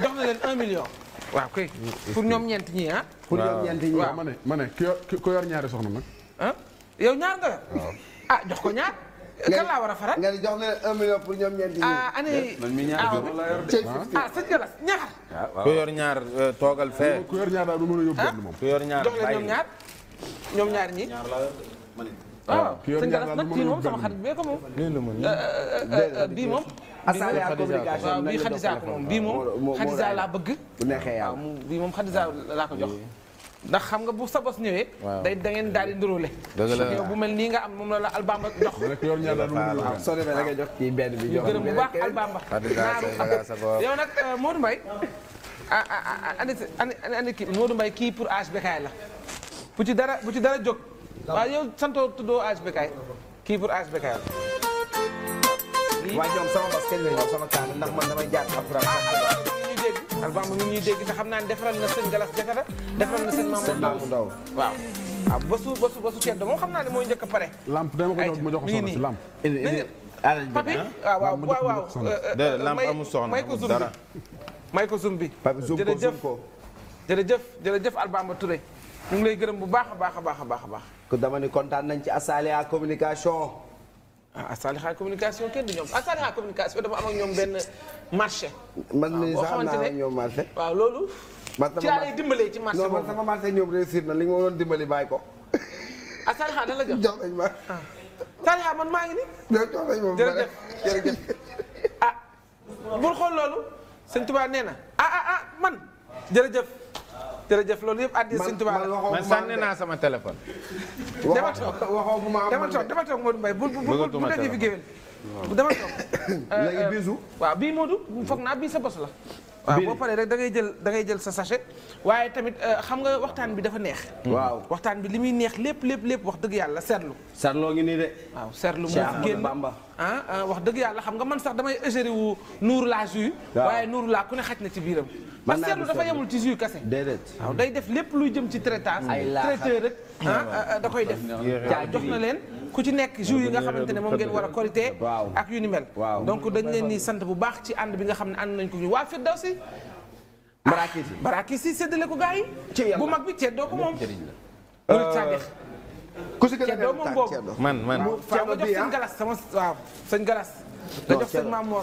jox na leen 1 million. waaw kay pour ñoom ñeent ñi ah. pour ma ne ma ne ku yor ñaari soxna nag. ah yow ñaar nga. ah jox ko ñaar. kan laa war a faral nga jox ah, ñaar ah, ah, ku yor ñaar euh, toogal fee. ku yor ñaar daal du mën moom. ku yor ñaar bàyyi ñoom ñaar ñoom ñaar ñi. waaw sëñ Gallas nag kii moom sama xarit bee ko moom. Euh, euh, bii moom. bii moom bii moom Xadisa laa bëgg. bu neexee yàlla waaw bii moom Xadisa laa ko jox. ndax xam nga bu sa bos ñëwee. day da ngeen daal di nduróole. yow bu mel nii nga am moom la la albamba jox. yor ñaar daal da nga jox kii benn bi. jox gërëm bu baax albamba. yow nag euh, Modou Mbaye. ah ah, ah, ah kii Modou Mbaye kii pour âge bu ci dara bu ci dara jóg. waaw yow santoo tuddoo âge békaay. kii pour âge békaay sama bos kenn lañu sama kaan albam ñu ñuy dégg te xam naa ne defaral na sëñ galas jafara defaral na sëñ maam daaw daaw waaw waaw ah, basu basu basu tedd moom xam naa ne mooy njëkk a pare lamp dama ko jox ma jox ko soxna si lamp papi waaw waaw waaw waaw lamp euh, euh, amul soxna may ko zum bi may ko zum bi jërëjëf jërëjëf jërëjëf Albamba Touré ñu ngi lay gërëm bu baax a baax a baax a baax a baax dama ni kontaan nañ ci Asalea communication ah Asaliha communication kenn du ñoom Asaliha communication dafa am ak ñoom benn marché. man mii ah, sax am naa ñoom marché loolu. sama marché ci laa lay dimbalee ci marché boobu marché ñoom réussir na li nga ma doon dimbali bàyyi ko. Asaliha dana la jox jox ma. Asaliha ah. man maa ngi nii. jox nañ a jërëjëf jërëjëf ah, xool loolu. sëñ Tuba nee na ah ah ah man jërëjëf. jërëjëf loolu yëpp addi Sëriñ Tuubaa man sànni naa sama téléphone. dama toog dama toog dama toog Modou Mbaye bu bu bu dajee fi géwél dama toog. <coughs> léegi euh, bisu. waaw bii Modou foog naa bii sa bos la. waaw ah, boo paree rek da ngay jël da jël sa sachet waaye tamit euh, xam nga waxtaan bi dafa neex hmm. waaw waxtaan bi li muy neex lépp lépp lépp wax dëgg yàlla seetlu seetloo ngi nii de waaw seetlu moo fi génn Bamba ah, ah wax dëgg yàlla xam nga man sax damay égéri wu nuuru laa jus waaye nuuru laa ku ne xaj na ci biiram parce que dafa yemul ci jus kase déedéet waaw day def lépp luy jëm ci traitage traiteur Ah, ah da koy def caa jox na leen ku ci nekk jour yi nga xamante ne moom ngeen war a korité ak yu ni mel donc dañ leen ni sant bu baax ci ànd bi nga xam ne ànd nañ ko ñu waa Firdawsi Barakisi Barakisi séddale ko gars yi bu mag bi ceeb ko moom murit saadex euh, ku si gën a ceeb doo moom boobu man man ceeb nga jox sëñ ah. galas sama waaw sëñ galas nga jox sëñ Maam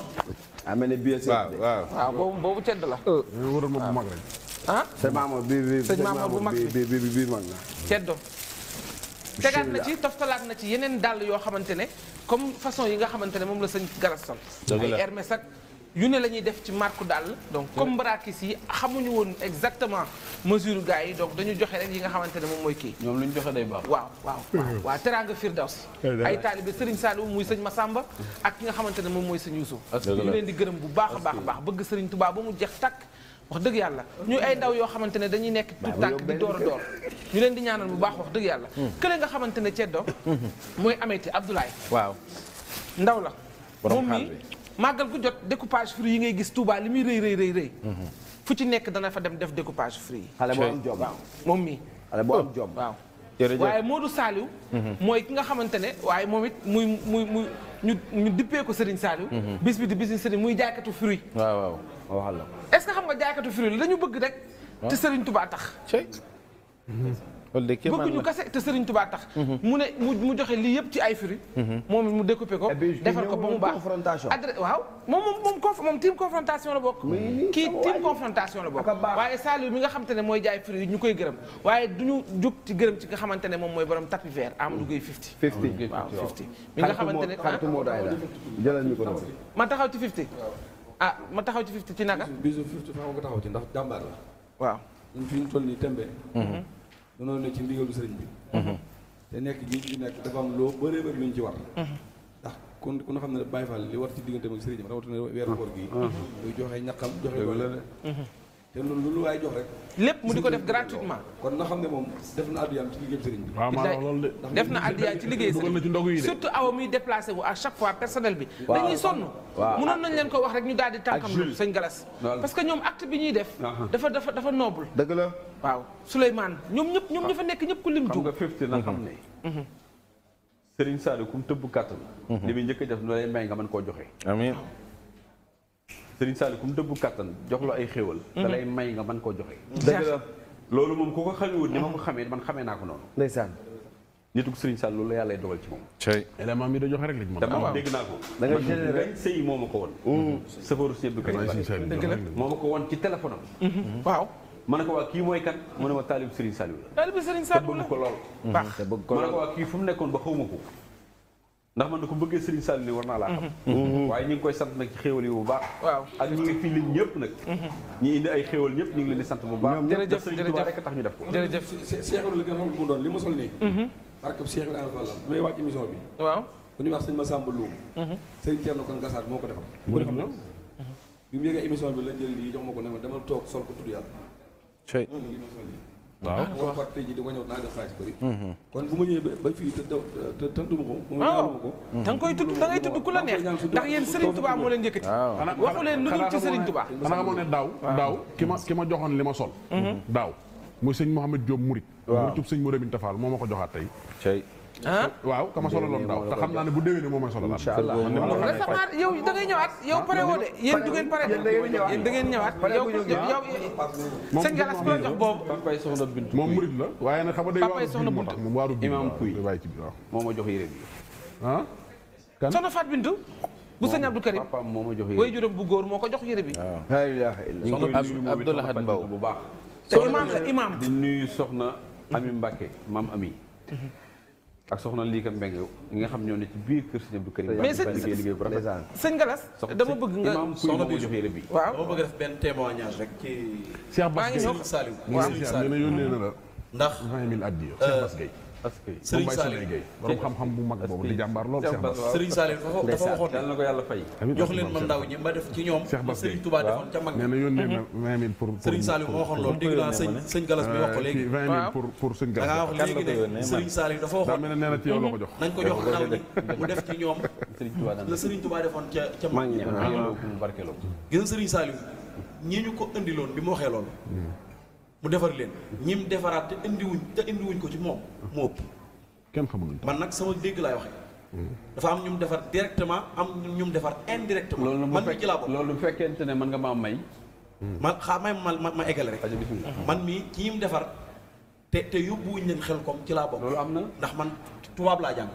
ah, bi waaw waaw boobu boobu ceeb la euh, waroon ma bu mag rek ah sëñ Maama bi bi sëñ Maama bu mag bi bi bi mag na. ceddo tegaat na ci toftalaat na ci yeneen dàll yoo xamante ne comme façon yi nga xamante ne moom la sëñ Garas sol. ay Hermès ak yu ne la ñuy def ci marque dàll. donc comme barakis yi xamuñu woon exactement mesure gars yi donc dañu joxe rek yi nga xamante ne moom mooy kii. ñoom lu ñu joxe day baax. waaw waaw waaw <laughs> teraanga Firdaws. ay taalibe Serigne Saliou muy sëñ Massamba ak ki nga xamante ne moom mooy sëñ Youssou. ñu leen di gërëm bu baax a baax baax bëgg Serigne Touba ba mu jeex takk wax dëgg yàlla ñu ay ndaw yoo xamante ne dañuy nekk tout tànk di door a door ñu leen di ñaanal bu baax wax dëgg yàlla hmm. kële nga xamante ne ceddo <laughs> mooy ameti Abdoulaye waaw ndaw la moom mi màggal gu jot découpage fruit yi ngay gis Touba li muy rëy rëy rëy rëy hmm. fu ci nekk dana fa dem def découpage fruit yi xale moom mii xale boo am oh. jom hmm. mooy ki nga xamante ne waaye moom it muy muy muy ñu ñu dippee ko Serigne Saliou bis bi di bis Serigne muy jaaykatu fruit ma waxal la ko. est-ce que xam nga jaaykatu fruit la dañu bëgg rek. te Serigne Touba tax. loolu de kéemaan la bëgguñu kase te Serigne Touba tax. Mhm. mu ne joxe lii yëpp ci ay fruits. Mhm. moom mu découpé ko. Eh defar ko ba mu baax confrontation. waaw moom moom moom team confrontation la bokk. kii team confrontation la bokk. waaye Saliou mi nga xamante ne mooy jaay fruits yi ñu koy gërëm. waaye du ñu jóg ci gërëm ci nga xamante ne moom mooy borom tapis vert Amadou Gueye 50. 50 waaw 50 mi nga xamante ne xaritu moo xaritu moo taxaw ci 50. ah ma taxaw ci fifty ci a bisu fifty faaw nga taxaw ci ndax jàmbaar la. waaw ñun fi ñu toll nii tembe. Mhm. dañoo ne ci ndigalu sëriñ bi. Mhm. te nekk gi ci nekk dafa am loo bëree bëri luñ ci war. Mhm. ndax kon ku nga xam ne Baye Fall li war ci diggante ak sëriñ bi rawatina weeru koor gi. muy joxe ñaqam joxe wala. te lu waay jox rek. lépp mu di ko def gratuitement. kon na xam ne moom def na addiyaam ci liggéey sëriñ bi. surtout awa muy déplacé wu chaque fois personnel bi. dañuy sonn. waaw mënoon leen ko wax rek ñu daal di lu sëñ Galas. parce que ñoom acte bi ñuy def. dafa dafa dafa dëgg la waaw Souleymane ñoom ñëpp ñoom ña ah. ñëpp ku lim. xam nga mhm. Mhm. Mhm. a may nga mën koo joxe. Serigne Saliou ku mu dëbbu kattan jox la ay xéwal. Mhm. da lay may nga mën koo joxe. loolu moom ku ko xamewut ni ma ko xamee man xamee naa ko noonu. ndeysaan. nit ku Serigne Sall la da joxe rek li moom. dama dégg ko. da nga jëlee rek man sëy moo ma ko woon. sëfooru sëñ bi kay moo ma ko woon ci téléphone am. Mhm. waaw. ma ne ko waa kii mooy kan mu ne ma taalib Serigne Saliou la. taalib Serigne Saliou la te bëgg ko lool. baax te bëgg ko waa kii fu nekkoon ba xaw ko. ndax man na ko bëggee Serigne Sall ni war naa laa xam mhm. waaye ñu ngi koy sant nag ci xéewal yi bu baax waaw ak ñi ngi fii lim ñëpp nag mhm. ñi indi ay xéewal ñëpp ñu ngi leen di sant bu baax jërëjëf Serigne Touba rek tax ñu a sol nii parce que seexal bi waaw bu ñuy wax sëñ Massamba Loum mhm. Serigne Thierno Kane Gassar moo ko moo defal na bi mu yëgee émission bi la jël lii jox ma ko ne ma toog sol ko tudd yàlla waaw ah, waaw waaw tey jii dama ñëw naa def xaalis bëri. Mhm. kon bu ma ñëwee ba fii te te tëntuma ko. waaw ah. mhm. da nga koy tudd da ku la neex ndax yéen Serigne Touba moo leen yëkkati. waaw waxu leen lu dul ci Serigne Touba. xanaa xamoon ne daaw daaw ki ma ki ma joxoon li ma sol. Mhm. daaw muy sëñ Mouhamed Diop Mouride. waaw Mouride sëñ Mouride Binta Fall moo ma ko joxaat tey. ah waaw kama solaloon daaw te xam naa ne bu déwénee moom mooy solo incha allah yow da ngay ñëwaat yow pare woo de yéen du ngeen pare de yéen da ñëwaat yow yow sëñ boobu. moom murid la waaye nag xam nga day waaru biir moo a waaye ci biir waaw moo ma jox yére bi. ah. kan Soxna Fat Bintu. bu sëñ Abdou Karim papaam moo ma jox yére bi waaye juróom bu góor moo ko jox yére bi. waaw Abdoulahat Mbaw bu baax. te imaam la imaam di nuyu soxna Ami Mbacke maam Ami mhm. ak soxna Lika Mbengue ñi nga xam ñoo ne ci biir kër Sëñ Abdou Karim. mais sëñ sëñ Galas dama bëgg nga soxna bi joxe bi waaw dama bëgg def benn témoignage rek ci Cheikh Bass Gueye Saliou Saliou Saliou yónnee na la ndax 20 000 addiya euh, Cheikh Bass Gueye Serigne Saliou borom xam-xam bu mag boobu di jàmbaar lool Cheikh Bass Serigne Saliou dafa waxoon loolu dégg naa sëñ sëñ dafa waxoon nee def ci ñoom la Serigne Touba defoon ca mag ñi barkeeloo ñu ko indiloon bi mu waxee mm. mu defar leen ñim defaraat te indiwuñ te indiwuñ ko ci moom moo ëpp kenn xamul man nag sama dégg laay waxee dafa am ñum defar directement am ñum defar indirectement man mii ci laa bokk loolu bu fekkente ne mën nga maa may man xaa may ma ma eggale rek man mii ci ñim defar te te yóbbuwuñ leen xel kom ci laa bokk loolu am na ndax man tubaab laa jàng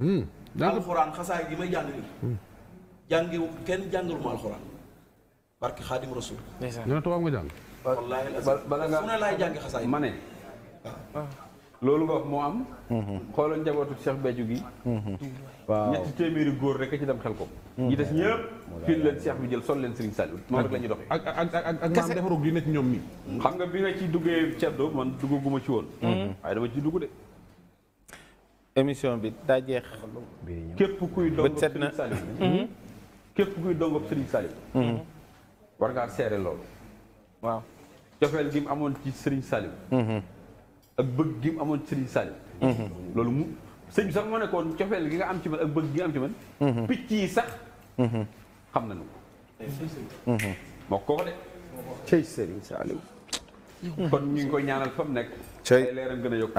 hmm. alxuraan xasaay gi may jàng nii hmm. jàngiwu kenn jàngaluma alxuraan barki xaadim rasul nee na tubaab nga jàng bala nga laay jàngi xasaay ma ne ah. loolu nga moo am mm-hmm. xoolal njabootu seex Béthio gi mm-hmm. waaw ñetti téeméeri góor rek a ci dem xel ko ñi des mm-hmm. ñëpp fil leen Cheikh bi jël sol leen Serigne Saliou moom rek la ñuy doxee ak ak ak ak maam defarug ñoom nii xam nga bi nga ci duggee ceddo man duggaguma ci woon waaye dama ci dugg de émission bi daa jeex képp kuy dongob Serigne Saliou képp kuy dongob Serigne Saliou war ngaa seere loolu waaw cofeel gi mu amoon ci Serigne Saliou mhm. ak bëgg gi mu amoon ci Serigne Saliou mhm. loolu mu sëñ bi sax moo nekkoon cofeel gi am ci man ak bëgg gi nga am ci man mhm. picc yi sax xam nañu ko moo ko ko de cey Serigne ñu ngi koy ñaanal fa mu nekk cey leeram gën a yokk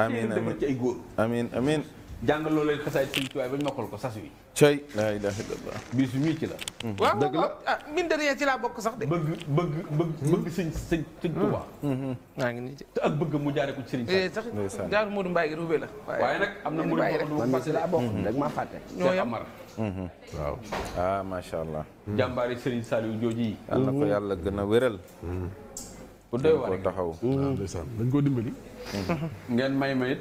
amiin amiin jàngaloo leen xasaay suñu tuwaay ba ñu mokkal ko sas wi. cay la ilaha illallah. biisu ci la. Mm-hmm. dëgg la waaw ah mine de laa bokk sax de. bëgg bëgg bëgg mm-hmm. bëgg sëñ sëñ sëñ Tuubaa. Mm-hmm. maa ngi nii ak bëgg mu jaaree ko ci sëriñ eh, sax jaar Modou Mbaye gi ruubee la. waaye nag am na Modou Mbaye rek maa fàtte. ñoo yam waaw ah macha allah. jàmbaari sëriñ Saliou jooju yi. yal na ko yàlla gën a wéral. bu doy waar taxaw. dañ ko dimbali. ngeen may mayit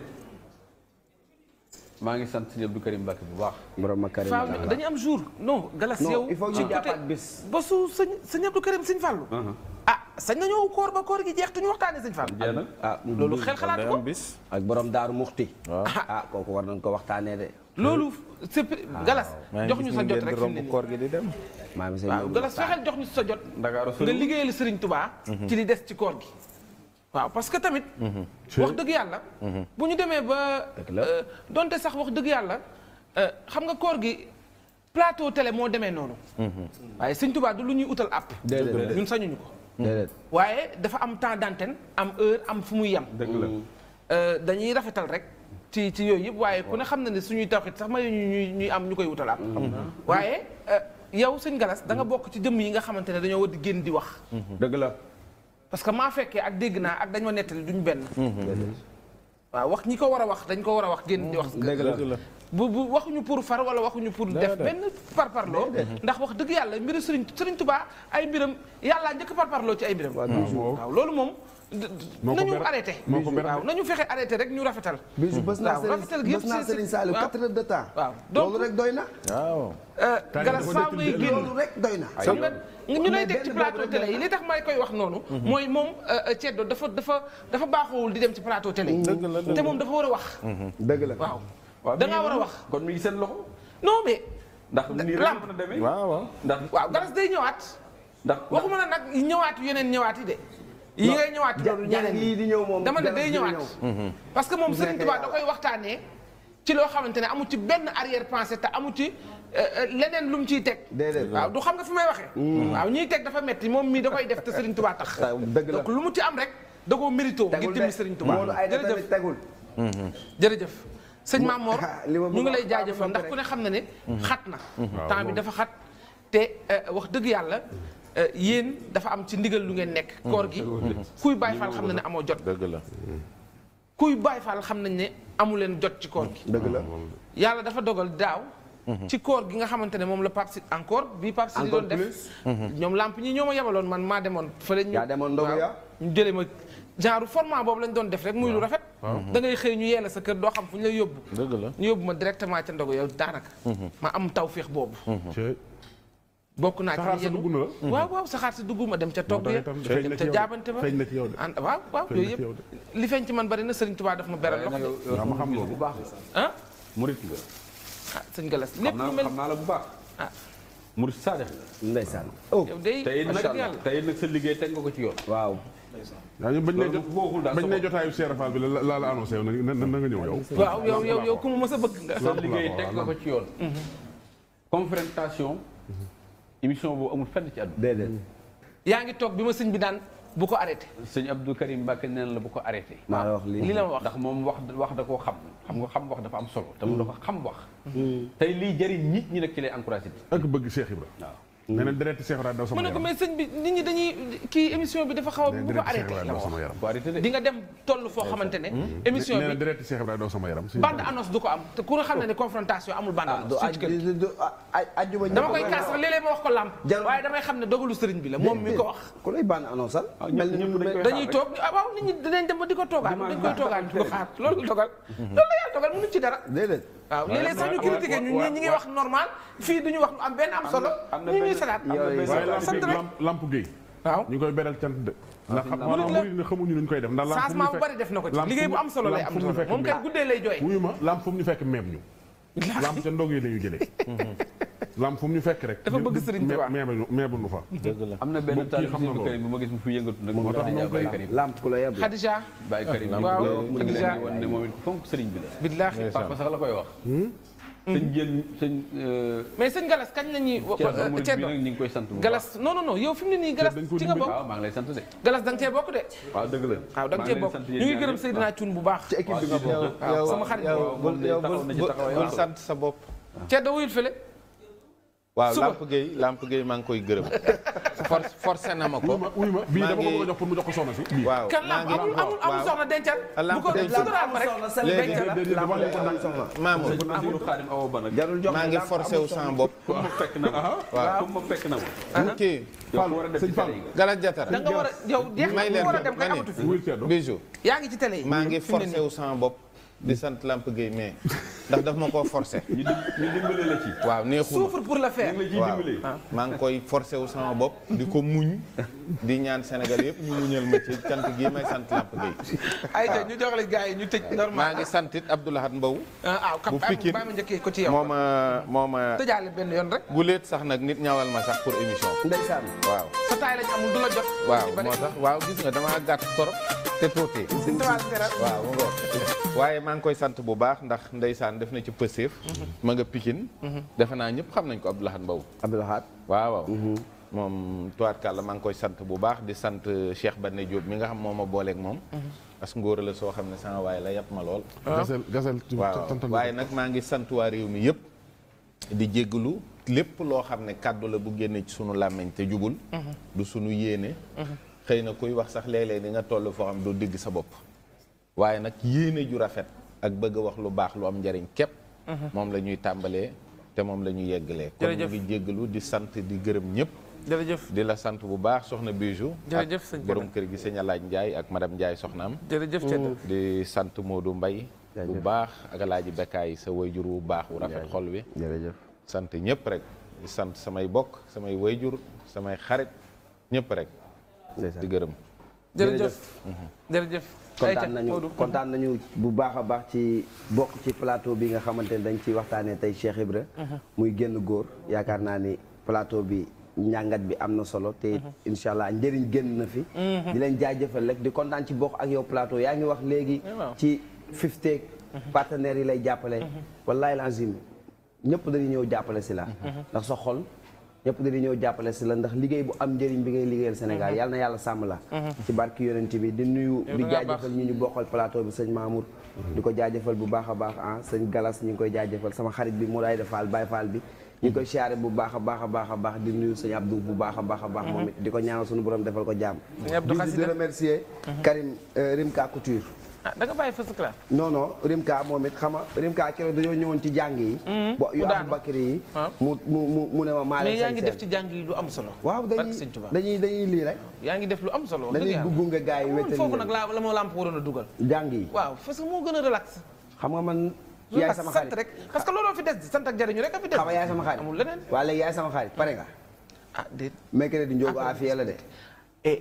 maa ngi sant sëñ Abdou Karim Mbacke bu baax. borom ma Karim dañu am jour. non galas yow il faut ñu jàppaat bés. sa su sëñ sëñ Abdou Karim sëñ Fallou. Uh-huh. ah sañ nañoo koor ba koor gi jeex te ñu waxtaanee sëñ Fallou. jeex na ah, ah loolu xel xalaat ko ak borom Daaru Muxti. ah, ah kooku war nañ ko waxtaanee de. loolu c'est ah, galas jox ñu sa jot rek fi koor gi di dem waaw galas fexeel jox ñu sa jot. nga liggéeyal Serigne Touba. ci mhm. li des ci koor gi waaw parce que tamit. Mhm. wax dëgg yàlla. Mhm. bu ñu demee ba. Euh, donte sax wax dëgg yàlla euh, xam nga koor gi plateau télé moo demee noonu. Mhm. waaye sëñ Tuubaa du lu ñuy utal app ñun sañuñu ko. waaye dafa am temps d'antenne am heure am fu muy yem. Euh, dañuy rafetal rek. ci ci yooyu yëpp waaye ku ne xam na ne suñuy tawxit sax may ñu ñuy am ñu koy wutal am waaye yow sëñ Galas danga bokk ci jëmm yi nga xamante ne dañoo war di génn di wax dëgg la parce que maa fekkee ak dégg naa ak dañ ma nettali duñ benn. Mhm. waaw wax ñi ko war a wax dañ ko war a wax génn di wax. bu bu waxuñu pour far wala waxuñu pour. def benn parparloo. ndax wax dëgg yàlla mbiru Serigne Serigne Touba ay mbiram yàlla njëkk parparloo ci ay mbiram. waaw loolu moom. nañu arrêté waaw nañu fexe arrêté rek ñu rafetal bisu bës naa rafetal gi yëpp Serigne Saliou quatre heures de temps waaw donc rek doy na waaw euh, galas faaw nga ñu lay teg ci plateau télé yi li tax may koy wax noonu mhm. mooy moom Ceddo euh, euh, dafa dafa dafa baaxoowul di dem ci plateau télé yi te moom dafa war a wax mhm. dëgg la waaw da ngaa war a wax kon mi ngi seen loxo non mais ndax nii rek mën a demee waaw waaw ndax waaw galas day ñëwaat ndax waxuma la nag ñëwaat yeneen ñëwaat yi de yi ngay ñëwaat loolu ñeneen yi di ñëw moom dama ne day ñëwaat mhm. parce que moom Serigne Touba da koy waxtaanee ci loo xamante ne amu ci benn arrière pensée te amu ci euh, euh, leneen lu mu ciy teg waaw du xam nga fi may waxee mhm. waaw ñiy teg dafa metti moom mii da koy def te Serigne Touba tax <laughs> donc lu mu ci am rek da koo mérité ngir jëmmi Serigne Touba jërëjëf mhm. jërëjëf sëñ Mamor <laughs> ñu ngi lay jaajëfal ndax ku ne xam na ne xat na temps bi dafa xat te euh, wax dëgg yàlla Euh, yéen dafa am ci ndigal lu ngeen nekk. koor gi mmh. Mmh. kuy Baay Faal xam na ne amoo jot. dëgg la kuy Baay Faal xam nañ ne amu leen jot ci koor gi. dëgg la yàlla dafa dogal daaw. Mmh. ci koor gi nga xamante ne moom la Pape encore bii Pape Sidi doon def ñoom lamp ñi ñoo ma yabaloon man maa demoon fële ñu demoon ndogu ya jëlee ma genre format boobu lañ doon def rek muy lu rafet da ngay xëy ñu yee la sa kër doo xam fu ñu la yóbbu dëgg la ñu yóbbu ma directement ca ndogu yow daanaka ma am tawféex boobu bokk naa ci yéen waaw waaw saxaar si dugguma dem ca togg ya dem ca jaabante ba an ah, waaw waaw yooyu yëpp li feeñ ci man bari na Sëriñ Tuubaa daf ma beral loxo ma xam loolu la ah, ah sëñ Galas lépp lu mel xam naa la bu ah. la ndeysaan oh, oh, yow day tey nag ci yoon waaw yaa ngi bañ ne bañ ne jotaayu Cheikh Fall bi la la annoncé yow na na nga ñëw yow waaw yow yow yow ku mu mës a bëgg nga sa liggéey teg ko ci yoon mm-hmm. confrontation mm-hmm. émission boobu amul fenn ci àdduna. déedéet. yaa ngi toog bi ma sëñ bi daan bu ko arrêté. sëñ Abdou Karim Mbacke neen la bu ko arrêté. maa wax lii la ma wax ndax moom wax wax da koo xam. xam nga xam wax dafa am solo. te mu mm. dafa xam wax. Mm. tey lii jëriñ nit ñi nag ci lay encouragé. ak bëgg Cheikh Ibra waaw. nee na dërët ko mais sëñ bi nit ñi dañuy kii émission bi dafa xaw a bu ko dem toll foo xamante mm. émission bi nee annonce du ko am te ku ne ah, xam ne dogalu sëriñ ah, dañuy toog ah, waaw nit ñi dinañ dem ba di ko toogaat dañ koy toogaat di ko xaar loolu dogal mhm. loolu la yàlla ñu ñu ngi wax normal fii duñu wax lu am benn am solo salaat lamp Gueye waaw ñu koy beral cant de ah, ndax maanaam murid ne xamuñu nuñ koy def ndax changement bu bari def na ko ci liggéey bu am solo lay am moom lay jooy wuyu ma lamp fu mu ñu fekk meem ñu <laughs> lamp ca ndog la ñu <laughs> ñu fekk rek dafa bëgg sëriñ bi waaw meebu nu fa am na benn karim bi ma gis mu fi yëngatu nag moo tax Baye Karim lamp ku la yeb Khadija Baye Karim waaw Khadija woon ne moom it fonk sëriñ la billaahi papa sëñ Dieng sëñ. mais Galas kañ la ñuy. Thierno ñu koy sant bu Galas non non non yow fi mu Galas ci nga bokk maa ngi lay sant de. Galas da cee bokk de. waaw dëgg la waaw da cee bokk ñu ngi gërëm Seydina Thioune bu baax. ci équipe bi nga bokk sama xarit boobu. yow bul sant sa bopp. wuyul fële. waaw Lamp Gueye Lamp Gueye maa ngi koy gërëm. <laughs> force forcé na ma ko. wuy ma bii a jox pour mu jox ko soxna si. waaw maa ngi amul amul amul soxna dencal. bu ma rek léegi déedéet dafa nekk nag soxna. maa ngi forcé wu sama bopp. waaw ma fekk na ma waaw comme ma fekk na ma. ok Fall sëñ Fall. a yow jeex na a maa ngi forcé wu sama bopp. di sante Lamp gay mais ndax daf mako forcer. <laughs> ñu dimbale la ci. waaw neexuma souffre pour le faire. waaw maa mang koy forcer wu sama bop diko muñ. di ñaan Sénégal yépp ñu muñal ma ci cant gi may sant Lamp ay ayca ñu jox gaay ñu tëj normal ma ngi santit it Abdoulahat Mbow. ah, ah bu Pikine ba ma njëkkee ko ci yow. moma moma moo ben yon rek. bu leet sax nak nit ñawal ma sax pour émission. ndeysaan waaw. sa tay lañ amul dula jot. waaw motax waaw gis nga dama gatt torop te tuuti. waaw mo ngi waaye maa ngi koy sant bu baax ndax ndeysaan def na ci pëseef ma nga Pikine defe naa ñëpp xam nañ ko Abdou Lahad Mbow Abdou Lahad waaw mhm. moom moom tubaarkàlla maa ngi koy sant bu baax di sant euh, Cheikh Bane Diop mi nga xam moo ma booleeg moom mhm. as ngóor la soo xam ne sama waaye la yat ma lool gasel ah. gasel waaw waaye nag maa ngi sant waa réew mi yëpp di jéggalu lépp loo xam ne kàddu la bu génne ci sunu làmmiñ te jubul mhm. du sunu xëy na kuy wax sax léeg-léeg nga toll foo xam doo dégg sa bopp waaye nag yéene ju rafet ak bëgg a wax lu baax lu am njariñ képp mhm. moom la ñuy tàmbalee te moom la ñuy yeggalee kon ñu ngi di sant di gërëm ñëpp jërëjëf di la sant bu baax soxna Bijou jërëjëf sëñ borom kër gi sëñ Alaaj Ndiaye ak madame Ndiaye soxnaam jërëjëf mm. di sant moo du mbay bu baax ak Alaaji Bekkaay sa wayjur wu baax wu rafet xol wi jërëjëf sant ñëpp rek sant samay bokk samay wayjur samay xarit ñëpp rek di gërëm kontaan nañu kontaan nañu bu baax a baax ci bokk ci plateau bi nga xamante ne dañ ciy waxtaanee tey Cheikh Ibra uh-huh. muy génn góor yaakaar naa ni plateau bi ñàngat bi am na solo te uh-huh. incha allah njëriñ génn na fi uh-huh. di leen jaajëfal rek di kontaan ci bokk ak yow plateau yaa ngi wax léegi eh, ci Fifteek partenaires yi lay jàppale wallahi lazim ñëpp dañuy ñëw jàppale si la ndax sa xol ñëpp dina ñëw jàppale si la ndax liggéey bu am njëriñ bi ngay liggéeyal Sénégal mhm. yal na yàlla sàmm la mhm. ci barki yonent bi di nuyu di jaajëfal ñu ñu bokkal plateau bi sëñ Mamour mhm. di ko jaajëfal bu baax a baax a ah, sëñ Galas ñu ngi koy jaajëfal sama xarit bi moo daay defaal Baye Fall bi ñu ngi koy siyaare bu baax a baax a baax a baax di nuyu sañ Abdou bu baax a baax a baax moom it di ko ñaanal suñu borom defal ko jàmm di remercier Karim euh, Rimka Couture ah da nga bàyyi first class. non non Rimka moom it xam Rimka keroog dañoo ñëwoon ci jàng yi. Mm-hmm. bo yu am bakri yi. Ah. mu mu mu mu ne yaa ngi def ci jàng yi lu am solo. waaw dañuy dañuy dañuy lii rek. yaa ngi def lu am solo. dañuy bugg nga gars yi wétali foofu nag la ma a dugal. jàng yi waaw parce que moo gën a relax. xam nga man. yaay sama xarit rek parce que looloo fi des sant ak jariñu rek a fi des. xam nga yaay sama xarit amul leneen. waa léegi yaay sama ah, ah, la de.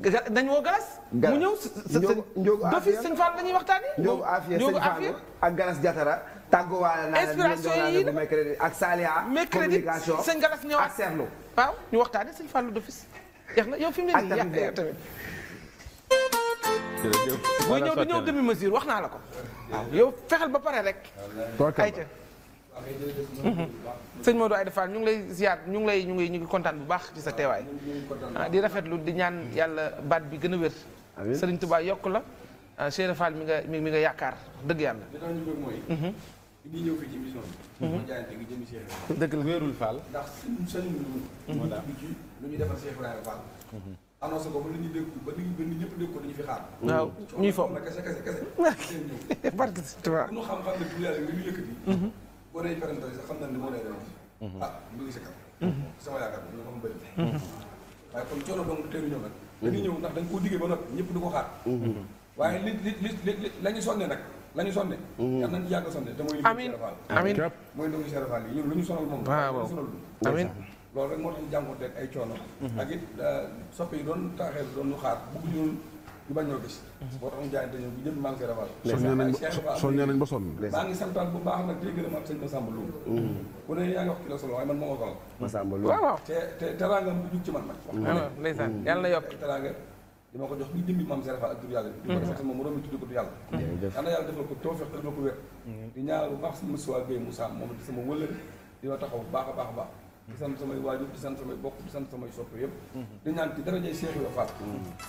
dañ woo galas mu ñëw d'office sëñ Fall dañuy waxtaanee Ndiob Afia sëñ Fall ak galas Jatara tàgguwaale naa inspiration yi mercredi ak Salia mercredi sëñ galas ñëwaat ak Serlo waaw ñu waxtaanee sëñ Fall d'office jeex na yow fi mu ne nii tamit mooy ñëw du ñëw demi mesure wax naa la ko waaw yow fexeel ba pare rek ayca sëñ Modou Aïda Fall ñu ngi lay ziar ñu ngi lay ñu ngi ñu ngi kontaan bu baax ci sa teewaay. di rafetlu di ñaan yàlla baat bi gën a wér. Sëriñ Tuubaa yokk la Cheikh Fall mi nga mi nga yaakaar dëgg yàlla. li ñëw fii ci émission bi. moo jaayante gi jëm Cheikh Ibrahima. dëgg la wéerul Fall. ndax suñ sëñ bi. moo daal ci lu ñuy defal Cheikh Ibrahima Fall. annoncé ko ba li ñuy dégg ba li ba ñëpp waaw ñuy foofu boo dee parental sax xam nañ ne moo lay doon. ah mu ngi si kaw. Mhm. sama yaakaar moom dafa am bëri. Mhm. waaye kon coono dong teelu ñëw nag. Mhm. dañuy ñëw ndax dañ koo diggee ba noppi ñëpp du ko xaar. waaye li li la ñu sonne nag la ñu sonne. yàlla nañu a sonne te mooy. amiin amiin mooy yi ñun lu ñu sonal moom. waaw waaw amiin loolu rek moo tax ñu jànkuwanteeg ay coono. ak it euh, soppe yi doon taaxee doon ñu xaar bëgg ñu ñu bañ ñoo gis boo tax ñu jaayante ñoom bu jëm manqué rabal nañ ba sonn maa ngi santaan bu baax nag tey gërëm ak sëñ Massamba Lo mm. ku ne yaa ngi wax ki la solo waaye man moo ma sonal Massamba Lo waaw te te teraanga bu jug ci man nag mm. ah, ndeysaan mm. yàlla na ko jox li ak ko mm-hmm. sama morom ko du defal ko ko mm-hmm. di baax sama sama di taxaw baax baax baax di sant samay waajur di sant samay bokk di sant samay sopp yëpp di ñaan ci daraja Cheikh Ibra Fall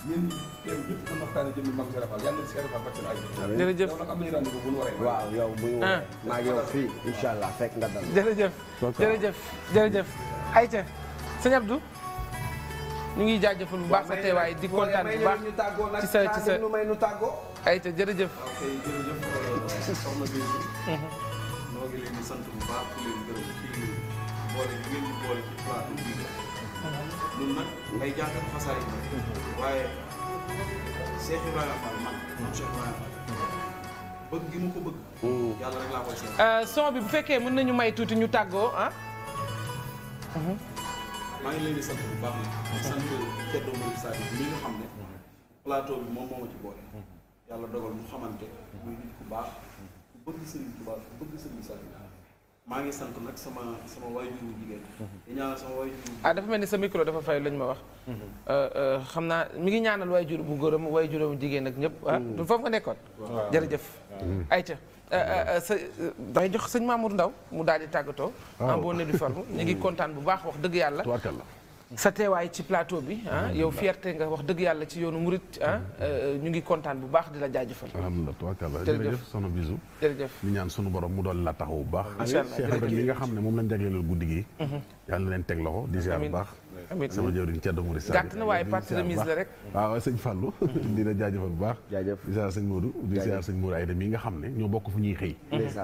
yéen ñi teew yëpp dañ waxtaane jëm mag Cheikh Fall yàlla Cheikh Ibra Fall bacc na ay jërëjëf yow nag am nañu rendez-vous bu ñu ah. ngi yow fii incha allah fekk nga dal jërëjëf jërëjëf jërëjëf ayca sëñ Abdou ñu ngi jaajëfal bu baax sa teewaay di kontaan bu baax ci sa ci sa ayca euh, bi <laughs> noo sant boole ñu ngeen ñu boole ci plateau bëgg gi mu ko bëgg mm. yàlla rek laa koy seet euh, bi bu fekkee mën nañu may tuuti ñu tàggoo ah mm-hmm. maa ngi leen di sant bu baax nag sant Thierno Mouride Sadio mi nga xam ne plateau bi moom moo ma ci boole mm-hmm. yàlla dogal mu xamante muy nit ku baax ku bëgg Serigne Touba ku bëgg Serigne Sadio maa ngi sant nag sama sama waajur wu jigéen mhm. di ah, dafa mel ni sa micro dafa fay lañ ma wax mhm. euh, euh, xam naa mi ngi ñaanal jur bu góoram waajur bu jigéen ak ñëpp du ah. mhm. foofu nga nekkoon jërëjëf ayca euh, sa day jox sëñ Mamour Ndaw mu daal di tàggatoo en bonne et due ngi kontaan bu baax wax dëgg yàlla sa teewaay ci plateau bi ah yow fierté nga wax dëgg yàlla ci yoonu murit ah, euh, euh, ñu ngi kontaan bu baax di la jaajëfal alhamdulilah tubaarkalla jërëjëf sono bisu jërëjëf ñu ñaan sunu boroom mu doon la taxaw bu baax Cheikh Ibrahima mi nga xam ne moom la jagleelal guddi gi mhm. yàlla leen teg loxo di ziar bu baax amit sama jëwriñ Thierno Mouride Sall gàtt na waaye partie de mise la rek waaw sëñ <laughs> baax jaajëf di sëñ Modou di siyaar sëñ Mouride Aïda mi nga xam ne ñoo bokk fu ñuy xëy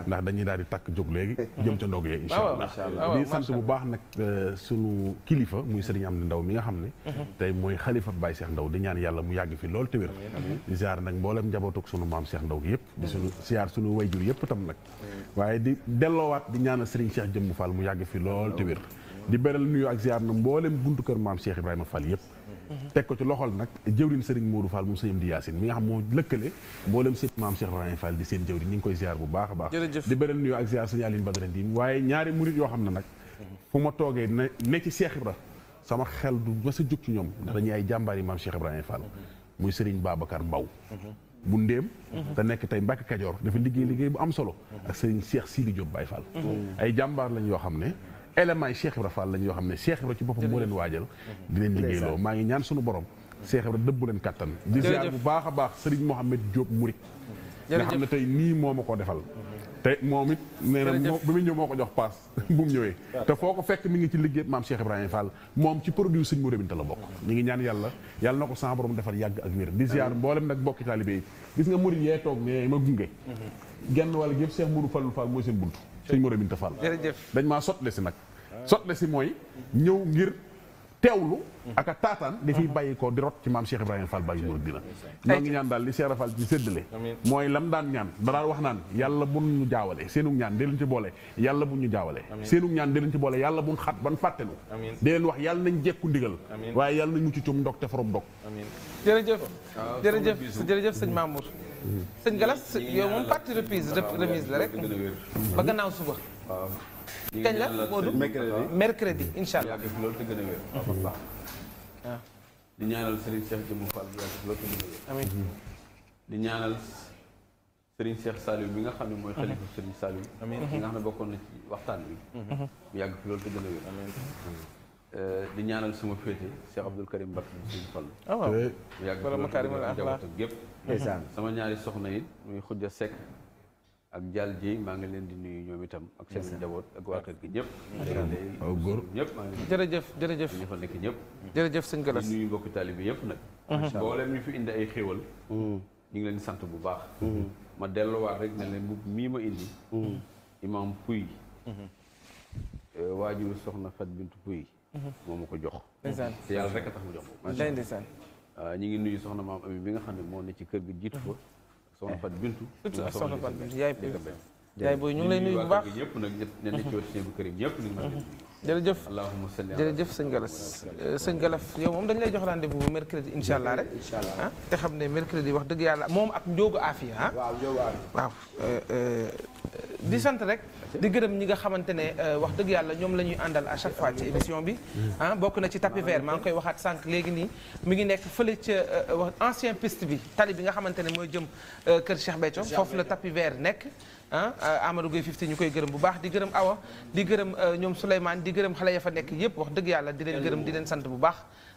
ndax dañuy daal di takk jóg léegi <laughs> jëm ca ndog yee incha allah di sant bu baax nag euh, sunu kilifa muy am Amdi Ndaw mi nga xam ne mhm. tey mooy xalifa Baye Cheikh Ndaw di ñaan yàlla mu yàgg fi lool te wér di siyaar nag mboolem njabootug sunu maam Cheikh Ndaw gi yëpp di sunu siyaar sunu wayjur yëpp tam nag waaye di delloowaat di ñaanal sëriñ Cheikh mu Fall mu yàgg fi lool te wér di beral nuyu ak ziar na mboolem buntu kër maam Cheikh Ibrahima Fall yëpp. teg ko ci loxol nag jëwriñ Serigne Modou Fall moom mu di Yaasin mi nga xam moo lëkkale mboolem sëñ maam Cheikh Ibrahima Fall ñu ngi koy ziar bu baax a baax. di beral nuyu ak ziar yoo xam ne nag. fu ma toogee ne ne ci Cheikh sama xel du mas a ñoom ndax dañuy ay jàmbaari maam Cheikh Ibrahima Fall. muy Serigne Babacar Mbaw bu ndéem te nekk tey Mbàkke Kajoor dafa liggéey liggéey bu am solo ak seex Cheikh Sidi baay fal mm-hmm. ay jàmbaar lañ yoo xam ne élément Cheikh Ibra Fall lañ yoo xam Cheikh Ibra ci bopam mo leen wadjal di leen lo ma ngi ñaan suñu borom Cheikh Ibra debbu leen katan di ziar bu baaxa baax Serigne mohammed Diop Mourid nga xamné tay ni momako defal mhm. te momit it bu mi bi moko jox pass <laughs> bu mu ñëwee te foko fekk mi ngi ci liggéey mam Cheikh Ibrahima Fall mom ci produit Serigne mourid Binta la bok ñu ngi ñaan yalla yalla nako sa borom defal yag ak wir di ziar mbolem nak bokki talibé gis nga Mourid ye tok né ma gungé mhm. genn wàll gep Cheikh Modou Fallou Fall mooy seen buntu sëñ Mor Binta Fall dañ ma sotlé ci nak sotlé si moy ñew ngir tewlu ak tatan taataan fi bayiko ko di rot ci mam Cheikh ibrahim Fall bàyyi mor dina ñoo ngi ñaan dal li Cheikh Fall ci seddelé moy lam daan ñaan daan wax naan yalla bun ñu jaawalé seenu ñaan dee luñ ci bolé yalla bun ñu jaawalé seenu ñaan dee luñ ci boole yàlla bun xat ban fàttenu dee len wax yalla nañ jekku ndigal waye yalla nañ ci mu dok te forom ndog jërëjëf jërëjëf jërëjëf sëñ Mamour sëñ Galas yow moom partie reprise remise la rek. ba gannaaw suba. waaw kañ la Modou mercredi incha allah. di ñaanal Serigne Cheikh Jëmm Fall bi yàgg lool te gën a wér. Mm-hmm. Ah. amiin di ñaanal Serigne Cheikh Saliou bi nga xam ne mooy xalifa Serigne Saliou. amiin nga mm-hmm. xam ne bokkoon na ci waxtaan bi. Mm-hmm. mu yàgg fi loolu te gën a wér. amiin eh, di ñaanal suma féete Cheikh Abdoul Karim Mbacké Serigne Fall. ah waaw mu yàgg fi loolu te gën a wér ndeysaan <laughs> sama ñaari soxna yi muy xujja sekk ak jàll ji maa ngi leen di nuyu ñoom itam ak seen njaboot ak waa kër gi ñëpp góor ñëpp jërëjëf jërëjëf ñu ñëpp jërëjëf sëñ Galas nuyu mbokki taalibe yëpp nag mboolem ñu fi indi ay xéwal mm. ñu ngi leen sant bu baax mm-hmm. ma delluwaat rek ne leen mbubb mii ma indi mm-hmm. imaam puy mm-hmm. euh, waajuru soxna fat bintu puy moo ma ko jox te yàlla rek a tax mu jox ma Euh, ñi ngi nuyu soxna maam Ami bi nga xam ne moom ne ci kër gi jiitu fa soxna Fat Bintu soxna Fat yaay booy ñu ngi lay nuyu bu baax ñëpp nag ñëpp ne ci kër ñëpp jërëjëf allahumma salli jërëjëf sëñ Galas euh, sëñ Galas yow moom dañ lay jox rendez-vous bu mercredi incha allah rek incha allah ah, te xam ne mercredi wax dëgg yàlla moom ak njóogu aafiya ah waaw njóogu aafiya waaw euh, di sant rek di gërëm ñi nga xamante ne euh, wax dëgg yàlla ñoom la ñuy àndal à chaque fois ci émission bi ah bokk na ci tapis maa ngi koy waxaat sànq léegi nii mi ngi nekk fële ca euh, wax ancien piste bi tali bi nga xamante ne mooy jëm euh, kër Cheikh Béthio foofu la tapis nekk ah Amadou Gueye fifti ñu koy gërëm bu baax di gërëm Awa di gërëm ñoom Souleymane di gërëm xale ya fa nekk yëpp wax dëgg yàlla di leen gërëm di leen sant bu baax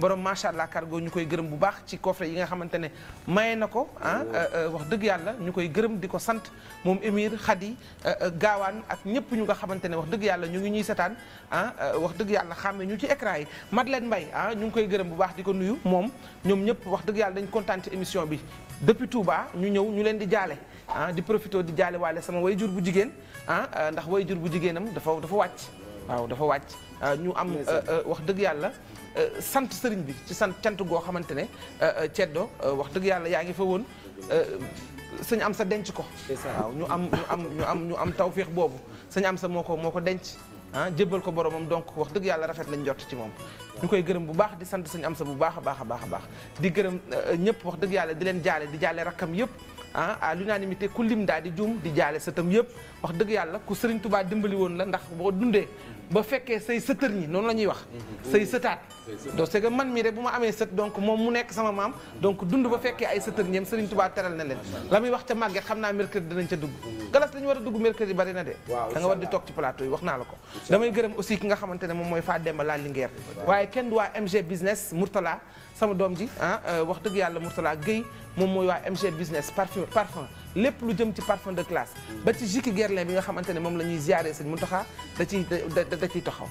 borom macha allah cargo ñu koy gërëm bu baax ci coffre yi nga xamante ne maye na ko ah oh. euh, euh, wax dëgg yàlla ñu koy gërëm di ko sant moom émir xadi euh, gaawaan ak ñëpp ñu nga xamante ne wax dëgg yàlla ñu ngi ñuy setaan ah wax dëgg yàlla xàmme ñu ci écran yi Madeleine Mbaye ah ñu ngi koy gërëm bu baax di ko nuyu moom ñoom ñëpp wax dëgg yàlla dañ kontaan émission bi depuis Touba ñu ñëw ñu leen di jaale ah di profité di jaale waale sama way jur bu jigéen ah ndax way jur bu jigéenam dafa dafa wàcc waaw dafa wàcc ñu am wax dëgg yàlla Euh, sant sëriñ bi ci sant cant goo xamante ne ceddo euh, euh, wax dëgg yàlla yaa ngi fa woon sëñ am sa denc ko waaw ñu am ñu am ñu am ñu am tawféex boobu sëñ am sa moo ko moo ko denc ah jébbal ko boromam donc wax dëgg yàlla rafet nañ jot ci moom ñu koy gërëm bu baax di sant sëñ am sa bu baax a baax a baax a baax di gërëm ñëpp wax dëgg yàlla di leen jaale di jaale rakkam yëpp ah à l'unanimité ku lim daal di juum di jaale sa tam yëpp wax dëgg yàlla ku sëriñ tubaa dimbali woon la ndax boo dundee ba fekkee say sëtër ñi noonu la ñuy wax say sëtaat donc c'est que man mii rek bu ma amee sët donc moom mu nekk sama maam donc dund ba fekkee ay sëtër ñeem Serigne Touba teral na leen la muy wax ca màgget xam naa mercredi danañ ca dugg galas la ñu war a dugg mercredi bari na de da nga war di toog ci plateau yi wax naa la ko damay gërëm aussi ki nga xamante ne moom mooy faa laa Linguère waaye kenn du waa MG business Mourtala sama dom ji ah wax deug yàlla mursala Guèye mom moy wa MG business parfum parfum lépp lu jëm ci parfum de classe ba ci Jiki guerlé bi nga xamantene mom lañuy ziare seigne Mountakha da ci da ci taxaw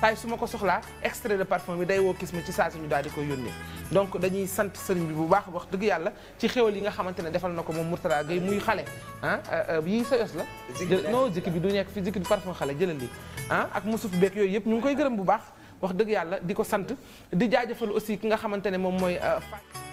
saay suma ko soxla extrait de parfum bi day wo kiss ma ci sa suñu dal di koy yónnee donc dañuy sante sëriñ bi bu baax wax deug yàlla ci xéwal yi nga xamantene defal nako mom mursala Mourtala muy xale han yii sa yoss la non jiki bi du nek fi jiki du parfum xale jëlal han ak musuf bek yoy yep ñu ngi koy gërëm bu baax wax dëgg yàlla di ko sant di jaajëfal aussi ki nga xamante ne moom mooy euh,